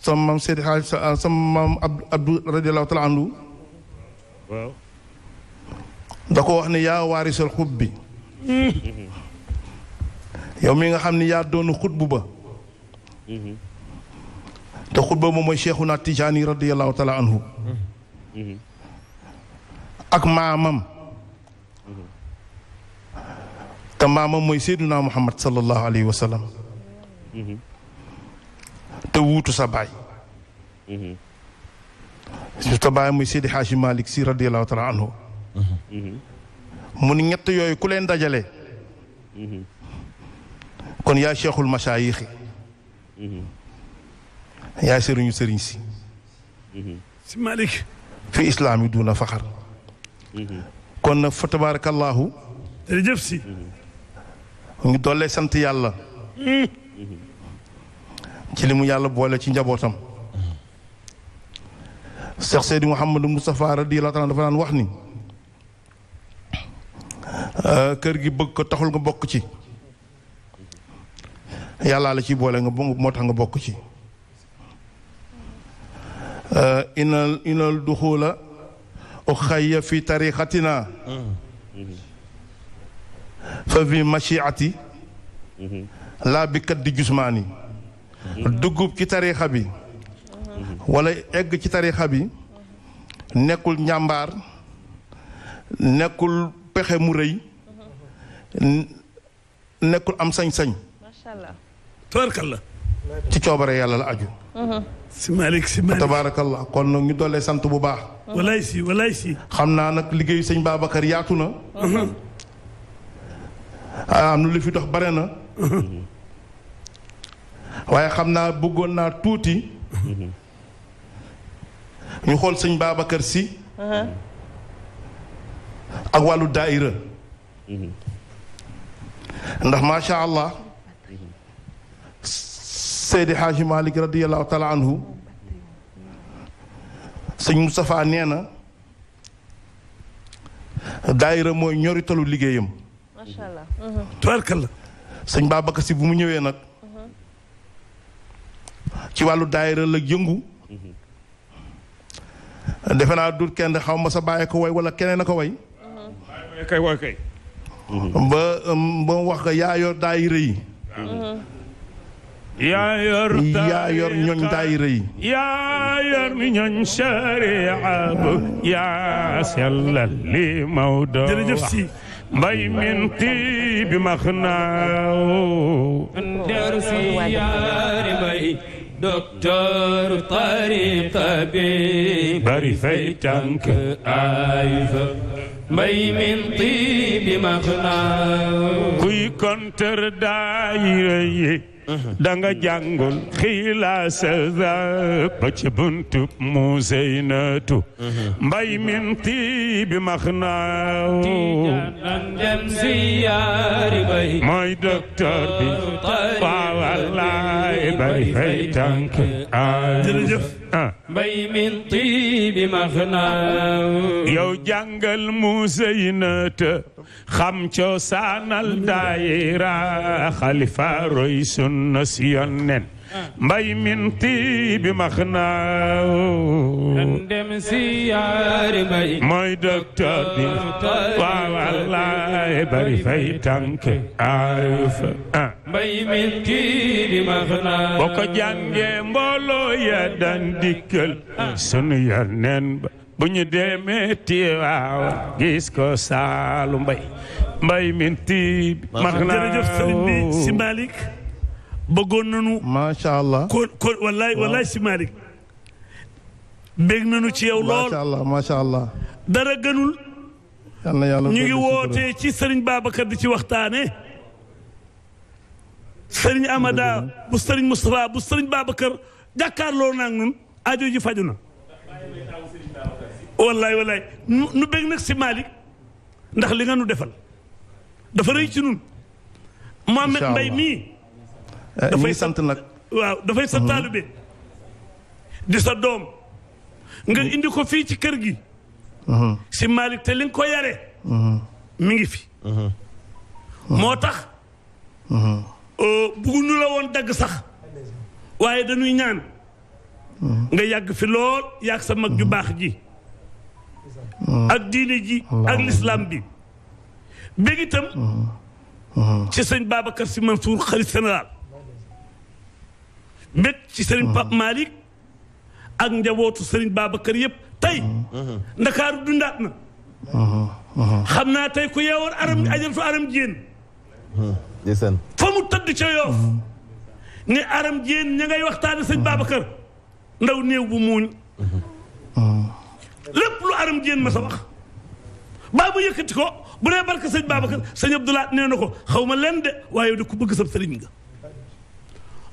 sama maam Seydi Xaaj ah, sama maam Abdou radiallahu taala anhu waaw da ko wax ne yaa waarisal xub bi mm-hmm. yow mi nga xam ne yaa doonu xutbu ba te xutba moom mooy Cheikhuna Tijaani radiyallahu taala anhu ak maamam te maamam mooy Seyduna Muhammad sallallahu alayhi wa sallam te wuutu sa baay su sa baay mooy Seydi Haaji Malick si radiyallahu taala anhu mu ñett yooyu ku leen dajale kon yaa cheikhul masaayixi Mm-hmm. yaay sëriñu sëriñ si. Mm-hmm. si Malick. fi islam yi duna faxar. Mm-hmm. kon nag fa tabaarakallaahu. jërëjëf si. ñu dollee sant yàlla. ci li mu yàlla boole ci njabootam. Cheikh Seydi Mouhamadou Moustapha radiyallaahu taala wax ni. kër gi bëgg ko taxul nga bokk ci. yàllaa la ci boole nga moo tax nga bokk ci inal euh, inal duxula uxaya fi tariqatina fa bi machiati laa bi kat di jusmaani dugub ci tarixa bi wala egg ci tarixa bi nekkul njàmbaar nekkul pexe mu rëy nekkul am sañ-sañ tabaarakallah ci coobare yàlla la aju. Mhm. si Malick si Malick tabaarakallah kon nag ñu dollee sant bu baax. Mhm. walaay si si. xam naa nag liggéeyu sëñ Babacar yaatu na. Mhm. Ah, am na lu fi dox bare na. waaye xam naa bëggoon naa tuuti. ñu xool sëñ baabakër si. ak wàllu daaira ndax macha allah. Seydi Xaaji Malik radiallahu taala anhu sëñ Moustapha nee na daayira mooy ñoritalu liggéeyam macha allah tubaarkalla sëñ Si bu mu ñëwee nag ci wàllu daayira la yëngu defe naa dut kenn xaw ma sa bàyyi ko way wala keneen a ko way kay way ba ba wax nga yaa daayira yi yaa yor yaa yor ñoñ daayira yi. yaa yor ñoñ sariya bu yaa sellal li Maodo. jërëjëf si. mbay min tiibi max naaw. docteur tariqa bi. bari fay tànk ay fa. mbay min tiibi max naaw. kuy kontar daayira yi. danga jàngul xilaasa ba ci buntu mu zeynatu mbay min tii bi max naaw mooy docteur bi waaw wallaay bari fay tànk Ah. bay min tiibi maxnaa yow jàngal muusayinata xam coosaanal daayira xalifa roy sunna si yoon nen mbay min tiibi max naaw nan dem siyaari mbay mooy docteur bi waa wallaay bari fay ah. min tiibi max naaw boo ko jàngee mbooloo ah. sunu yar neen ba bu ñu demee gis ko saalu mbay mbay min tiibi max naaw jërëjëf sëriñ bi si Malick bëggoon nañu. macha allah kon kon si Malick. bég ci yow lool macha allah allah. dara gënul. ñu ngi wootee ci sëriñ Babacar di ci waxtaane sëriñ Amada bu sëriñ Moustapha bu sëriñ Babacar jàkkaarloo naa ñun aajo ji faju na. wallaay wallaay nu bég si Malick ndax li defal dafa rëy ci ñun. Euh, dafay sant nag dafay sa mhm. taalibe di sa doom nga mhm. indi ko fii ci kër gi mhm. si Malick te li nga ko yare mi ngi fi moo tax euh, bugguñu la woon dagg sax waaye dañuy ñaan nga yàgg fi lool yàgg sa mag ju baax ji ak diine ji ak lislaam bi bég itam ci sëñ Babacar Sy Mansour xarit sénéral mbét ci Serigne uh-huh. Pape Malick ak njabootu Serigne Babacar yëpp tey. Uh-huh. Uh-huh. ndakaaru dundaat na. xam naa tey ku yeewoon aram ajal fa aram jéen. jësën fa mu tëdd ca yoof aram jéen ña ngay waxtaane sëñ Babacar ndaw néew bu muuñ. lépp lu aram jéen ma sa wax. baa mu ko bu dee barke sëñ Babacar sëñ Abdoulaat nee na ko xaw ma leen de waaye de ku bëgg sab sëriñ nga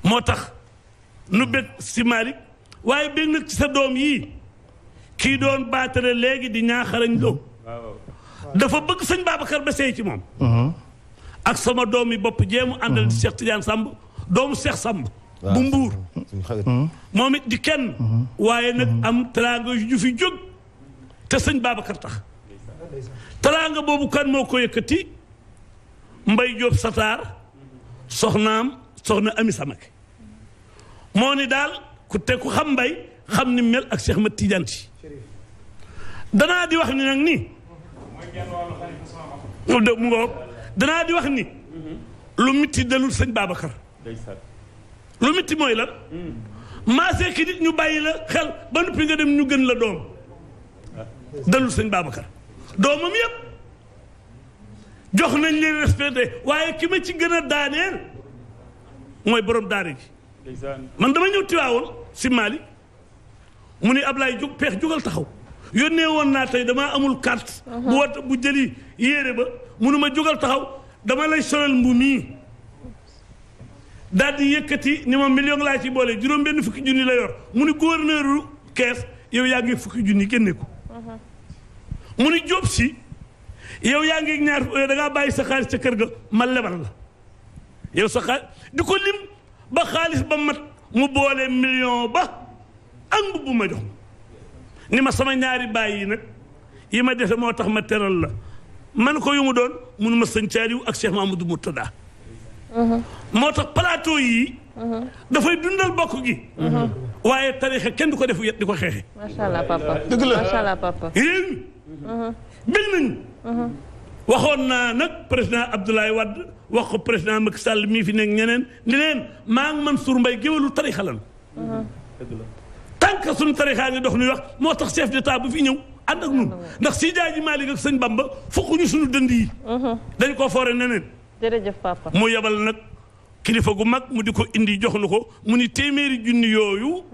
moo tax. nu bég si waaye bég nag ci sa doom yii kii doon baatare léegi di ñaaxarañ loo dafa bëgg sëñ Babacar ba ci moom uh-huh. ak sama doom yi bopp jeemu àndal di Cheikh Tidiane Samb doomu seex Samb bu mbuur uh-huh. moom it di kenn uh-huh. waaye nag am teraanga yu fi jóg te sëñ Babacar tax teraanga boobu kan moo ko yëkkati Mbay Jóob Sataar soxnaam soxna Ami Samake moo ni daal ku te ku xam mbay xam ni mel ak Cheikh Ahmed Tidiane si danaa di wax ni nag ni mu ngoog danaa di wax ni lu mitti dalul sëñ Babacar lu mitti mooy la maasee ki nit ñu bàyyi la xel ba noppi nga dem ñu gën la doom dalul sëñ Babacar doomam yëpp jox nañ leen respecté waaye ki ma ci gën a daaneel mooy borom daara man dama ñëw Tiwaawoon si Mali mu ni ab jóg peex jógal taxaw yónnee woon naa tey damaa amul carte. bu wat bu jëli yéere ba mu nu ma jógal taxaw dama lay solal mbu mii daal di yëkkati ni ma million laa ci boole juróom benn fukki junni la yor mu ni gouverneur kees yow yaa ngi fukki junni génne ko. mu ni Jóob si yow yaa ngi ñaar da bàyyi sa xaalis sa kër ga ma lebal la yow sa xaalis di ko lim. ba xaalis ba mat mu boole million ba ak ma jox ni ma sama ñaari baay yi nag yi ma dese moo tax ma teral la man ko yu mu doon mun ma sëñ Thialiou ak Cheikh Mamadou Murtada moo tax plateau yii dafay dundal bokk gi waaye tarixa kenn du ko defu yet di ko xeexe macha allah papa dëgg la macha allah papa yéen bëgg nañ waxoon naa nag président Abdoulaye Wade wax ko président Macky Sall mi fi nekk ñeneen ni leen maa ngi mbay Mbaye lu tarixa lan tant que suñu tarixaa ngi dox ñuy wax moo tax chef d'état bu fi ñëw ànd ak ñun ndax si jaaji Malick ak sëñ Bamba fokk ñu suñu dënd yi dañ koo foore neneen jërëjëf papa mu yebal nag kilifa gu mag mu di ko indi jox nu ko mu ni téeméeri junni yooyu.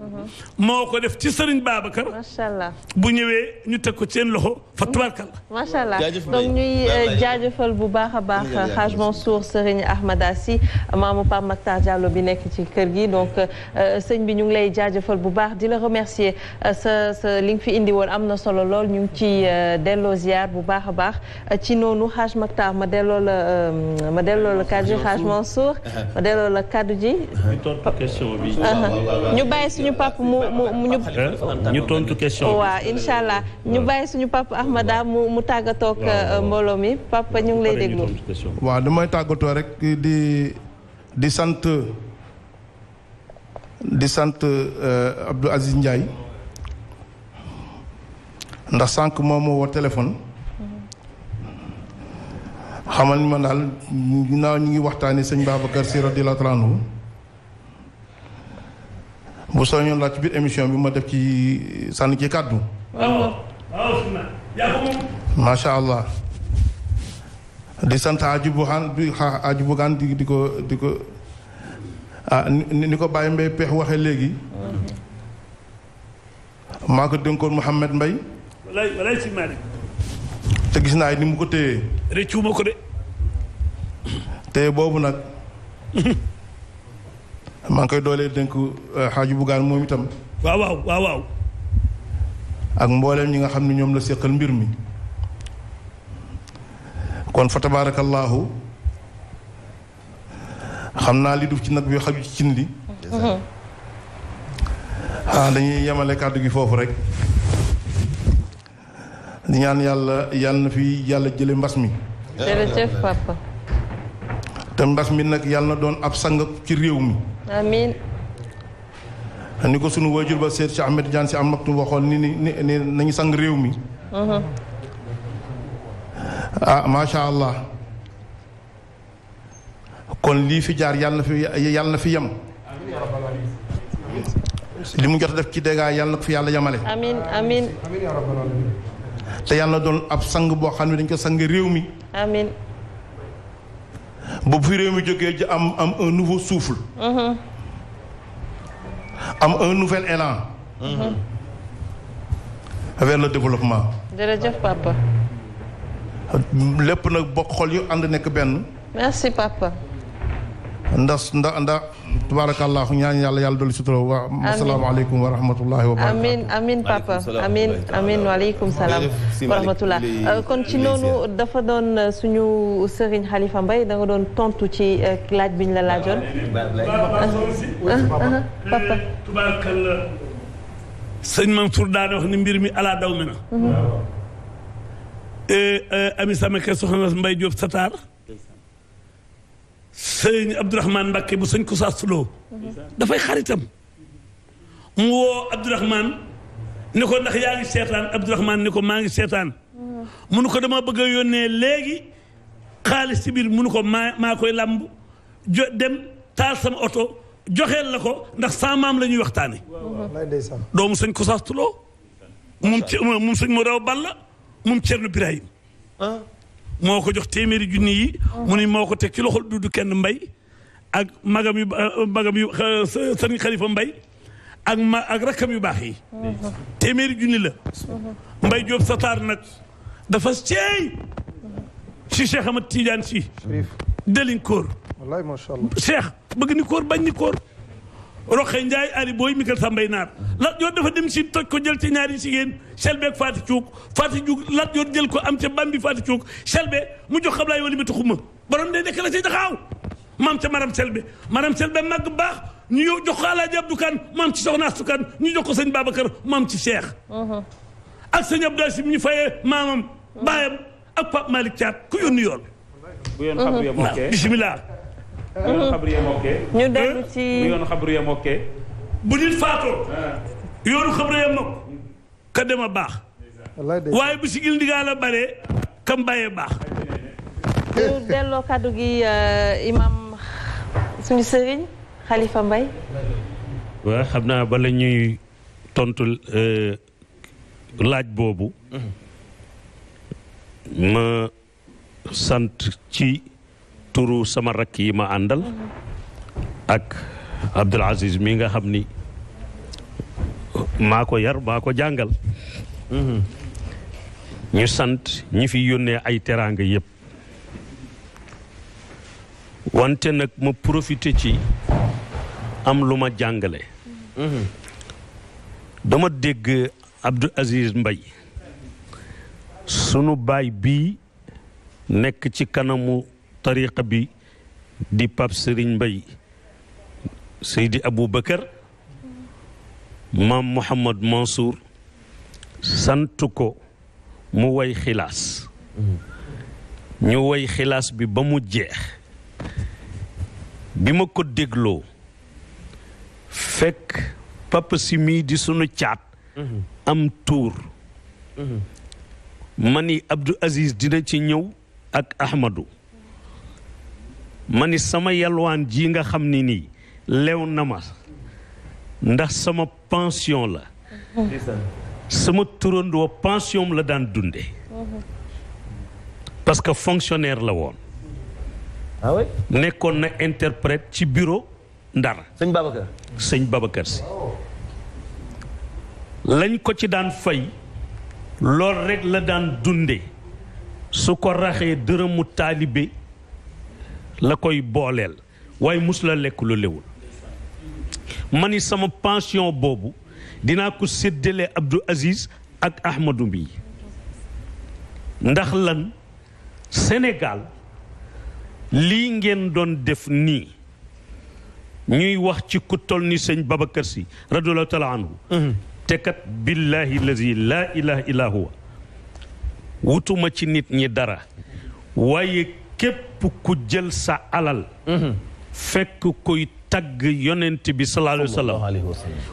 moo ko def ci sëriñ Babacar. macha allah bu ñëwee ñu teg ko seen loxo fa tubaarkal. macha allah donc ñuy euh, jaajëfal bu baax a baax. xaaj Mansour sëriñ Ahmada Si maamu Pape Mactar Diallo bi nekk ci kër gi donc euh, sëñ bi ñu ngi lay jaajëfal bu baax di la remercier euh, sa sa li nga fi indi woon am na solo lool ñu ngi ci delloo ziar bu baax a baax ci noonu xaaj Mactar ma delloo la ma delloo la kàddu xaaj Mansour. ma delloo la kàddu ji. ñu ah, ah. ñu bàyyi suñu papa mu mu ñu. ñu tontu question incha allah ñu bàyyi suñu pàpp Ahmada mu mu tàggatoo mbooloo mi papa ñu ngi lay déglu. waaw damay tàggatoo rek di di sant di sant euh, Abdou Aziz Ndiaye ndax sànq moom moo woo téléphone. xamal ma daal ginnaaw ñu ngi waxtaanee sëñ Babacar Sy radiyallahu taala anhu bu soñoon laaj ci biir émission bi ma def ci sànni ci kàddu. waaw macha allah. di sant aju bu xaan bi xa aju bu gaan di di ko di ko ah ni ko Baye Mbaye Peex waxee léegi. maa ko dénkoon Mouhamed Mbaye. gis naa ni mu ko téyee. rëccuuma ko de. téye boobu nag. maa ngi koy doolee dénk xaaju euh, bugaan moom itam. waaw waaw ak mbooleem ñi nga xam ne ñoom la séqal mbir mi. kon fa tabaarakallaahu xam naa li duf ci nag bi xaju ci cin li. ah dañuy yemale kàddu gi foofu rek. di ñaan yàlla yàlla na fi yàlla jële mbas mi. jërëjëf papa. te mbas mi nag yàlla na doon ab sang ci réew mi. amiin. ni ko sunu waajur ba seet si Ahmed Diagne si am maktum waxoon ni ni nañu sang réew mi. Uh-huh. ah macha allah kon lii fi jaar yàlla na fi yàlla fi yem. li mu jot def ci dégâts yàlla na yàlla yemale. te yàlla doon ab sang boo xam ne dañ ko sang réew mi. amiin. bu fi réew mi jógee ji am am un nouveau souffle. Mm-hmm. am un nouvel élan. Mm-hmm. vers le développement. jërëjëf papa. lépp nag bokk xol yu ànd nekk benn. merci papa. ndax ndax ndax tabaarakallaahu ñaan yàlla yàlla dolli sutura wa asalaamaaleykum wa rahmatullahi wa salaam wa rahmatullah euh, kon ci noonu dafa doon euh, suñu Serigne Khalifa Mbaye da doon tontu ci euh, laaj bi ñu la laajoon papa tabaarakalla sëñ Mansour daane wax ni mbir mi alaa daw mhm. sëñ Abdourahmane Mbacke bu sëñ Kosaas Lo dafay xaritam mu woo Abdourahmane ni ko ndax yaa ngi seetaan Abdourahmane ni ko maa ngi seetaan munu ko dama bëgg a yónnee léegi xaalis ci biir ko maa maa koy làmb jo dem taal sama oto joxeel la ko ndax sama maam la ñuy waxtaane doomu sëñ Kosaas Lo moom moom sëñ Modaw Balla moom Thierno Birahim ah. moo ko jox téeméeri junni yi. mu ne moo ko teg ci loxol dudd kenn mbay. ak magam yu euh, magam yu mbay. ak ma rakkam yu baax yi. téeméeri junni la. mbay Diop Sataar nag dafa seey. si Cheikh Ahmad Tidiane si. dëliñ kóor. wallaay bëgg ni kóor bañ ni kóor. Roxe Ndiaye Ali Boy Mikel Sambay Naar Lat Joor dafa dem si toj ko jël ci ñaari jigéen Selbé ak Faati Cuuk Faati Cuuk Lat Joor jël ko am ca Bambi Faati Cuuk Selbé mu jox Ablaay Wali bi tuxuma borom day nekk la ca jaxaaw maam ca maram Selbé maram Selbé màgg baax ñu yow jox ko Alaaji Abdu Kan maam ci Soxna Astu Kan ñu jox ko sëñ Babacar maam ci Cheikh uh-huh. ak sëñ Abdou Asim mi fayee maamam uh-huh. baayam ak Pape Malick Thiat ku yónni yoon bismillah mu yoon xabru ya ñu dellu ci bu nit faatoo. Ah. yoonu xabru ya mokk. ka dem a baax. waaye bu sigil ndigaa la bare kam bàyyee baax. ñu delloo kaddu gi euh, imam suñu sëriñ Khalifa Mbaye. waaw xam naa bala ñuy tontu euh, laaj boobu. Mm-hmm. ma sant ci. turu sama rakk yi ma àndal ak Abdul Aziz mi nga xam ni maa ko yar maa ko jàngal mhm. ñu sant ñi fi yónnee ay teraanga yépp wante nag ma profité ci am lu ma jàngale mhm. dama dégg Abdou Aziz Mbay sunu baay bii nekk ci kanamu tariqa bi di Pape Serigne Mbaye Seydi Abou Bakar maam Mouhamad Mansour sant ko mu way xilaas ñu way xilaas bi ba mu jeex bi ma ko dégloo fekk papa si mii di sunu caat am tuur mm-hmm. ma ni Abdou Aziz dina ci ñëw ak Ahmadou ma ni sama yalwaan ji nga xam ni nii lew na ma ndax sama pension la sama turandoo pension la daan dunde parce que fonctionnaire la woon ah nekkoon na interprète ci bureau ndar sëñ sëñ Babacar si lañ ko ci daan fay lool rek la daan dunde su ko raxee dërëmu taalibe la koy booleel waaye musula lekk lu lewul ma sama pension boobu dinaa ko séddale Abdou Aziz ak Ahmadou bi ndax lan Sénégal lii ngeen doon def nii ñuy wax ci ku toll ni sëñ Babacar Sy radiallahu taala anhu mhm. te kat billahi lazi laa ilaha illa huwa wutuma ci nit ñi dara waaye képp ku jël sa alal mhm. fekk kuy tagg yonent bi sallallahu alayhi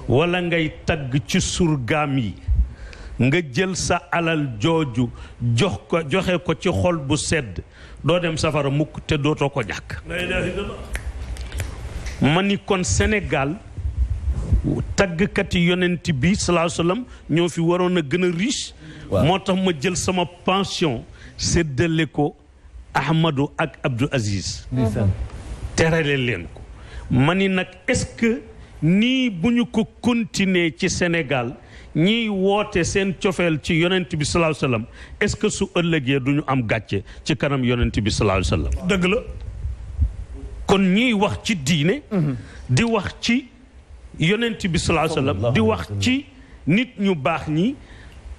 wa ngay tagg ci surgaam yi nga jël sa alal jooju ko joxe ko ci xol bu sedd doo dem safara mukk te dootoo ko jàkk ma ni kon Sénégal taggkati yonent bi sallallahu alayhi wa ñoo fi waroon a gën a riche moo tax ma jël sama pension séddale ko Ahmadou ak Abdou Aziz terale leen ko ma ni nag est-ce que nii bu ñu ko continuer ci senegal ñiy woote seen cofeel ci yonent bi sallallahu alayhi wasallam est-ce que su ëllëgee du ñu am gàcce ci kanam yonent bi sallallahu alayhi wasallam dëgg la kon ñiy wax ci diine mhm. di wax ci yonent bi sallallahu alayhi di wax ci nit ñu baax ñi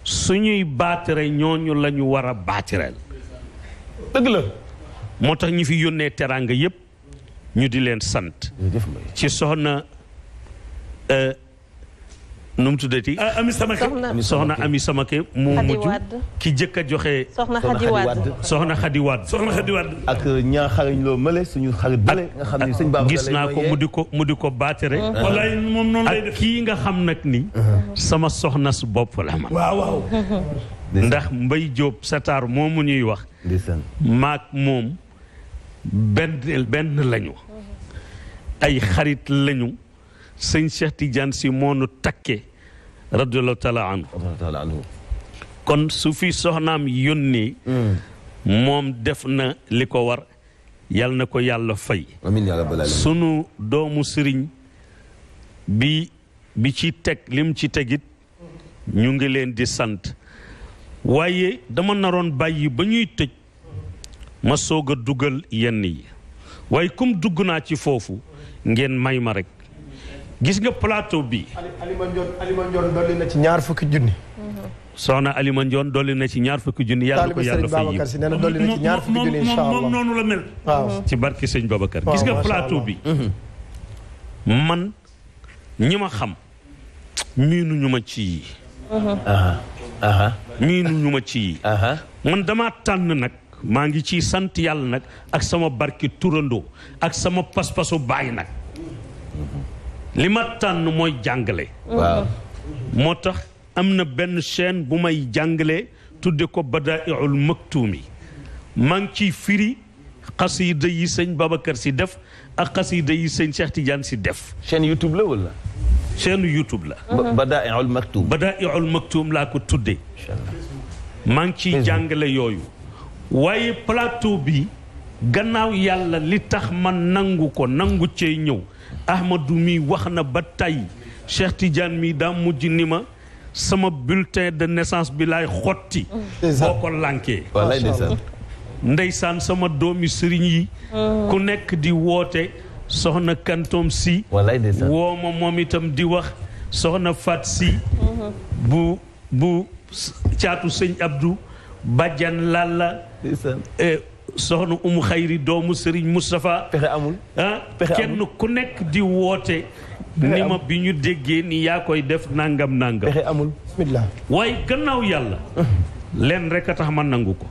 suñuy baatare ñooñu la ñu war a baatireel dëgg la moo tax ñi fi yónnee teraanga yépp ñu di leen sant ci soxna euh, nu mu tuddati sama ah, samake soxna ami sama samake mu mujj ki jëkk a joxe soxna xadi wadd soxna xadi wadd soxna xadi ak ñaa xariñ loo mële suñu xarit bële nga sëñ Baaba gis naa ko mu di ko mu di ko baatere uh-huh. wallaay moom noonu lay kii nga xam nag ni uh-huh. sama soxna su bopp la man ndax Mbay Jóob moo mu ñuy wax maag moom benn benn lañu ay xarit lañu sëñ Cheikh Tidiane si moonu takke radiallahu taala anhu kon su fi soxnaam yónni hmm. moom def na li ko war yal na ko yàlla fay sunu doomu sëriñ bi bi ci teg lim ci tegit ñu ngi leen di sant waaye dama naroon bàyyi ba ñuy tëj ma soog a dugal yenn yi waaye comme dugg naa ci foofu ngeen may ma rek gis nga plateau bi. Alima Ndione Alima Ndione na ci ñaar fukki junni. ci ñaar fukki junni. yàlla yàlla fay ñaar fukki junni ci barke sëñ Babacar. gis nga man ñi ma xam. miinuñu ma ci yi. miinu ñu ma ci man dama tànn nag maa ngi ciy sant yàlla nag ak sama barki turandoo ak sama paspasu baay nag li ma tànn mooy jàngale moo tax am na benn chaîne bu may jàngale tudde ko Badaa'iul Maktuumi maa ngi ciy firi xas yi sëñ Babacar si def ak xasida yi sëñ Cheikh Tidiane si def chaîne YouTube la wala chaîne YouTube la. Badaa'iul Maktuum. laa ko tuddee. maa ngi jàngale yooyu. waaye plateau bi gannaaw yàlla li tax ma nangu ko nangu cee ñëw Ahmadou mi wax na ba tey Cheikh Tidiane mi daa mujj ni ma sama bulletin de naissance bi lay xotti. boo ko lànkee. ndeysaan sama doomi sëriñ yi. Mm. ku nekk di woote. soxna kantoom si woo ma moom itam di wax soxna fat si bu bu caatu sëñ abdou bàjjan lalla eh, soxna umu xayri doomu sëriñ moustapha pexe amul ah kenn ku nekk di woote ni ma bi ñu déggee ni yaa koy def nangam nangam amul bismillah waaye gannaaw yàlla leen rek a tax ma nangu ko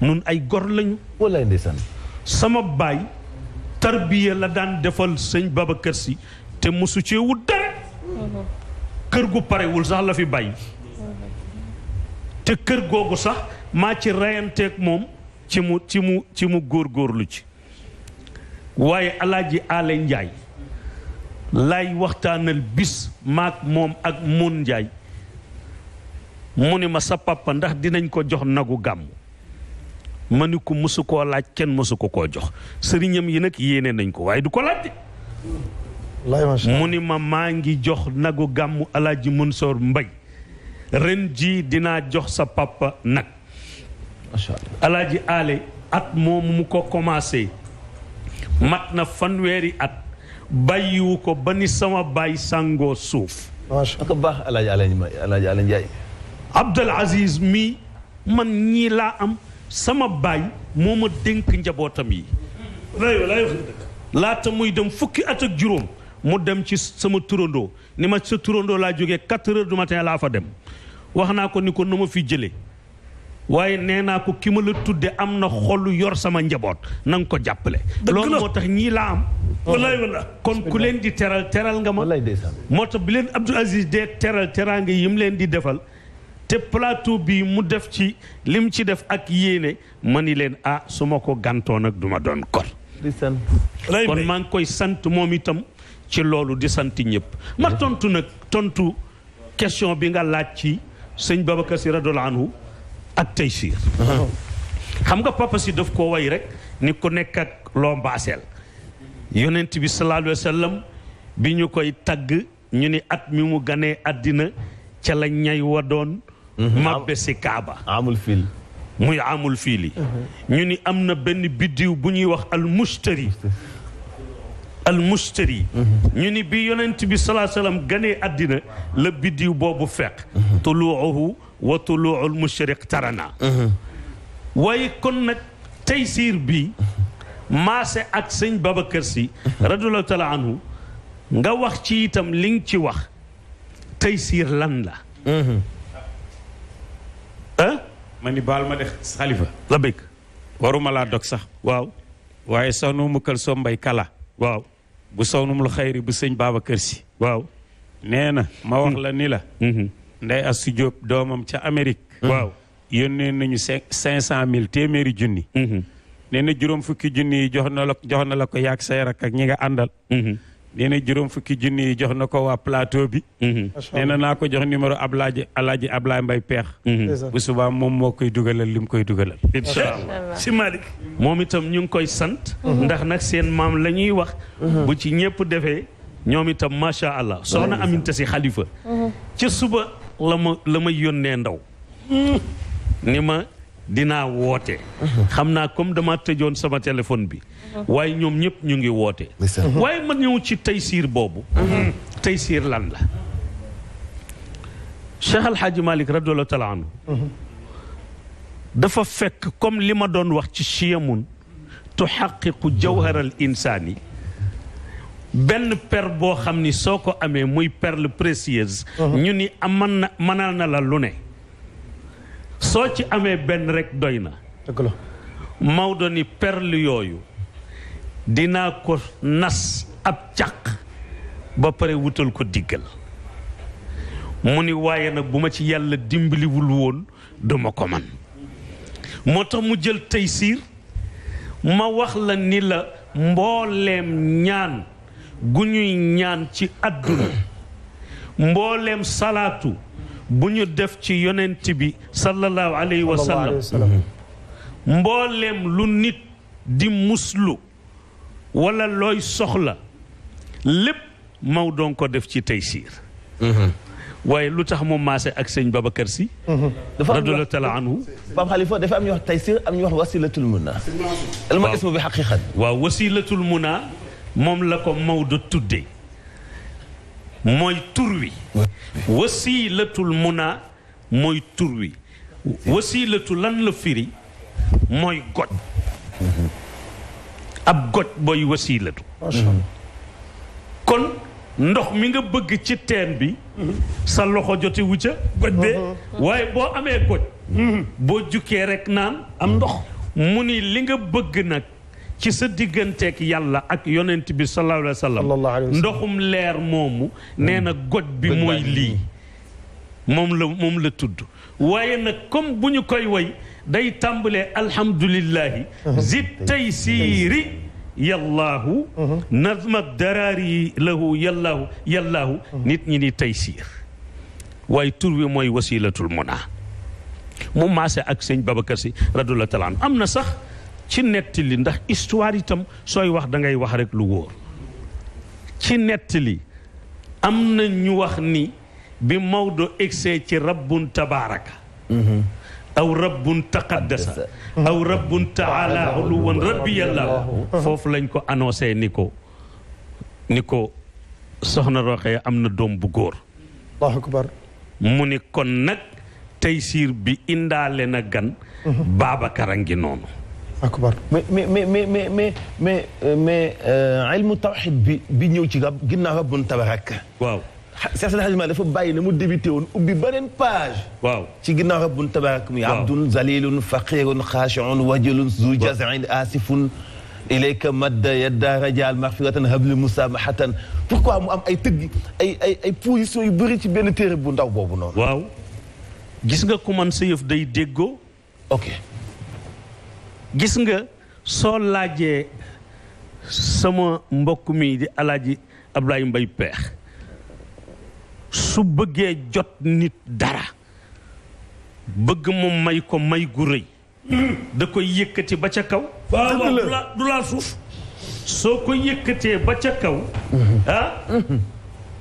nun ay gor lañu wallaay ndeysaan sama baay tarbiya la daan defal sëñ Babacar Si te mosu ci wut dara kër gu parewul sax la fi bàyyi te kër googu sax maa ci reyanteeg moom ci mu ci mu ci mu góorgóorlu ci waaye alaaji ale njaay lay waxtaanal bis maak moom ak mun njaay mu ni ma sa papa ndax dinañ ko jox nagu gàmm ma ni ko mosu koo laaj kenn mosu ko koo jox sëriñam yi nag yéene nañ ko waaye du ko laaj de mu ni ma maa ngi jox nagu gàmmu alaaji Mansour Mbay ren jii dinaa jox sa papa nag alaaji ale at moom mu ko commencé mat na fanweeri at bàyyiwu ko ba ni sama baay sàngoo suuf aka baax alaaji ale alaaji njaay Abdul Aziz mii man ñii laa am sama baay moo ma dénk njabootam yi laata muy dem fukki at ak juróom mu dem ci sama turandoo ni ma sa turandoo laa jóge quatre heures du matin laa fa dem wax naa ko ni ko nu ma fi jëlee waaye nee naa ko ki ma la tudde am na xolu yor sama njaboot nanga ko jàppale loolu moo tax ñii laa am wallaay kon ku leen di teral teral nga ma moo tax bi leen Abdou Aziz dee teral teraanga yi mu leen di defal te plateau bi mu def ci lim ci def ak yéene ma ni leen ah su ma ko gantoon ak duma doon kon maa ngi koy sant moom itam ci loolu di sant ñëpp ma mhm. tontu nag tontu question bi nga laaj ci sëñ Babacar Si radiyallaahu anhu ak Taysiir mhm. xam nga papa si daf koo way rek ni ku nekk ak loo mbaaseel yonent bi sallallaahu wa sallam bi ñu koy tagg ñu ni at mi mu ganee àddina ca la ñay wa doon màbbe mhm. si kaaba amul fiil muy amul fiili mhm. ñu ni am na benn biddiw bu ñuy wax al mustari al mustari mhm. ñu ni bi yonent bi salaa ga ganee àddina la biddiw boobu feq tuluuhu wa tuluuhul mushriq tarana waaye kon nag taysiir bi maase ak sëñ Babacar Si radiallahu taala anhu nga wax ci itam li nga ci wax taysiir lan la ah ma ni baal ma def xalifa la bëgg waruma laa dog sax waaw waaye soxna mu kal soo mbay kala waaw bu sownum lu xayri bu sëñ kër Si waaw nee na ma wax la ni la nday as su doomam ca Amérique mm-hmm. waaw yónnee nañu cinq cent mille téeméeri junni mm-hmm. nee na juróom fukki junni yi jox na la ko yaag sa yarak ak ñi nga àndal mm-hmm. nee juróom fukki junni yi jox na ko waa plateau bi. Mhm. nee na naa ko jox numéro Ablaye Alaaji Ablaye Mbay Peex. Mhm. bu subaa moom moo koy dugalal lim koy dugalal. incha allah si moom itam ñu ngi koy sant. Mhm. ndax nag seen maam lañuy wax. bu ci ñëpp defee ñoom itam macha allah na Aminta si xalifa. ca suba la ma la ma yónnee ndaw. ni ma dinaa woote. xam naa comme dama tëjoon sama téléphone bi. waaye ñoom ñëpp ñu ngi woote. Mm-hmm. Mm-hmm. waaye ma ñëw ci taysiir boobu. Mm-hmm. taysiir lan la. Cheikh Al Hadj Malick radiyallahu taala dafa fekk comme li ma doon wax ci chiyamun tuxaqiqu jawharal insaani benn per boo xam ni soo ko amee muy perl précieuse ñu ni aman na mënal na la lu ne soo ci amee benn rek doy na Maodo ni perle yooyu dinaa ko nas ab càq ba pare wutal ko diggal mu ni waaye nag bu ma ci yàlla dimbaliwul woon duma ko man moo tax mu jël taysiir ma wax la ni la mbooleem ñaan gu ñuy ñaan ci àdduna mbooleem salaatu bu ñu def ci yonent bi sallallahu alayhi wa sallam mbooleem lu nit di muslu wala looy soxla lépp maw doon def ci taysiir mhm. waaye lu tax moom maase ak sëñ Babacar Si mhm. radiyallahu taala anhu Pape Khalifa dafa am ñu wax taysiir am ñu wax wasilatul muna moom la ko Maodo tudde mooy tur wi wasilatul muna mooy tur wi wasilatu lan la firi mooy god mhm. ab goj booy wasiilatu kon ndox mi nga bëgg ci teen bi sa loxo jote wu ca goj bee waaye boo amee goj boo jukkee rek naan am ndox mu ni li nga bëgg nag ci sa digganteeg yàlla ak yonent bi sallallahu alayhi wa sallam ndoxum leer moomu mm. nee na goj bi mooy lii moom la moom la tudd waaye nag comme bu ñu koy woy day tàmbalee alhamdulillahi uh-huh. zi taysiiri yallaahu uh-huh. nazma daraari lahu yallaahu uh-huh. nit ñi ni taysiir waaye tur wi mooy wasilatul muna mu maase ak sëñ Babacar Si radiyallaahu taala anhu am na sax ci li ndax histoire itam sooy wax dangay wax rek lu wóor ci nettali am na ñu wax ni bi Maodo egsee ci rabbun tabaaraka mm-hmm. aw rabbun taqaddasa aw rabbun taala uluwan rabbi yàlla foofu lañ ko annoncé ni ko ni ko soxna roxee am na doom bu góor allahu akbar mu ni kon nag Taysiir bi indaale na gan Babacar a ngi noonu akbar mais mais mais mais mais mais mais euh, euh, ilmu tawxid bi bi ñëw ci ginnaaw rabbun tabarak waaw Seex Al Hajji Maalik dafa bàyyi na mu débuté woon ubbi beneen page. waaw ci ginnaaw rabbun tabarak muy abdun zalilun faqirun xaashiun wajilun zu jazin asifun ilayka madda yadda rajal maxfiratan habli musamahatan pourquoi mu am ay tëgg ay ay ay positions yu bëri ci benn téere bu ndaw boobu noonu. waaw gis nga ku man sa yëf day déggoo. ok gis nga soo laajee sama mbokk mi di alaaji Abdoulaye Mbaye Peex su bëggee jot nit dara bëgg mu may ko may gu rëy da koy yëkkati ba ca kaw waaw suuf soo ko yëkkatee ba ca kaw mm-hmm. ah,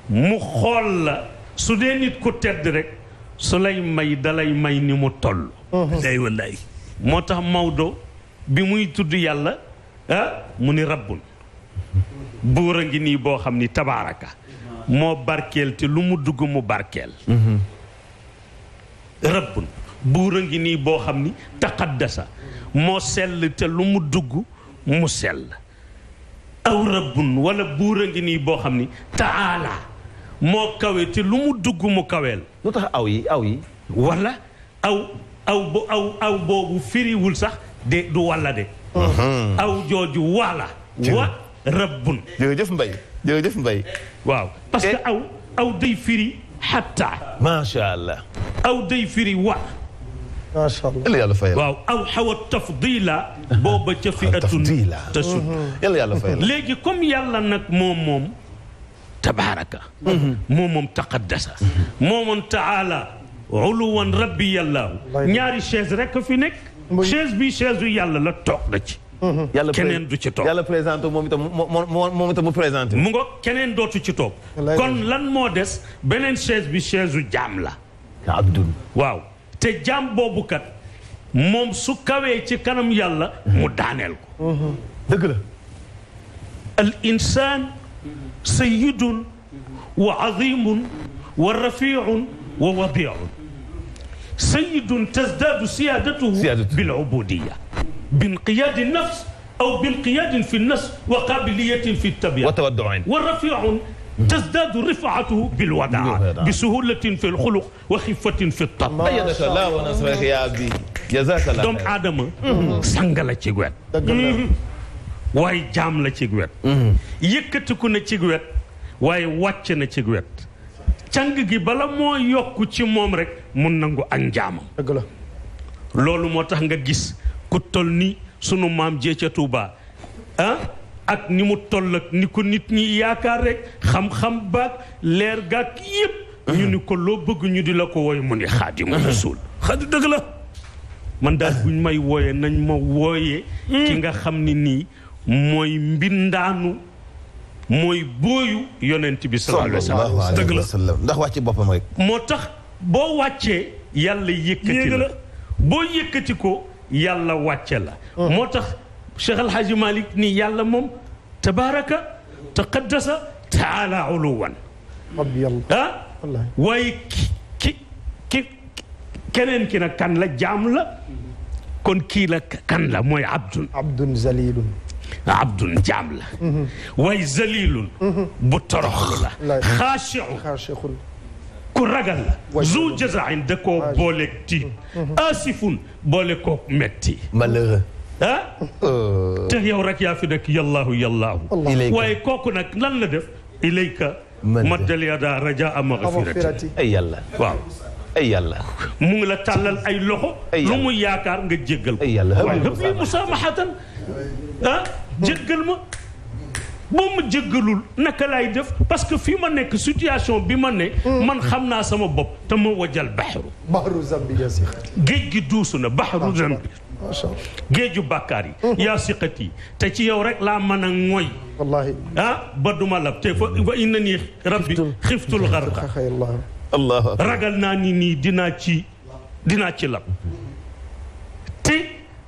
mu xool la su dee nit ku tedd rekk su lay may dalay may ni mu toll mm-hmm. day moo tax Maodo bi muy tudd yàlla ah, mu ni rabbul mm-hmm. buur a ngi nii boo xam ni tabaaraka moo barkeel te lu mu dugg mu barkeel rabbun buur a ngi nii boo xam ni taqaddasa moo sell te lu mu dugg mu sell aw rabbun wala buur a ngi nii boo xam ni taala moo kawe ci lu mu dugg mu kaweel lu tax aw yi aw yi wala aw aw boobu firiwul sax de du wala de uh-huh. aw jooju wala wa rabbun jërëjëf mbay jërëjëf mbay waaw parce que aw aw day firi xatta. macha allah. aw day firi wa. macha allah yàlla yàlla fayal. waaw aw xaw a tafdila. booba ca fi atun tasud. Mhm. yàlla yàlla fayal. léegi comme yàlla nag moom moom. tabaaraka. Mhm. moom moom taqaddasa. Mhm. moom moom taala. uluwan rabbi yàllaahu. ñaari chaise rek fi nekk. chaise bi chaise yu yàlla la toog na ci. Mm-hmm. yàlla keneen du ci toog yàlla présenté moom itam moom itam mu présenté. mu ngoog keneen dootu ci toog. kon lan moo des beneen chaise bi chaise u jaam la. abdul waaw te jaam boobu kat moom su kawee ci kanam yàlla. mu daaneel ko. Mm-hmm. dëgg la. al insaan sayyidun wa azimun wa rafiun wa wadiun sayyidun tasdaadu siyaadatuhu bil ubudiya بانقياد النفس أو بانقياد في النفس وقابلية في التبعة وتودع ورفيع تزداد رفعته بالوداع بسهولة في الخلق وخفة في الطبع أيدك الله ونصرك يا أبي جزاك الله دوم آدم سنغ لا ci wet waaye jaam la ci wet yëkkatiku na ci wet waaye wàcc na ci wet càng gi bala moo yokk ci moom rek mun nangu ak njaamam loolu moo tax nga gis ku toll ni sunu maam jee ca Touba ah, ak ni mu toll ak ni ko nit ñi yaakaar rekk xam-xam baag leer gaak yëpp. ñu ni ko loo bëgg ñu di la ko woy mu ni xaadimu rasuul xaadi dëgg la man daal buñ may wooyee nañ ma wooyee ki nga xam ni nii mooy mbindaanu mooy booyu yonent bi sallallahu alayhi wa sallam ndax wàcce boppam rek moo tax boo wàccee yàlla yëkkati la boo yëkkati ko yàlla wàcce la oh. moo tax Cheikh El Hadj Malick ni yàlla moom tabaraka taqaddasa taala uluwan ah waaye ki ki ki keneen ki nag kan la jaam la kon kii la kan la mooy abdun abdun zalilun abdun jaam la mhm. waaye zalilun mhm. bu toroxlu la xaashiun ku ragal la zu jazain da koo booleeg tiit mhm. asifun boole koo metti malheureux ah euh. te yow rek yaa fi nekk yallaahu yallaahu waaye kooku nag lan la def ilayka maddal yada rajaa maghfirati ay yàlla waaw ay yàlla mu ngi la tàllal ay loxo lu mu yaakaar nga jéggal ko ay yàlla waaye hëpp li musaamahatan ah jéggal ma boo ma jéggalul naka laay def parce que fii ma nekk situation bi man ne mm. man xam naa sama bopp te ma wajal baxru zambi yaa siqati géej gi duusu na baxru zambi géeju bàkkaar yi mm-hmm. yaa siqat yi te ci yow rek laa mën a ŋoy wallaahi ah ba duma lab te fa inna nii rabbi xiftul allah ragal naa ni nii dinaa ci dinaa ci lab te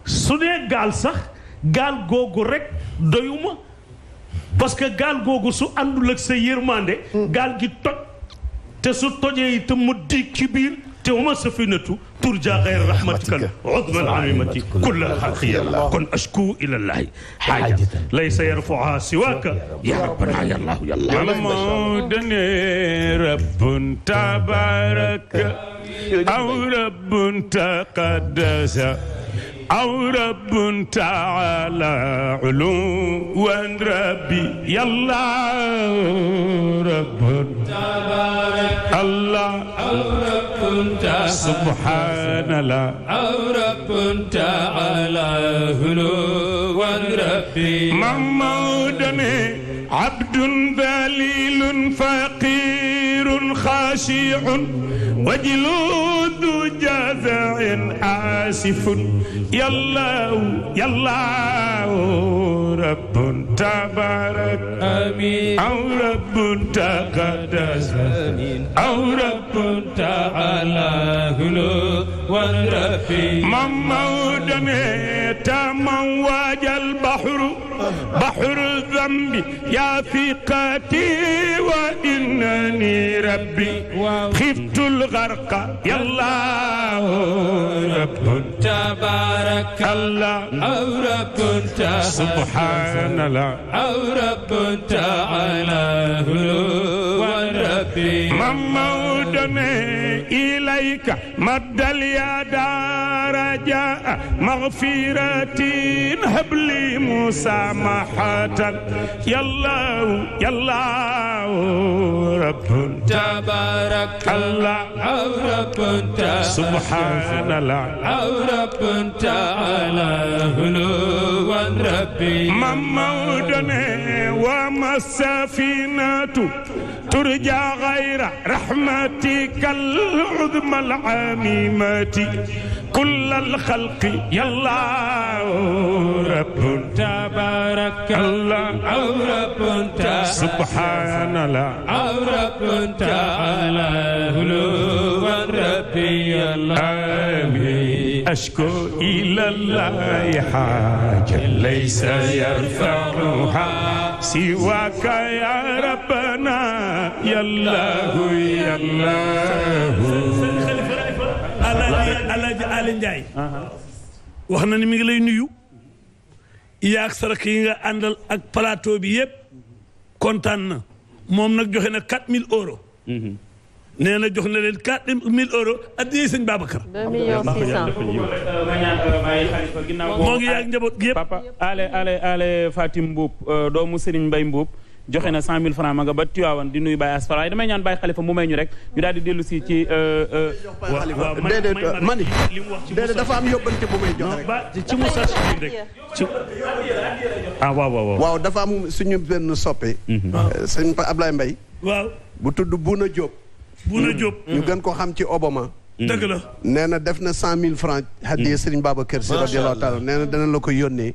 su dee gaal sax gaal googu rek doyuma parce que gaal googu su àndul ak sa yërmande. gaal gi toj te su tojee itam mu dig ci biir te wama safinatu turja xeyr rahmatika udman amimati kulla xalqiya kon ashku ila llahi xaaja laysa yarfuha siwaka ya rabbana ya allah ya allah أو رب تقدس أو رب تعالى علو ربي يلا رب تبارك الله رب سبحان الله أو رب تعالى علو ربي محمود عبد ذليل فقير خاشع وجلود جذع حاسف يا الله يا الله رب تبارك امين او رب تقدس او رب تعالى هلو ورفي مموت تما واج البحر بحر الذنب يا ثقتي وانني رب ربي خفت الغرق يا الله رب تبارك الله أو رب سبحان الله أو رب تعالى وربي ممودني إليك مد اليد رجاء مغفرتي هب لي مسامحة يا الله يا الله رب تعالى تبارك الله أو رب سبحان الله أو رب تعالى هلوا ربي من مودنه وما السفينة ترجى غير رحمتك العظمى العميمة كل الخلق يا الله رب تبارك الله أو رب سبحان الله أو رب تعالى هلوا ربي الله آمين أشكو إلى الله حاجة ليس يرفعها سواك يا ربنا يا الله يا الله Alaaji Ali Ndiaye wax na ni mi ngi lay nuyu yaa ak sarak yi nga àndal ak plateau bi yëpp kontaan na moom nag joxe na 4000 euros mhm. nee na jox na leen quatre mille euros addiyee sëñ Babacar. deux millions six cent yaag njaboot gi yëpp. papa ale ale ale Fatim Mbuub euh, doomu Serigne mbay Mbuub joxe na cent mille francs ma nga ba Tiwaawan di nuy Baye Asfar waaye damay ñaan Baye Xalifa mu may ñu rek ñu daal di dellu si ci. Euh, euh, waaw déedéet mani déedéet dafa am yóbbante bu may jox rek. ci Moussa rek ci. ah waaw waaw waaw dafa am suñu benn soppe. Mm-hmm. sëñ Ablaye Mbaye. waaw bu tudd Buna Diop. Bouna hmm. Diop ñu gën ko xam ci Obama. Hmm. dëgg la nee na def na cent mille francs haddiyee hmm. Serigne kër Sy radiyallahu nee na dana la ko yónnee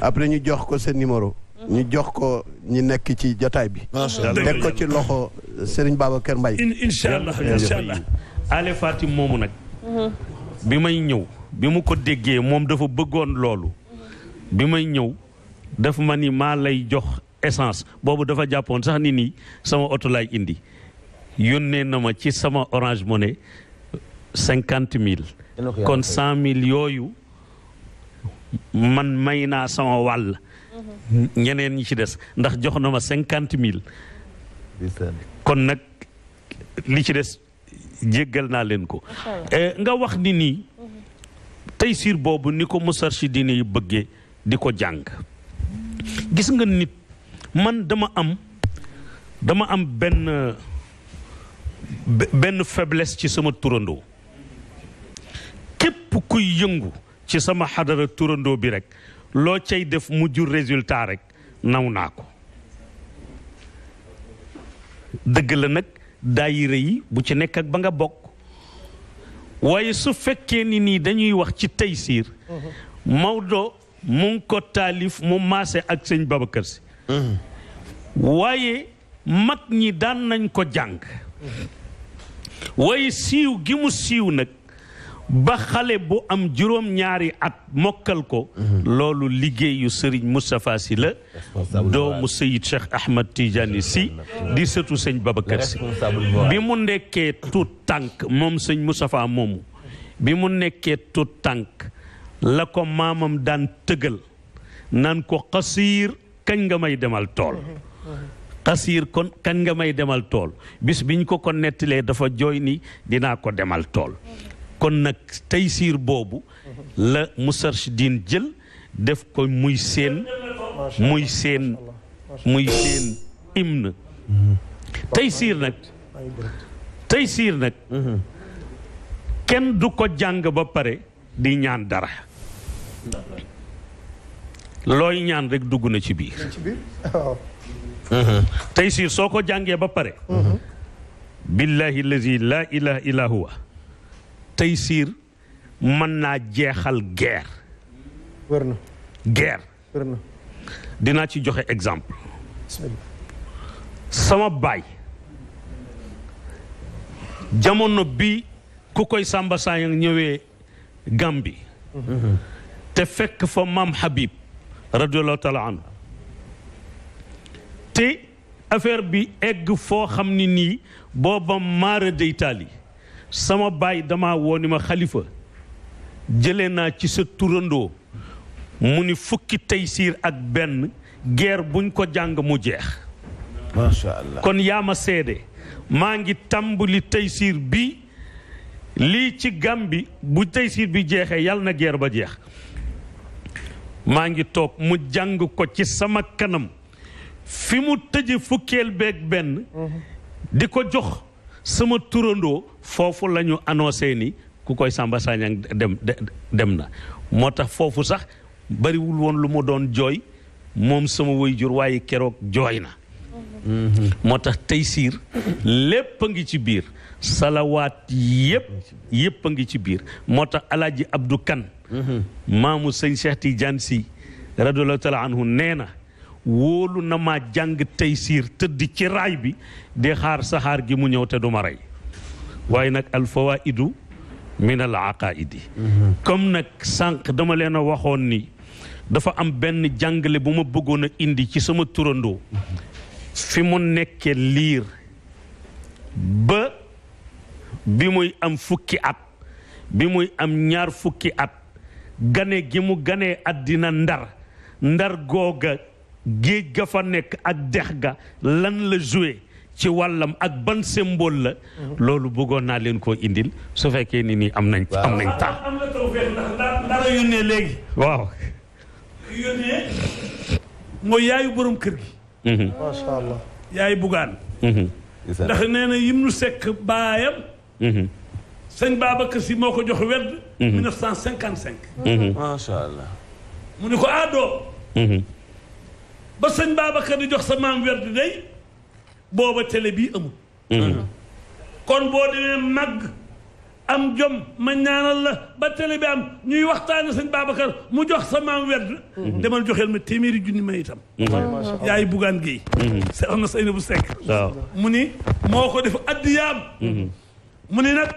après ñu jox ko numéro ñu jox ko ñu nekk ci jotaay bi teg ko ci loxo Serigne Babacar Mbaye incha allah incha allah Ale Fatim moomu nag bi may ñëw bi mu ko déggee moom dafa bëggoon loolu bi may ñëw daf ma ni maa lay jox essence boobu dafa jàppoon sax ni nii sama oto laay indi yónnee na ma ci sama orange money cinquante mille. kon cent mille yooyu man may naa sama wàll. ñeneen ñi ci des ndax jox na ma cinquante mille. kon nag li ci des jéggal naa leen ko. Eh, nga wax ni nii. tey siir boobu ni ko Moustarchidine yi bëggee di ko jàng. gis nga nit man dama am dama am benn. benn faiblesse ci sama turandoo képp kuy yëngu ci sama xadara turandoo bi rekk loo cay def mu jur résultat rekk naw naa ko dëgg la nag daayira yi bu ci nekk ak ba nga bokk waaye su fekkee ni nii dañuy wax ci Taysiir Maodo mu ngi ko taalif mu maase ak sëñ Babacar Si waaye mag ñi daan nañ ko jàng waaye siiw gi mu siiw nag ba xale bu am juróom-ñaari at mokkal ko loolu liggéeyu sëriñ mustafaa si la doomu Seyid Cheikh Ahmad Tidiane Sy di sëtu sëñ Babacar Sy bi mu nekkee tut tànk moom sëñ Moustapha moomu bi mu nekkee tut tànk la ko maamam daan tëgal naan ko xasiir kañ nga may demal tool xasiir kon kan nga may demal tool bis biñ ko ko nettalee dafa jooy ni dinaa ko demal tool kon nag tey siir boobu la Moustarchidine jël def ko muy seen muy seen muy seen hymne tey siir nag tey siir nag kenn du ko jàng ba pare di ñaan dara looy ñaan rek dugg na ci biir oh. tey siir soo ko jàngee ba pare billahi lazi la ilaha huwa tey siir mën naa jeexal guerre wër dinaa ci joxe exemple sama baay jamono bi ku koy sàmba saayang ñëwee Gàmbi mm-hmm. te fekk fa maam Habib radiallahu taala anhu te affaire bi egg foo xam ne nii booba maara day taali sama baay dama woo ma xalifa jële naa ci sa turandoo mu ni fukki taysiir ak benn geer buñ ko jàng mu jeex kon yaa ma seede maa ngi tàmbali taysiir bi lii ci gàm bi bu taysiir bi jeexee yàlla na guerre ba jeex maa ngi toog mu jàng ko ci sama kanam fi mu tëje fukkeel beeg benn di ko jox sama turandoo foofu lañu ñu ni ku koy Samba Sagnang dem na moo tax foofu sax bariwul woon lu ma doon jooy moom sama waajur waaye keroog jooy na moo tax tey siir lépp a ngi ci biir salawaat yëpp yëpp a ngi ci biir moo tax alaaji Abdou Kan mhm. maamu sëñ Cheikh Tidiane Sy radiyallahu taala anhu nee na wóolu na maa jàng tey siir tëdd ci raay bi di xaar saxaar gi mu ñëw te du ma rey waaye nag alfawaidu min al aqaidi comme nag sànq dama leen a waxoon ni dafa am benn jàngale bu ma bëggoon a indi ci sama turandoo fi mu nekkee liir ba bi muy am fukki at bi muy am ñaar fukki at gane gi mu ganee àddina ndar ndar googa géej ga fa nekk ak dex ga lan la joué ci wàllam ak ban symbole la. Mhm. loolu bëggoon naa leen koo indil su fekkee ni nii am nañ. am am na taw feex ndax daa la yónnee léegi. waaw. yónnee mooy yaayu borom kër gi. Mhm. macha allah. yaayu bugaan. Mhm. ndax nee yim nu sekk baayam. sëñ Babacar Si moo ko jox wedd. 1955. macha allah. mu ni ko aadoo. Ah, ba sëñ Babacar di jox sa maam werd day booba télé bii amul mhm. kon boo demee màgg am jom ma ñaanal la ba télé bi am ñuy waxtaane sëñ Babacar mu jox sa maam werd mhm. demal joxeel ma téeméeri junni ma itam mhm. yaay buggaan géey se am na say bu sekk mu ni moo ko def addiyaam mu ni nag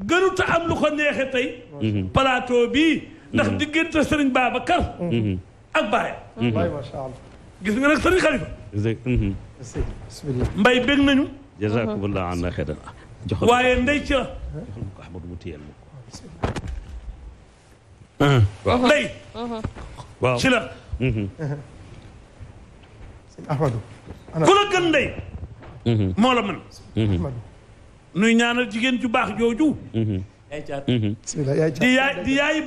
gënut a am lu ko neexe tey plateau bii ndax diggante sëriñ Babacar ak Baye gis nga nag sëriñ Xalifa. bisimilah. mbay bég nañu. jazakumullah anna mhm. ku la gën ndey. Mhm. moo la mën. Mhm. nuy jigéen ju baax jooju. yaay caat. di yaay di yaay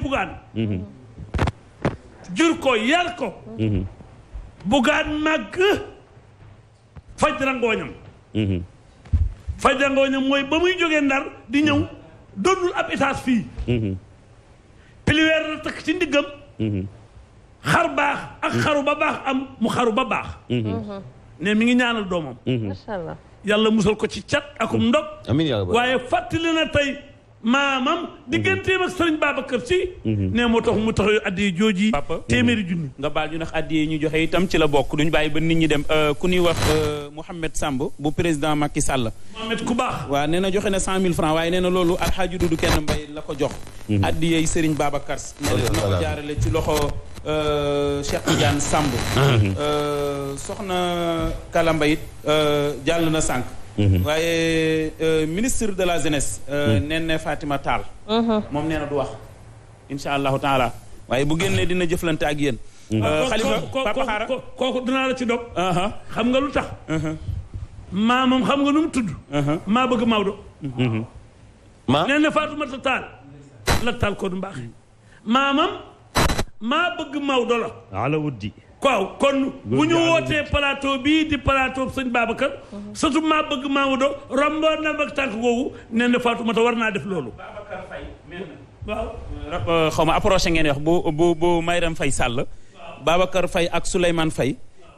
jur ko yar ko. bugaan màgg faj rangooñam mhm. faj rangooñam mooy ba muy jógee ndar di ñëw mhm. doonul ab étage fii mhm. piliweer la takk ci ndiggam xar baax ak xaru ba baax am mu xaru ba baax ne mi ngi ñaanal doomam masha Allah yàlla musal ko ci cat akum ndog amiin waaye fàttali na tey maamam digganteem ak sëriñ Babacar si. Mhm. ne moo tax mu tax addi jooji. papa mhm. téeméeri junni. nga baal ñu ndax addi ñu joxe itam ci la bokk ñu bàyyi ba nit ñi dem euh, ku nuy wax euh, Mouhamed Samb bu président Macky Sall. Mouhamed ku baax. waaw nee na joxe na cent mille francs waaye nee na loolu alxaaji Dudu kenn mbay la ko jox. Mhm. addi yeey sëriñ Babacar si. ne na ko jaarale ci loxo euh, Cheikh Tidiane Samb. soxna Kalamba it jàll na sànq. Mm-hmm. waaye euh, ministre de la jeunesse. nen euh, mm. ne Fatima Tall. Mm-hmm. moom nee na du wax. incha allahu taala waaye bu génnee dina jëflante ak yéen. xalifa mm-hmm. euh, papa xaara kooku dinaa la ci dog uh-huh. xam nga lu tax. Uh-huh. maa xam nga nu mu tudd. Uh-huh. maa bëgg Maodo. maa nee na Fatima Tall. la Tall ko mbaax. maamam maa bëgg Maodo la. ala wuddi. waaw kon bu ñu wootee plateau bii di plateau sëñ Babacar uh-huh. surtout maa bëgg Maodo romboon na mag tànk googu nee na Fatoumata war naa def loolu euh, xaw ma approché ngeen wax bu bu bu Mayram Faye Sall Babacar fay ak Souleymane fay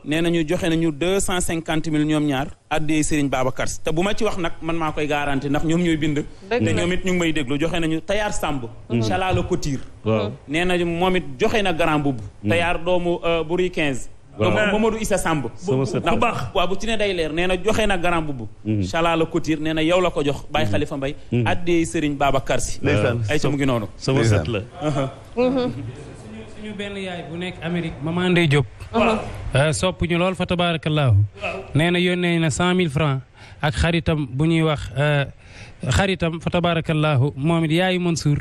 nee nañu joxe nañu deux cent cinquante mille ñoom ñaar addee baaba Babacar te bu ma ci wax nag man maa koy garanti ndax ñoom ñooy bind te ñoom ñu ngi may déglu joxe nañu Tayaar Samb mhm. chala la Couture nee nañu moom it joxe na grand bubb mhm. Tayaar doomu euh, buri 15 waaw Samb. ndax bu baax waaw bu ci ne day leer nee na joxe na garan bubb mhm. chala la couture nee na yow la ko jox Baye Khalifa Mbaye addee Serigne Babacar si ay ci mu ngi noonu sama set la benn yaay bu nekk Amérique maman Ndeye Diop Eh, sopp ñu lool fa tabaarakallaahu nee na yónnee na cent mille francs ak xaritam bu ñuy wax eh, xaritam fa tabaarakallaahu moom it yaayu Mansour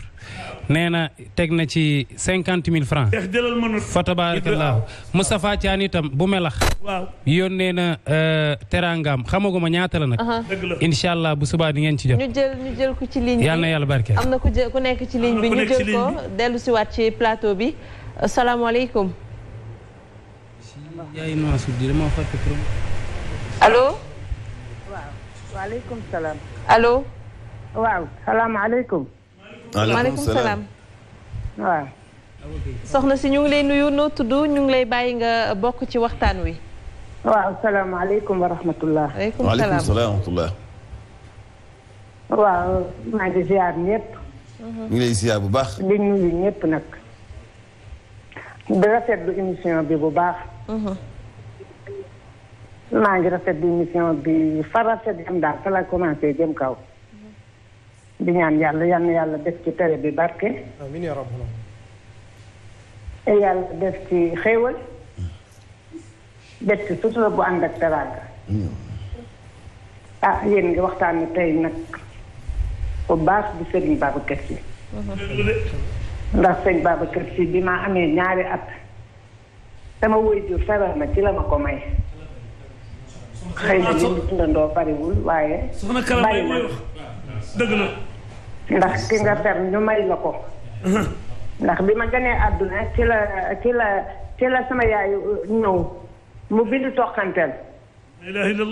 nee na teg na ci cinquante mille francs eh, fa tabaarakallaahu Moustapha Thiane itam bu melax yónnee na teraangaam xamaguma ñaata la nag incha bu subaa di ngeen ci jot ñu jël ñu ci ligne bi yàlla na yàlla barke am na ku nekk ci ligne bi ñu jël ko dellu si waat ci plateau bi asalaamaaleykum yaay Mansour di dama salaam. alo waaw salaamaaleykum. maaleykum salaam. waaw. soxna si ñu ngi lay nuyu noo tudd ñu ngi lay bàyyi nga bokk ci waxtaan wi. waaw salaamaaleykum wa rahmatullah. waaleykum salaam wa rahmatullah. waaw maa ñu ngi lay ziar bu baax. di nuyu ñëpp nag. di rafetlu émission bi bu baax. maa ngi rafet bi mission bi farafet yam daal fa la commencé jëm kaw di ñaan yàlla yal na yàlla def ci tere bi barke amiin yaa yàlla def ci xéewal def ci sutura bu ànd ak teraanga ah yéen ngi waxtaan tey nag bu baax bi sëriñ Babacar Sy ndax sëriñ Babacar Sy bi ma amee ñaari at sama waajur feebar ma ci la ma ko may. xëy na li ñu dundandoo bariwul waaye. bari na dëgg ndax ki nga fer ñu may la ko. ndax bi ma gënee àdduna ci la ci la ci la sama yaay ñëw mu bind toqanteel.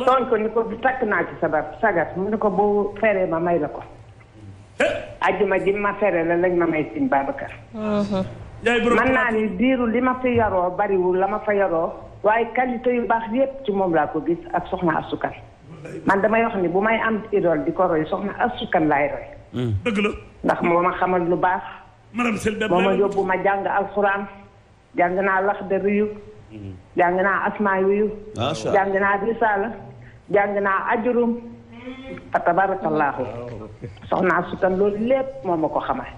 toon ko ni ko takk naa ci sabar sagar mu ni ko boo feree ma may la ko. ajjuma ji ma fere la lañ ma may sin Babacar. yaay naa ni diiru li ma fi yaroo bariwul la ma fa yaroo waaye qualité yu baax yépp ci moom laa ko gis ak soxna asukan man damay wax ni bu may am idole di ko roy soxna asukan laay roy hmm. ndax moo ma xamal lu baax moo ma yóbbu ma jàng alxuraan naa laxdar yu jàng naa asmaa hmm. yu jàng naa risaala jàng naa ajurum fa tabarakallahu soxna asukan loolu lépp moo ma ko xamal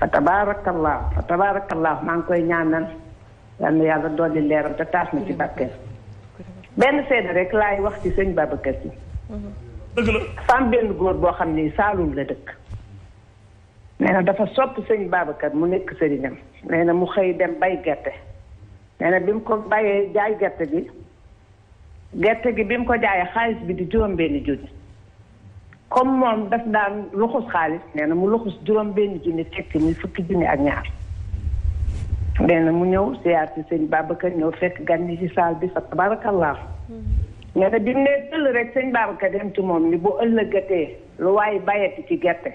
fa tabaarakallaahu fa tabaarakallaahu maa ngi koy ñaanal yal na yàlla dolli leeram te taas na ci bàkkeel benn seede rek laay wax ci sëñ Babacar Si dëgg faam benn góor boo xam ni Saalum la dëkk nee dafa sopp sëñ Babacar mu nekk sëriñam nee na mu xëy dem bay gerte nee na bi mu ko bayee jaay gerte gi gerte gi bi mu ko jaayee xaalis bi di juróom benni junni comme moom daf daan luxus xaalis nee na mu luxus juróom benn junni tekki muy fukki junni ak ñaar nee na mu ñëw siyaar si sëñ Babacar ñëw fekk gan yi ci saal bi fa tabarakallah nee na bi mu nee tëll rek sëñ Babacar dem ci moom ni bu ëllëgatee lu waaye bàyyati ci gerte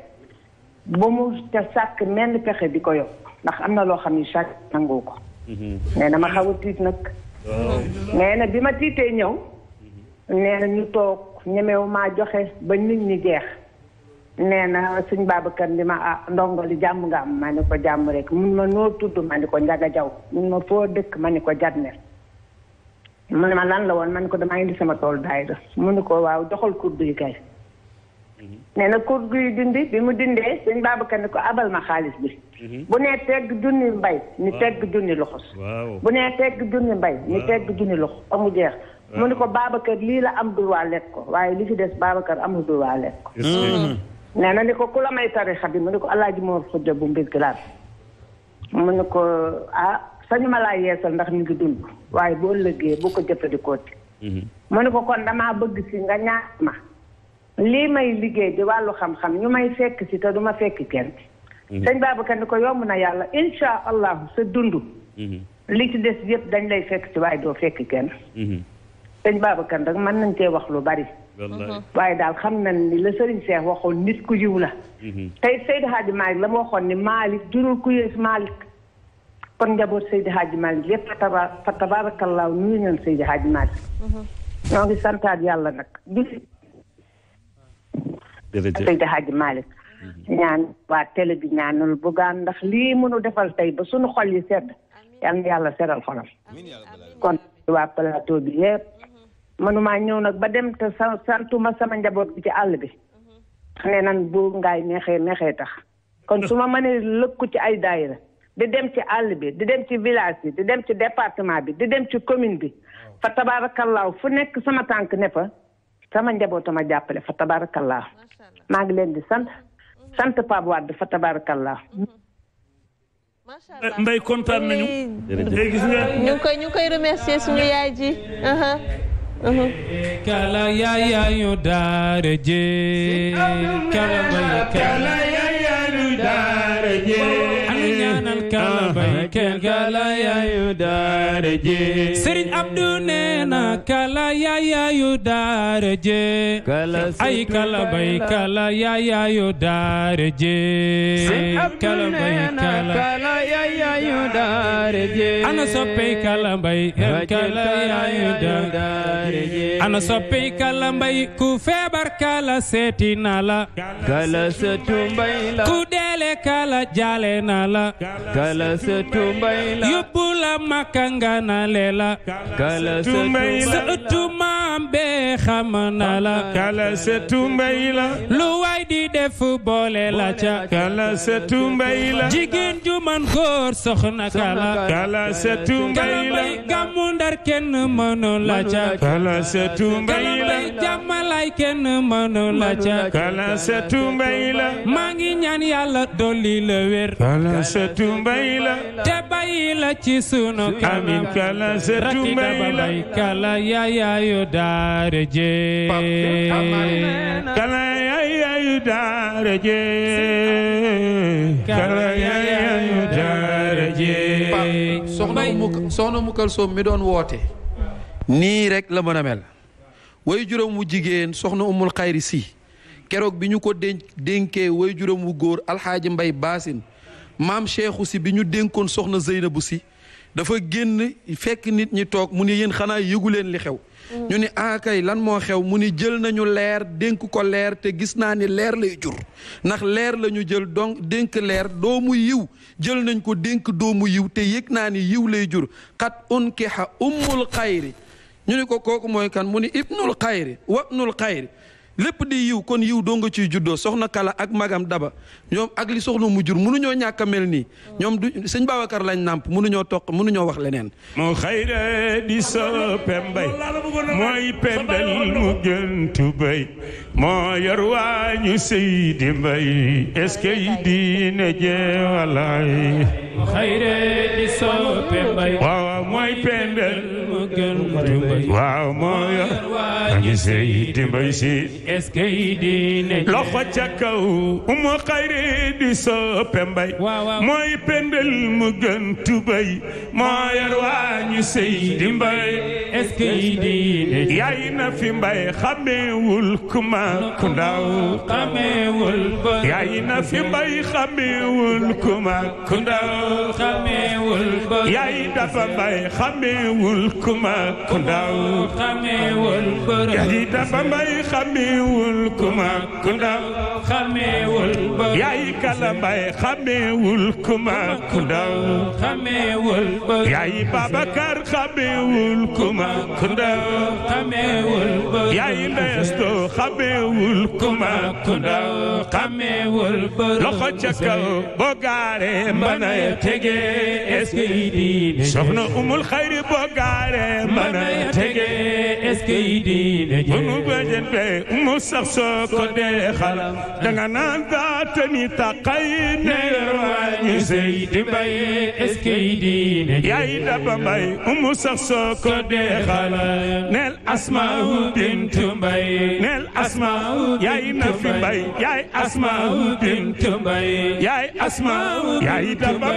ba mu te sàkk menn pexe di ko yokk ndax am na loo xam ne sàkk nangoo ko nee ma xaw tiit nag nee bi ma tiitee ñëw nee ñu toog ñemewu maa joxe ba nit ñi jeex nee na suñ Babacar ni ma ah ndongo li jàmm nga am ma ni ko jàmm rek mun ma noo tudd ma ni ko njaga jaw mun ma foo dëkk ma ni ko jatner mu ne ma lan la woon ma ni ko damaa indi sama tool daayira mu ni ko waaw doxal kurdu yi kay mhm. nee na kurdu yi dindi bi mu dindee suñ Babacar ni ko abal ma xaalis bi mhm. bu nee tegg junni mbay ni tegg junni loxos bu nee tegg junni mbay ni tegg junni loxos amu jeex mu ni ko Babacar lii la am droit lekk ko waaye li ci des Babacar amul droit lekk ko. Mm-hmm. nee na ni ko ku la may tarixa bi mu ni ko El Hadj Mor bu mbir glace. mu ni ko ah sañu ma laa yeesal ndax mi ngi dund waaye boo ëllëgee boo ko jëfandikoo ci. Mm-hmm. mu ni ko kon damaa bëgg si nga ñaax ma. lii may liggéey di wàllu xam-xam ñu may fekk si te du ma fekk kenn. Mm-hmm. sëñ Babacar ni ko yomb na yàlla incha allahu sa dund. li ci des yëpp dañ lay fekk si waaye doo fekk kenn. sëñ Babacar nag man nañ cee wax lu bari. Mhm. waaye daal xam nañ ni la sëriñ Cheikh waxoon nit ku yiw la. Mhm. tey Seydi Hadji Malick la mu waxoon ni Malick jurul ku yées Malick. kon njaboot Seydi Hadji Malick lépp la tabaarakallaahu nuyu nañ Seydi Hadji Malick. Mhm. ñoo ngi santaat yàlla nag. jërëjëf Seydi Hadji Malick. ñaan waa télé bi ñaanal bugaan ndax li mënu defal tey ba sunu xol yi sedd. yal na yàlla seral xolam. kon waa plateau bi yépp manuma ñëw nag ba dem te sa santuma sama njaboot bi ci àll bi ne nan bu ngaay neexee neexee tax kon su ma mënee lëkku ci ay daayira di dem ci àll bi di dem ci village bi di dem ci département bi di dem ci commune bi fa tabaarakallaahu fu nekk sama tànk ne fa sama njabootama jàppale fa tabaarakallaahu maa ngi leen di sant mhm. sant Pape Wade fa tabaarakallaahu mhm. Ndeye kontaan nañu. ñu koy ñu koy remercier suñu yaay ji. kala yaya yu daara benn kalabay kenn kala yaayu daara jee kala jee ay kala yaayu daara jee kalabay kala jee ana soppey kala yaayu ku feebar kala seeti na la kala sa tumbay la ku deele kala jaale na la kala sa tumbay la yóbbu la makka nga na leela kala sa tumbay la maam bee xam na la kala sa tumbay lu waay di def boole la ca kala sa tumbay jigéen ju man góor soxna kala la gàmmu ndar kenn mënu kala sa tumbay la jàmmalay kenn la dolli la wér setu mbay la te bay la ci sunu amin kala setu mbay la kala daara je kala daara je kala yaayu soxna mu kalsoom mi doon woote nii rek la mën mel way juróom wu jigéen soxna umul xayri si keroog bi ñu ko dénk dénkee way juróom wu góor alxaaji mbay baasin maam Cheikhou si bi ñu dénkoon soxna Zeynabu si dafa génn fekk nit ñi toog mu ni yéen xanaa yëgu leen li xew. Mm. ñu ni akay ah, lan moo xew mu ni jël nañu leer dénk ko leer te gis naa ni leer lay jur ndax leer la ñu jël donc dénk leer doomu yiw jël nañ ko dénk doomu yiw te yëg naa ni yiw lay jur xat unkiha ummul xayri ñu ni ko kooku mooy kan mu ni ibnul xayri wabnul xayri lépp di yiw kon yiw doo nga ciy juddoo soxna kala ak magam daba ñoom ak li soxna mu jur mënuñoo ñàkk mel nii oh. ñoom du sëñ Babacar lañ nàmp mënuñoo toq mënuñoo wax leneen moo xayra di sa pembay mooy pendal mu gën tubay moo yor waa ñu di mbay est-ce que yi diine jeewalaay xayra di sa pembay waaw mooy pendal waaw moo yor ngi sey dimbay di soppe mbay mooy pendel mu gën tubay moo yor waa sey dimbay yaay na fi mbay xamewul ku mag ku ndaw na fi mbay xamewul ku mag ku ndaw yaay dafa mbay xamewul ku kuma ku ndaw xameewul borom yaay Tamba Mbaye xameewul kuma ku ndaw xameewul borom yaay Kala Mbaye xameewul kuma ku ndaw xameewul borom yaay Babacar xameewul kuma ku ndaw xameewul borom yaay Lesto xameewul kuma ku ndaw xameewul borom loxo ca kaw boo gaaree mën a tege est-ce que soxna umul xayri boo gaaree mën a tege est-ce yi diine jee bu nu bëjante mu sax soo ko yi diine jee bintu mbay neel asmaahu yaay nafi bintu mbay yaay asmaahu yaay daba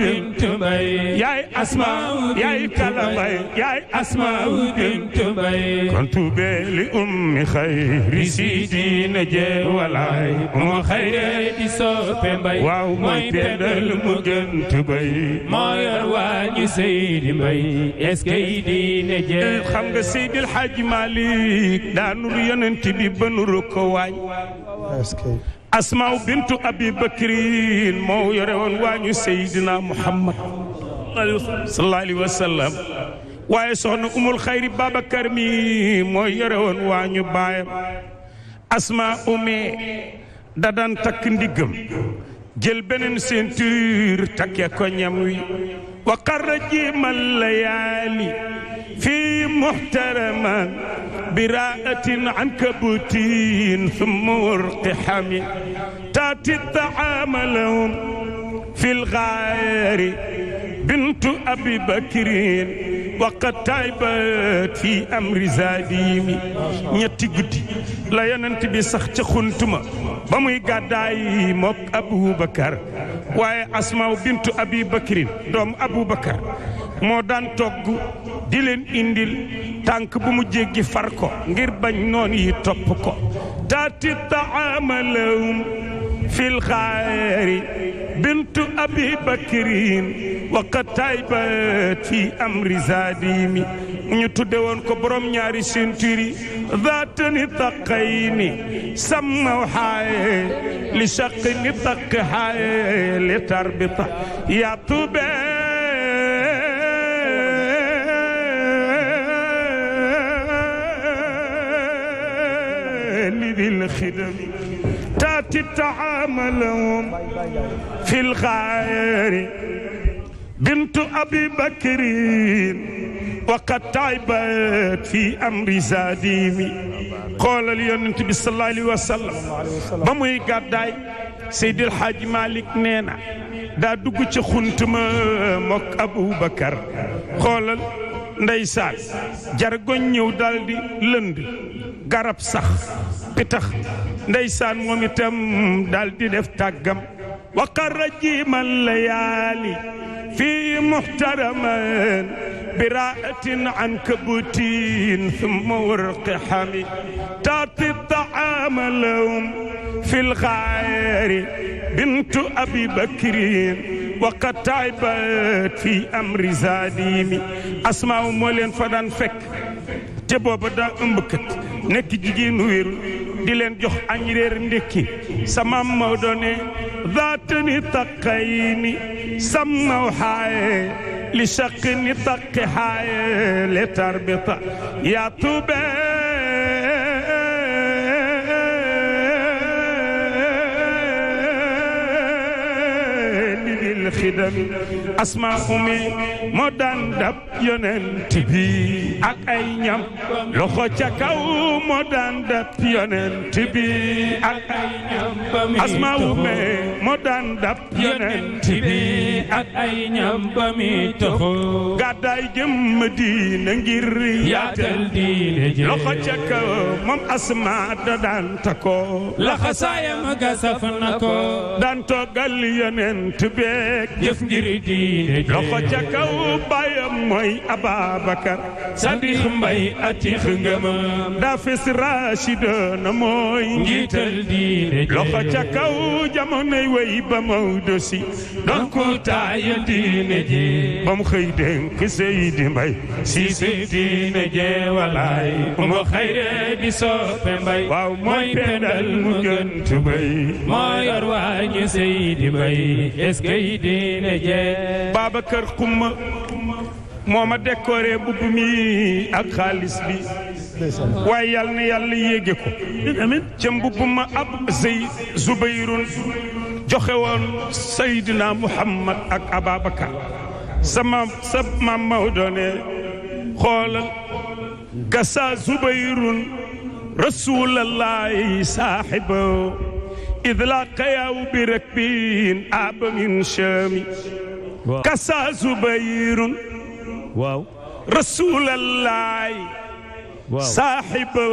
bintu mbay yaay kala mbay yaay asmaaw bint mbay kontu be li ummi xayri siiti na jee walaay umu xayre di soppe mbay waaw mooy teddal mu gënt mbay moo yor waa ñu seydi mbay est-ce que yi di na jee eh, xam nga Seydi El Hadj Malick daa nur yonent bi ba nuru ko waañ asmaaw bintu abi bakrin moo yore woon waa ñu seydina muhammad sallallahu alayhi wa sallam waaye soxna umul xayri Babacar mi mooy yore woon waa ñu baayam asma umee da daan takk ndiggam jël beneen ceinture takke ko ñam wi wa qarra jimal layaali fii muhtaraman biraatin ankabutin summa urqihami taati taama lahum fi lgaari بنت أبي بكر وقد تايبت في أمر ñetti guddi la yonent bi sax ca xuntuma ba muy gàddaay mook Aboubacar waaye Asmaaw bintu Abi Bakrin doom moo daan toggu di leen indil tànk bu mu jéggi farko ngir bañ noon yi topp ko taati taama lahum fi lxaari bintu abi bakrin waqat taybat fi amri zadimi ñu tudde woon ko borom ñaari ceinturi zaatani taqayni sammaw xaaye li chaqi ni taq xaaye li tarbita yaa tube بالخدم تاتي تعاملهم في الغير بنت أبي بكر وقد تعبت في أمر زاديمي قال النبي صلى الله عليه وسلم ba muy gàddaay Seydil Hadji Malick nee na daa dugg ci xunt ma mook Aboubacar xoolal ndeysaan jargoñ ñëw daal di garab sax pitax ndeysaan moom itam daal di def tàggam waqarra jiimal layaali fii muxtaraman biraatin an kabutin summa warqi xami taati taama lahum fi lxaari bintu abi bakrin waqat taibat fi amri zadimi asmaaw moo leen fa daan fekk te booba daa ëmbkat nekk jigéenu wéru di leen jox añ reer ndékki sama maw doone zaatani taqayni sammaw xaaye li shaqni taqi xaaye li tarbita yaa tube lil xidami asmaa xumi moo daan dab yonent ak ay ñam loxo ca kaw moo daan dab yonent ak ay ñam asmaa xumi moo daan dab yonent bi ak ay ñam ba mi ca kaw moom asmaa da daan takko laxasaayam ga saf na ko daan toggal yonent beek jëf ngir diine loxo ca kaw bayam mooy sa Sadix Mbay atix ngëmam dafis Rashida na mooy njiital diine loxo ca kaw jamonoy way ba Maodo si doon ko taaya diine ji bam xëy dénk Seydi Mbay si si diine jee walaay mu xayre di soppe Mbay waaw mooy pendal mu gën tubay moo yor waa ñu Seydi Mbay est-ce que diine Babacar Xumma moo ma décoré bubb mi ak xaalis bi waaye yàlla na yàlla yéege ko ca mbubb ma ab zey zubayrun joxe woon Muhammad ak Ababacar sama sa maam Maw doone xoolal gasa zubayrun rasulallahi saaxibo idlaqa yaw bi rek aba min chami kasa zubayrun waaw rasulallaay saaxiba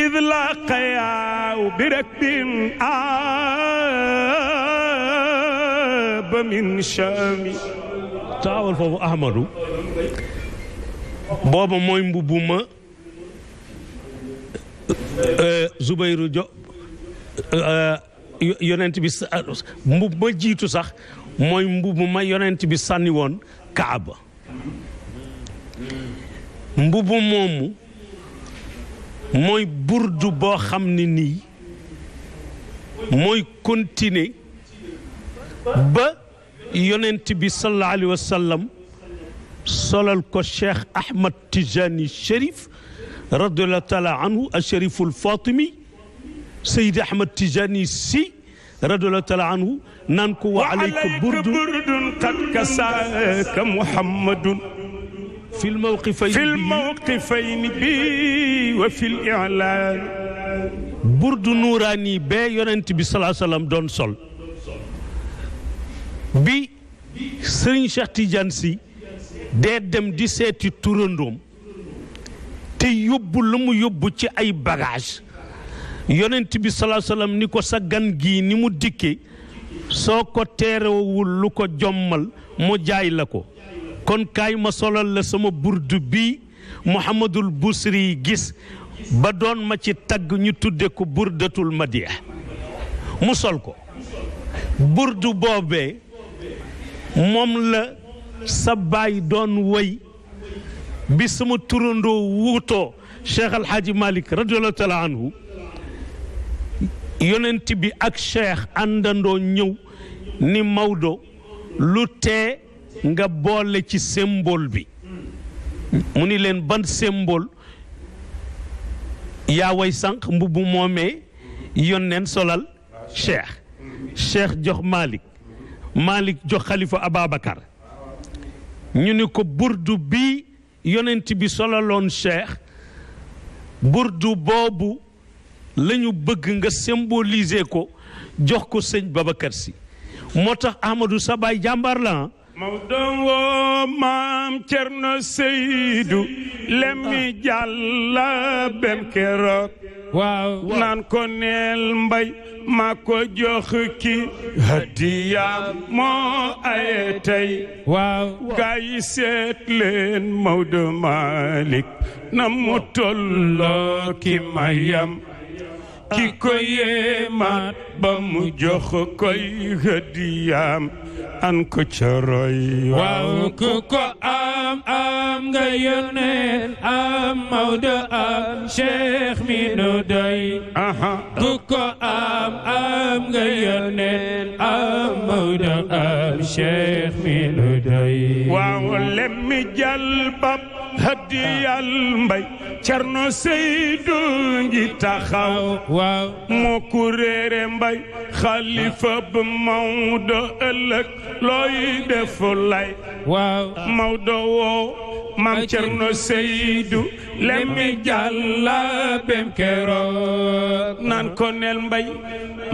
id laqayaw bi rakbin aaba min shami taawal foofu ahmadu booba mooy mbubbuma eh, zubayru jo eh, yonent bi mbubb ma jiitu sax mooy mbubb ma yonent bi sànni woon kaaba mbubb moomu mooy burdu boo xam ne nii mooy continuer ba yonent bi sallallahu alayhi wa sallam solal ko cheikh ahmad tijani chérif radiallahu taala anhu a chériful fatimi sayid ahmad tijani si radiallahu taala anhu naan ko wa alayka burdun qad kasaaka muhammadun fi lmawqifayni bi wa fi lilaan burdu nuuraani bee yonent bi salaa salaam doon sol bi sëriñ Cheikh Tidiane si dee dem di seeti turandoom te yóbbu lu mu yóbbu ci ay bagage yonent bi salaa salaam ni ko sa gan gii ni mu dikkee soo ko teerewul lu ko jommal mu jaay la ko kon kaay ma solal la sama burdu bii Muhammadul Busri gis ba doon ma ci tagg ñu tudde ko burdatul madiya mu sol ko burdu boobee moom la sa baay doon way bi sama turandoo wuutoo Cheikh Alxaaji Malik radiyallahu taala yonent bi ak cheikh àndandoo ñëw ni Maodo lu tee nga boole ci sëmbool bi mu ni leen ban symbole yaa way sànq mbubb moomee yonneen solal cheikh cheikh jox Malick Malick jox xalifa Ababacar ñu ni ko burdu bi yonent bi solaloon cheikh burdu boobu lañu bëgg nga symboliser ko jox ko sëñ Babacar si moo tax Amadou Sabaay jàmbar la ah. Mawdo maam Cerno Seydou lemi jàlla ah. benn keroog waaw naan ko neel mbay maa ko jox ki hadiya moo aye tey waaw gaa yi seet leen Maodo Malick na mu tolloo mayam ki ko yéemaat ba mu jox koy hëddiyaam an ko ca roy waaw ku ko am am nga yoneen am Maodo am Cheikh mi nu doy aha ku ko am am nga yoneen am Maodo am Cheikh mi nu doy waaw lemmi jalbab hadiyal mbay cerno seydu ngi taxaw waaw moo ku réere mbay xalifa ba mawdo ëllëg looy defu lay waaw mawdo woo maam cerno seydu lemmi jàlla bem keroog naan ko nel mbay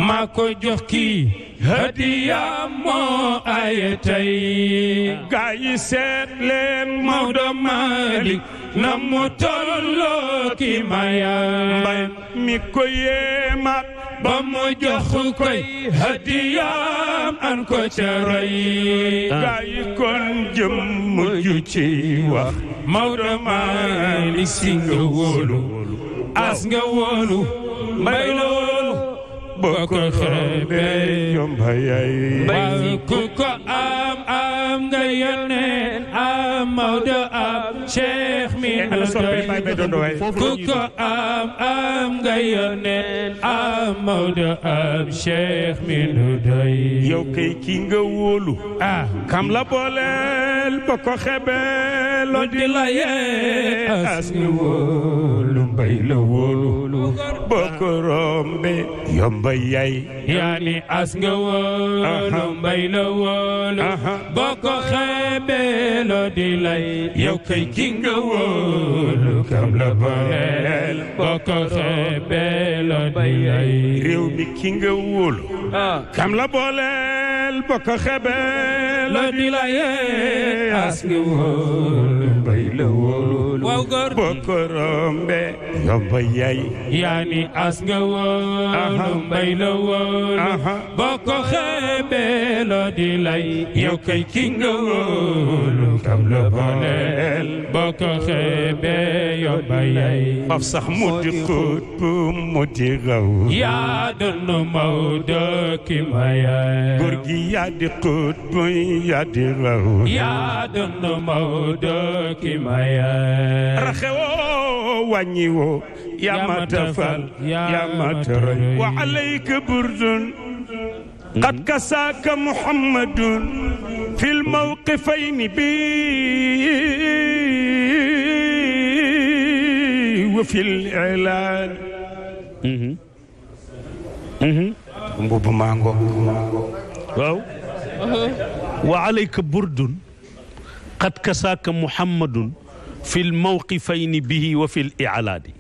maa ko jox kii hadiya moo ay tey gaa yi seet leen Maodo Malick na mu tolloo ki maya mbay mi ko yeemaat ba mu jox koy hadiyaam an ko ca roy gaa yi kon jëm mujj ci wax Maodo Malick si nga as nga mbay loolu boo ko xeebee yomba yaay bay ku ko am am nga am Maodo am Cheikh mi doy ku ko am am nga am Maodo am Cheikh mi doy yow kay ki nga wóolu kam la booleel boo ko xeebee loo di la yee as ni wóolu la wóolu boo ko rombee mbay yaay yaa ni as nga wóolu mbay la wóolu boo ko xeebee loo di lay yow kay ki nga wóolu kam la booleel boo ko xeebee loo di lay réew mi ki nga wóolu kam la booleel boo ko xeebee loo di lay as nga wóolu mbay la wóolu boo ko rombee yomba yaay yaa ni as nga wóolu lay la wóolu boo ko xeebee di lay yow kay ki nga kam la booleel boo ko xeebee yow ba yay mu di xóot pour mu di raw yaa doon Maodo ki ma yaay góor gi yaa di xóot pour yaa di raw yaa doon Maodo ki ma yaay raxewoo wàññiwoo yaa ma tafal yaa ma toroy wa alayka burdun qad kasaaka muhammadun fi lmawqifayni bi wa fi lilaan mm-hmm. mm-hmm. mbubu maa ngoog waaw wa alayka burdun qad kasaaka muhammadun fi lmawqifayni bihi wa fi lilaani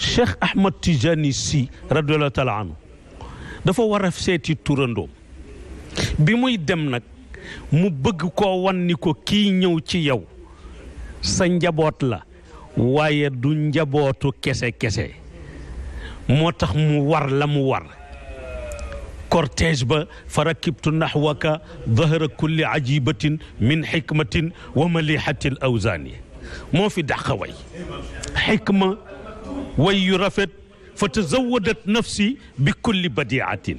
cheikh Ahmad Tijani si radiyallahu taala anhu dafa war a seeti turandoom bi muy dem nag mu bëgg koo wan ni ko kii ñëw ci yow sa njaboot la waaye du njabootu kese kese moo tax mu war la mu war cortège ba farakibtu naxwaka dahra kulli ajibatin min xikmatin wa malihatil awsaani moo fi dàqaway way yu rafet fa tazawadat nafsi bi kulli badiatin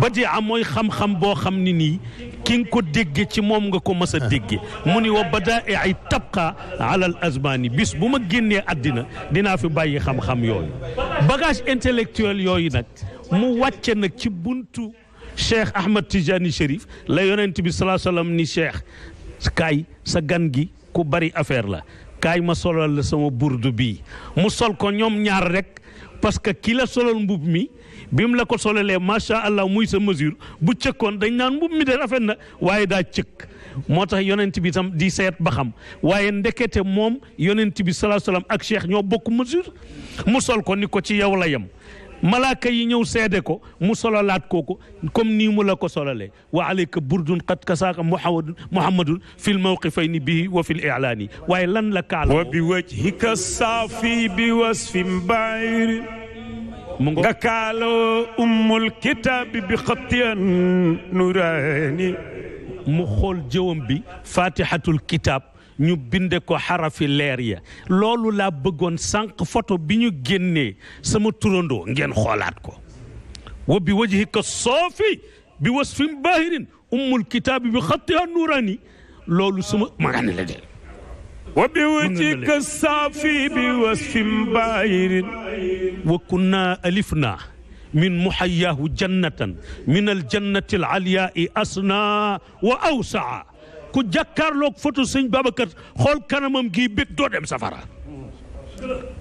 badia mooy xam boo xam ne nii ki nga ko dégge ci moom nga ko mas a dégge mu ni wa badaa'i tabqa ala al azmani bis bu ma génnee àddina dinaa fi bàyyi xam-xam yooyu bagage intellectuel yooyu nag mu wàcce nag ci buntu cheikh ahmad tijani chérif la yonent bi salaa sallam ni cheikh kaay sa gan gi ku bari affaire la kaay ma solal la sama burdu bii mu sol ko ñoom ñaar rek parce que ki la solal mbub mi bi mu la ko solalee macha allah muy sa mesure bu cëkkoon dañ naan mbubb mi de rafet na waaye daa cëkk moo tax yonent bi tam di seet ba xam waaye ndekete moom yonent bi salaa salaam ak cheikh ñoo bokk mesure mu sol ko ni ko ci yow la yem malaaka yi ñëw seede ko mu sololaat kooku comme nii mu la ko sololee wa alayka burdun qad kasaaka muhammad muhammadun fi l mawqifayni bihi wa fi l ilaani waaye lan la kaala wa bi wajhika saafi bi wasfin bair mu nga kaaloo ummul kitaabi bi xatiyan nuraani mu xool jëwam bi fatihatul kitab ñu binde ko xarafi leer ya loolu laa bëggoon sànq photo bi ñu génnee sama turandoo ngeen xoolaat ko wa bi wajhika soofi bi wasfin baahirin ummul kitaabi bi xattiha nuurani loolu suma ma nga ne la de wa bi wajhika soofi bi wasfin baahirin wa kunna alifna min muhayyaahu jannatan min aljannati alalyaai asna wa awsaa ku jàkkaarloog foto sëñ Babacar xool kanamam gii bég doo dem safara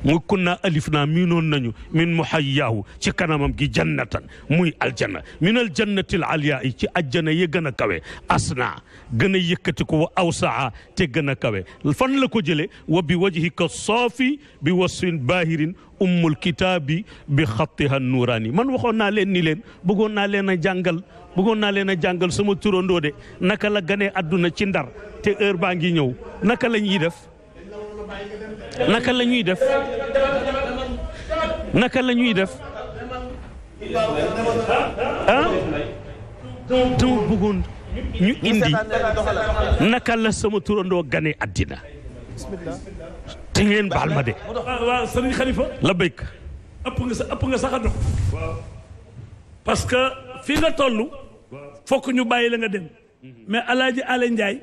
mu kunna alif naa miinoon nañu min muhayyaahu ci kanamam gi jannatan muy aljanna min aljannatil aliyaa yi ci ajjana yi gën a kawe asna gën a yëkkati ko wa awsaa te gën a kawe fan la ko jëlee wa bi wajhika soofi bi wasfin baahirin ummul kitaabi bi xattiha nuuraani man waxoon naa leen ni leen bëggoon naa leen a jàngal buggoon naa leen a jàngal sama turandoo de naka la gane àdduna ci ndar te heure baa ngi ñëw naka la ñuy def naka la ñuy def naka la ñuy def ah ñu indi naka la sama turandoo ganee àddina te ngeen baal ma de. waaw ëpp nga sax a dox parce que fi nga toll fokk ñu bàyyi la nga dem mais alaaji ale njaay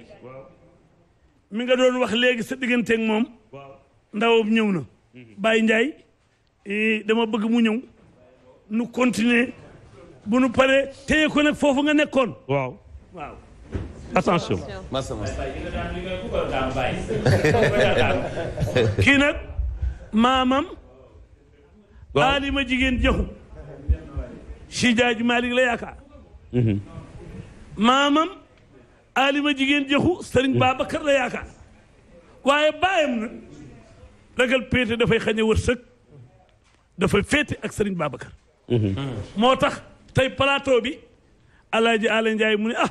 mi nga doon wax léegi sa digganteeg moom ndawam ñëw na Baye Njaay dama bëgg mu ñëw nu continue bu nu paree téye ko nag foofu nga nekkoon waaw waaw attention masa masa kii nag maamam alima jigéen jaxu si jaaju Malik la yaaka mhm. maamam alima jigéen jëxu sëriñ baabakër la yaakaar waaye bàyyam na ragal péete dafay xañe wërsëg dafay féete ak sëriñ Babacar mm-hmm. moo tax tey plateau bi alaaji Alé Ndiaye mu ne ah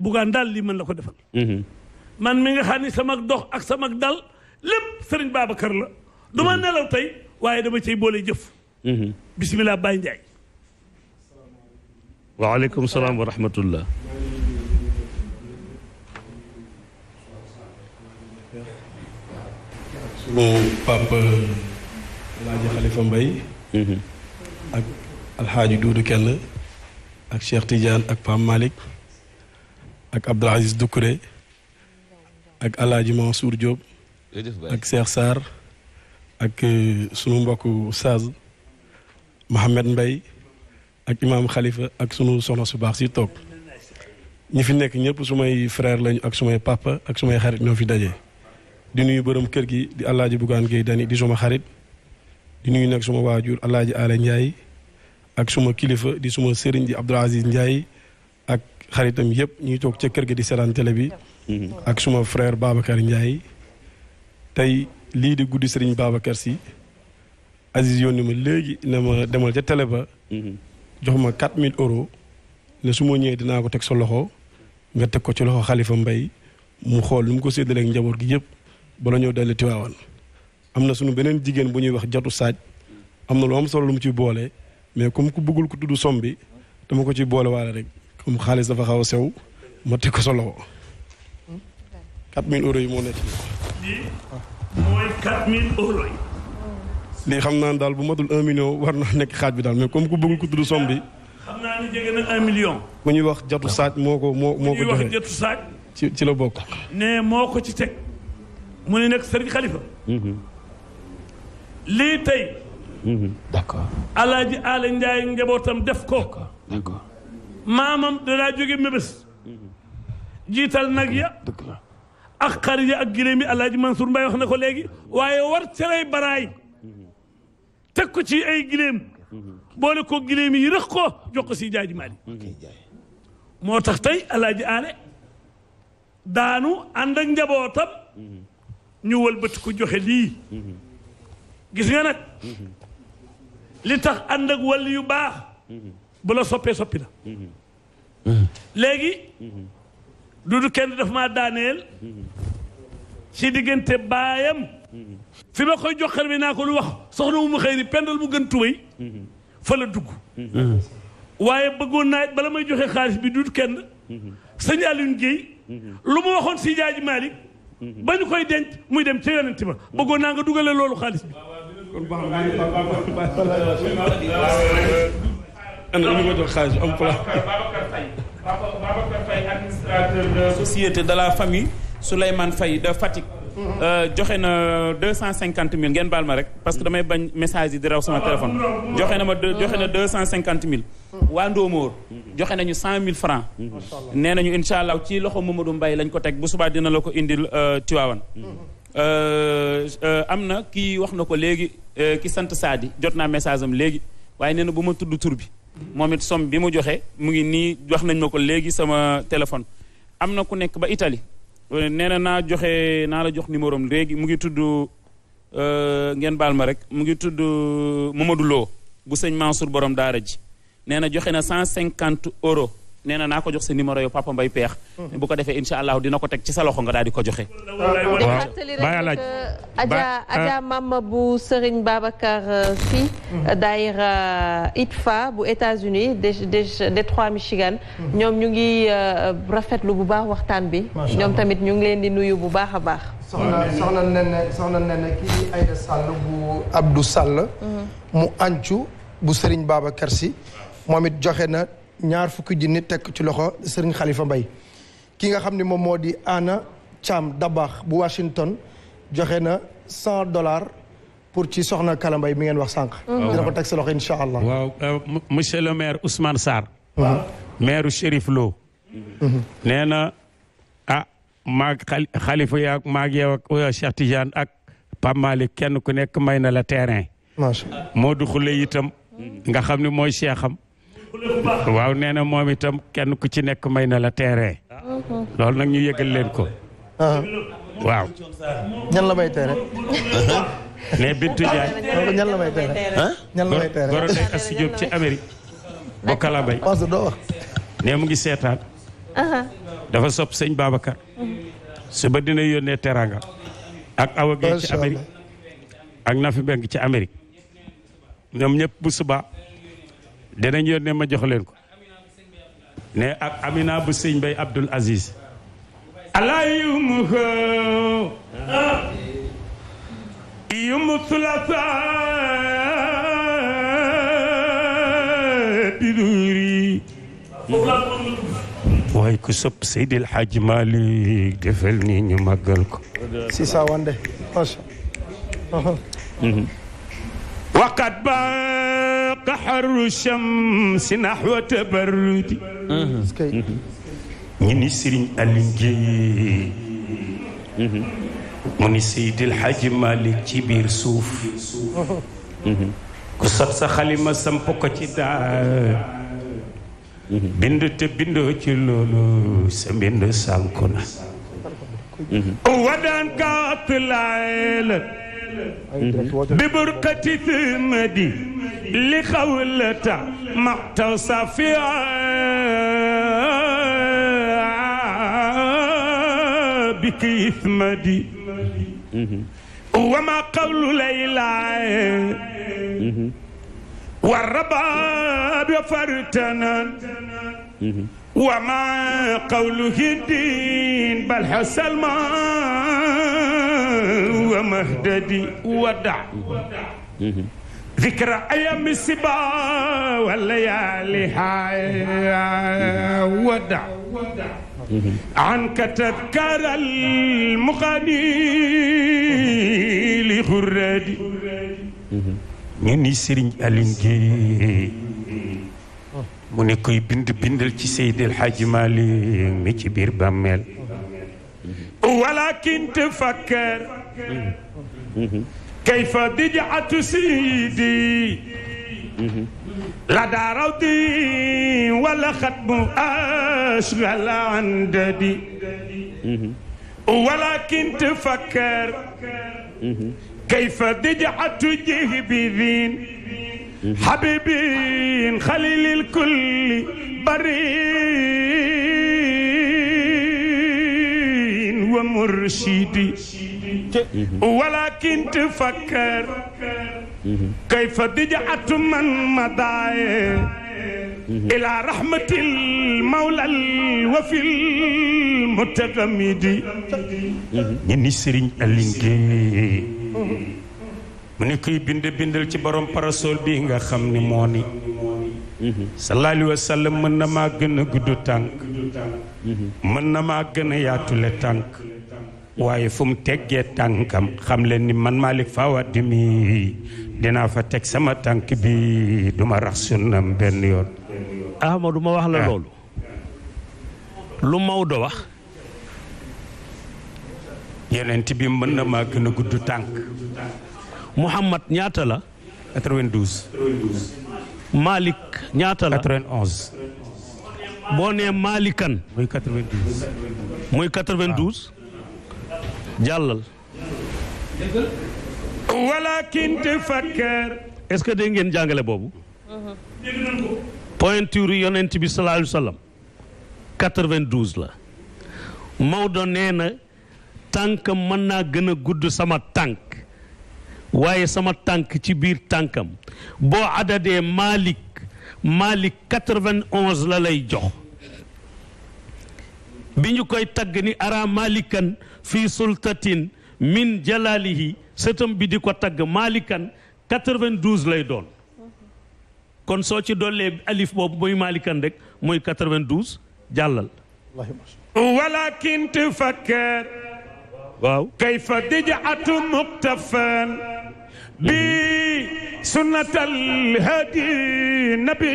buggaan daal lii mën la ko defal mm-hmm. man mi nga xam sama dox ak sama dal lépp sëriñ Babacar la du ma mm-hmm. nelaw tey waaye dama cay boole jëf bisimilah Baye Ndiaye waaleykum salaam wa rahmatullah mu Pape Alaaji Mbay mhm. ak Alxaaji Duudu Kenn ak Cheikh Tidiane ak Pape ak Abdoul Aziz Doucouré ak Alaaji Mansour Diop ak Cheikh Sarr ak euh, sunu mbokku Saz Mohamed Mbay ak imaam xalifa ak sunu soxna su baax si toog ñi fi nekk ñëpp sumay frère lañu ak sumay papa ak sumay xarit ñoo fi daje. di nuyu borom kër gi di El Hadj Bougane Gueye di suma xarit di nuyu nekk suma waajur El Hadj njaay ak suma kilifa di suma sëriñ di Abdoul Aziz Ndiaye ak xaritam yëpp ñuy toog ca kër gi di seetaan télé bi. Mhm. ak suma frère Babacar Ndiaye. tey lii di guddi sëriñ Babacar si Aziz yónni ma léegi ne ma demal ca tele ba. Mhm. jox ma 4000 euros ne su ma ñëwee dinaa ko teg sa loxo nga teg ko ci loxo xalifa mbay mu xool lu mu ko séddaleeg njaboot gi yëpp bala ñëw dellu Tiwaawan am na suñu beneen jigéen bu ñuy wax jatu saaj am na lu am solo lu mu ciy boole mais comme ku bëggul ku tudd som bi dama ko ci boole waale rek comme xaalis dafa xaw a sew ma teg ko sa loxo 4000 yi moo lii xam naa daal bu matul un million war na nekk xaaj bi daal mais comme ku bëggul ku tudd somme xam naa ne jege million. ku ñuy wax jatu saaj moo ko moo moo ko joxe jatu saaj. ci ci la bokk. ne moo ko ci teg mu ne nekk Serigne Khalifa. Mm-hmm. lii tey. d' accord. El njabootam def ko. d' accord maamam danaa jóge mébés. Mm-hmm. jiital nag ya. dëgg la ak xar ya ak gileem yi El Hadj wax na ko léegi. waaye war cëray baraay. teg ko ci ay gileem boole ko gileem yi rëq ko jox ko si jaaji maali moo tax tey alaaji aale daanu ànd ak njabootam ñu wëlbati ko joxe lii gis nga nag li tax ànd ak wàll yu baax bu soppee soppi la léegi dudu kenn daf maa daaneel ci diggante baayam fi ma koy jox xel bi naa ko lu wax soxna mu xëy ni pendal mu gën tubay fa dugg waaye bëggoon naa it bala may joxe xaalis bi du kenn sëñ Alioune lu mu waxoon si jaaji Malick koy denc muy dem ca yonent ba bëggoon naa nga dugale loolu xaalis bi kon société de la famille Souleymane Faye de Euh, joxe na deux cent cinquante mille ngeen baal ma rek parce que damay bañ message yi di raw sama téléphone joxe na ma joxe na deux cent cinquante mille waa Ndoomoor joxe nañu cent mille francs nee nañu insha allah ci loxo Mamadou Mbaye lañ ko teg bu subaa dina la ko indil euh, Tiwaawan euh, am na kii wax na ko léegi ki sant Saadi jot naa message am léegi waaye nee na bu ma tudd tur bi moom it somme bi mu joxe mu ngi nii wax nañ ma ko léegi sama téléphone am na ku nekk ba itali Euh, neena na naa joxe naa la jox numéro am léegi mu ngi tudd euh, ngeen baal ma rek mu ngi tudd euh, Mamadou Lo bu sëñ Mansour borom daara ji nee na joxe na cent cinquante euros nee na naa ko jox sa numéro yo Papa Mbaye Peex. Mm. bu ko defee incha allah dina ko teg ci sa loxo nga daal di ko joxe. waaw di fàttali rek Adja ah. Adja Mama bu Serigne Babacar fii. Euh, mm. euh, daayira euh, ITFA bu États-Unis des Détroit Michigan. Mm. ñoom ñu ngi rafetlu bu baax waxtaan bi. ñoom tamit ñu ngi leen di nuyu bu baax a baax. soxna soxna Nene soxna Nene kii Sall bu Abdou Sall. mu ancu bu Serigne Babacar si moom it joxe na. ñaar fukki junni teg ci loxo Serigne xalifa mbay ki nga xam ni moom moo di Anna Thiam Dabaax bu Washington joxe na cent dollars pour ci soxna kalambay Mbaye ngeen wax sànq. Ah dina ko teg sa euh, monsieur le maire Ousmane Sarr. waaw maire Chérif Lo. Mhm. nee na ah maag Khalifa yaa ak maag yow ak euh, Cheikh ak Pape kenn ku nekk may na la terrain. macha allah xule itam. nga xam ne mooy Cheikh am. waaw nee na moom itam kenn ku ci nekk may na la terrain. loolu nag ñu yégal leen ko. Uh-huh. waaw. ñan la may tere ne Bintu Ndiaye. ñan la may ci Amérique. ba Kalambay. Ah, ne mu ngi seetaan. Uh-huh. dafa sopp sëñ Babacar. Uh-huh. suba dina yónnee teranga. ak Awa Gueye ci Amérique. ak Nafi Mbengue ci Amérique. ñoom ñëpp bu suba. danañ yónnee ma jox leen ko ne ak Amina bu sëñ Bay Abdul Aziz alaa yumu ko yumu sulasa di duuri waaye ku sopp Seydil Hadj Malick defal nii ñu màggal ko si sa wande وقد باق حر الشمس نحو تبردي من سرين ألنجي من سيد الحاج مالك كبير سوف ku sab sa xalima samp ko ci daal bind te bindoo ci loolu sa mbind sànku na wadaan kaat laay la ببرقة ثمدي لخولة معتص فيها بك إثمدي وما قول ليلى والرباب فرتنا وما قوله الدين بل حسل ما ومهددي ودع ذكرى أيام السبا والليالي ودع عنك تذكر المغني لغرادي من سرين ألين mu ne koy bind bindal ci Seydi El Hadji Malick mi ci biir bàmmeel walakin tafakkar kayfa bijaatu sidi la daaraw di wala xatmu ashgal an dadi walakin tafakkar kayfa bijaatu jihbidin حبيبي خليل الكل برين ومرشدي ولكن تفكر كيف دجعت من مضاي إلى رحمة المولى الوفي المتغمد يني سرين ألينجي mu ni kuy bind bindal ci borom parasol bii nga xam ni moo ni sallallahu alayhi mën na maa gën a gudd tànk mën na maa gën a yaatule tànk waaye fu mu teggee tànkam xam leen ni man Malick Fawadi mi dinaa fa teg sama tànk bi duma rax sunnam benn yoon Ahmadou ma wax la ah. loolu lu Maodo wax yeneen bi mën na maa gën a gudd tànk Mouhamad ñaata la. 92. ñaata la. 91. boo nee Malikan. muy 92. muy 92. jàllal. walakin tafakkar. est-ce que dégg ngeen jàngale boobu. pointure yonent bi sallallahu alayhi wa sallam 92 la Maodo nee na tànk mën naa gën a gudd sama tànk. waaye sama tànk ci biir tànkam boo adadee Malik Malik quatre vingt la lay jox bi ñu koy tagg ni ara malikan fii sultatin min jalalihi sëtam bi di ko tagg malikan quatre lay doon kon soo ci dollee alif boobu muy malikan rek muy quatre-vingt-douze jàllal waaw kayfa dijatu muktafan bi sunnatal hadi nabi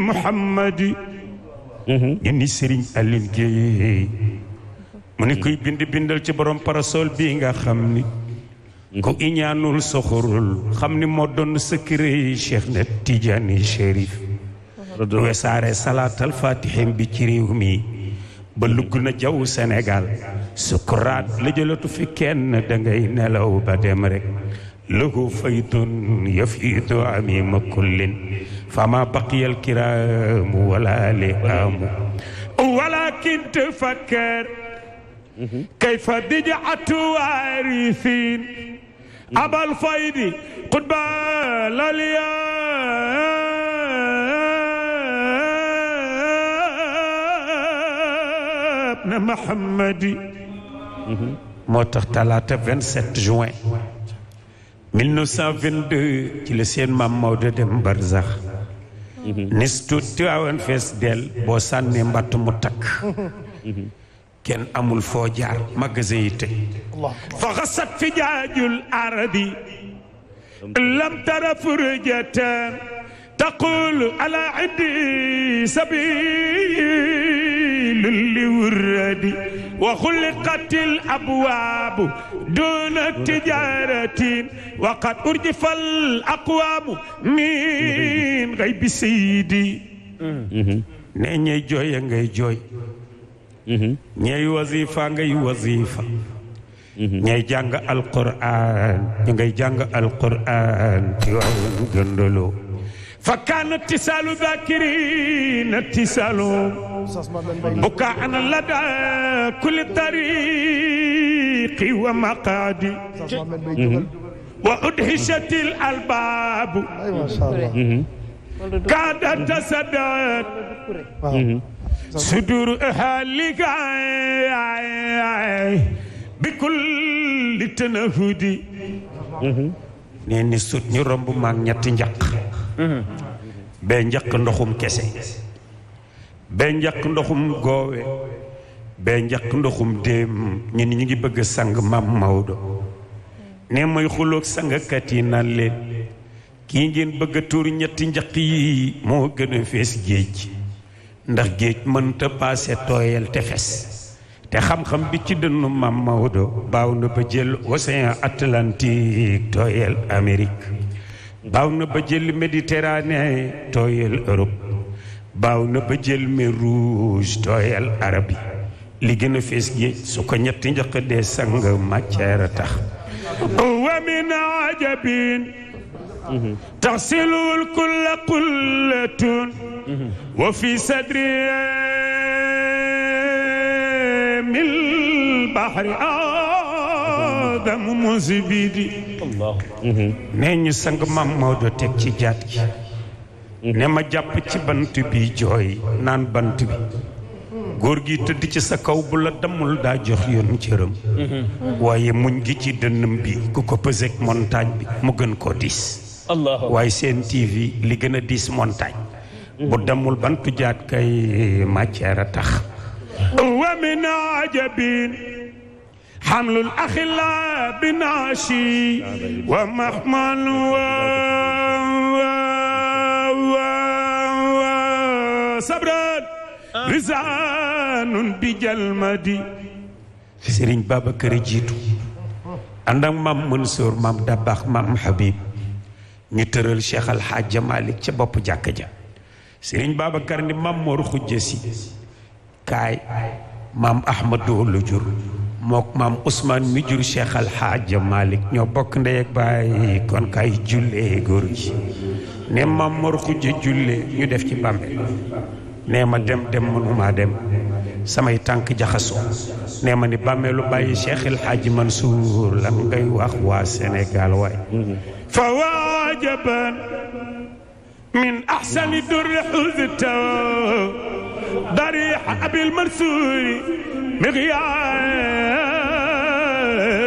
muhammadi ñu ni sëriñ Alioune Guèye mu ni kuy bind bindal ci borom parasol bi nga xam ni mhm. ku iñaanul soxorul xam ni moo doon secret Cheikh na Tidiane Chérif wesaare salaatal fatihim bi ci réew mi ba lugg na jaww Sénégal sukuraat la jëlatu fi kenn dangay nelaw ba dem rek lahu faydun yafiidu amima kullin fama baqiyal kiraamu wala liaamu walakin tafakkar kayfa bid'atu waarisin abal faydi qutba laliyaa na Mahamadi mhm. moo tax talaata 27 juin 1922 ci la seen maam Maodo dem barzax mhm. nis tuut tiwaawan fees dell boo sànnee mbatt takk mhm. kenn amul foo jaar magasin yi tëj xasat fi jaajul lam tara furujatan تقول على عدي سبيل لوردي وخلقت الأبواب دون تجارة وقد أرجف الأقوام من غيب سيدي ne ñay jooy a ngay jooy ñay wasifa ngay wasifa ñay jàng alquran ñu ngay jàng alquran ci waaw gëndaloo fa kaana tisaalu zaakiriina tisaalu bukaan ladaa kulli tariiqi wa maqaadi mhm. wa udhishatil albaabu mhm. kaada tasadaat mhm. sudur ahaaliga bi kulli tanahudi nee ni sut ñu romb maag ñetti njaq bee njaq ndoxum kese bee njaq ndoxum goowe bee njaq ndoxum déem ñi ñu ngi bëgg sang maam Maodo ne mooy xuloog sangkat yi naan leen kii ngeen bëgg a tuur ñetti njaq yi moo gën a fees géej ndax géej mënta paase tooyal te fes te xam-xam bi ci dënnu maam Maodo baaw na ba jël océan Atlantique tooyal baaw na ba jël méditerranée tooyal Europe baaw na ba jël mer Rouge tooyal arab yi li gën a fees gi su ko ñetti njëkk dee sang matière a tax wa min ajabin taxsilul kulla qullatun wa fi sadri mil bahri Maodo mu muusi bii di. nee ñu sang maam Maodo teg ci jaat gi. ne ma jàpp ci bant bi jooy naan bant bi. góor gi tëdd ci sa kaw bu la damul daa jox yoon cëram. waaye muñ gi ci dënnam bi ku ko pëseeg montagne bi mu gën koo diis. waaye seen TV li gën a diis montagne. bu damul bantu jaat kay matière a tax. wa min ajabin حمل الأخلاء بناشي ومحمل صبرا رزان بجلمدي سيرين بابا كريجيتو àndak maam Mansour maam Dabax maam Habib ñu tëral Cheikh Al Hadj Malick ca bopp jàkka ja Serigne Babacar ni maam Mor Khoudia si kaay maam Ahmad Lo jur mook maam Ousmane mi jur Cheikh Al Hadj Malick ñoo bokk ndey ak baay kon kay jullee góor gi ne maam Mor Khoudia jullee ñu def ci Bambey nee ma dem dem mënumaa dem samay tànk jaxasoo nee ma ni bàmmeelu bàyyi Cheikh El Hadj Mansour lan ngay wax waa Sénégal waay fa waajaban min ahsani durri xuzta dari abil mansouri مغيا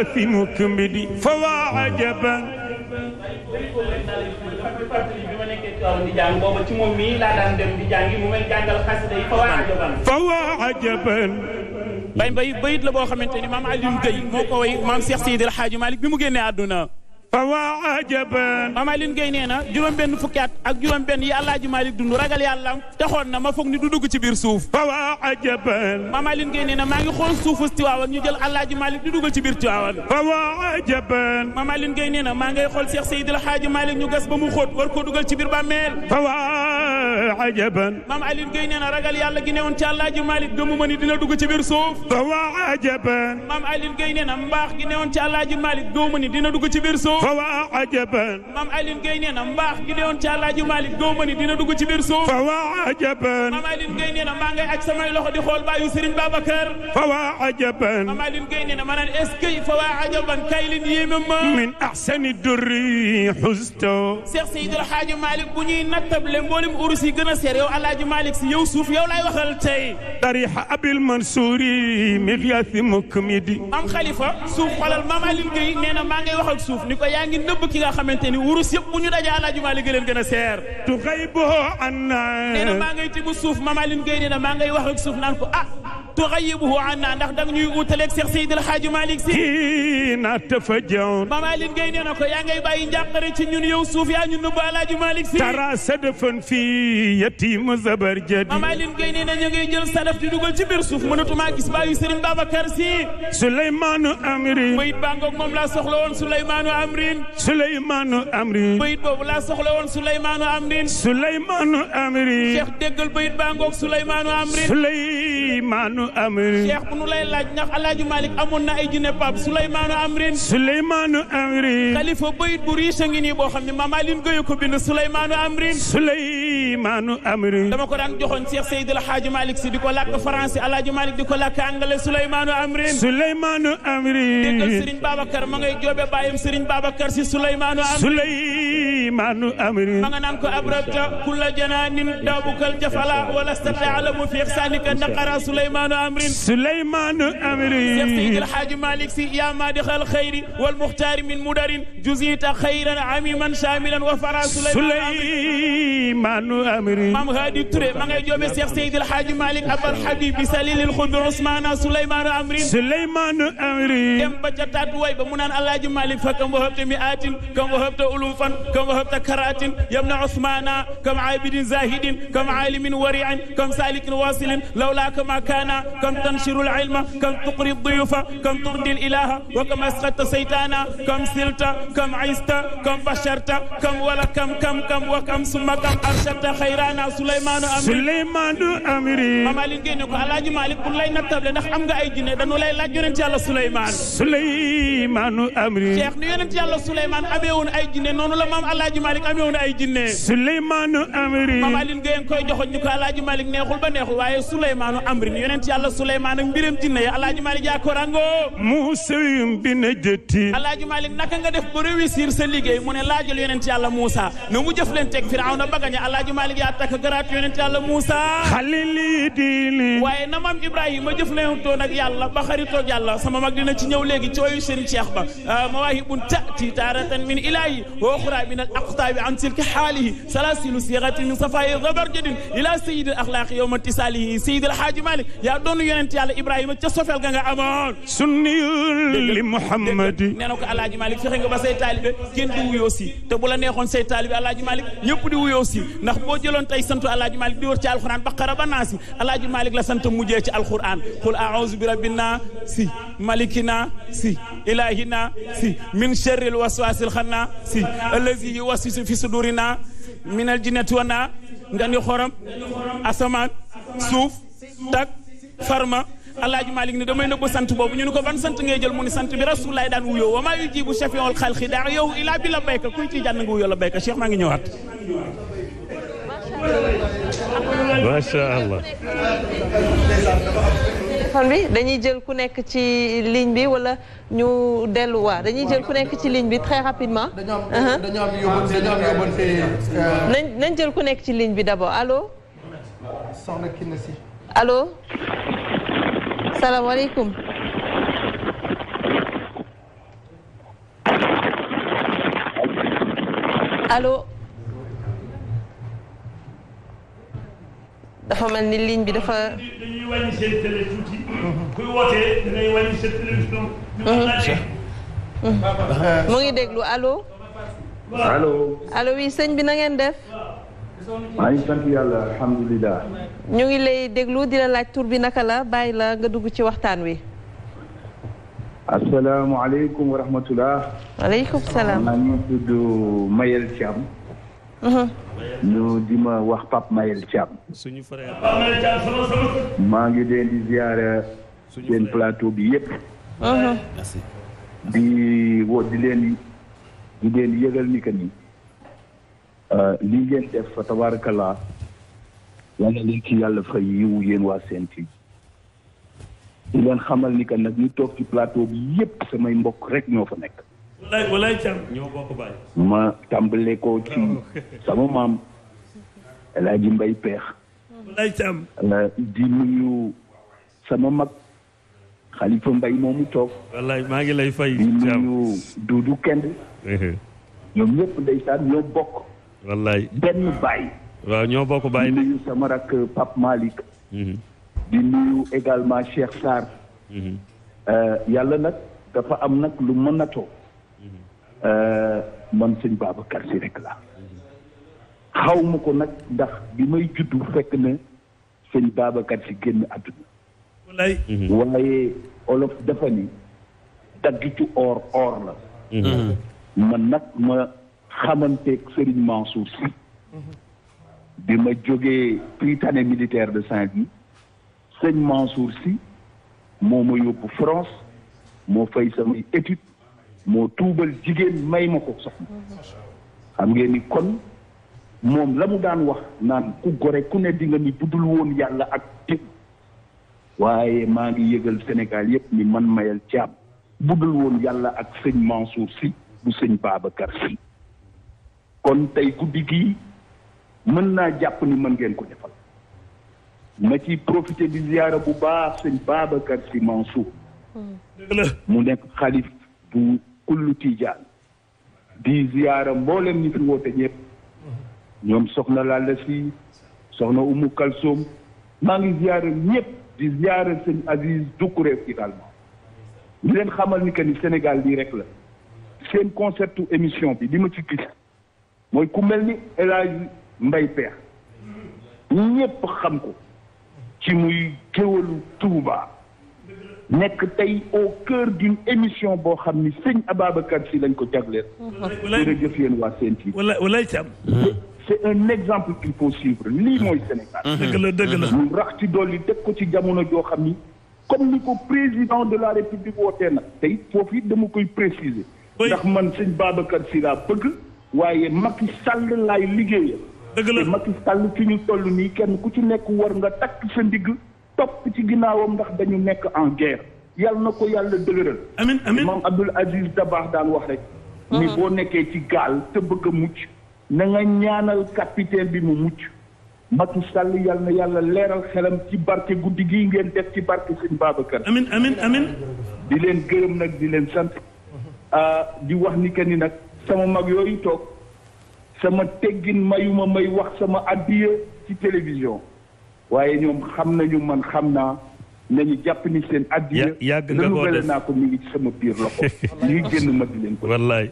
في مكمدي فواعجبا فوا عجبا bay bay bayit la boo xamante ni maam Alioune Gueye moo ko way maam Cheikh Seydil Hadji Malick bi mu génnee àdduna waa ajaban mama lin gay nee na juróom-benn fukki at ak juróom-benn yi Alaaji Maalik dund ragal yàlla taxoon na ma foog ni du dugg ci biir suuf waa ajaban mama lin gay na maa ngi xool suufu Tiwaawan ñu jël Alaaji Maalik di dugal ci biir Tiwaawan waa ajaban mama lin gay nee na ngay xool Seex Seydil Xaaji Maalik ñu gas ba mu xóot war koo dugal ci biir bàmmeel waa ajaban mama lin gay nee na ragal yàlla gi newoon ci Alaaji Maalik gëmu ma ni dina dugg ci biir suuf waa ajaban mama lin gay mbaax gi newoon ci Alaaji Maalik gëmu ma dina dugg ci biir suuf fawa ajaban maam Alioune Gueye nee na mbaax gi deewoon ci Alaaji Maalik góob ma dina dugg ci biir suuf fawa ajaban di xool baayu Serigne Babacar fawa ajaban maam Alioune Gueye nee na ma naan est ce que fawa ajaban kay leen yéeme ma min ahsani durri xusto Cheikh Seydil Hadji Malick bu ñuy nattable mboolem urus yi gën a seer yow Alaaji Maalik si yow suuf yow lay waxal tey tarixa abil mansouri mixiasi mukmidi maam Xalifa suuf xolal maam Alioune Gueye nee na maa ngay wax suuf yaa ngi nëbb ki nga xamante ni wurus yëpp bu ñu dajee Alaaji Maalik leen gën a seer tu xaybuhu anna nee na maa ngay tibb suuf Mamalin Gueye nee na maa ngay wax ak suuf naan ko ah tuxayibuhu anna ndax danga ñuy utaleeg Cheikh Seydil Hadji Malick Sy na tafa jawn mama lin gay nee na ko yaa ngay bàyyi njàqare ci ñun yow suuf yaa ñu nëbb Alaaji Malick Sy tara sadafan fii yatim zabar jadi mama lin gay nee na ñu ngay jël sadaf di dugal ci biir suuf mënatumaa gis bàyyi Serigne Babacar Sy Souleymane Amrin bayit baa ngoog moom laa soxla woon Souleymane Amrin Souleymane Amrin bayit boobu laa soxla woon Souleymane Amrin Souleymane Amrin Cheikh déggal bayit baa ngoog Souleymane Amrin Souleymane Suleymaanu Amrin. Cheikh bu nu lay laaj ndax El Hadj Malick amoon na ay jinne Pape Suleymaanu Amrin. Suleymaanu Amrin. xalifa bayit bu riche a ngi nii boo xam ne Mama Aline Gueye ko bind Suleymaanu Amrin. Suleymaanu Amrin. dama ko daan joxoon Cheikh Seydi El Hadj Malick di ko làkk français El Suleymaanu Amrin. Suleymaanu Amrin. ma ngay joobe bàyyam Serigne Babacar si Suleymaanu Amrin. Suleymaanu Amrin. ma nga naan ko jafala wala stata alamu fi ihsanika naqara Suleymaanu amrin sulaymanu amri Cheikh Seydi El Hadji Malick Sy yaa maadixal xayri wal muxtaari min mudarin juzita xayran amiman shamilan wa fara sulaymanu amri maam haadi Touré ma ngay joome Cheikh Seydi El Hadji Malick abal habib bi salilil xudbi usmana sulaymanu amrin sulaymanu amri dem ba ca taat way ba mu naan alaaji Malick fa kam wahabta mi aatin kam wahabta ulufan kam wahabta karatin yabna usmana kam abidin zahidin kam alimin wariin kam salikin wasilin lawlaaka ma kaana كم تنشر العلم كم تقري الضيوف كم ترضي الإله وكم أسقطت سيطانا كم سلت كم عزت كم بشرت كم ولا كم كم كم وكم ثم كم أرشدت خيرانا سليمان أمري سليمان أمري mama li ngeen ko alaaji Malik pour lay nattable ndax am nga ay jinne dañu lay laaj yonent yàlla Suleymaan Suleymaan Amri Cheikh nu yonent yàlla Suleymaan amee woon ay jinne noonu la maam alaaji Malik amee woon ay jinne Suleymaan Amri mama li ngeen koy joxoñ ñu ko alaaji Malik neexul ba neexul waaye Suleymaan Amri yonent Diallo Souleymane ak mbiram jinne ya alaaji Malick yaa ko rangoo musayum bi na jëtti alaaji Malick naka nga def ba réussir sa liggéey mu ne laajal yonent yàlla Moussa na mu jëf leen teg Firawna ba gañe alaaji Malick yaa takk garaat yonent yàlla Moussa xalili diili waaye na maam Ibrahima jëf leen toon ak yàlla ba xaritoog yàlla sama mag dina ci ñëw léegi ci ooyu seen Cheikh ba ah, mawaahibun taati taaratan min ilaahi wa uxraa min al aqtaabi an tilka xaalihi salaasilu siixatin min safaayi rabar jadin ila sayidi al axlaaqi yowma tisaalihi sayidi alxaaji Malick yaa doonu yonent yàlla Ibrahima ca sofel ga nga sunniyul li Muhammadi nee na ko Alaaji Malick fexe nga ba say taalibe kenn di wuyoo si te bu la neexoon say taalibe Alaaji Malick ñëpp di wuyoo si ndax boo jëloon tey santu Alaaji Malick di wër ci alxuraan baqara ba naa si Alaaji Malick la sant mujjee ci alxuraan qul aauzu bi rabbina si malikina si ilahina si min sharril waswasil xanna si si yuwaswisu fi sudurina na jinnati wan naa nga ni xorom asamaan suuf tak farma alaaji malik ne damay nëbb sant boobu ñu ne ko ban sant ngay jël mu sant bi rasulaay daan wuyoo wa maa yujibu shafiul xalqi daa yow ilaa bi la bayka kuy ci jànn nga wuyoo la bayka cheikh maa ngi ñëwaat macha allah téléphone bi dañuy jël ku nekk ci ligne bi wala ñu delluwaat dañuy jël ku nekk ci ligne bi très rapidement dañoo am uh-huh. euh, nañ jël ku nekk ci ligne bi d'abord allo soxna allo salaamaaleykum. alo dafa mel ni liiñ bi dafa. dañuy wàññi mhm. mhm. mu ngi déglu allo. allo. allo oui sëñ bi nangeen ngeen def. maa ngi sant yàlla alhamdulilah. ñu ngi lay déglu di la laaj tur bi naka la bàyyi la nga dugg ci waxtaan wi. asalaamualeykum wa rahmatulah. waaleykum salaam. maa ngi tudd Mayel Thiam. Mhm. ñu di ma wax Pape Mayel Thiam. suñu frère. ngi leen di plateau bi yëpp. Mhm. di wo di leen di leen yëgal ni que ni. Euh, li ngeen def fa tabarakallah yàlla leen ci yàlla fay yiwu yéen waa Sen TV di leen xamal ni ka nag ñu toog ci plateau bi yépp samay mbokk rek ñoo fa nekk. walaay walaay Thiam ma tàmbale ko ci sama maam El Hadj Peex. walaay Thiam. di sama mag Khalifa Mbaye moomu toog. wallaay maa ngi lay fay. di nuyu Doudou Kend. ñoom ñëpp ndeysaan ñoo bokk. wallaay benn baay. waaw ñoo bokk baay di nuyu sama rakk Pape Malick. Mhm. di nuyu également Cheikh Sarr. Mhm. Euh, yàlla nag dafa am nag lu mën a too mhm. euh, man sëñ Babacar si rek la xaw ma ko nag ndax bi may juddu fekk na sëñ Babacar si génn àdduna. waaye olof dafa ni dagg ci or la. man nag ma. xamanteeg Serigne Mansour si bi ma jógee prytanée militaire de Saint-Louis sëñ Mansour si moo ma yóbbu France moo fay samay étude moo tuubal jigéen may ma ko soxna xam ngeen ni kon moom la mu daan wax naan ku gore ku ne di nga ni budul woon yàlla ak tëb waaye maa ngi yëgal Sénégal yépp ni man mayal caab budul woon yàlla ak sëñ Mansour si bu sëñ Babacar Sy kon tey guddi gii mën naa jàpp ni mën ngeen ko defal ma ci profité di ziyaara bu baax sëñ Babacar Si Mansour mu nekk xalif bu kullu tijaan di ziyaara mboolem ñi fi woote ñëpp ñoom soxna Lalla Si soxna Umu Kalsoom maa ngi ziyaara ñëpp di ziyaara sëñ Aziz Doucouré également ñu leen xamal ni que ni Sénégal lii rek la seen conceptu émission bi li ma ci gis mooy ku mel ni El Hadji Mbaye Pekh ñëpp xam ko ci muy géwalu Touba nekk tey au cœur d'une émission boo xam ni a Ababacar si lañ ko jagleel. jërëjëf yéen waa Sen TV. wala walaay Thiam. c'est un exemple qu'il faut suivre lii mooy Sénégal. dëgg la dëgg la. ñu rax ci dolli teg ko ci jamono joo xam ni comme ni ko président de la république wootee tey foofu it dama koy préciser. ndax man sëñ Babacar si laa bëgg. waaye Macky Sall laay liggéeyal. dëgg la fi ñu toll nii kenn ku ci nekk war nga takk sa ndigg topp ci ginnaawam ndax dañu nekk en guerre. yàlla na ko yàlla dëgëral. amiin amiin moom Abdoul Aziz Dabakh daan wax rek. Mm-hmm. ni boo nekkee ci gaal te bëgg a mucc. na ñaanal capitaine bi mu mucc. Macky Sall yàlla na yàlla leeral xelam ci barke guddi gii ngeen def ci barke sëñ Babacar. amiin amiin amiin. di leen gërëm nag di leen sant. Mm-hmm. Ah, di wax ni que ni nag. sama mag yooyu toog sama teggin mayuma may wax sama addiya ci télévision waaye ñoom xam nañu man xam naa nañu jàpp ni seen addiya yàgg na ko def naa sama biir loxo ñuy génn ma di leen ko wallaay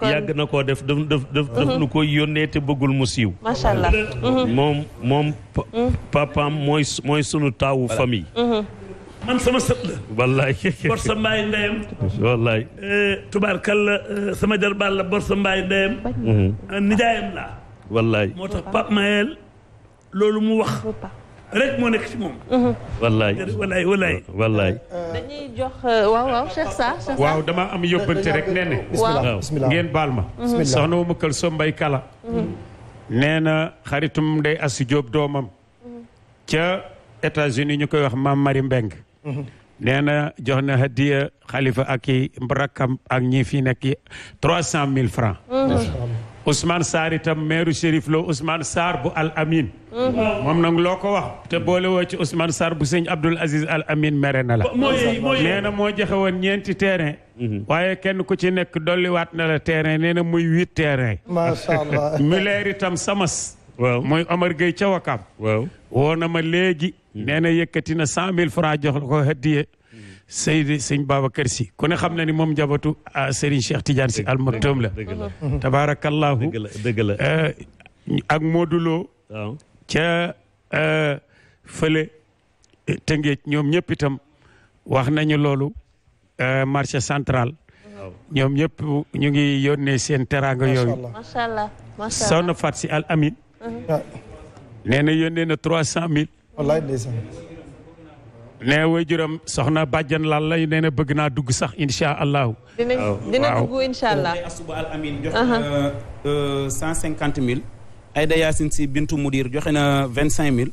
yàgg na koo def daf daf mhm. nu koy yónnee te bëggul mu siiw. macha allah mhm. moom moom mhm. papam mooy mooy sunu taawu famille. man sama sët la. wallaay bor sa mbaay ndeyam. wallaay. Eh, tubaarkalla eh, sama jarbaal la bor sa mbaay ndeyam. Mhm. Eh, nijaayam laa. wallaay moo tax Pape Mayel loolu mu wax. rek moo nekk ci moom. Mhm. wallaay wallaay wallaay. waaw waaw am yóbbante rek nee ne. waaw bisimilah ngeen baal ma. Mhm. bisimilah soxna Oumou Kalsoum Mbaye Kala. nee xaritum Ndeye Assi Diop doomam. ca états ñu koy wax maam Marie Mbengue. nee na jox na hadiya xalifa ak i mbarakam ak ñi fi nekk trois cent mille francs mhm. Ousmane Sarr itam maire Chérif Lo Ousmane Sarr bu Al Amin. Mhm. moom nag loo ko wax. te boole woo ci Ousmane Sarr bu sëñ Abdoul Aziz Al Amin mere na la. nee na moo joxe woon ñeenti terrain. Mhm. waaye kenn ku ci nekk dolliwaat na la terrain nee na muy huit terrain. macha itam Samas. waaw mooy Omar Gueye ca ma léegi. Mhm. nee na yëkkati na cent mille francs jox la ko hadiye mhm. Seydi sëñ Babacar Si ku ne xam na ni moom njabootu ah, Serigne Cheikh Tidiane Si Al Maktoum la mhm. tabaarakallaahu dëgg la eh, ak Modou Lo ca eh, fële eh, Tëngéej ñoom ñëpp itam wax nañu loolu marché central ñoom ñëpp ñu ngi yónnee seen teraanga yooyu macha allah si Al Amin nee na yónnee na trois cent mille wallaay ndeysaan nee soxna bàjjan laal lay nee bëgg naa dugg sax incha allahu. waaw dugg incha allah. asuba al amin uh-huh. euh, cent cinquante mille. Aida Yacine si Bintu Mudir joxe na vingt cinq mille.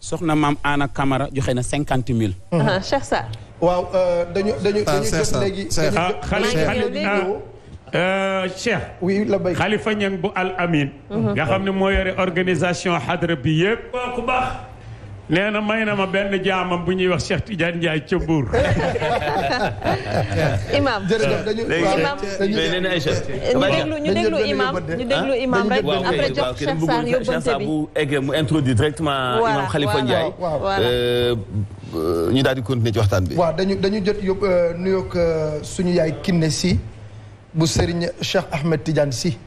soxna maam Anna Camara joxe na cinquante mille. Uh-huh. Uh-huh. Cheikh Sarr. waaw euh, dañu dañu dañu jot léegi. dañu bu al amin. nga xam ne moo yore organisation xadra bi baax. nee na may na ma benn jaamam bu ñuy wax Cheikh Tidiane Ndiaye ca Mbour. imam jërëjëf dañu ñu déglu imam ñu déglu imam rek après jox Cheikh Sarr yóbbante bi bu eggee mu introduit directement imam Khalifa Ndiaye. Euh, ñu daal di continuer ci waxtaan bi. waaw dañu dañu jot yób euh, nuyoog euh, suñu yaay kinne si bu Serigne Cheikh Ahmed Tidiane si.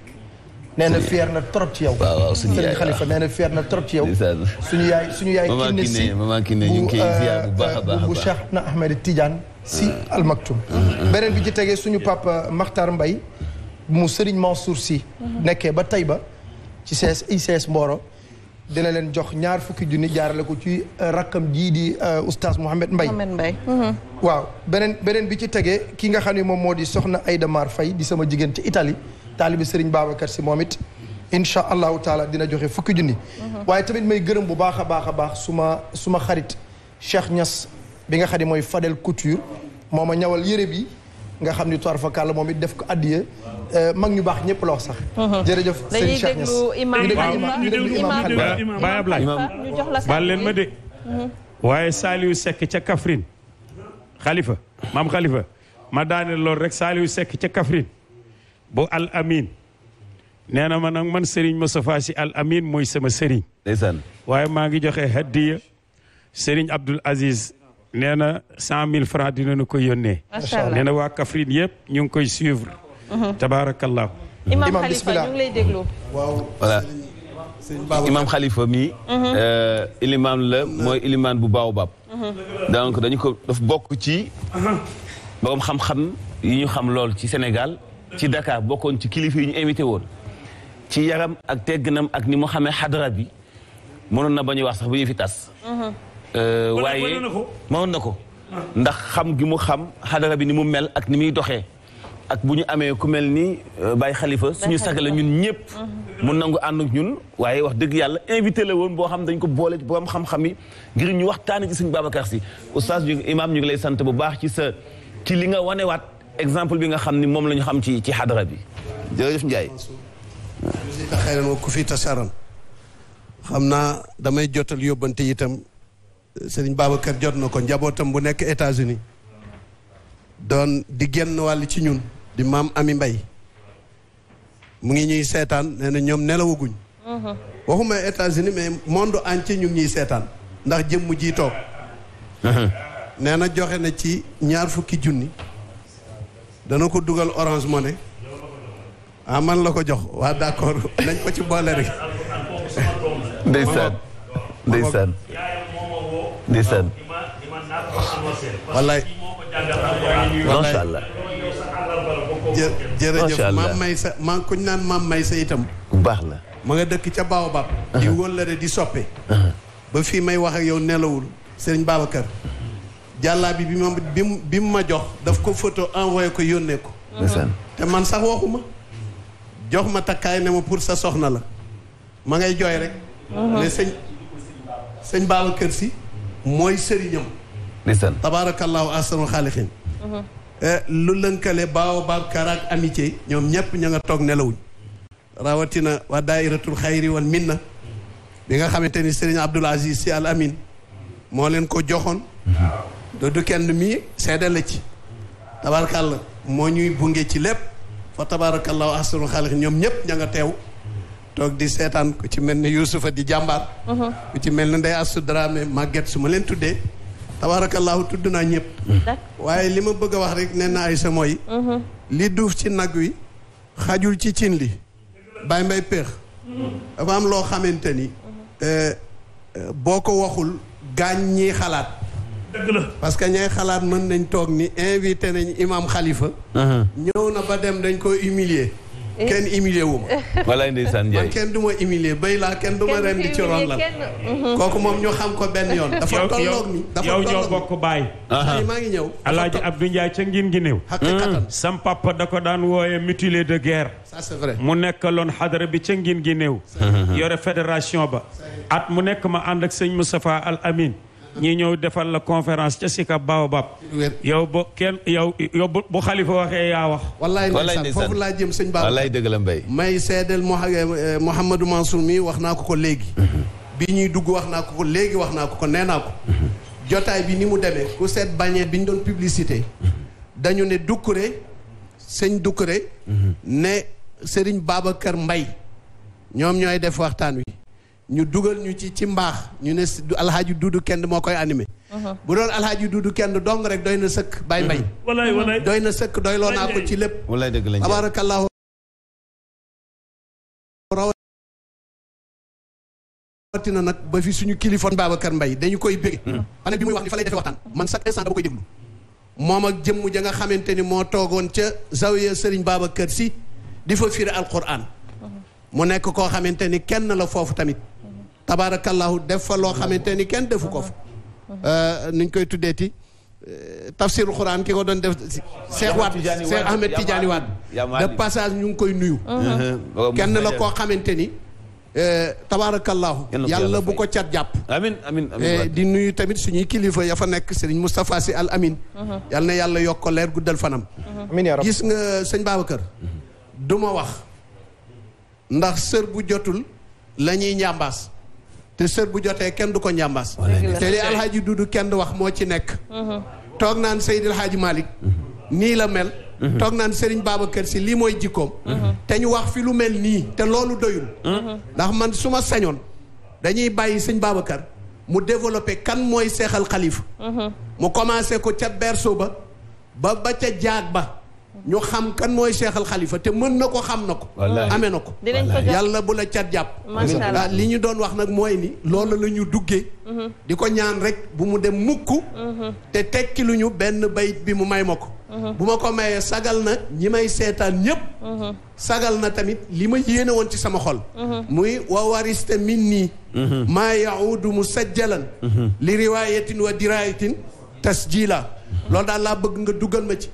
nee na na trop ci yow. waaw waaw yaay Xalifa nee na na trop ci yow. suñu yaay suñu yaay. kinne si maman kinne ñu ngi koy euh, bu baax bu Cheikh na Ahmed Tidiane si almaktum mm-hmm, mm-hmm. beneen bi ci tegee suñu papa Makhtar mbay mu Serigne Mansour si. Mm-hmm. nekkee ba tey ba ci sees ICS Mboro. dina leen jox ñaar fukki junni jaarale ko ci euh, rakkam jii di euh, oustaz Mouhamed Mbaye Mouhamed Mbaye waaw beneen beneen bi ci tegee ki nga xam ne moom moo di soxna Aïda Mar Faye di sama jigéen ci Italie. taalibi Serigne Babacar si moom it incha allahu taala dina joxe fukki junni waaye tamit may gërëm bu baax a baax a baax su ma xarit Cheikh ñas bi nga xam ne mooy Fadel Couture moo ma ñawal yére bi nga xam ni toir fa kàll moom it def ko addiya euh, mag ñu baax ñëpp la wax sax uh-huh. jërëjëf leen ma dégg uh-huh. waaye Saliou sekk ca Kaffrine xalifa maam xalifa ma daane loolu rek Saliou sekk ca kafrin bu al amin nee na ma man Serigne Moustapha Sy al amin mooy sama Serigne. ndeysaan waaye maa ngi joxe hadiya Serigne Abdoul Aziz nee na cent mille francs dinañu ko yónnee. na waa kafrin yëpp ñu ngi koy suivre. Mhm. tabaarakallah. imam xalifa ñu ngi mi mhm. euh, ilimaan la mooy ilimaan bu baobab. Mhm. donc dañu ko daf bokk ci. borom xam-xam yi ñu xam lool ci Sénégal. ci Dakar bokkoon ci kilifa yi ñu invité woon ci yaram ak tegginam ak ni mu xamee xadara bi mënoon na bañ wax sax ba ñu fi tas. Mhm. Euh, waaye mënoon na ko. Ah. ndax xam gi mu xam xadara bi ni mu mel ak ni muy doxee. ak bu ñu amee ku mel ni xalifa euh, Khalifa suñu sagale ñun ñëpp. Mhm. mu nangu ànd ak ñun waaye wax dëgg yàlla invité la woon boo xam dañ ko boole borom xam-xam yi ngir ñu waxtaanee ci suñu Babacar si. oustaz ñu imaam ñu lay sant bu baax ci sa ci li nga wanewaat. exemple bi nga xam ni moom la ñu xam ci ci xadara bi. jërëjëf Ndiaye. xëy ku fi tasaaroon. xam naa damay jotal yóbbante itam sëriñ kër jot na ko njabootam bu nekk États-Unis doon di génn wàll ci ñun di maam Ami mbay mu ngi ñuy seetaan nee na ñoom nelawaguñ mhm. waxuma États-Unis mais monde entier ñu ñuy seetaan ndax jëmm ji toog mhm. nee joxe na ci ñaar fukki junni dana ko dugal orangement money ah man la ko jox waa d'accord nañ ko ci boole rek. ndeysaan ndeysaan ndeysaan. wallaay. maam may sa maa kuñ naan maam may sa itam. bu baax la. ma nga dëkk ca Baobab. Uh-huh. di wëllëre di soppe. Uh-huh. ba fii may wax ak yow nelawul Serigne Babacar. jàllaabi bi ma bi mu ma jox daf ko photo envoyé ko yónnee ko. te man sax waxuma jox ma takkaay ne ma pour sa soxna la ma ngay jooy rek. mais mhm. sëñ sëñ kër Si mooy sëriñam. ndeysaan tabaarakallaahu ahsanul xaaliqiin mhm. eh, lu lënkale baaw baab karaak amitié ñoom ñëpp ñu nga toog nelawuñ. rawatina waa daayiratul xayri wal na bi nga xamante ni sëriñ Abdoul Aziz Si Al Amin moo leen ko joxoon. Mhm. Doudou kenn mii seede la ci tabarkàlla moo ñuy bunge ci lépp fa tabarakallaahu ahsanul xaaliq ñoom ñëpp ña nga teew toog di seetaan ku ci mel ni Youssoufa di jàmbaar uh-huh. ku ci mel ni Ndeye Assou Dramé Maguette su ma leen tuddee tabarakallaahu tudd naa ñëpp waaye li ma bëgg a wax rek nee na ay sa mooy uh-huh. li duuf ci nag wi xajul ci cin li bay mbay péex uh-huh. dafa am loo xamante ni euh, euh, boo ko waxul gaañ ñi xalaat parce que ñay xalaat mën nañ toog ni invité nañ imaam Khalifa. Uh-huh. ñëw na ba dem dañ ko humilier eh. kenn humilier wu ma. walaay ndeysaan Ndiaye man kenn du ma humilier béy laa kenn du ma di ci ron la mm-hmm. kooku moom ñu xam ko benn yoon. dafa tolloog ni uh-huh. dafa tolloog ni yow ñoo ca ngin gi néew. xaqiqatan mm. sam da ko daan wooye mutilé de guerre. ça c'est vrai nekkaloon xadara bi ca ngin gi néew. Uh-huh. yore fédération ba. at mu nekk ma ànd ak sëñ Moustapha Al Amin. ñi ñëw defal la conférence ca Sika Baobab. yow bo kenn yow yow bu xalifa waxee yaa wax. wallaay ndeysaan foofu laa jëm sëñ Ba. wallaay dëgg la mbay. may seedeel eh, eh, Mouhamadou Mansour mi wax naa ko ko léegi. Mhm. ñuy dugg wax naa ko léegi wax naa ko ko nee naa mhm. jotaay bi ni mu demee ku seet bañee bi ñu doon publicité. Mhm. dañu ne Doucouré sëñ Doucouré. ne Serigne Babacar ñoom ñooy def waxtaan wi. ñu dugal ñu ci ci mbaax ñu ne alxaaji duudu kenn moo koy animé uh-huh. bu doon alxaaji duudu kenn dong rek doy na sëkk bay mbay uh-huh. walaay walaay doy na sëkk doy loo naa ci lépp walaay dëgg lañ tabaarakallaahu rawatina nag ba fi suñu kilifoon Babacar Mbay dañu koy bëgg hmm. xanaa bi muy wax ni fa lay defee waxtaan man chaque instant dama koy déglu moom ak jëmm ja nga xamante ni moo toogoon ca zawiya Sëriñ Babacar Si di fa firi alquran uh-huh. mu nekk koo xamante ni kenn la foofu tamit tabaarakallaahu def fa loo xamante ni kenn defu ko fa euh, nuñ koy tuddee tuddeeti euh, tafsiru xuraan ki ko doon def Cheikh Waat Cheikh Ahmed Tidiane Waat de passage ñu ngi koy nuyu uh-huh. euh, kenn la koo xamante ni tabaarakallaahu yàlla bu ko cat jàpp amin di nuyu tamit suñuy kilifa ya fa nekk Serigne Moustapha Sy Al Amin uh-huh. yal na yàlla yokk ko leer guddal fanam uh-huh. gis nga sëñ Babacar du ma wax ndax sër bu jotul la ñuy njàmbaas te sër bu jotee kenn du ko njàmbaas te li alxaaji dudu kenn wax moo ci nekk uh-huh. toog naan Seydil Xaaji Malick uh-huh. nii la mel uh-huh. toog naan Serigne Babacar si lii mooy jikkoom te ñu wax fi lu mel nii te loolu doyul ndax man suma sañoon dañuy bàyyi sëñ Babacar mu développé kan mooy seexal xalifa mu commencé ko ca berceau ba ba ba ca jaag ba ñu xam kan mooy seexal xalifa te mën na ko xam na ko. amee na ko. yàlla bu la cat jàpp. macha ah, li ñu doon wax nag mooy ni. loolu la ñu duggee. Mhm. di ko ñaan rek bu mu dem mukk. Mhm. te tekki lu ñu benn bayit bi mu may ma ko. Mhm. bu ma ko mayee sagal na ñi may seetaan ñëpp. sagal na tamit li ma yéene woon ci sama xol. muy wawariste min nii. maa yaudu musajjalan li riwaayatin wa diraayatin tasjiila loolu daal laa bëgg nga duggal ma ci.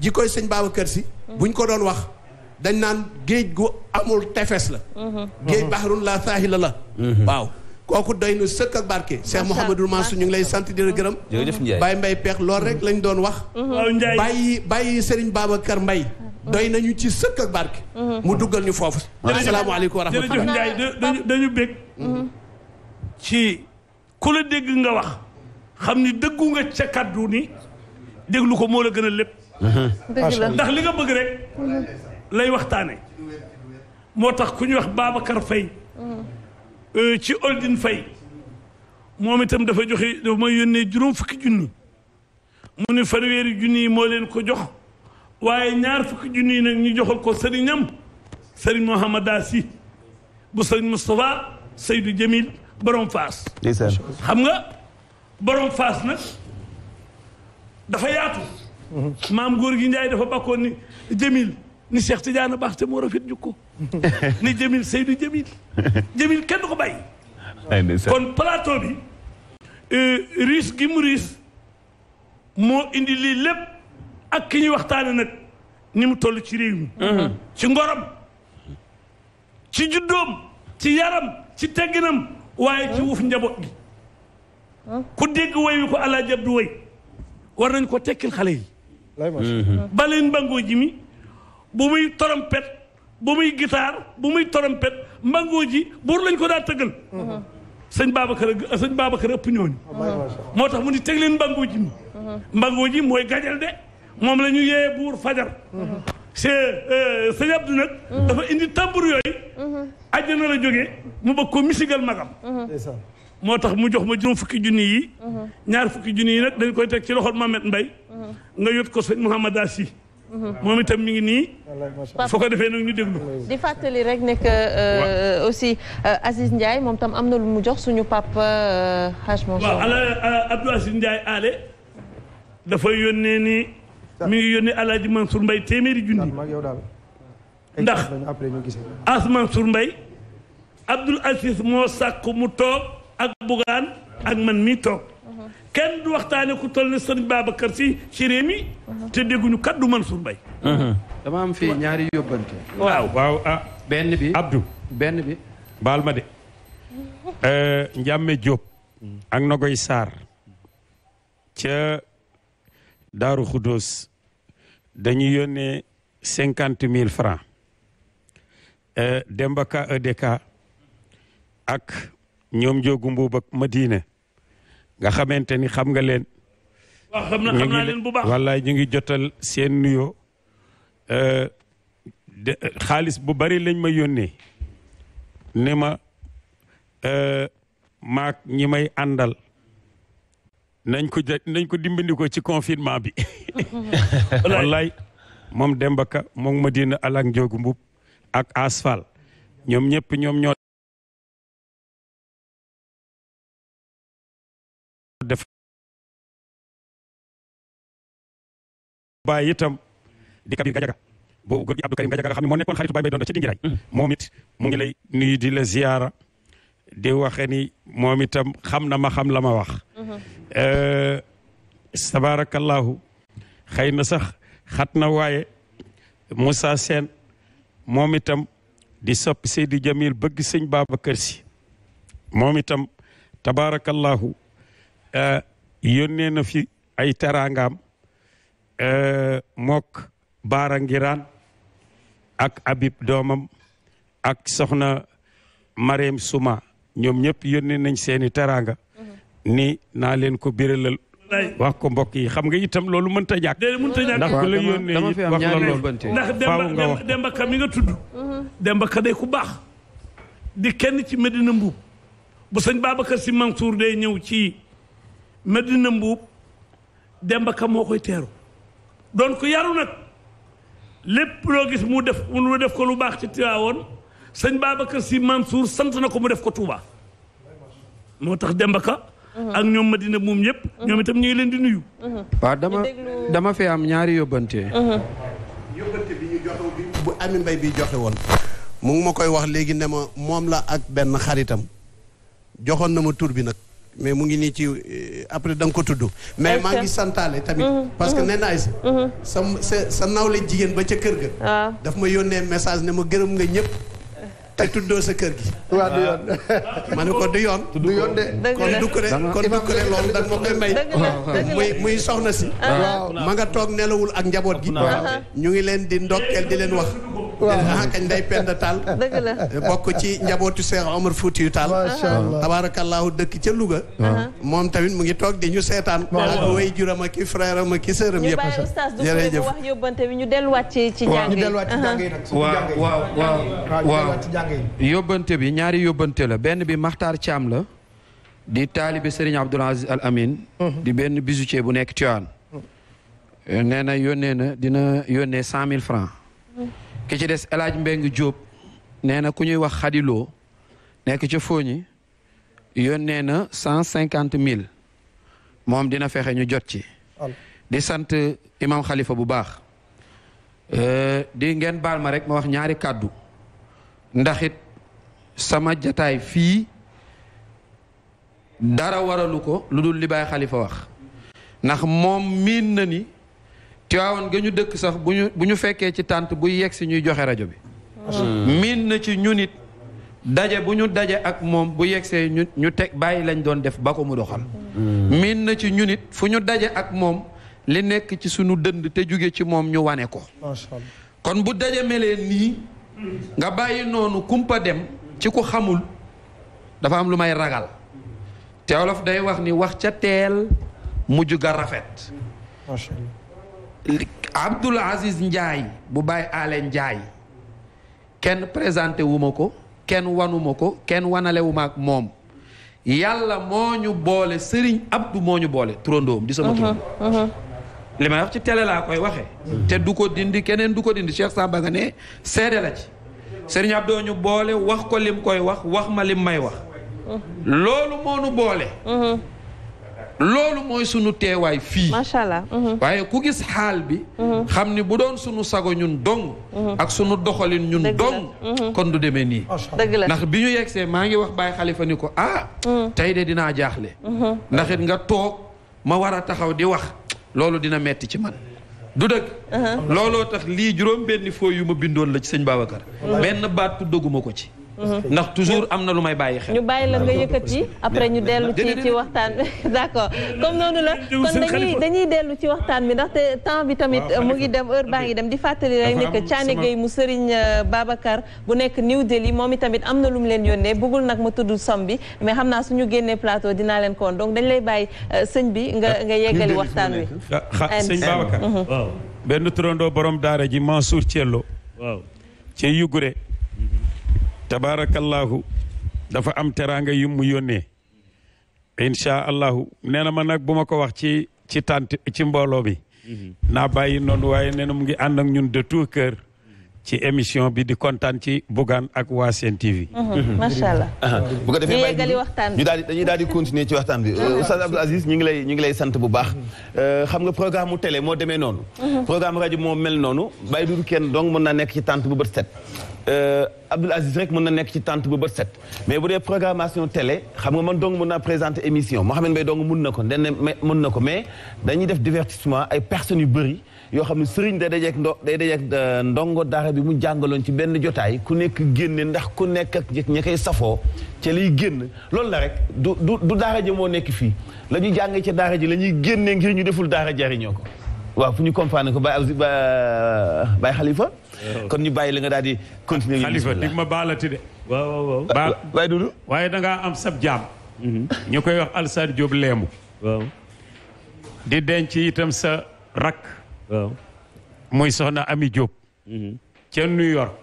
ji sëñ sëñ Babacar Si bu buñ ko doon wax dañ naan géej gu amul tefes la mhm. géej baxarun la saahila mhm. la waaw kooku doy na sëkk ak barke Cheikh Mouhamadul Mansour ñu ngi lay sant di la gërëm Baye Mbaye Peex loolu rek lañ doon wax bàyyi mhm. bàyyi Serigne Babacar mbay doy nañu ci sëkk ak barke mu duggal ñu foofu asalaamaaleykum wa rahmatulah jërëjëf dañu bég ci ku la dégg nga wax xam ni dëggu nga ca kaddu ni déglu ko moo la gën a lépp ndax li nga bëgg rek lay waxtaane moo tax ku ñuy wax Babacar fay mm. euh, ci Oldin Faye moom itam dafa joxe dafa may yónnee juróom fukki junni mu ni fanweeri junni yi moo leen ko jox waaye ñaar fukki junni yi nag ñu joxal ko sëriñam sëriñ Mouhamada Si bu sëriñ Moustapha Seydou Jamil borom faas xam nga borom faas nag dafa yaatu maam góor gi Njaay dafa bakkoon ni Jamil ni Cheikh Tidiane baax te moo rafet jukko ni Jamil Seydou Jamil Jamil kenn ko bàyyi kon plateau bi euh, riis gi mu riis moo indi lii lépp ak ki ñuy waxtaane nag ni mu toll ci réew mi ci ngoram ci juddoom ci yaram ci tegginam waaye ci wuuf njaboot gi ku dégg woy wi ko Alaaji Abdu woy war nañ ko tekkil xale yi Mhm. baleen mbangoo ji mi bu muy trompet bu muy guitare bu muy trompet mbangoo ji buur lañ ko daa tëggal mhm. sëñ Babacar sëñ Babacar ëpp ñooñu oh, moo tax mu ni teg leen mbangoo ji mi mhm. mbangoo ji mooy gajal de moom la ñu yee buur fajar se euh, sëñ Abdou nag dafa indi tambour yooyu àjjana la jógee mu bëgg ko misigal magam moo tax mu jox ma juróom fukki junni yi mhm. ñaar fukki junni yi nag dañ koy teg ci loxol Mamet Mbay mhm. nga yót ko sëñ Mouhamad Asi mhm. moom itam mu ngi nii foo ko defee nag ñu déglu di fàttali rek ne que euh, aussi euh, Aziz Ndiaye moom tam am na lu mu jox suñu papa euh, Haj Mansour waaw ala ale dafa yónnee ni mi ngi yónnee Alaaji Mansour Mbay téeméeri junni ndax as Mansour Mbay Abdoul Aziz moo sàkk mu toog ak bugaan ak man mi toog kenn du waxtaane ku toll ne sëriñ Babacar si ci réew mi te dégguñu kaddu Mansour Mbaye dama am waaw ah benn bi Abdou benn bi de euh, Njàmme Diop ak Nogoy Sarr ca Daaru Xudóos dañu yónnee cinquante mille francs euh, Demba Ka EDK ak ñoom Njoogu Mbuub ak Madina nga xamante ni xam nga leen. waaw xam na xam leen bu baax ñu ngi jotal seen nuyoo euh, xaalis bu bari lañ ma yónnee ne ma euh, maak ñi may àndal nañ ko nañ ko dimbandikoo ci confinement bi. wallaay moom Demba Ka moom Madina Alak Njoogu Mbuub ak Asfal ñoom ñëpp ñoom ñoo. baay itam di Kabir Gajaga boobu mm-hmm. moom it mu ngi lay nuyu di la ziyaara di waxe ni moom itam xam na ma xam la ma wax mm-hmm. eh, tabarakallahu xëy na sax xat na waaye Moussa seen moom itam di soppi Seydi Jamil bëgg sëñ Babacar Si moom itam tabarakallahu eh, yónnee na fi ay teraangaam Eh, mook Baara Ngiraan ak Habib doomam ak soxna Marème Souma ñoom ñëpp yónnee nañ seeni teraanga mhm. ni naa leen ko biralal wax ko mbokk yi xam nga itam loolu mënta ñàkk ndax wax la loolu faaw nga wax Demba Ka mi tudd mhm. Demba Ka day ku baax di kenn ci Medina Mbuub bu sëñ Babacar Sy Mansour day ñëw ci Medina Mbuub Demba Ka moo teeru doon ko yaru nag lépp loo gis mu def mu def ko lu baax ci Tiwaawoon sëñ Babacar Sy Mansour sant na ko mu def ko Touba moo tax Demba Ka ak ñoom Madina moom ñëpp. ñoom itam ñu ngi leen di nuyu. waa dama dama fee am ñaari yóbbante. yóbbante bi ñu joxe bi bu Amin Mbaye bi joxe woon. mu ngi ma koy wax léegi ne ma moom la ak benn xaritam joxoon na ma tur bi nag. mais mu ngi nii ci euh, après da nga ko tuddu mais maa ngi santaale tamit. Mhm, parce que mhm, nee naa si. Mhm. sa sa nawle jigéen ba ca kër ga. Ah. dafa ma yónnee message ne ma gërëm nga ñëpp. te tuddoo sa kër gi. waaw ma ne ko du yoon. du de. kon du ko de kon da moo ma koy may. muy muy soxna si. Ah. waaw nga toog nelawul ak njaboot gi. ñu ngi leen di ndokkeel di leen wax. waaw ah, kañ day pend taal. bokk ci njabootu Seex Omar Fuutiyu Taal. macha dëkk ca luga moom tamit mu ngi toog di ñu seetaan. ak way juram ak i frère am ak i sœuram yëpp. jërëjëf ñu bàyyi ustaas ñu delluwaat ci jàng yi. waaw waaw yóbbante bi ñaari yóbbante la benn bi maxtar Thiam la di taalibe Serigne Abdoul Aziz Al Amin mhm. di benn bijoutier bu nekk Tivaouane mhm. nee na yónnee na dina yónnee cent mille francs mhm. ki ci des El Hadj Mbengue Diop nee na ku ñuy wax xadiloo nekk ca Fooñi yónnee na cent cinquante mille moom dina fexe ñu jot ci di sant imam xalifa bu baax euh, di ngeen baal ma rek ma wax ñaari kàddu ndax it sama jataay fii dara waralu ko lu dul libaay Xalifa wax ndax moom miin na ni Tiwaawan ga ñu dëkk sax bu ñu bu ñu fekkee ci tànt buy yegg si ñuy joxe rajo bi hmm. miin na ci ñu nit daje bu ñu daje ak moom bu yegsee ñu ñu teg bàyyi lañ doon def ba ko mu doxal hmm. miin na ci ñu fu ñu daje ak moom li nekk ci sunu dënd te jóge ci moom ñu wane ko kon bu daje melee nii nga bàyyi noonu kumpa dem ci ku xamul dafa am lu may ragal te olof day wax ni wax ca teel mujj ga rafet Abdoul Aziz Ndiaye bu Baye ale Ndiaye kenn présenté wu ko kenn wanuma ko kenn wanalewuma ak moom yàlla moo ñu boole sëriñ Abdou moo ñu boole turandoom di sama turandoo uh-huh, uh-huh. li wax ci télé laa koy waxe te du ko dindi keneen du ko dindi Cheikh Samba nga ne seede la ci. Serigne Abdou ñu boole wax ko lim koy wax wax ma lim may wax. loolu moo nu boole. loolu mooy sunu teewaay fii. macha allah. waaye ku gis xaal bi. xam ni bu doon sunu sago ñun dong. ak sunu doxalin ñun dong. kon du demee nii. dëgg la ndax bi ñu yegsee maa ngi wax Baye xalifa ni ko ah. Mm. tey de dinaa jaaxle. Mm-hmm. ndax nga toog ma war a taxaw di wax. loolu dina metti ci man du dëgg uh-huh. looloo tax lii juróom benni foo yu ma bindoon la ci sëñ Babacar uh-huh. benn baat tuddaguma ko ci ndax toujours am na lu may bàyyi xel. ñu bàyyi la nga yëkkati après ñu dellu ci ci waxtaan d' accord comme noonu la kon dañuy dañuy dellu ci waxtaan bi ndaxte temps bi tamit mu ngi dem heure baa ngi dem di fàttali rek ne que Thiané Gueye mu Serigne euh, Babacar bu nekk New Delhi moom itamit am na lu mu leen yónnee bëggul nag ma tudd som bi mais xam naa suñu génnee plateau dinaa leen ko woon donc dañ lay bàyyi euh, sëñ bi nga nga yeggali waxtaan wi. Ah, sëñ Babacar. benn turandoo borom daara ji Mansour Thiello. waaw ci tabaarakallaahu dafa am teraanga yu mu yónnee incha allahu nee na ma nag bu ma ko wax ci ci tànt ci mbooloo bi mhm. naa bàyyi noonu waaye nee na mu ngi ànd ak ñun de tout cœur ci émission bi di kontaan ci Bougane ak waa Sen TV. macha mhm. allah. bu ko defee ñu daal di daal di continuer ci waxtaan bi. Mhm. Oustaz Abdou ñu ngi lay ñu ngi lay sant bu baax. Euh, xam nga programme mu télé moo demee noonu. programme rajo moo mel noonu. bàyyi du kenn donc mun na nekk ci tànt bu bët set. Euh, Abdoul Aziz rek mën na nekk ci tente bu bët set mais bu dee programmation télé xam nga man dong mën naa présenter émission Mouhamed Mbaye dong mën na ko ndenne mën na ko mais dañuy def divertissement ay personnes yu bëri yoo xam ne sëriñ day dajeeg ndo day dajeeg euh, ndongo daara bi mu jàngaloon ci benn jotaay ku nekk génne ndax ku nekk ak ña koy safoo ca liy génn loolu la rek du du du daara ji moo nekk fii la ñu jàngee ca daara ji la ñuy génne ngir ñu deful daara jariñoo ko waaw fu ñu comprendre ko Baye Baye Khalifa kon ñu bàyyi la nga daal di continuer. xalifa dig ma baalati de. waaw waaw waaw. waaye Doudou. am sab jaam. ñu koy wax Alsaan jóob leemu. waaw. di denc itam sa rakk. waaw. muy soxna Ami Diop. Mhm. ca New York.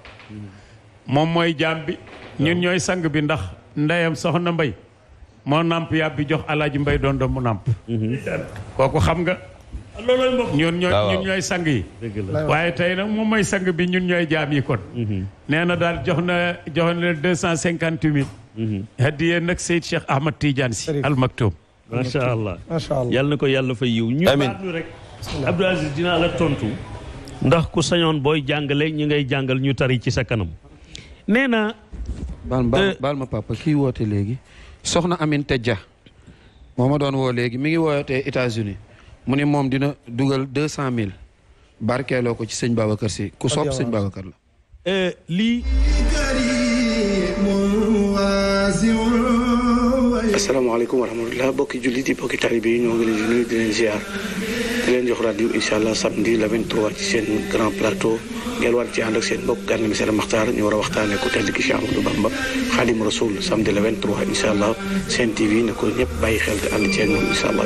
moom mooy jaam bi. ñun ñooy sang bi ndax ndeyam soxna Mbay moo nàmp yàb bi jox alaaji Mbay doon doon mu nàmp mhm. kooku xam nga. loolooy mbokk ñun ñooy sang yi. waaye tey nag moom mooy sang bi ñun ñooy jaam yi kon. Mhm. nee na daal jox na jox na deux cent cinquante mille. Mhm. hadiye nag Seyd Cheikh Ahmad Tidiane si Al yal na ko yàlla fa yiw. ñu baatlu rek. Abdou Aziz dinaa la tontu. ndax ku sañoon booy jàngale ñi ngay jàngal ñu tari ci sa kanam. nee na. baal euh, baal ma papa kii woote léegi. soxna Aminata Dia. moo ma doon woo léegi mi ngi wootee États-Unis mu ne moom dina dugal deux cent mille barkeeloo ko ci sëñ Babacar si ku soob sëñ Babacar la eh, lii asalaamaaleykum wa rahmatulah bokki julli di bokki taalibe yi ñoo ngi leen di nuyu di leen ziar di leen jox rajo allah samedi le ci seen grand plateau ngeen war ci ànd seen mbokk gànn mi seen maxtaar ñu war a waxtaanee ku tedd ki Cheikh Ahmadou Bamba Xaadimu Rasuul samedi le 23 incha allah seen TV na ko ñëpp bàyyi xel te ànd ceeg moom incha allah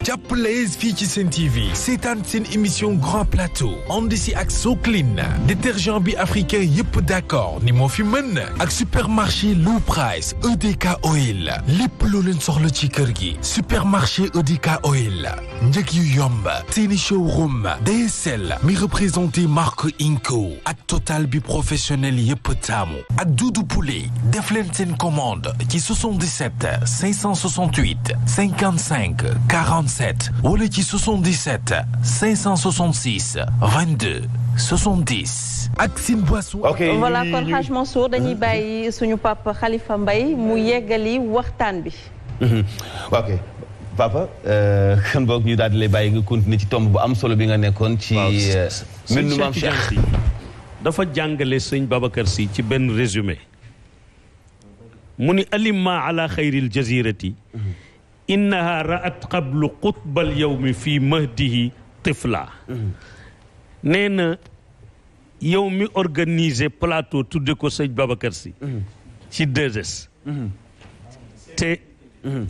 jàpp layes fii ci seen TV seetaan seen émission grand plateau ànd si ak Soclean détergent bi africain yëpp d'accord ni moo fi mën ak supermarché low price EDK oil lépp loo leen soxla ci kër gi supermarché EDK oil njëg yu yomb seeni showroom DSL mi représenté marque Inco ak total bi professionnel yëpp taamu ak Doudou Poulet def leen seen commande ci 77 568 55 40 47 wala ci 77 566 22 70. ak seen boisson. ok voilà kon Hadj Mansour dañuy bàyyi suñu papa Khalifa Mbaye mu yeggali waxtaan bi. Mhm. ok papa euh, kan boog ñu daal di lay bàyyi nga continuer ci tomb bu am solo bi nga nekkoon ci. Euh, mbënd maam Cheikh dafa jàngale sëñ Babacar Sy ci benn résumé. mu ni alima ala xayril jazirati mhm. innaha ra'at qablu qutbal yawmi fii mahdihi tifla nee na yow mi organiser plateau tudde ko sëñ Babacar Sy ci 2S te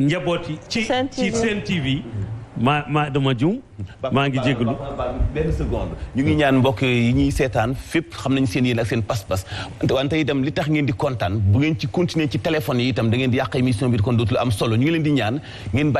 njaboot yi ci ci Sen TV maa maa dama juum maa ngi jégalu benn ñu ngi ñaan mbokk yi ñuy seetaan fépp xam nañ seen yéen ak seen pas-pas wante itam li tax ngeen di kontaan bu ngeen ci continuer ci téléphone yi itam da ngeen di yàq émission bi kon dootul am solo ñu ngi leen di ñaan ngeen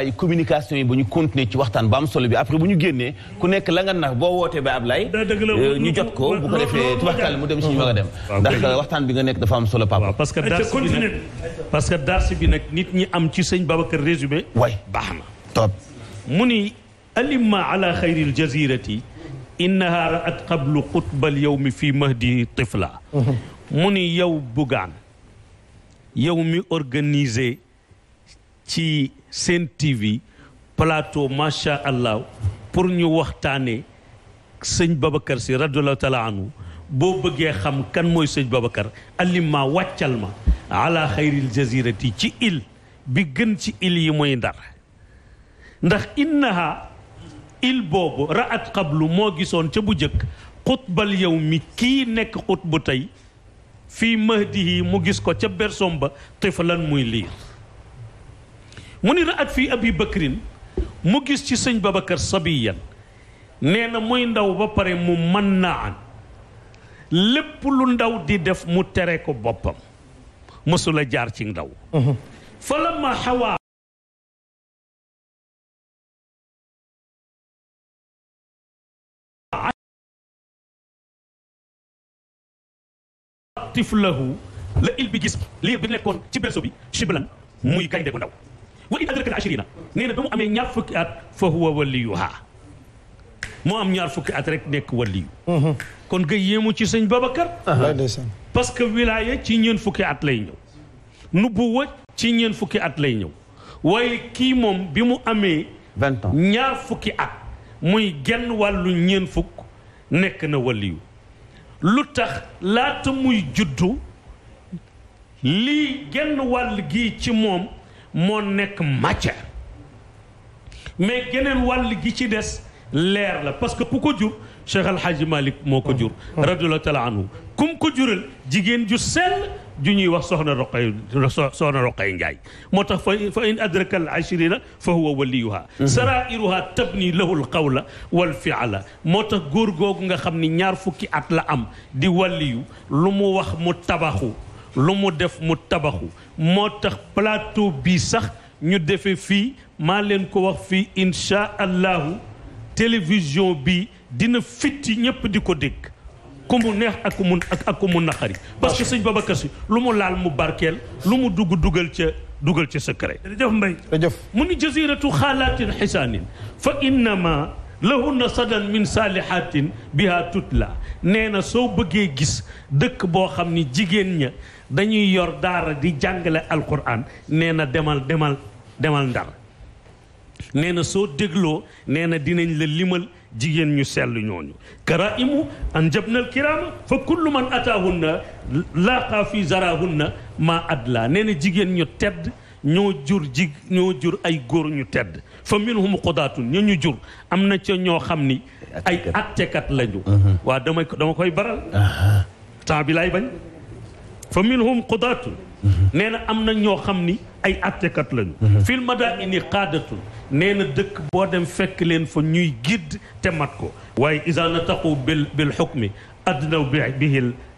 ñu continuer ci waxtaan ba am solo bi après bu ñu génnee ku nekk la nga nax boo wootee ba Ablaye euh, ñu jot ko bu defee tubaarkàlla mu dem si ñu mag a dem ndax waxtaan bi nga nekk dafa am solo papa parce que dars bi nag bi nag nit ñi am ci sëñ Babacar résumé waay baax na top mu ni alimma ala xayri aljazirati innaha ra'at qablu qutbal yawmi fi mahdi tifla mu ni yow bugaan yow mi organise ci seen TV plateau macha allah pour ñu waxtaane sëñ Babacar si radiyallahu taala boo bëggee xam kan mooy sëñ Babacar alima wàccal ma ala xayril jazirati ci île bi gën ci île yi mooy Ndar ndax innaha il boobu ra'at qablu moo gisoon ca bu jëkk xutbal yow mi kii nekk xutbu tey fii mahdihi mu gis ko ca bersom ba tiflan muy liir mu ni ra'at fii abi bakrin mu gis ci sëñ babacar sabiyan nee na muy ndaw ba pare mu mën naa an lépp lu ndaw di def mu tere ko boppam mësula jaar ci ndaw mhm. fa lama xawaa tiflahu la il bi gis lii bi nekkoon ci berceau bi shiblan muy gaynde gu ndaw wa in adraka moo am ñaar fukki at rek nekk waliyu mhm. kon nga yéemu ci sëñ Babacar parce que wilaya ci ñeen fukki at lay ñëw nubuwa ci ñeen fukki at lay ñëw waaye kii moom bi mu amee vingt ans ñaar fukki at muy genn wàllu ñeen fukk nekk na waliyu lu tax laata muy juddu lii genn wàll gi ci moom moo nekk matière mais geneen wàll gi ci des leer la parce que ku ko jur Cheikh Al Hadj Malick moo ko jur. Ah. radiyallahu taala anhu kum ko jigéen ju sell. ju ñuy wax soxna roqay soxna roqay njaay moo tax fa fa in adraka al ashirina fa huwa waliyuha mhm. sarairuha tabni lahu al qawla wal fiala moo tax góor googu nga xam ni ñaar fukki at la am di waliyu lu mu wax mu tabaxu lu mu def mu tabaxu moo tax plateau bi sax ñu defe fii maa leen ko wax fii insha allahu télévision bi dina fitti ñépp di ko dégg ku neex ak ku mu ak ku mu naqari parce que sëñ Babacar Si lu mu laal mu barkeel lu mu dugg dugal ca dugal ca secret jërëjëf Mbaye jërëjëf mu ni jaziratu xaalaatin xisaanin fa innama lahunna sadan min saalihatin biha tutla nee na soo bëggee gis dëkk boo xam ni jigéen ña dañuy yor daara di jàngale alquran nee na demal demal demal ndar nee na soo dégloo nee na dinañ la limal jigéen ñu sell ñooñu karaimu an jabnal kirama fa kullu man atahunna laaqa fi zarahunna ma adla nee na jigéen ñu tedd ñoo jur ji ñoo jur ay góor ñu tedd fa minhum qudaatun ñu ñu jur am na ci ñoo xam ni ay attekat lañu uh-huh. waa dama dama koy baral uh-huh. temps bi lay bañ fa minhum qudaatun nee na am na ñoo xam ni ay attekat lañu. Mhm. fil madaini qaadatu nee na dëkk boo dem fekk leen fa ñuy gidd te mat ko. waaye isa nataqu bil bil xukmi adnaw bi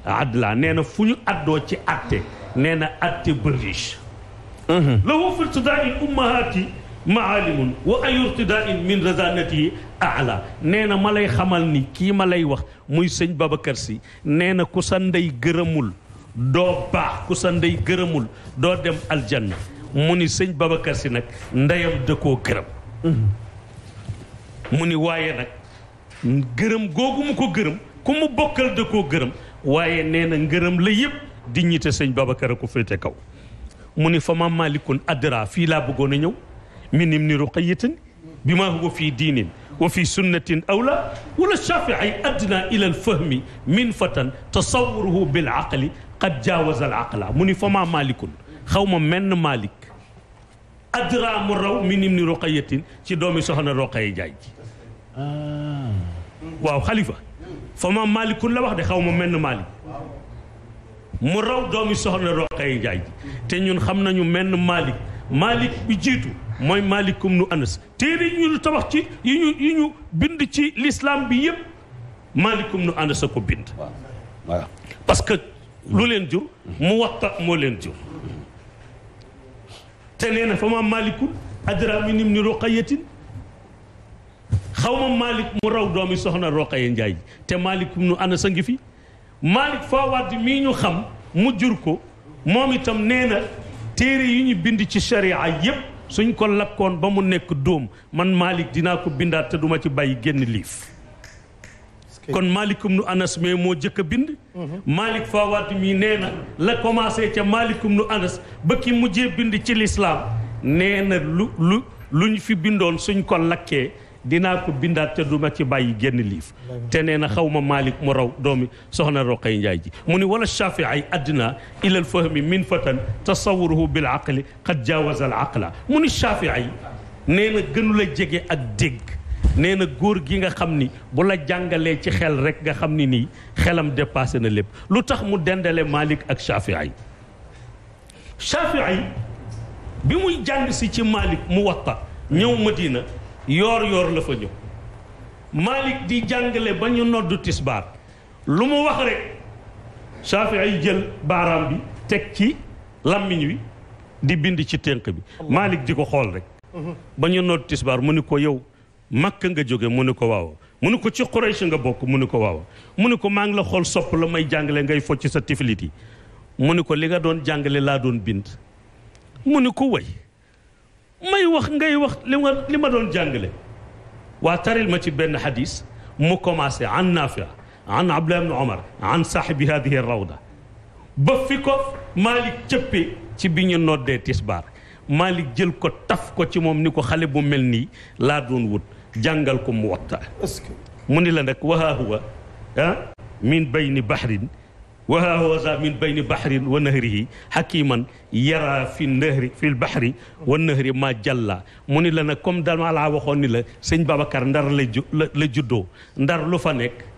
adla nee na fu ñu addoo ci atte nee na atte ba la mhm. lahu fi irtidaai ummahaati maalimun wa ay irtidaai min razanatihi ala nee na ma lay xamal ni kii ma lay wax muy sëñ Babacar si nee na ku sa ndey gërëmul. doo baax ku sa ndey gërëmul doo dem aljanna mu ni sëñ Babacar si nag ndeyam da koo gërëm mu ni waaye nag gërëm googu ko gërëm ku mu bokkal da gërëm waaye nee na ngërëm la yëpp dignité sëñ Babacar a ko féete kaw mu ni fa ma malikun adra fii laa bëggoon a ñëw minim ni ruqayatin bi maa huwa fii diinin wa fi sunnatin awla wala shafii adna ila alfahmi min fatan tasawuruhu bil aqli qad jaawazal aqla mu ni fama malikun xaw ma menn malik adra mu raw mi nim ni roqayatin ci doomi soxna roqaya jaay ji ah. waaw xalifa fama malikun la wax de xaw ma menn malik mu raw doomi soxna roqaya jaay ji te ñun xam nañu menn malik malik bi jiitu mooy malikum nu anas téere yi ñu tabax ci yi ñu yi ñu bind ci l'islam bi yëpp malikum nu anas a ko bind parce que lu leen jur muwatta moo leen jur te nee na fa ma malikul adra minim ni roqayatin xaw ma malik mu raw doomi soxna roqaya njaay te malikum nu ana sa ngi fi malik faawaat mii ñu xam mu jur ko moom itam nee na téere yi ñu bind ci sharia yépp suñ ko lakkoon ba mu nekk doom man malik dinaa ko bindaat te duma ci bàyyi génn liif kon malikum nu anas mais moo jëkk a bind mhm. malik fawaat mi nee na la commencé ca malikum nu anas ba ki mujjee bind ci lislaam nee na lu lu luñ fi bindoon suñ ko lakkee dinaa ko bindaat ca duma ci bàyyi génn liif te nee na xaw ma malik mu raw doomi soxna roqay njaay ji mu ni wala shafii addina ila al fahmi min fatan tasawuruhu bil aqli qad jawaza al aqla mu ni shafii nee na gënu jege ak dégg nee na góor gi nga xam ni bu la jàngalee ci xel rek nga xam ni nii xelam dépassé na lépp lu tax mu dendale Malik ak Shafii Shafii bi muy jàng si ci Malik mu watta ñëw Madina yoor yoor la fa Malik di jàngale ba ñu lu mu wax rek Shafii jël baaraam bi teg ci làmmiñ wi di bind ci tënk bi Malik di ko xool rek mhm. ba ñu noddu tisbaar mu ni ko yow makk nga jóge mu ne ko waaw mu ne ko ci Quraysh nga bokk mu ne ko waaw mu ne ko maa ngi la xool sopp la may jàngale ngay focc sa tiflit mu ne ko li nga doon jàngale laa doon bind mu ne ko woy may wax ngay wax li ma doon jàngale waa taril ma ci benn xadiis mu commencé an Naafi an Abdullah ibn Omar an saaxibi hadihi rawda ba fi ko Malick cëppee ci bi ñu noddee tisbaar Malick jël ko taf ko ci moom ni ko xale bu mel nii laa doon wut jàngal ko muwatta mu ni la nag wahaa huwa ah min bayni bahrin wahaa huwa za min bayni bahrin wa nahrihi hakiman yara fi nahri fi bahri wa nahri ma jalla mu ni la nag comme dama laa waxoon ni la sëñ Babacar ndar la la juddoo ndar lu fa nekk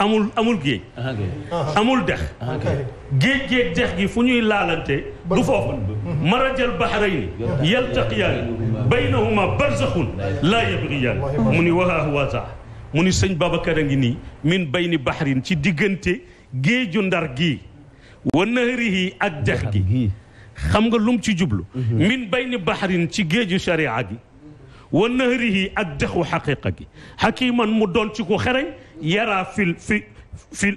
amul amul géej. amul dex. géej géej dex gi fu ñuy laalante. du foofu. marajal bahrayni yaltaqiyaani baynahuma barzaxun laa yabgiyaan mu ni waxaahu waasa mu ni sëñ Babacar a ngi nii. min bayni bahrin ci diggante géeju ndar gii. wa nahrihi ak dex gi. xam nga lum ci jublu. Mhm. min bayni bahrin ci géeju sharia gi. wa nahrihi ak dexu xaqiqa gi. xakiman mu doon ci ku xereñ. yara fil fi fil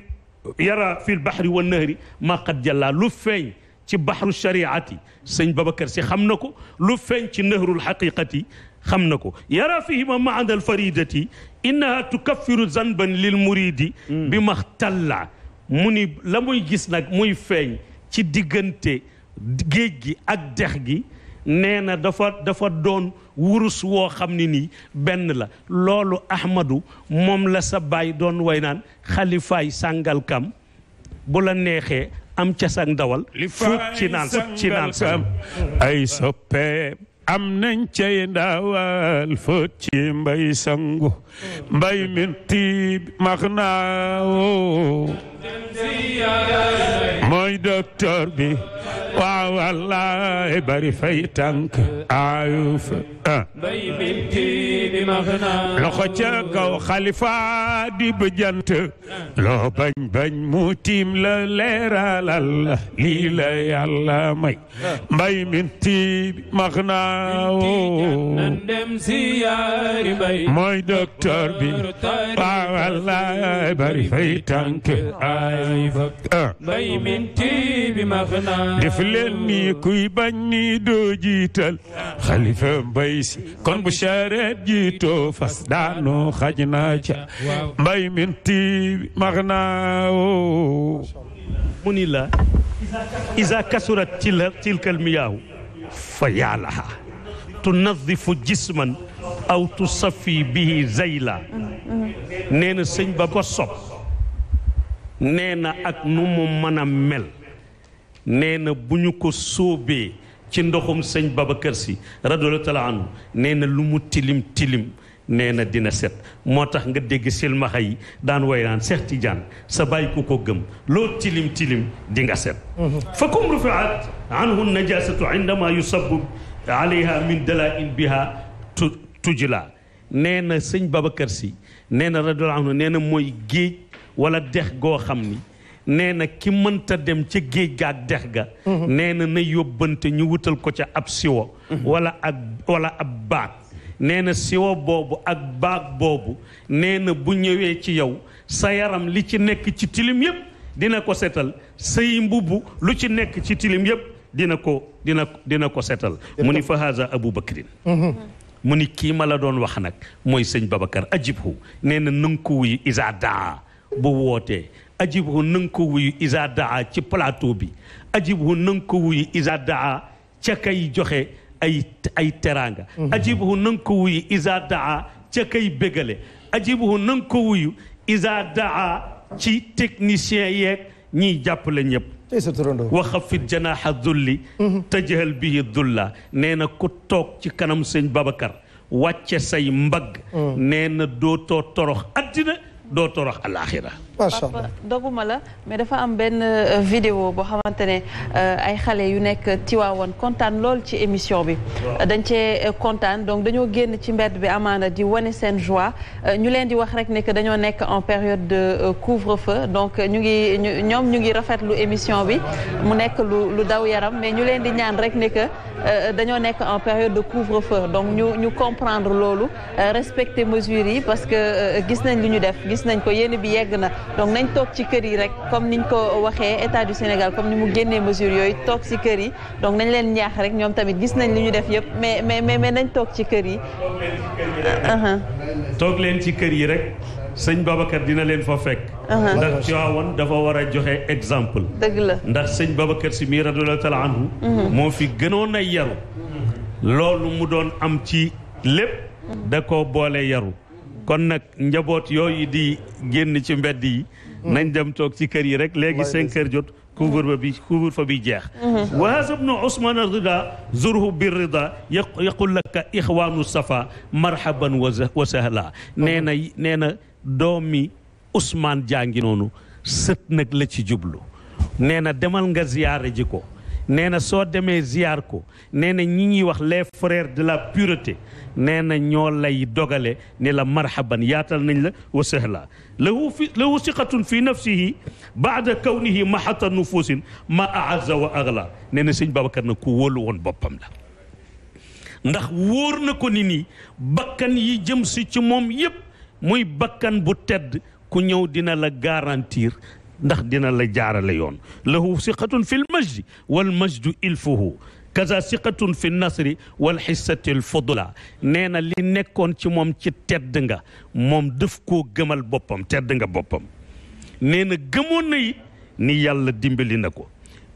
yara fil baxri wa nahri ma qad jalla lu feeñ ci baxru shariati sëñ Babacar si xam na ko lu feeñ ci nahrul xaqiqati xam na ko yara fihima ma andal faridati innaha tukaffiru zanban lil muridi mm. bi maxtalla mu ni la muy gis nag muy feeñ ci diggante géej gi ak dex gi nee na dafa dafa doon wurus woo xam ne nii benn la loolu ahmadu moom la sa baay doon way naan xalifaay sàngal kam bu la neexee am ca sang dawal fuut ci naan ci naan ay soppe am nañ cay ndawal fot ci mbay sangu mbay min tiib max mooy docteur bi waaw tànk xalifa di bëjant loo bañ bañ mu tiim la leeralal lii la may mbay minti max naa mooy docteur bi waaw wallaay bari fay tànk bay ah. minti bi ma xanaa def leen nii kuy bañ nii doo jiital xalifa mbay si kon bu sareet jiitoo fas daanu xaj naa ca mbay minti bi ma xanaa oo oh. mu ni la isa kasurat tilkal miyaahu fa yaalaha tunadifu jisman aw tusafi bihi zayla mm-hmm. nee na sëñ ba ko sob nee na ak nu mu mën mel nee na bu ñu ko sóobee ci ndoxum sëñ Babacar si radiyallahu taala anhu nee na lu mu tilim tilim nee na dina set moo tax nga dégg silmaxa yi daan way naan Seex Tijaan sa bàyyi ku ko gëm loo tilim tilim di nga set fa kum rufiat anhu najasatu indama yusabu alayha min dalain biha tujla nee na sëñ Babacar si nee na radiyallahu anhu nee mooy géej wala dex goo xam ni nee na ki mënta dem ca géej ga ak dex ga nee na na yóbbante ñu wutal ko ca ab siwo wala ak ab baag nee na siwo boobu ak baag boobu nee na bu ñëwee ci yow sa yaram li ci nekk ci tilim yépp dina ko setal say mbubb lu ci nekk ci tilim yépp dina ko dina dina ko setal mu ni fa haza abou mu ni kii la doon wax nag mooy sëñ babacar ajibhu nee na nanga ko daa bu wootee ajibu na nga ko wuyu isa daa ci plateau bi ajibu na nga ko wuyu isa daa ca kay joxe ay ay teraanga mhm. ajibu na nga wuyu isa daa ca ci technicien yeeg ñiy jàppale ñëpp waxa fit janaaxa dulli mhm. tajëhal bii dulla nee na ku toog ci kanam sëñ Babacar wàcce say mbag mhm. nee na dootoo torox addina doo torox alaaxira macha doguma la mais dafa am benn euh, vidéo boo xamante ne euh, ay xale yu nekk Tiwaawan kontaan lool ci émission bi. dañ cee euh, kontaan donc dañoo génn ci mbedd bi amaana di wane seen joie ñu leen di wax rek ne que dañoo nekk en période de couvre-feu donc ñu ngi ñoom ñu ngi rafetlu émission bi mu nekk lu lu daw yaram mais ñu leen di ñaan rek ne que dañoo nekk en période de couvre donc ñu ñu comprendre loolu respecter mesures yi parce que gis nañ lu ñu def gis nañ ko yéen bi yegg na. donc nañ toog ci kër yi rek comme ni niñ ko waxee état du Sénégal comme ni mu génnee mesures yooyu toog ci kër yi donc nañ leen ñaax rek ñoom tamit gis nañ li ñu def yëpp mais mais mais mais nañ toog ci kër yi. toog leen ci kër yi rek. Uh-huh. sëñ Babacar dina leen fa fekk. Uh-huh. ndax Tiwaawan dafa war a joxe exemple. dëgg la ndax sëñ Babacar si mii la taala anhu uh-huh. moo fi gënoon a yaru. loolu mu doon am ci lépp. da ko boole yaru. kon nag njaboot yooyu di génn ci mbedd yi nañ dem toog ci kër yi rek léegi cinq jot couvre-feu bi couvre bi jeex mhm. wa haza ibnu usman rida zurhu bi rida yaqul laka ixwaanu safa marhaban wa sahla nee na nee na doomi usman jàngi noonu sët nag la ci jublu nee na demal nga ziyaare ji ko nee na soo demee ziyaar ko nee na ñi ñuy wax les frères de la pureté nee na ñoo lay dogale ni la marhaban yaatal nañ la wa sahla lahu fi lahu siqatun fi nafsihi baada kawnihi mahata nufusin ma aazza wa agla nee na sëñ Babacar na ku wóolu woon boppam la ndax wóor na ko ni nii bakkan yi jëm ci moom yépp muy bakkan bu tedd ku ñëw dina la garantiir ndax dina la jaarale yoon lahu siqatun fi l majdi wal majdu ilfuhu kaza siqatun fi nasri wal xissati l fudla nee na li nekkoon ci moom ci tedd nga moom daf koo gëmal boppam tedd nga boppam nee na gëmoon na it ni yàlla dimbali na ko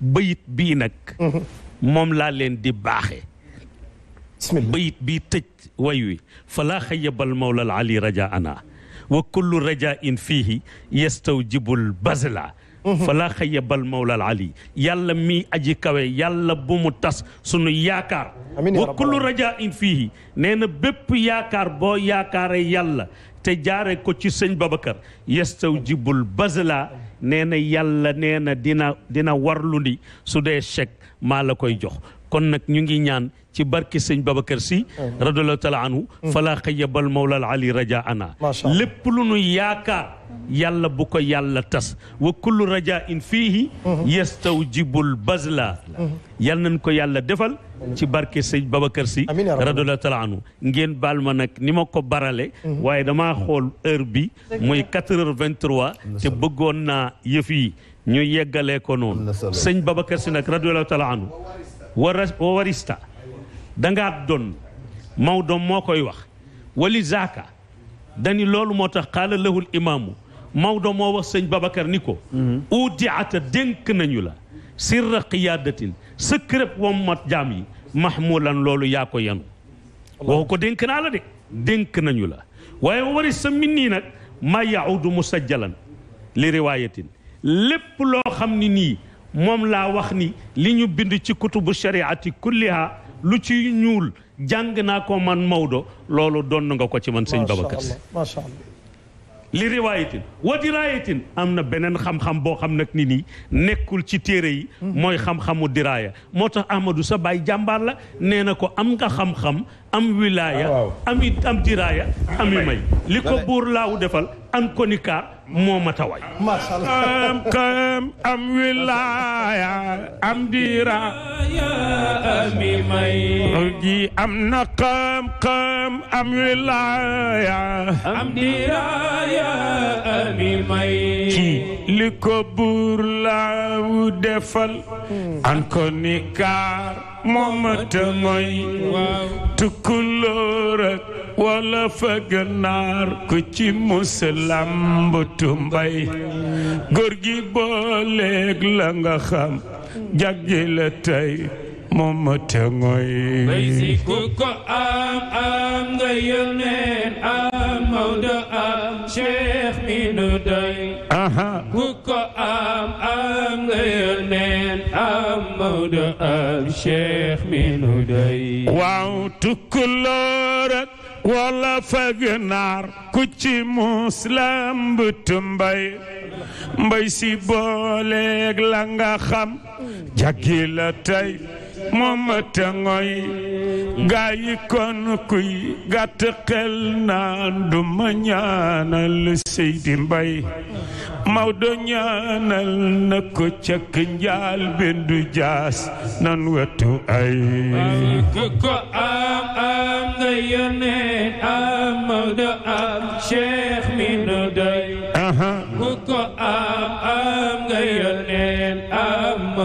bayit bii nag mhm. moom laa leen di baaxe bayit bii tëj way wi falaa xayabal mawla al ali rajaana wa kullu rajain fiihi yastawjibul bazla mhm. fala xayyabal mawlal ali yàlla mi aji kawe yàlla bu mu tas sunu yaakaar wa kullu rajain fiihi nee na bépp yaakaar boo yaakaare yàlla te jaare ko ci sëñ Babacar yastawjibul bazla nee na yàlla nee na dina dina warlu su dee chèque maa la koy jox kon nag ñu ngi ñaan ci barke sëñ Babacar Sy radiyallahu taala anhu mm. fala xayabal mawlal ali raja ana lépp lu nu yaakaar yàlla bu ko yàlla tas wa kullu raja in fiihi mm-hmm. yastawjibul bazla mm-hmm. yal nañ ko yàlla defal ci barke sëñ Babacar Sy radiyallahu taala anhu ngeen baal ma nag ni ma ko barale mm-hmm. waaye damaa xool heure bi mooy quatre heures vingt-trois te bëggoon naa yëf yi ñu yeggalee ko noonu sëñ Babacar Sy nag radiyallahu taala anhu dangaa doon Maodo moo koy wax wali zaaka dani loolu moo tax qaala lahul imaamu Maodo moo wax sëñ Babacar ni ko uudiata mhm. dénk nañu la sirra qiyaadatin sa kërëb wam mat jaam yi mahmulan loolu yaa ko yanu nañu la waaye wari sa min nii nag maa yaudu musajjalan li riwaayatin lépp ni nii moom laa wax ni li ñu bind ci kutubu shariati kulliha lu ci ñuul jàng naa ko man Maodo loolu donn nga ko ci man sëñ Babacar Si macha allah am na beneen xam-xam boo xam nag ni nii nekkul ci téere yi hmm. mooy xam-xamu diraaya moo tax Amadou sa baay jàmbaar nee na ko am nga xam-xam am wilaaya ah, am i am diraaya am i may li ko buur laaw defal am konika moo ma taway am kam am wilaaya am diraaya am i may ji am na kam kam am wilaaya am diraaya am i may ci li ko buur laaw defal hmm. am konika moomata mooy tukkulóor ak wala fëgg naar ku ci musalam bu tumbay góor gi booleeg la nga xam jaggi la tey moomata mooy bay si Maodo am ku ko am am nga ku ci muslam but mbay mbay si booleeg la nga xam jaggi moomata ngoy gaa yi kon kuy gàtt xel naan du ma ñaanal Seydi Mbay Maodo ñaanal na ko cakk njaal bendu jaas nan wetu ay ko am am na yoneen am Maodo am Cheikh mi nu doy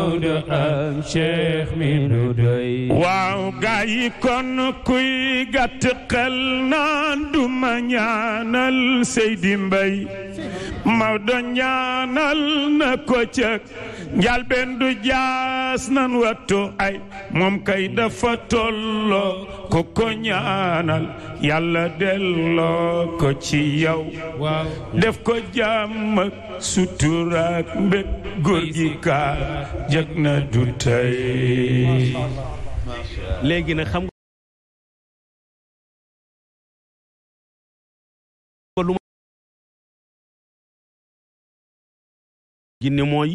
Maodo ak Cheikh mi nu doy waaw gaa yi kon kuy gàtt xel naan du ma ñaanal Seydi Mbaye Maodo ñaanal na ko ca njalbeen du jaas nan wato ay moom kay dafa tolloo ko ko ñaanal yàlla delloo ko ci yow def ko jàmm ak suturaak mbég kaa jëg na du tey ginne mooy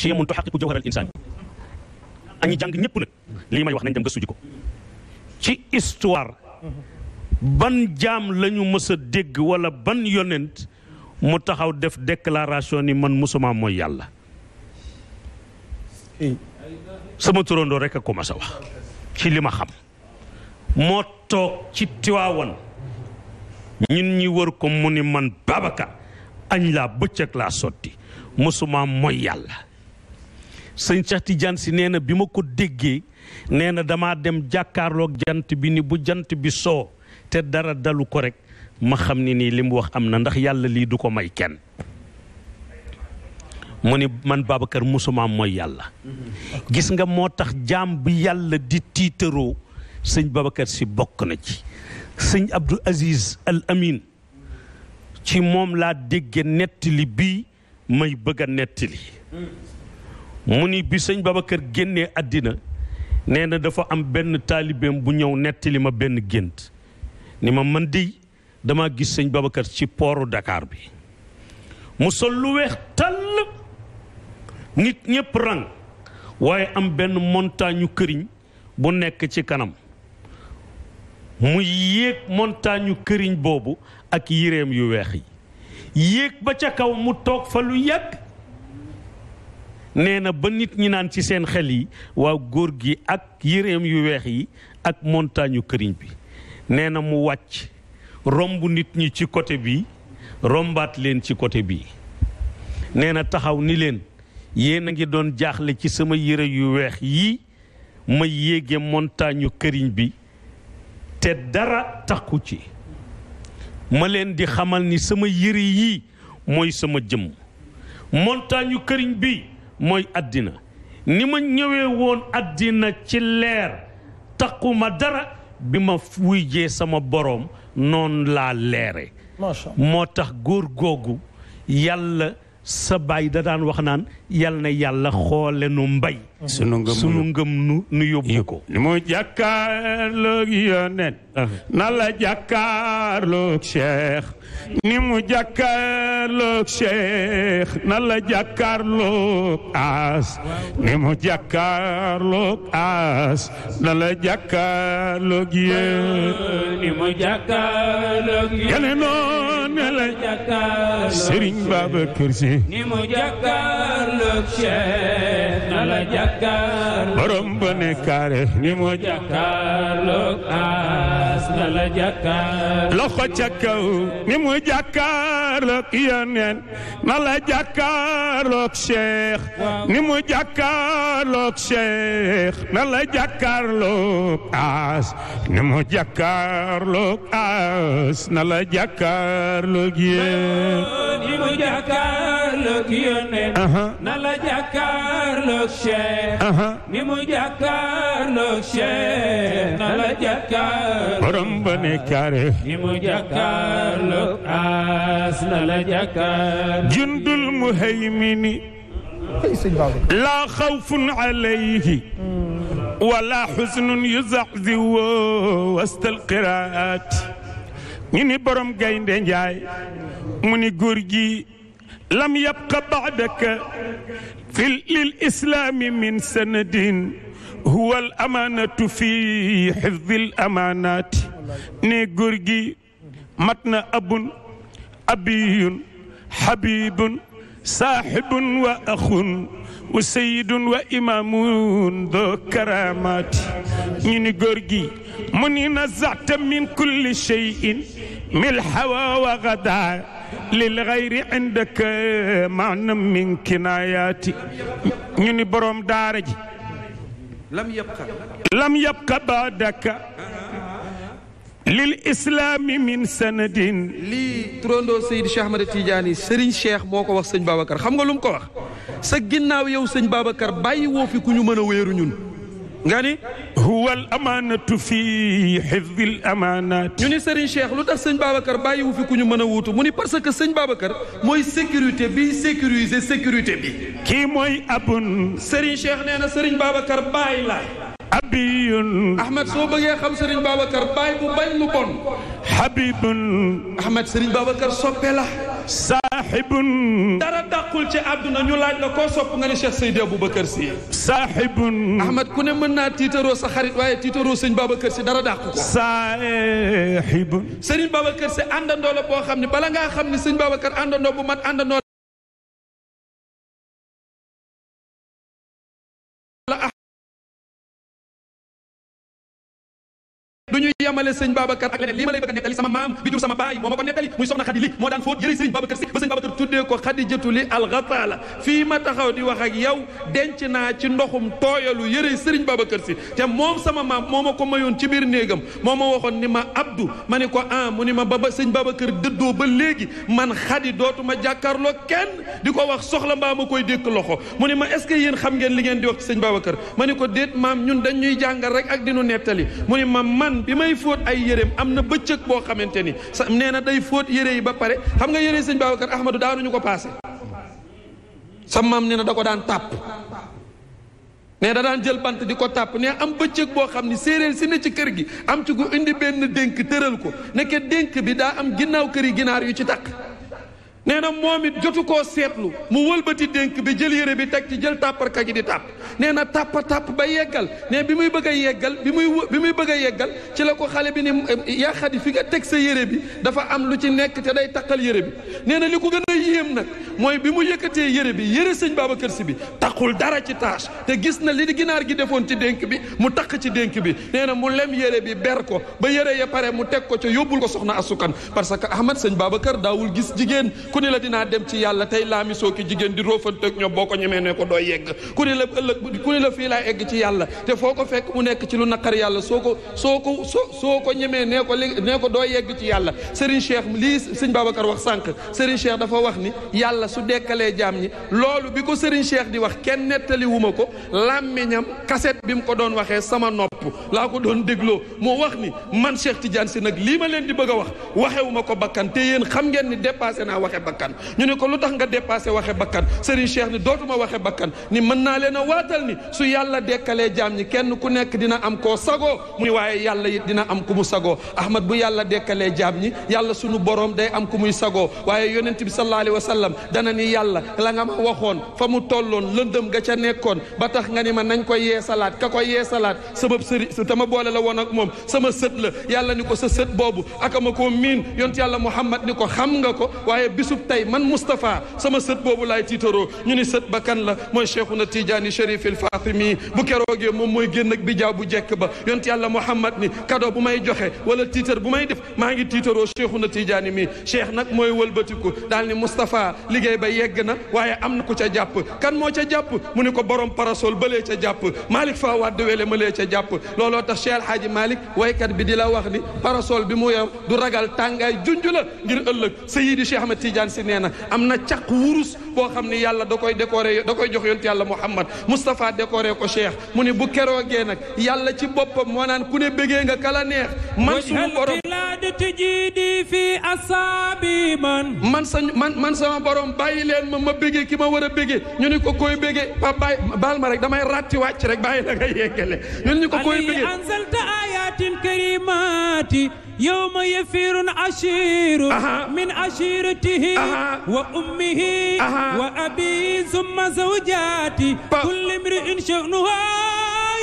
cheimun tuhaqiqu jawharal insaani añi jàng ñëpp nag lii may wax nañ dem gëstu ji ko ci histoire ban jaam lañu mësa dégg wala ban yonent mu taxaw def déclaration ni man musuma mooy yàlla sama turandoo rek a commencé wax ci li ma xam moo toog ci tiwaawan ñun ñi wër ko mu ni man Babacar añ laa bëccëg laa sotti mosuma mooy yàlla sëñ Cheikh Tidiane si nee na bi ma ko déggee nee na damaa dem jàkkaarloog jant bi ni bu jant bi soo te dara dalu ko rekk ma xam ne nii li mu wax am na ndax yàlla lii du ko may kenn mu ni man Babacar musumaam mooy yàlla gis nga moo tax jaam bi yàlla di tiitaroo sëñ Babacar si bokk na ci sëñ Abdou Aziz Al Amin ci moom laa dégge nettali bii may bëgg a nettali mu ni bi sëñ Babacar génnee àddina nee na dafa am benn taalibeem bu ñëw nettali ma benn gént ni ma man di dama gis sëñ Babacar ci pooru dakaar bi mu sol lu weex tàll nit ñépp rang waaye am benn montagne këriñ bu nekk ci kanam muy yéeg montagne ñu këriñ boobu ak yéreem yu weex yi yéeg ba ca kaw mu toog fa lu yàgg nee na ba nit ñi naan ci seen xel yi waaw góor gi ak yéreem yu weex yi ak montagne këriñ bi nee na mu wàcc romb nit ñi ci côté bi rombaat leen ci côté bi nee na taxaw ni leen yéen a ngi doon jaaxle ci sama yére yu weex yi ma yéege montagne këriñ bi te dara takku ci ma leen di xamal ni sama yëre yii mooy sama jëm montagne këriñ bi mooy àddina ni ma ñëwee woon àddina ci leer takkuma dara bi ma wuyjee sama boroom noon laa leere moo tax góor googu yàlla sa baay da daan wax naan yal na yàlla xoole nu mbay sunu ngëm nu nu yóbbu ko mu jàkkaarloog yonent na la jàkkaarloog cheikh ni mu jàkkaarloog Cheikh na la jàkkaarloog aas ni mu jàkkaarloog aas na la jàkkaarloog yéen ni mu jàkkaarloog yéen yàlla noonu la jàkkaarloog Serigne Babacar ni mu ni mu jàkkaarloog aas mu jàkkaarloog yoneen na la jàkkaarloog Cheikh ni mu jàkkaarloog Cheikh na la jàkkaarloog aas ni mu jàkkaarloog na la jàkkaarloog yéen ni mu ni mu jàkkaarloog Cheikh na la jàkkaarloog borom ba asna la jàkkaar jundul muhaymini laa xawfun alayhi wala xusnun yuzaxzi wastal qiraat ñu ni borom gaynde njaay mu ni góor gi lam yabqa baadaka fi lil islaami min sanadin huwa al amaanatu fi xifdi al amaanaat ne góor gi mat na abun abiyun habibun saaxibun wa axun wa sayidun wa imaamun do karamaati ñu ni góor gi mu ni nazaata min kulli cheyin mil hawa wa gada lil gayri indaka maanam min kinaayaati ñu ni boroom daara ji lam yabqa baadaka lil islaami min sanadin lii turandoo Seydi Cheikh Ahmad Tidiane Serigne Cheikh moo ko wax sëñ Babacar xam nga lu mu ko wax sa ginnaaw yow sëñ Babacar bàyyi woo fi ku ñu mën a wéeru ñun nga ni huwa al amaanatu fi xifdi l amaanat ñu ni Serigne Cheikh lu tax sëñ Babacar bàyyi wu fi ku ñu mën a wuutu mu ni parce que sëñ Babacar mooy sécurité bi sécuriser sécurité bi kii mooy abun Serigne Cheikh nee na Serigne Babacar bàyyi la abiyun Ahmed soo bëggee xam Serigne Babacar baay bu bañ lu bon. Habibun. Ahmed Serigne Babacar soppe la. saaxibun. dara dàqul ci àdduna ñu laaj la koo sopp nga ne Cheikh Seydi Aboubacar Si. saaxibun. Ahmed ku ne mën naa tiitaroo sa xarit waaye tiitaroo sëñ Babacar Si dara dàqu ko. saaxibun. Serigne Babacar Si àndandoo la boo xam ne bala ngaa xam ne sëñ Babacar àndandoo bu mat àndandoo. du ñu yemale sëñ Babacar ak leneen lii ma lay bëgg a nettali sama maam bi jur sama baay moo ma ko nettali muy soxna Xadi li moo daan fóot yëri taxaw di wax ak yow denc naa ci ndoxum tooyalu yëre sëriñ Babacar si te moom sama maam moo ma ko mayoon ci biir néegam moo ma waxoon ni ma Abdou ma ni ko ah mu ni ma ba ba sëñ Babacar dëddoo ba léegi man Xadi dootuma jàkkaarloo kenn di ko wax soxla mbaa ma koy dékk loxo mu ni ma est-ce que yéen xam ngeen li ngeen di wax ci sëñ Babacar ma ni ko déet maam ñun dañuy jàngal rek ak dinu nettali ma man man bi may fóot ay yéreem am na bëccëg boo xamante ni sa nee na day fóot yére yi ba pare xam nga yére sëñ Babacar Ahmadou daanuñu ko paase. sa maam nee na da ko daan tàpp ne da daan jël bant di ko tàpp ne am bëccëg boo xam ni séeréer si ne ci kër gi am ci ko indi benn dénk tëral ko nekke dénk bi daa am ginnaaw kër yi ginaar yu ci takk nee na moom it jotu ko seetlu mu wëlbati dénk bi jël yére bi teg ci jël tàpparka ji di tàpp nee na tàppa tàpp ba yeggal ne bi muy bëgg a yeggal bi muy bi muy bëgg a yeggal ci la ko xale bi ni yaa Xadi fi nga teg sa yére bi dafa am lu ci nekk te day taqal yére bi nee na li ko gën a yéem nag mooy bi mu yëkkatee yére bi yére sëñ Babacar Si bi taqul dara ci tâche te gis na li ginaar gi defoon ci dénk bi mu takk ci dénk bi nee na mu lem yére bi ber ko ba yére ya pare mu teg ko ca yóbbul ko soxna asukan parce que Ahmad sëñ Babacar daawul gis jigéen ku ne la dinaa dem ci yàlla tey laamisoo ki jigéen di ko ñemee ne ku ne la ëllëg ku ne la fii soo ko ko soo ko ñemee nee ko doo yegg ci yàlla Serigne Cheikh lii sëñ Babacar wax sànq Serigne Cheikh dafa wax ni yàlla su dekkalee jaam ñi loolu bi ko Serigne Cheikh di wax kenn nettali wu ma ko làmmiñam kaset bi mu ko doon waxee sama nopp laa ko doon dégloo moo wax ni man Cheikh Tidiane si nag lii ma leen di bëgg a wax waxewu ma ko bakkan te yéen xam ngeen ni dépassé naa waxe waxe bakkan ñu ne ko lu tax nga dépassé waxe bakkan Serigne Cheikh ni dootuma waxe bakkan ni mën naa leen a waatal ni su yàlla dekkalee jaam ñi kenn ku nekk dina am koo sagoo muy waaye yàlla it dina am ku mu sagoo ahmad bu yàlla dekkalee jaam ñi yàlla sunu borom day am ku muy sagoo waaye yonent bi sallallahu alayhi wa sallam dana ni yàlla la nga ma waxoon fa mu tolloon lëndëm nga ca nekkoon ba tax nga ni ma nañ ko yeesalaat ka ko yeesalaat sama sëri tama boole la woon ak moom sama sët la yàlla ni ko sa sët boobu akama koo miin yonent yàlla muhammad bisub tey man Moustapha sama sët boobu laay tiitaroo ñu ni sët ba kan la mooy Cheikhuna Tidiane Chérif El Fatimi bu keroogee moom mooy génn ak bijaaw bu jekk ba yont yàlla Muhammad ni cadeau bu may joxe wala tiitar bu may def maa ngi tiitaroo Cheikhuna Tidiane mi cheikh nag mooy wëlbatiku daal ni Moustapha liggéey ba yegg na waaye am na ku ca jàpp kan moo ca jàpp mu ni ko borom parasol balee ca jàpp Malick Fa Wade wele ma lee ca jàpp looloo tax Cheikh El Hadji Malick waykat bi di la wax ni parasol bi mu yor du ragal tàngaay junj la ngir ëllëg Seydi Cheikh Ahmed Tidiane Tidiane si nee na am na caq wurus boo xam ni yàlla da koy décoré da koy jox yonent yàlla Muhammad Moustapha décoré ko Cheikh mu ne bu keroogee nag yàlla ci boppam moo naan ku ne bëggee nga kala neex man suñu borom man sa man man sama borom bàyyi leen ma ma bëggee ki ma war a bëggee ñu ni ko koy bëggee ba bàyyi baal ma rek damay ratti wàcc rek bàyyi a nga yeggale ñu ni ko koy bëggee يوم يفير عشير من عشيرته وأمه وأبيه ثم زوجاتي كل امرئ شأنه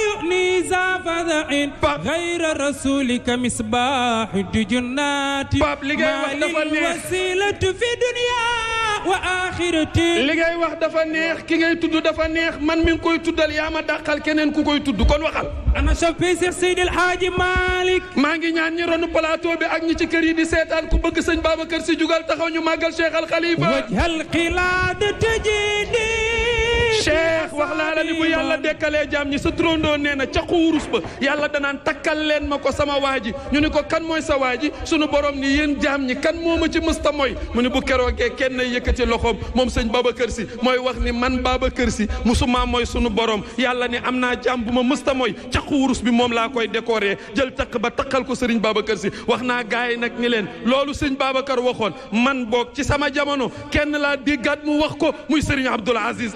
يؤني ذا فذع غير رسولك مصباح الجنات ما للوسيلة في دنياك wa axirati li ngay wax dafa neex ki ngay tudd dafa neex man mi ngi koy tuddal yaa ma dàqal keneen ku koy tudd kon waxal. ana soppi Seex Seydil Haaji Malick. maa ngi ñaan ñi ronu plateau bi ak ñi ci kër yi di seetaan ku bëgg sëñ Babacar si jugal taxaw ñu màggal Cheikh Al Khalifa wajhal qilaad tajidi cheikh wax naa la ni bu yàlla dekkalee jaam ñi sa trondoo nee na ca xuurus ba yàlla danaan takkal leen ma ko sama waa ñu ni ko kan mooy sa waa ji sunu boroom ni yéen jaam ñi kan moo ma ci mësta mooy mu ni bu keroogee kenn yëkkati loxoom moom sëñ Babacar Si mooy wax ni man kër Si musuma mooy sunu borom yàlla ni am naa jaam bu ma mësta mooy ca xuurus bi moom laa koy décoré jël takk ba takkal ko sëriñ kër Si wax naa gars yi nag ni leen loolu sëñ Babacar waxoon man boog ci sama jamono kenn laa diggaat wax ko muy sëriñ Abdoul Aziz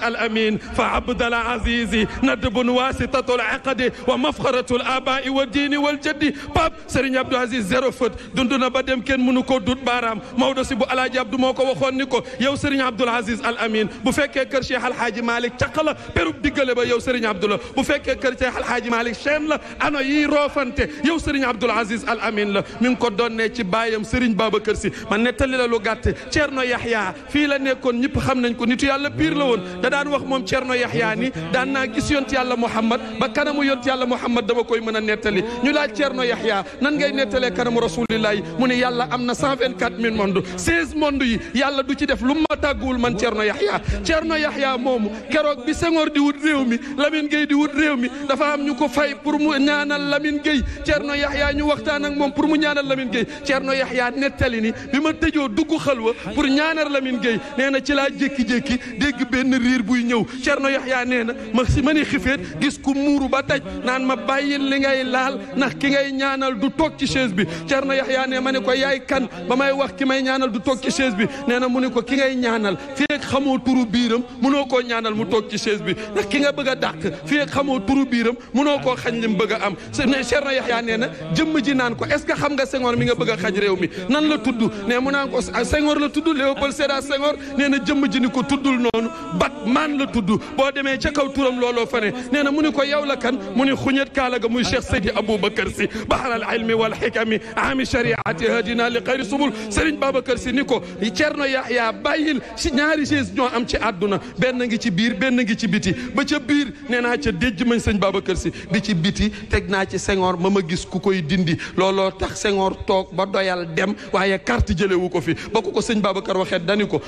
العالمين فعبد العزيز ندب واسطة العقد ومفخرة الآباء والدين والجد Pape Serigne Abdou Aziz zéro faute dund na ba dem kenn mënu ko dut baaraam Maodo si bu Alaaji Abdou moo ko waxoon ni ko yow Serigne Abdoul Aziz Al bu fekkee kër Cheikh Al Hadji Malick caq la perub diggale ba yow Serigne Abdou la bu fekkee kër Cheikh Al Hadji Malick chaîne la ano yi roofante yow Serigne Abdoul Aziz Al Amin la mi ngi ko donnee ci baayam Serigne Babacar Sy ma nettali la lu gàtt Thierno Yahya fii la nekkoon ñëpp xam nañ ko nitu yàlla la woon moom Thierno Yaxya ni daan naa gis yont yàlla Muhammad ba kanamu yont yàlla Muhammad dama koy mën a nettali ñu laaj Thierno Yaxya nan ngay nettalee kanamu rasulillah yi mu ne yàlla am na 124000 monde 16 monde yi yàlla du ci def lu ma tàgguwul man Thierno Yaxya Thierno Yaxya moomu keroog bi Senghor di wut réew mi Lamine Gueye di wut réew mi dafa am ñu ko fay pour mu ñaanal Lamine Gueye Thierno Yaxya ñu waxtaan ak moom pour mu ñaanal Lamine Gueye Thierno Yaxya nettali ni bi ma tëjoo dugg xalwa pour ñaanal Lamine Gueye nee na ci laa jékki-jékki dégg benn riir ñëw Cerno Yaxya nee na ma si ma ni xifeet gis ku muuru ba taj naan ma bàyyil li ngay laal ndax ki ngay ñaanal du toog ci chaise bi Cerno Yaxya nee ma ne ko yaay kan ba may wax ki may ñaanal du toog ci chaise bi nee na mu ne ko ki ngay ñaanal fii ak xamoo turu biiram munoo koo ñaanal mu toog ci chaise bi ndax ki nga bëgg a dàq fii ak xamoo turu biiram munoo koo xañ lim bëgg a am Cerno Yaxya nee na jëmm ji naan ko est-ce que xam nga Senghor mi nga bëgg a xaj réew mi nan la tudd ne mu naan ko Senghor la tudd Léopold Sédar Senghor nee na jëmm ji ni ko tuddul noonu Batman la tudd boo demee ca kaw turam looloo fa ne nee na mu ni ko yow la kan mu ni xuñat kaala ga muy Cheikh Seydi Aboubacar Sy bahral ilmi wal xikami ami shariati hadina li xayri subul Serigne Babacar Sy ni ko Cerno Yahya bàyyil si ñaari chaise ñoo am ci àdduna benn ngi ci biir benn ngi ci biti ba ca biir nee naa ca déjj mañ sëñ Babacar Sy bi ci biti teg naa ci Senghor ma ma gis ku koy dindi looloo tax Senghor toog ba doyal dem waaye carte jëlewu ko fi ba ko ko sëñ Babacar waxee ko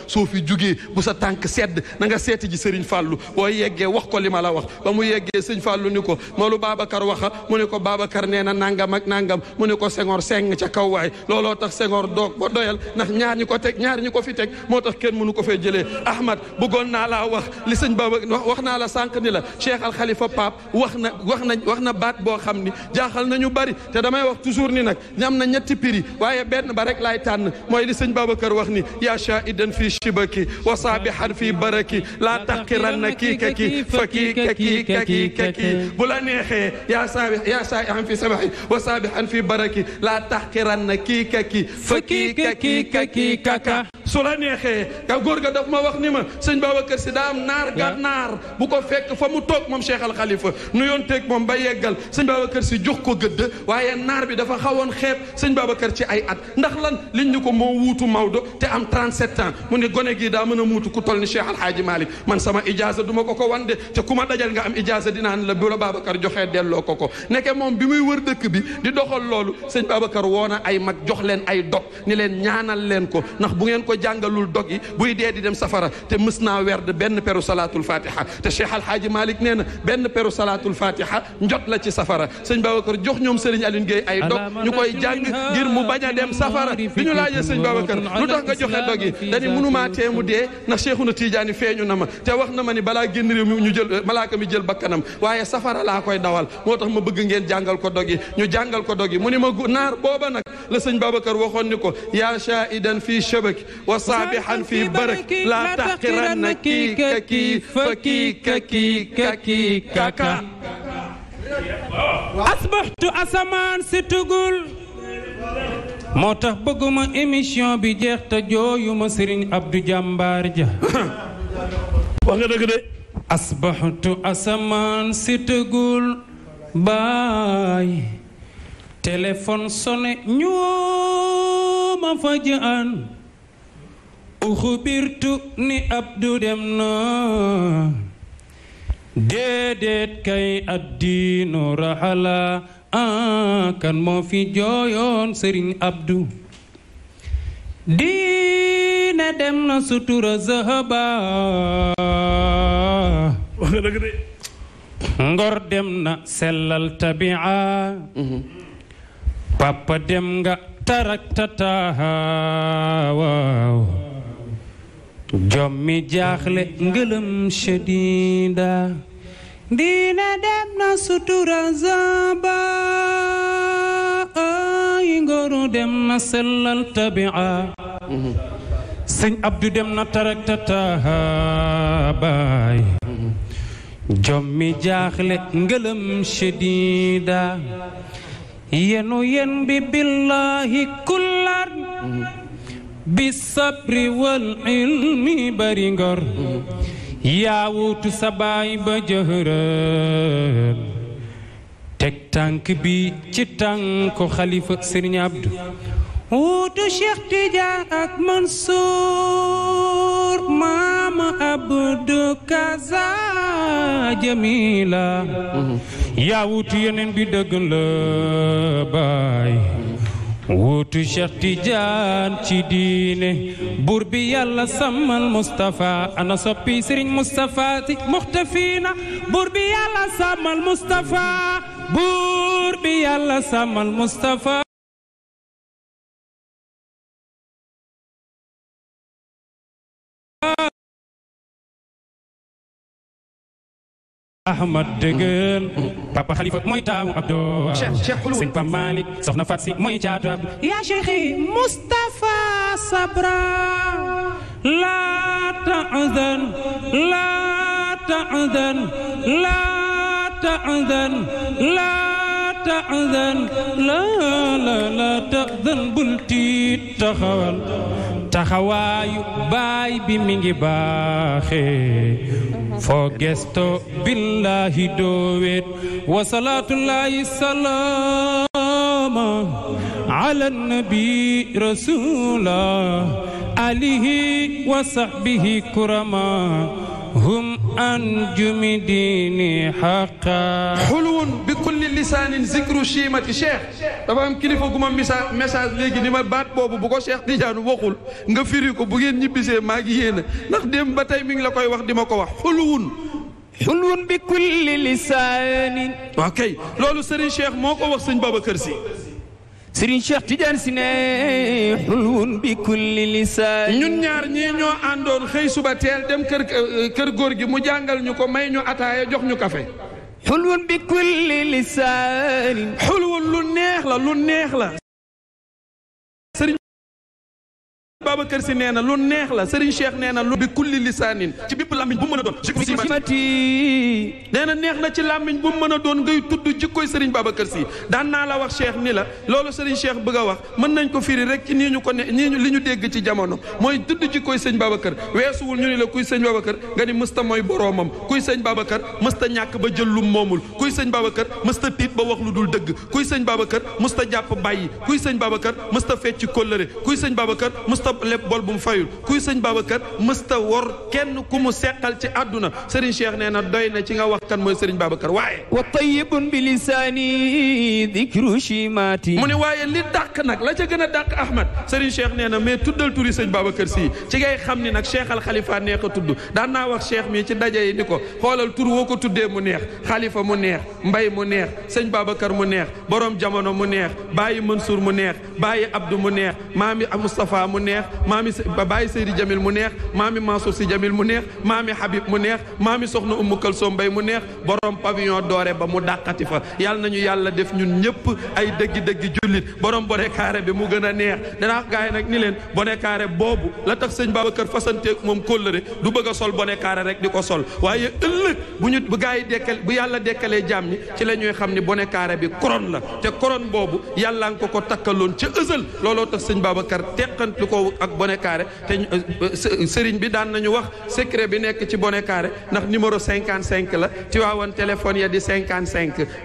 fàllu boo yeggee wax ko li ma la wax ba mu yeggee sëñ fàllu ni ko ma lu Babacar waxa mu ne ko Babacar nee na nangam ak nangam mu ne ko Senghor seng ca kaw waay looloo tax Senghor doog ba doyal ndax ñaar ñi ko teg ñaar ñi ko fi teg moo tax kenn mënu ko fee jëlee Ahmad bëggoon naa la wax li sëñ Baba wax naa la sànq ni la Cheikh Al Khalifa Pape wax na wax na wax na baat boo xam ni jaaxal ñu bari te damay wax toujours ni nag ñam na ñetti prix waaye benn ba rek laay tànn mooy li sëñ Babacar wax ni yaa shaidan fii shibaki wa saabihan fii baraki waxal na kii ka kii fa kii ka kii ka kii ka kii bu la neexee yaa an fi sabaxi wa saabi an na kii ka kii fa kii ka kii ka kii ka ka su ga daf ma wax ni ma sëñ Babacar Si daa am naar ga naar bu ko fekk fa mu toog moom Cheikh Al nu yoon teeg moom ba yeggal sëñ Babacar Si jox ko gëdd waaye naar bi dafa xawoon xeeb sëñ Babacar ci ay at ndax lan liñ ñu ko moo wuutu Maodo te am 37 ans mu ne gone gi daa mën a muutu ku tol ni Cheikh Al Hadji man sama ijaasa duma ko ko wan de te ku ma dajal nga am ijaasa dinaan la bu la Babacar joxee delloo ko ko nekke moom bi muy wër dëkk bi di doxal loolu sëñ Babacar woona ay mag jox leen ay dog ni leen ñaanal leen ko ndax bu ngeen ko jàngalul dog yi buy dee di dem safara te mës naa werd benn peru salaatul fatiha te Cheikh Alhaaji Malick nee na benn peru salaatul fatiha njot la ci safara sëñ Babacar jox ñoom Serigne Aline Gueye ay dog ñu koy jàng ngir mu bañ a dem safara bi ñu laajee sëñ Babacar lu tax nga joxe dog yi dañu mënumaa teemu dee ndax Cheikhuna Tidiane feeñu na ma te wax na balaa génn ñu jël euh, malaaka mi jël bakkanam waaye safara laa koy dawal moo tax ma bëgg ngeen jàngal ko dog ñu jàngal ko dog yi mu ni ma naar booba nag la sëñ Babacar waxoon ni ko yaa shaidan fii wa saabihan fii barak laa taqiranna kii ka kii fa tax bëgguma émission bi jeex te jooyuma Sëriñ Abdou Jàmbaar ja wax nga dëgg de asbaxtu asamaan si tëggul baay téléphone sonné ñooma fa jaan uxubirtu ni abdu dem na déedéet kay addiinu raxala ah, kan moo fi jooyoon sëriñ abdu di ne dem na sutura zahaba ngor dem na sellal mhm. jommi jaaxle ngëlëm shadida diine dem sutura zaba ay ngoru sellal tabia mhm. sëñ Abdou dem na tarakta taabaay jommi jaaxle ngëlëm shadida yenu yen bi billaahi kullar bi sabri wal ilmi bari ngor yaawutu sa baay ba jëhërën teg tànk bi ci tànku xalifa sëriñ Abdou wuutu Cheikh Tidiane ak Mansour maama Abdou Kaza Jamila mhm. yaa wuutu yeneen bi dëgg la baay wuutu Cheikh Tidiane ci diine buur bi yàlla sàmmal Moustapha ana soppi Serigne Moustapha si muxtafiina buur bi yàlla sàmmal Moustapha buur bi yàlla sàmmal Moustapha Ahmad dëggal Papa Khalifa mooy taamu Abdou sëñ Pa Malick soxna Fat Si mooy caatu Abdou yaa Cheikhi Moustapha Sabra la tahzan la tahzan la tahzan la tahzan la la la tahzan bul tiit taxawal taxawaayu baay bi mi ngi baaxe foo gesto billaahi dooweet wa salaama ala nabi rasuula alihi hum anjumi diini xaqa xulwun bi kulli lisaanin zikru chiimati cheikh dafa am kilifa gu ma message message léegi ni ma baat boobu bu ko cheikh Tidiane waxul nga firi ko bu ngeen ñibbisee maa ngi yéena ndax dem ba tey mi ngi la koy wax di ma ko wax xulwun xulwun bi kulli lisaanin ok loolu Serigne Cheikh moo ko wax sëñ Babacar Sy Serigne Cheikh Tidiane si ne xulwun bi kulli lisaan ñun ñaar ñii ñoo àndoon xëy suba teel dem kër kër góor gi mu jàngal ñu ko may ñu ataaya jox ñu kafe xulwun bi kulli lisaan xulwun lu neex la lu neex la Babacar si nee na lu neex la Serigne Cheikh nee na lu bi kulli lisaanin ci bépp làmmiñ bu mu mën a doon jikko si nee na neex na ci làmmiñ bu mu mën a doon ngay tudd jikkoy Serigne Babacar si daan naa la wax Cheikh ni la loolu Serigne Cheikh bëgg a wax mën nañ ko firi rek ci nii ñu ko ne nii li ñu dégg ci jamono mooy tudd jikkoy Sëñ Babacar weesuwul ñu ni la kuy Sëñ Babacar nga ni mësta mooy boroomam kuy Sëñ Babacar mësta ñàkk ba jël lu moomul kuy Sëñ Babacar mësta tiit ba wax lu dul dëgg kuy Sëñ Babacar mësta jàpp bàyyi kuy Sëñ Babacar mësta fecc kóllëre kuy Sëñ lépp bol bu mu fayul kuy sëñ Babacar mësta wor kenn ku mu seqal ci àdduna Serigne Cheikh nee na doy na ci nga wax kan mooy Serigne Babacar waaye. wa tayyibun bi lisaani dikru shimaati mu ne waaye li dàq nag la ca gën a dàq Ahmad Serigne Cheikh nee na mais tuddal turi sëñ Babacar si ci ngay xam ni nag Cheikh al Khalifa neex a tudd daan naa wax Cheikh mi ci daje yi ni ko xoolal tur woo ko tuddee mu neex Khalifa mu neex Mbay mu neex sëñ Babacar mu neex borom jamono mu neex Baye Mansour mu neex neex maami Moustapha maami bàyyi Seydi Jamil mu neex maami Mansour Sy Jamil mu neex maami Habib mu neex maami Soxna Umu Kalsoom Mbay mu neex borom pavillon doore ba mu dàqati fa yàlla nañu yàlla def ñun ñëpp ay dëggi-dëggi jullit borom bone carré bi mu gën a neex danaa gaa yi nag ni leen bone carré boobu la tax sëñ Babacar fasanteeg moom kóllëre du bëgg a sol bone carré rek di ko sol waaye ëllëg bu ñu bu gaa yi bu yàlla dekkalee jàmm ci la ñuy xam ni bone carré bi koron la te koron boobu yàlla nga ko ko takkaloon ca ësal looloo tax néew ak bonnet carré te euh, sëriñ bi daan nañu wax secret bi nekk ci bonnet carré ndax cinquante cinq la Tiwaawan téléphone ya di cinq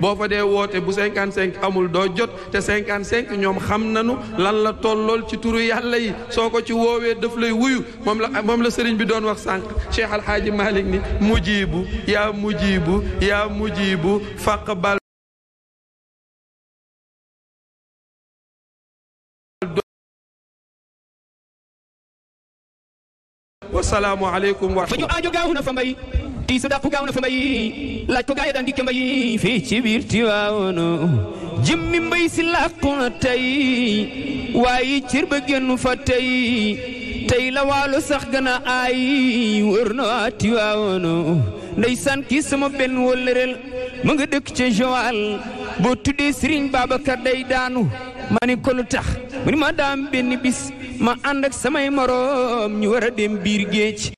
boo fa dee woote bu cinq amul doo jot te 55 ñoom xam nañu lan la tollool ci turu yàlla yi soo ko ci woowee daf lay wuyu moom la moom la sëriñ bi doon wax sànq Cheikh Alhaaji Malick ni mujibu yaa mujibu yaa mujibu faqbal salaam aleykum wa. fa ju aajo gaaw fa mbay. tiisu dàqu fa mbay. laaj ko gaa yi daan mbay. ci biir Tiwaawoonu. jëmmi si làqu na tey. waaye cër ba génn fa tey. tey la sax gën a aay. wër na Tiwaawoonu. ndeysaan kii sama benn wëllëreel. mu nga dëkk ca Joal. boo tuddee Serigne Babacar day daanu. ma ni tax. mu ni ma daam benn bis. ma ànd ak samay moroom ñu war a dem biir géej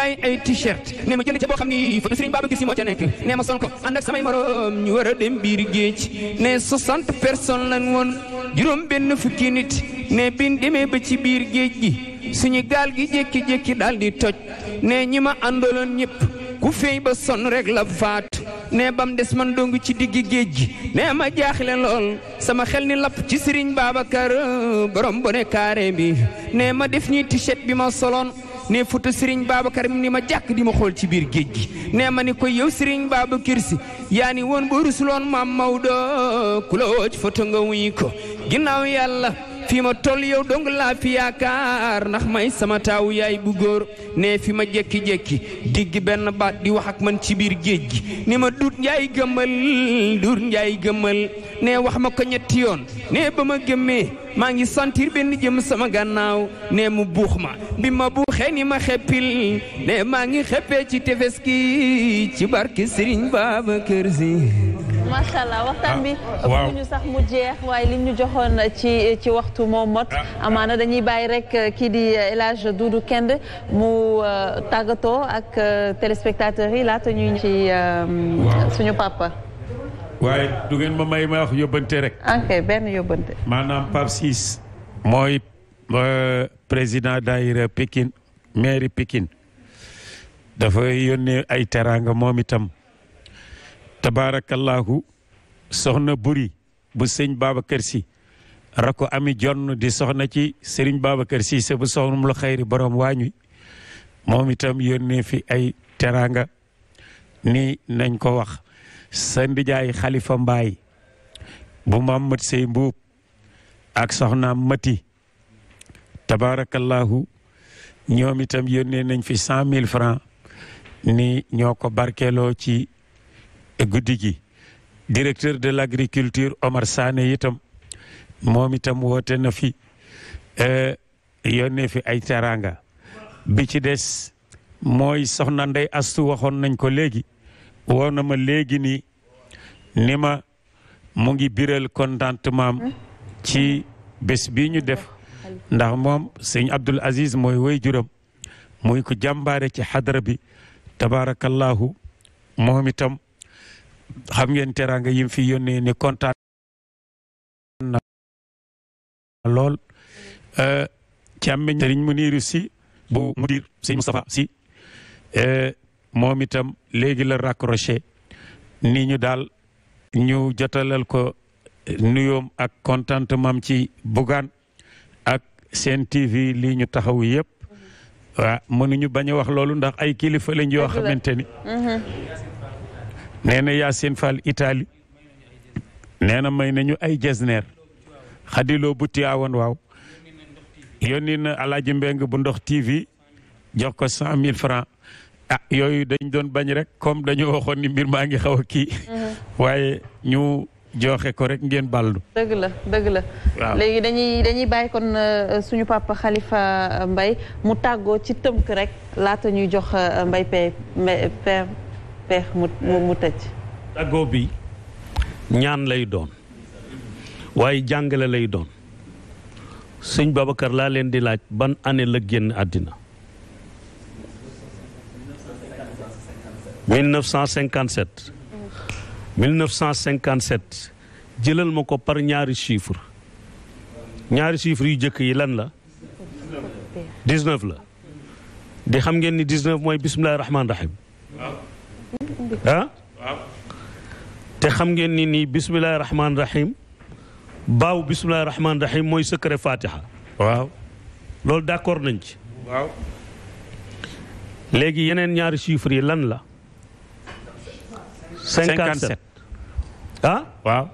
ay t-shirt ne ma jënd ca xam ni fa Serigne Babacar Sy nekk ne ma sol samay moroom ñu war a dem biir géej ne 60 personnes lan woon juróom benn fukki nit ne bin demee ba ci biir géej gi suñu gaal gi jékki-jékki daal di toj ne ñi ma àndaloon ñëpp ku feey ba son rek la faat nee bam des man dong ci digg géej gi nee ma jaaxle lool sama xel ni lapp ci Serigne Babacar borom bone carré bi nee ma def ñi t-shirt bi ma soloon nee foto Serigne Babacar mi ni ma jàkk di ma xool ci biir géej gi nee ma ni ko yow Serigne baaba si yaa ni woon boo rusuloon maam Maodo ku la ci foto nga wuy ko ginnaaw yàlla fi ma toll yow dong laa fi yaakaar ndax may sama taawu yaay bu góor ne fi ma jékki-jékki digg benn baat di wax ak man ci biir géej gi ni ma duut njaay gëmmal duut njaay gëmmal ne wax ma ko ñetti yoon ne ba ma gëmmee maa ngi sentir benn jëm sama gànnaaw ne mu buux ma mbi ma buuxee ni ma xeppil ne maa ngi xeppee ci tefes gi ci barke Serigne Babacar Sy macha allah waxtaan bi ah, sax mu jeex waaye li ñu joxoon ci ci waxtu moom mot ah, ah. amaana dañuy bàyyi rek euh, kii di euh, El Hadj Doudou Kend mu euh, tàggatoo ak téléspectateurs yi laata ñuy ci suñu papa waaye du ngeen ma may ma rek ok benn yóbbante maanaam Pape mooy président daayira Pikine mairie Pikine dafa yónnee ay teraanga moom itam tabaarakallaahu soxna buri bu sëñ Babacar Si rako ami jonn di soxna ci sëriñ Babacar Si se bu soxnum lu xayri borom waañuy moom itam yónnee fi ay teraanga ni nañ ko wax sa ndijaay xalifa mbaay bu Mamat Sey Mbuub ak soxnaam mati tabaarakallaahu ñoom itam yónnee nañ fi cent mille francs ni ñoo ko barkeeloo ci guddi gi directeur de l' agriculture Omar Sané itam moom itam woote na fi eh, yónnee fi ay teraanga bi ci des mooy soxna Ndey Astu waxoon nañ ko léegi woo na ma léegi nii ni ma mu ngi biral contentement ci bés bi ñu def ndax moom sëñ Abdul Aziz mooy woy juram muy ko jàmbaare ci xadara bi tabaarakallahu moom itam xam ngeen teraanga yim fi yónnee ni kontaan na lool euh, càmmeñ sëriñ Muniiru si bu mudir sëriñ Moustapha si euh, moom itam léegi la raccroché ni ñu daal ñu jotalal ko nuyoom ak mam ci Bougane ak seen TV lii ñu taxaw yëpp waa mënuñu bañ a wax loolu ndax ay kilifa lañ yoo xamante ni mm-hmm. nee na Yacine Fall Italie nee na may nañu ay jesneer xadiloo bu tiyaawoon waaw yónni na alaaji mbeng bu ndox TV jox ko cent mille francs a ah, yooyu dañ doon bañ rek comme dañu waxoon ni mbir maa ngi xaw a kii mhm. waaye ñu joxe ko rek ngeen ballu dëgg la dëgg la léegi dañuy dañuy bàyyi kon euh, suñu papa xalifa euh, Mbaye mu tàggoo ci tënk rek laata ñuy jox euh, Mbaye Père peex mu bi ñaan lay doon waaye jàngale lay doon sëñ Babacar laa leen di laaj ban année la génn àddina 1957 1957 jëlal ma ko par ñaari chiffre ñaari chiffre yu jëkk yi lan la 19 la di xam ngeen ni 19 mooy bismillahi rahmaani rahim ah te xam ngeen ni nii bisimilah rahmaani rahiim baaw bisimilah rahmaani rahiim mooy secret fatiha. waaw loolu d' accord nañ ci. waaw léegi yeneen ñaari chiffres yi lan la. 57 ah waaw.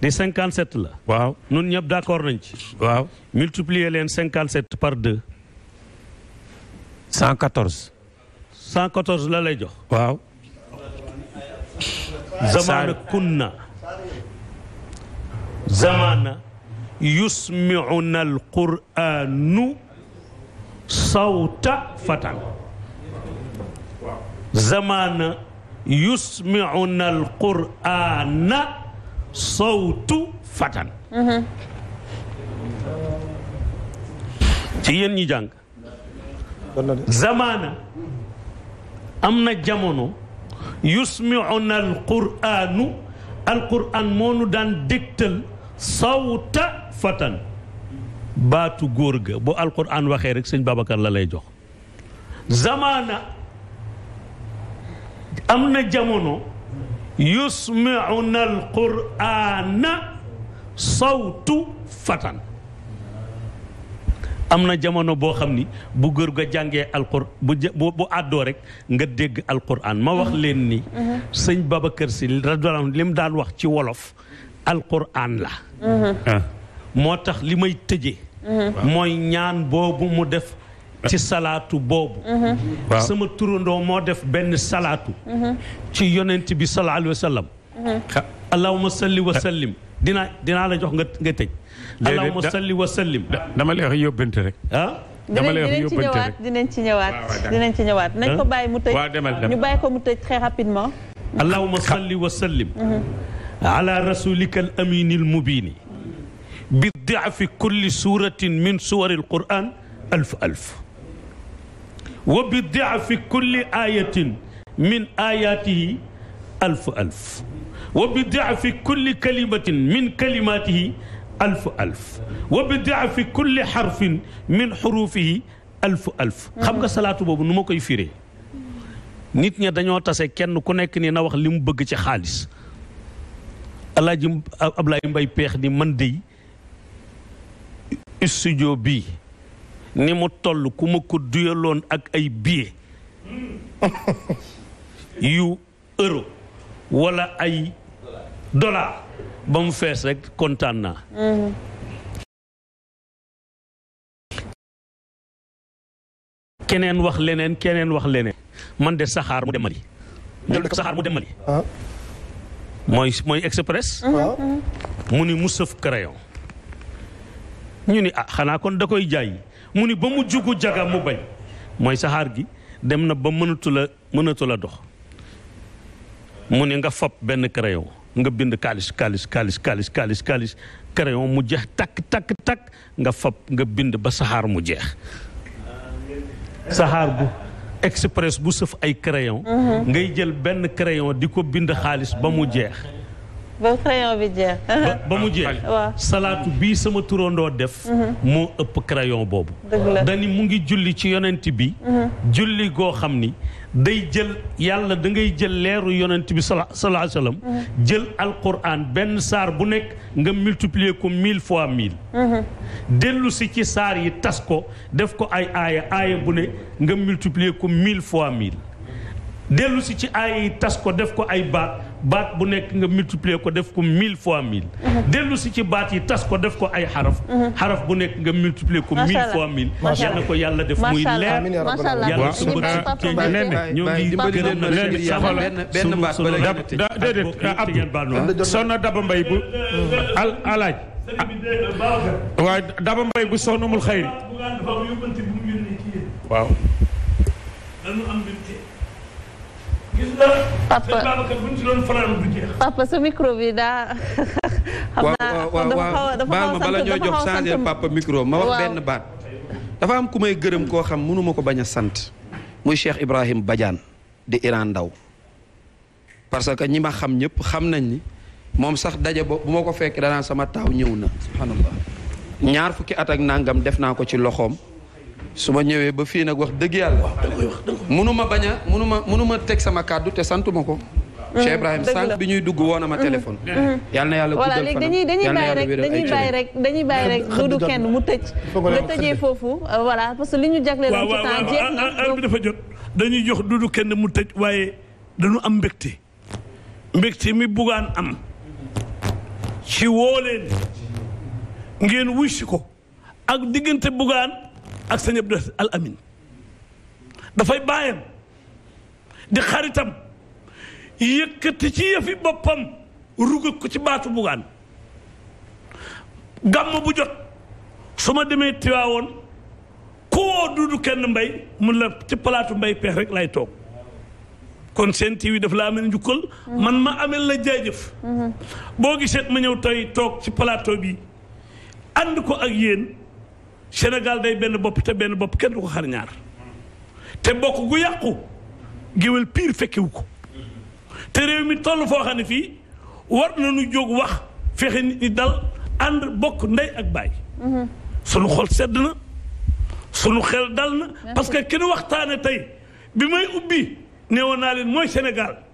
di 57 la. waaw ñun ñëpp d' accord nañ ci. waaw multiplier leen 57 par 2. 114. 114 la lay jox. zamaana kunna zamaana yusmiuna alquranu sawta fatan zamaana yusmiuna alqurana sawtu fatan ci yéen ñi jàng zamaana am na jamono yusmiuna alquranu alquran moo nu daan dégtal sawta fatan baatu góor ga bu alquran waxee rek sëñ Babacar la lay jox zamaana am na jamono yusmiuna alqurana sawtu fatan am na jamono boo xam ni bu gër ga jàngee alqur bu bu àddoo rek nga dégg alquran ma wax leen ni mm-hmm. Mm-hmm. sëñ kër Si radiyallaahu li mu wax ci wolof alquran la mm-hmm. ah. moo tax li may tëje mooy ñaan boobu mu def ci ah. salaatu boobu sama turandoo moo def benn salaatu ci yonent bi sallallaahu alayhi wa sallam allahumma salli wa sallim dina dinaa la jox nga nga tëj allahumma salli wa sallim dama lay wax yóbbante rek ah dama lay wax yóbbante rek dinañ ci ñëwaat dinañ ci ñëwaat nañ ko bàyyi mu tëj ñu bàyyi ko mu tëj très rapidement allahumma salli wa sallim ala rasulika al amin al mubini bi daafi kulli suratin min suwari al quran alf alf wa bi daafi kulli ayatin min ayatihi alf alf wa bi daafi kulli kalimatin min kalimatihi alfu alf wa bidaa fi kulli xarfin min xurufihi alfu alf xam nga salaatu boobu nu ma koy firee nit ña dañoo tase kenn ku nekk nii na wax li mu bëgg ci xaalis alaaji Ablaay Mbay peex ni man dey studio bi ni mu toll ku ma ko duyaloon ak ay billet yu euro wala ay dollar ba mu fees rekk kontaan na keneen wax leneen keneen wax leneen. man de saxaar mu dem Mali. mu dem Mali. Ah. mooy mooy express. Ah. Mm-hmm. mu ni mu sëf crayon. ñu ni ah xanaa kon da koy jaay mu ni ba mu jugu jaga mu bañ mooy saxaar gi dem na ba mënatu la dox. mu ni nga fab benn crayon. nga bind kaalis kaalis kaalis kaalis kaalis kaalis crayon mu jeex takk takk takk nga fab nga bind ba saxaar mu jeex saxaar bu express bu sëf ay crayon mhm. ngay jël benn crayon di ko bind xaalis ba mu jeex ba crayon bi sama turandoo def mhm. moo ëpp crayon boobu dani mu ngi julli ci yonent bi mhm. julli goo xam ni day jël yàlla da ngay jël leeru yonent bi sala salaa sallam mm-hmm. jël alquran benn saar bu nekk nga multiplier ko mille fois mille mm-hmm. dellu si ci saar yi tas ko def ko ay aaya aaya bu ne nga multiplier ko mille fois mille dellu si ci ay tas ko def ko ay baat baat bu nekk nga multiplier ko def ko mille fois mille mhm. dellu si ci baat yi tas ko def ko ay xaraf mhm. xaraf bu nekk nga multiplier ko mille fois mille yàlla def muy leer yàlla su ko ci nene ñoo ngi gërëm na leen saxal benn daba mbay bu alaaj daba mbay bu sonnumul xayri waaw gis nga. papa Babacar bu xam naa bala ñoo jox changé papa micro ma wax benn baat. dafa am ku may gërëm koo xam mënuma ko bañ a sant. muy Cheikh Ibrahim Badiane di Iran Ndaw parce que ñi ma xam ñépp xam nañ ni moom sax daje ba bu ma ko fekk danaa sama taaw ñëw na subhanallah ñaar fukki at ak nangam def naa ko ci loxoom. su ma ñëwee ba fii nag wax dëgg yàlla. munu ma bañ a munu ma teg sama kàddu te santu ma ko. Mm-hmm. Cheikh Ibrahim sànq bi ñuy dugg woon na ma mm-hmm. téléphone. yal mm-hmm. yàlla guddal fanam dañuy dañuy bàyyi rek dañuy bàyyi rek dañuy bàyyi rek dudu kenn mu tëj. nga tëjee foofu euh, voilà parce que li ñu jagleel ci temps jeex na ah, ah, dafa jot. dañuy jox dudu kenn mu tëj waaye dañu am mbégte mbégte mi bugaan am ci woo leen ngeen wuy si ko ak diggante bugaan. ak sëñ Abdou dafay bàyyam di xaritam yëkkati ci yëfi boppam ruga ko ci baatu bugaan gàmm bu jot su ma demee tiwaawoon ku woo duudu kenn mbay mun la ci palaatu mbay peex rek lay toog kon seen TV daf laa amee njukkal man ma amel la jaajëf mhm. boo gisee ma ñëw tey toog ci plateau bi ànd ko ak yéen Sénégal day benn bopp te benn bopp kenn du ko xar ñaar te bokk gu yàqu géwél piir fekkiwu ko te réew mi toll foo xam ne fii war nu jóg wax fexe nit dal ànd bokk ndey ak baay mhm. sunu xol sedd na sunu xel dal na parce que kenn waxtaane tey bi may ubbi neewoon naa leen mooy Sénégal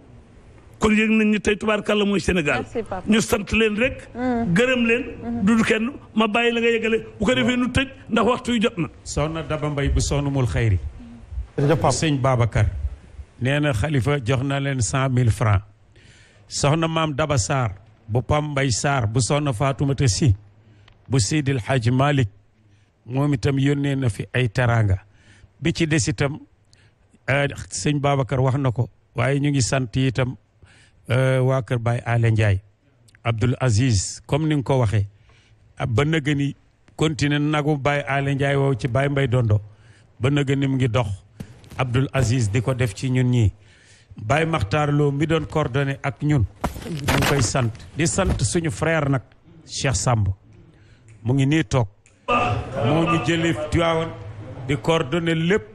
kon yëg nañ ñu tey tubaarkàlla mooy Sénégal ñu sant leen rek mm. gërëm leen dudu mm-hmm. kenn ma bàyyi la nga yëgale bu ko defee nu tëj ndax waxtu yu jot na soxna Daba Mbaye bu soonumul xayri sëñ Babacar nee na xalifa jox na leen cent mille francs soxna maam Daba Sarr bu Pam Mbaye Sarr bu soxna Faatumata Si bu Seydil Hadji Malick moom itam yónnee na fi ay teraanga bi ci des itam euh, sëñ Babacar wax na ko waaye ñu ngi sant itam Euh, waa kër Baye Alé Ndiaye Abdoul Aziz comme ni nga ko waxee ah, ba nëgë ni continué nagu Baye Alé Ndiaye woow ci Baye Mbay Dondo ba nëgë ni mu ngi dox Abdoul Aziz di ko def ci ñun ñii Baye Makhtar Lo mi doon coordonné ak ñun ñu koy sant di sant suñu frère nag Cheikh Samb mu ngi nii toog moo ñu jëlee Tiwaawan di coordonné lépp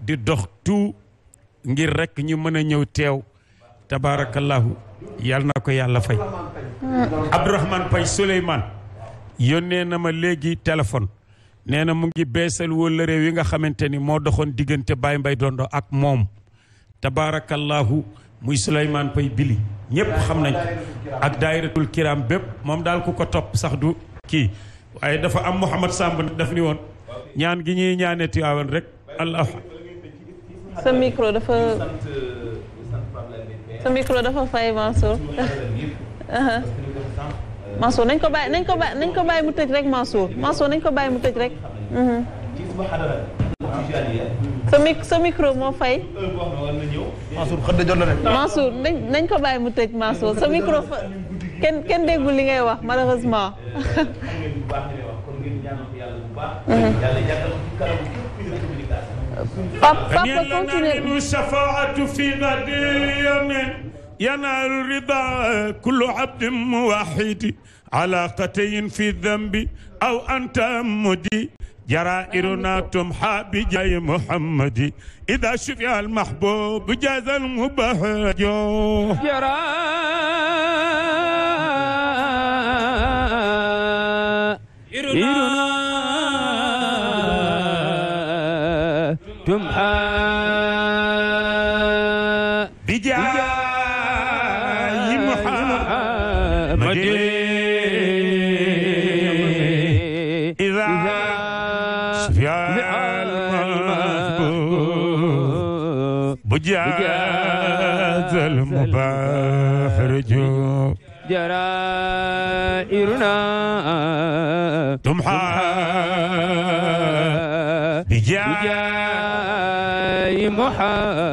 di dox tout ngir rek ñu mën a ñëw teew tabaarakallahu yal na ko yàlla fay Abdourahmane Pay Souleymane yónnee na ma léegi téléphone nee na mu ngi beesal wóllëre wi nga xamante ni moo doxoon diggante Baye Mbay Dondo ak moom tabaarakallahu muy Souleymane Pay Bili ñëpp xam nañ ak dayratul kiram bépp moom daal ku ko topp sax du kii waaye dafa am Mouhamad Samb daf ni woon ñaan gi ñuy ñaanee Tiwaawan rek allah sa micro dafa sa micro dafa fay Mansour. Mansour nañ ko bàyyi nañ ko bàyyi nañ ko bàyyi mu tëj rek Mansour Mansour nañ ko bàyyi mu tëj rek. sa mi moo fay. Mansour xëdd jot na de. Mansour nañ ko bàyyi mu tëj Mansour sa micro fa kenn kenn déggul li ngay wax malheureusement. papa continuer shafaatu fi qadiyam ينال الرضا كل عبد موحد علاقتين في الذنب أو أنت مدي جرائرنا تمحى بجاي محمد إذا شفع المحبوب جاز المبهج جرائر يمحى بجاه محمد إذا شفيع المذكور بجاز المبارج جرائرنا تمحى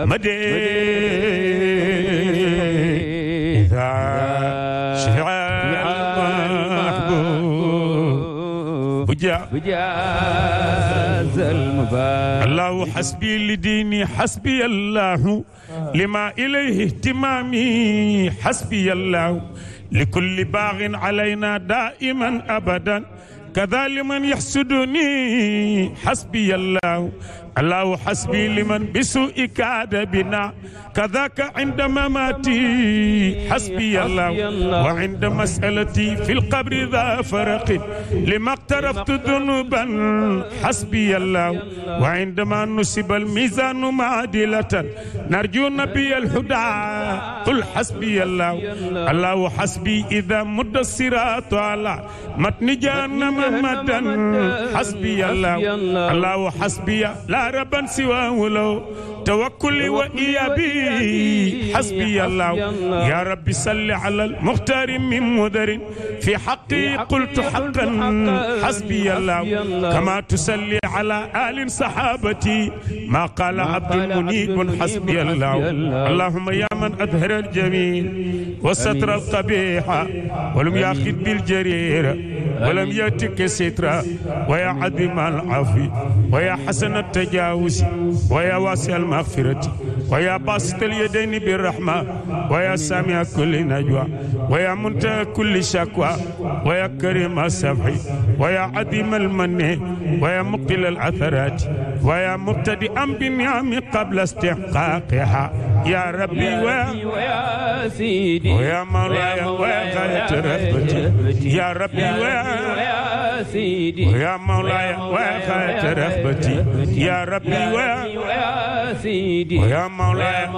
مدي إذا شفع المحبوب بجاز المبارك الله حسبي لديني حسبي الله لما إليه اهتمامي حسبي الله لكل باغ علينا دائما أبدا كذا لمن يحسدني حسبي الله الله حسبي لمن بسوء كاد بنا كذاك عند مماتي حسبي الله وعند مسألتي في القبر ذا فرق لما اقترفت ذنوبا حسبي الله وعندما نسب الميزان معادلة نرجو نبي الهدى قل حسبي الله الله حسبي إذا مد الصراط على متن جهنم مدا حسبي الله الله حسبي لا yaa rabban siwaahu law توكلي وإيابي حسبي الله يا رب صل على المختار من مدر في حقي قلت حقا حسبي الله كما تصلي على آل صحابتي ما قال عبد المنيب حسبي الله اللهم يا من أظهر الجميل والستر القبيح ولم يأخذ بالجرير ولم يأتك سترا ويا عدم العفو ويا حسن التجاوز ويا واسع المال بالمغفرة ويا باسط اليدين بالرحمة ويا سامع كل نجوى ويا منتهى كل شكوى ويا كريم السفح ويا عظيم المن ويا مقبل العثرات ويا مبتدئا بنعم قبل استحقاقها يا ربي ويا سيدي ويا مولاي ويا غاية رغبتي يا ربي ويا سيدي ويا مولاي ويا غاية رغبتي يا ربي ويا سيدي ويا مولاي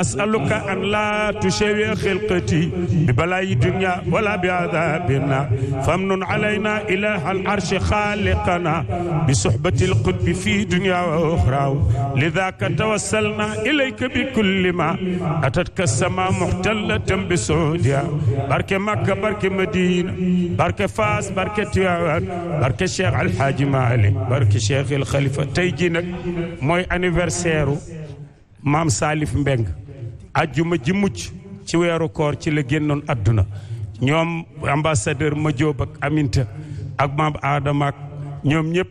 أسألك أن لا تشوي خلقتي ببلاي دنيا ولا بعذابنا فامن علينا إله العرش خالقنا بصحبة القطب في دنيا وأخرى لذاك توسلنا إليك بكل ما أتتك السماء محتلة بسعودها بارك مكة بارك مدينة بارك فاس بارك تيوان بارك الشيخ الحاج مالك بارك الشيخ الخليفة تيجي نك mooy anniversaire maam Salif Mbeng ajjuma ji mucc ci weeru koor ci la génnoon àdduna ñoom ambassadeur ma jóob ak aminta ak maam Adama ñoom ñëpp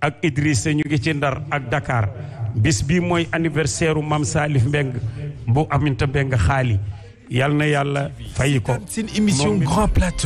ak Idrissa ñu ngi ci ndar ak Dakar bis bii mooy anniversaire u maam Salif Mbeng bu aminta Mbeng xaali yal na yàlla fayi grand plateau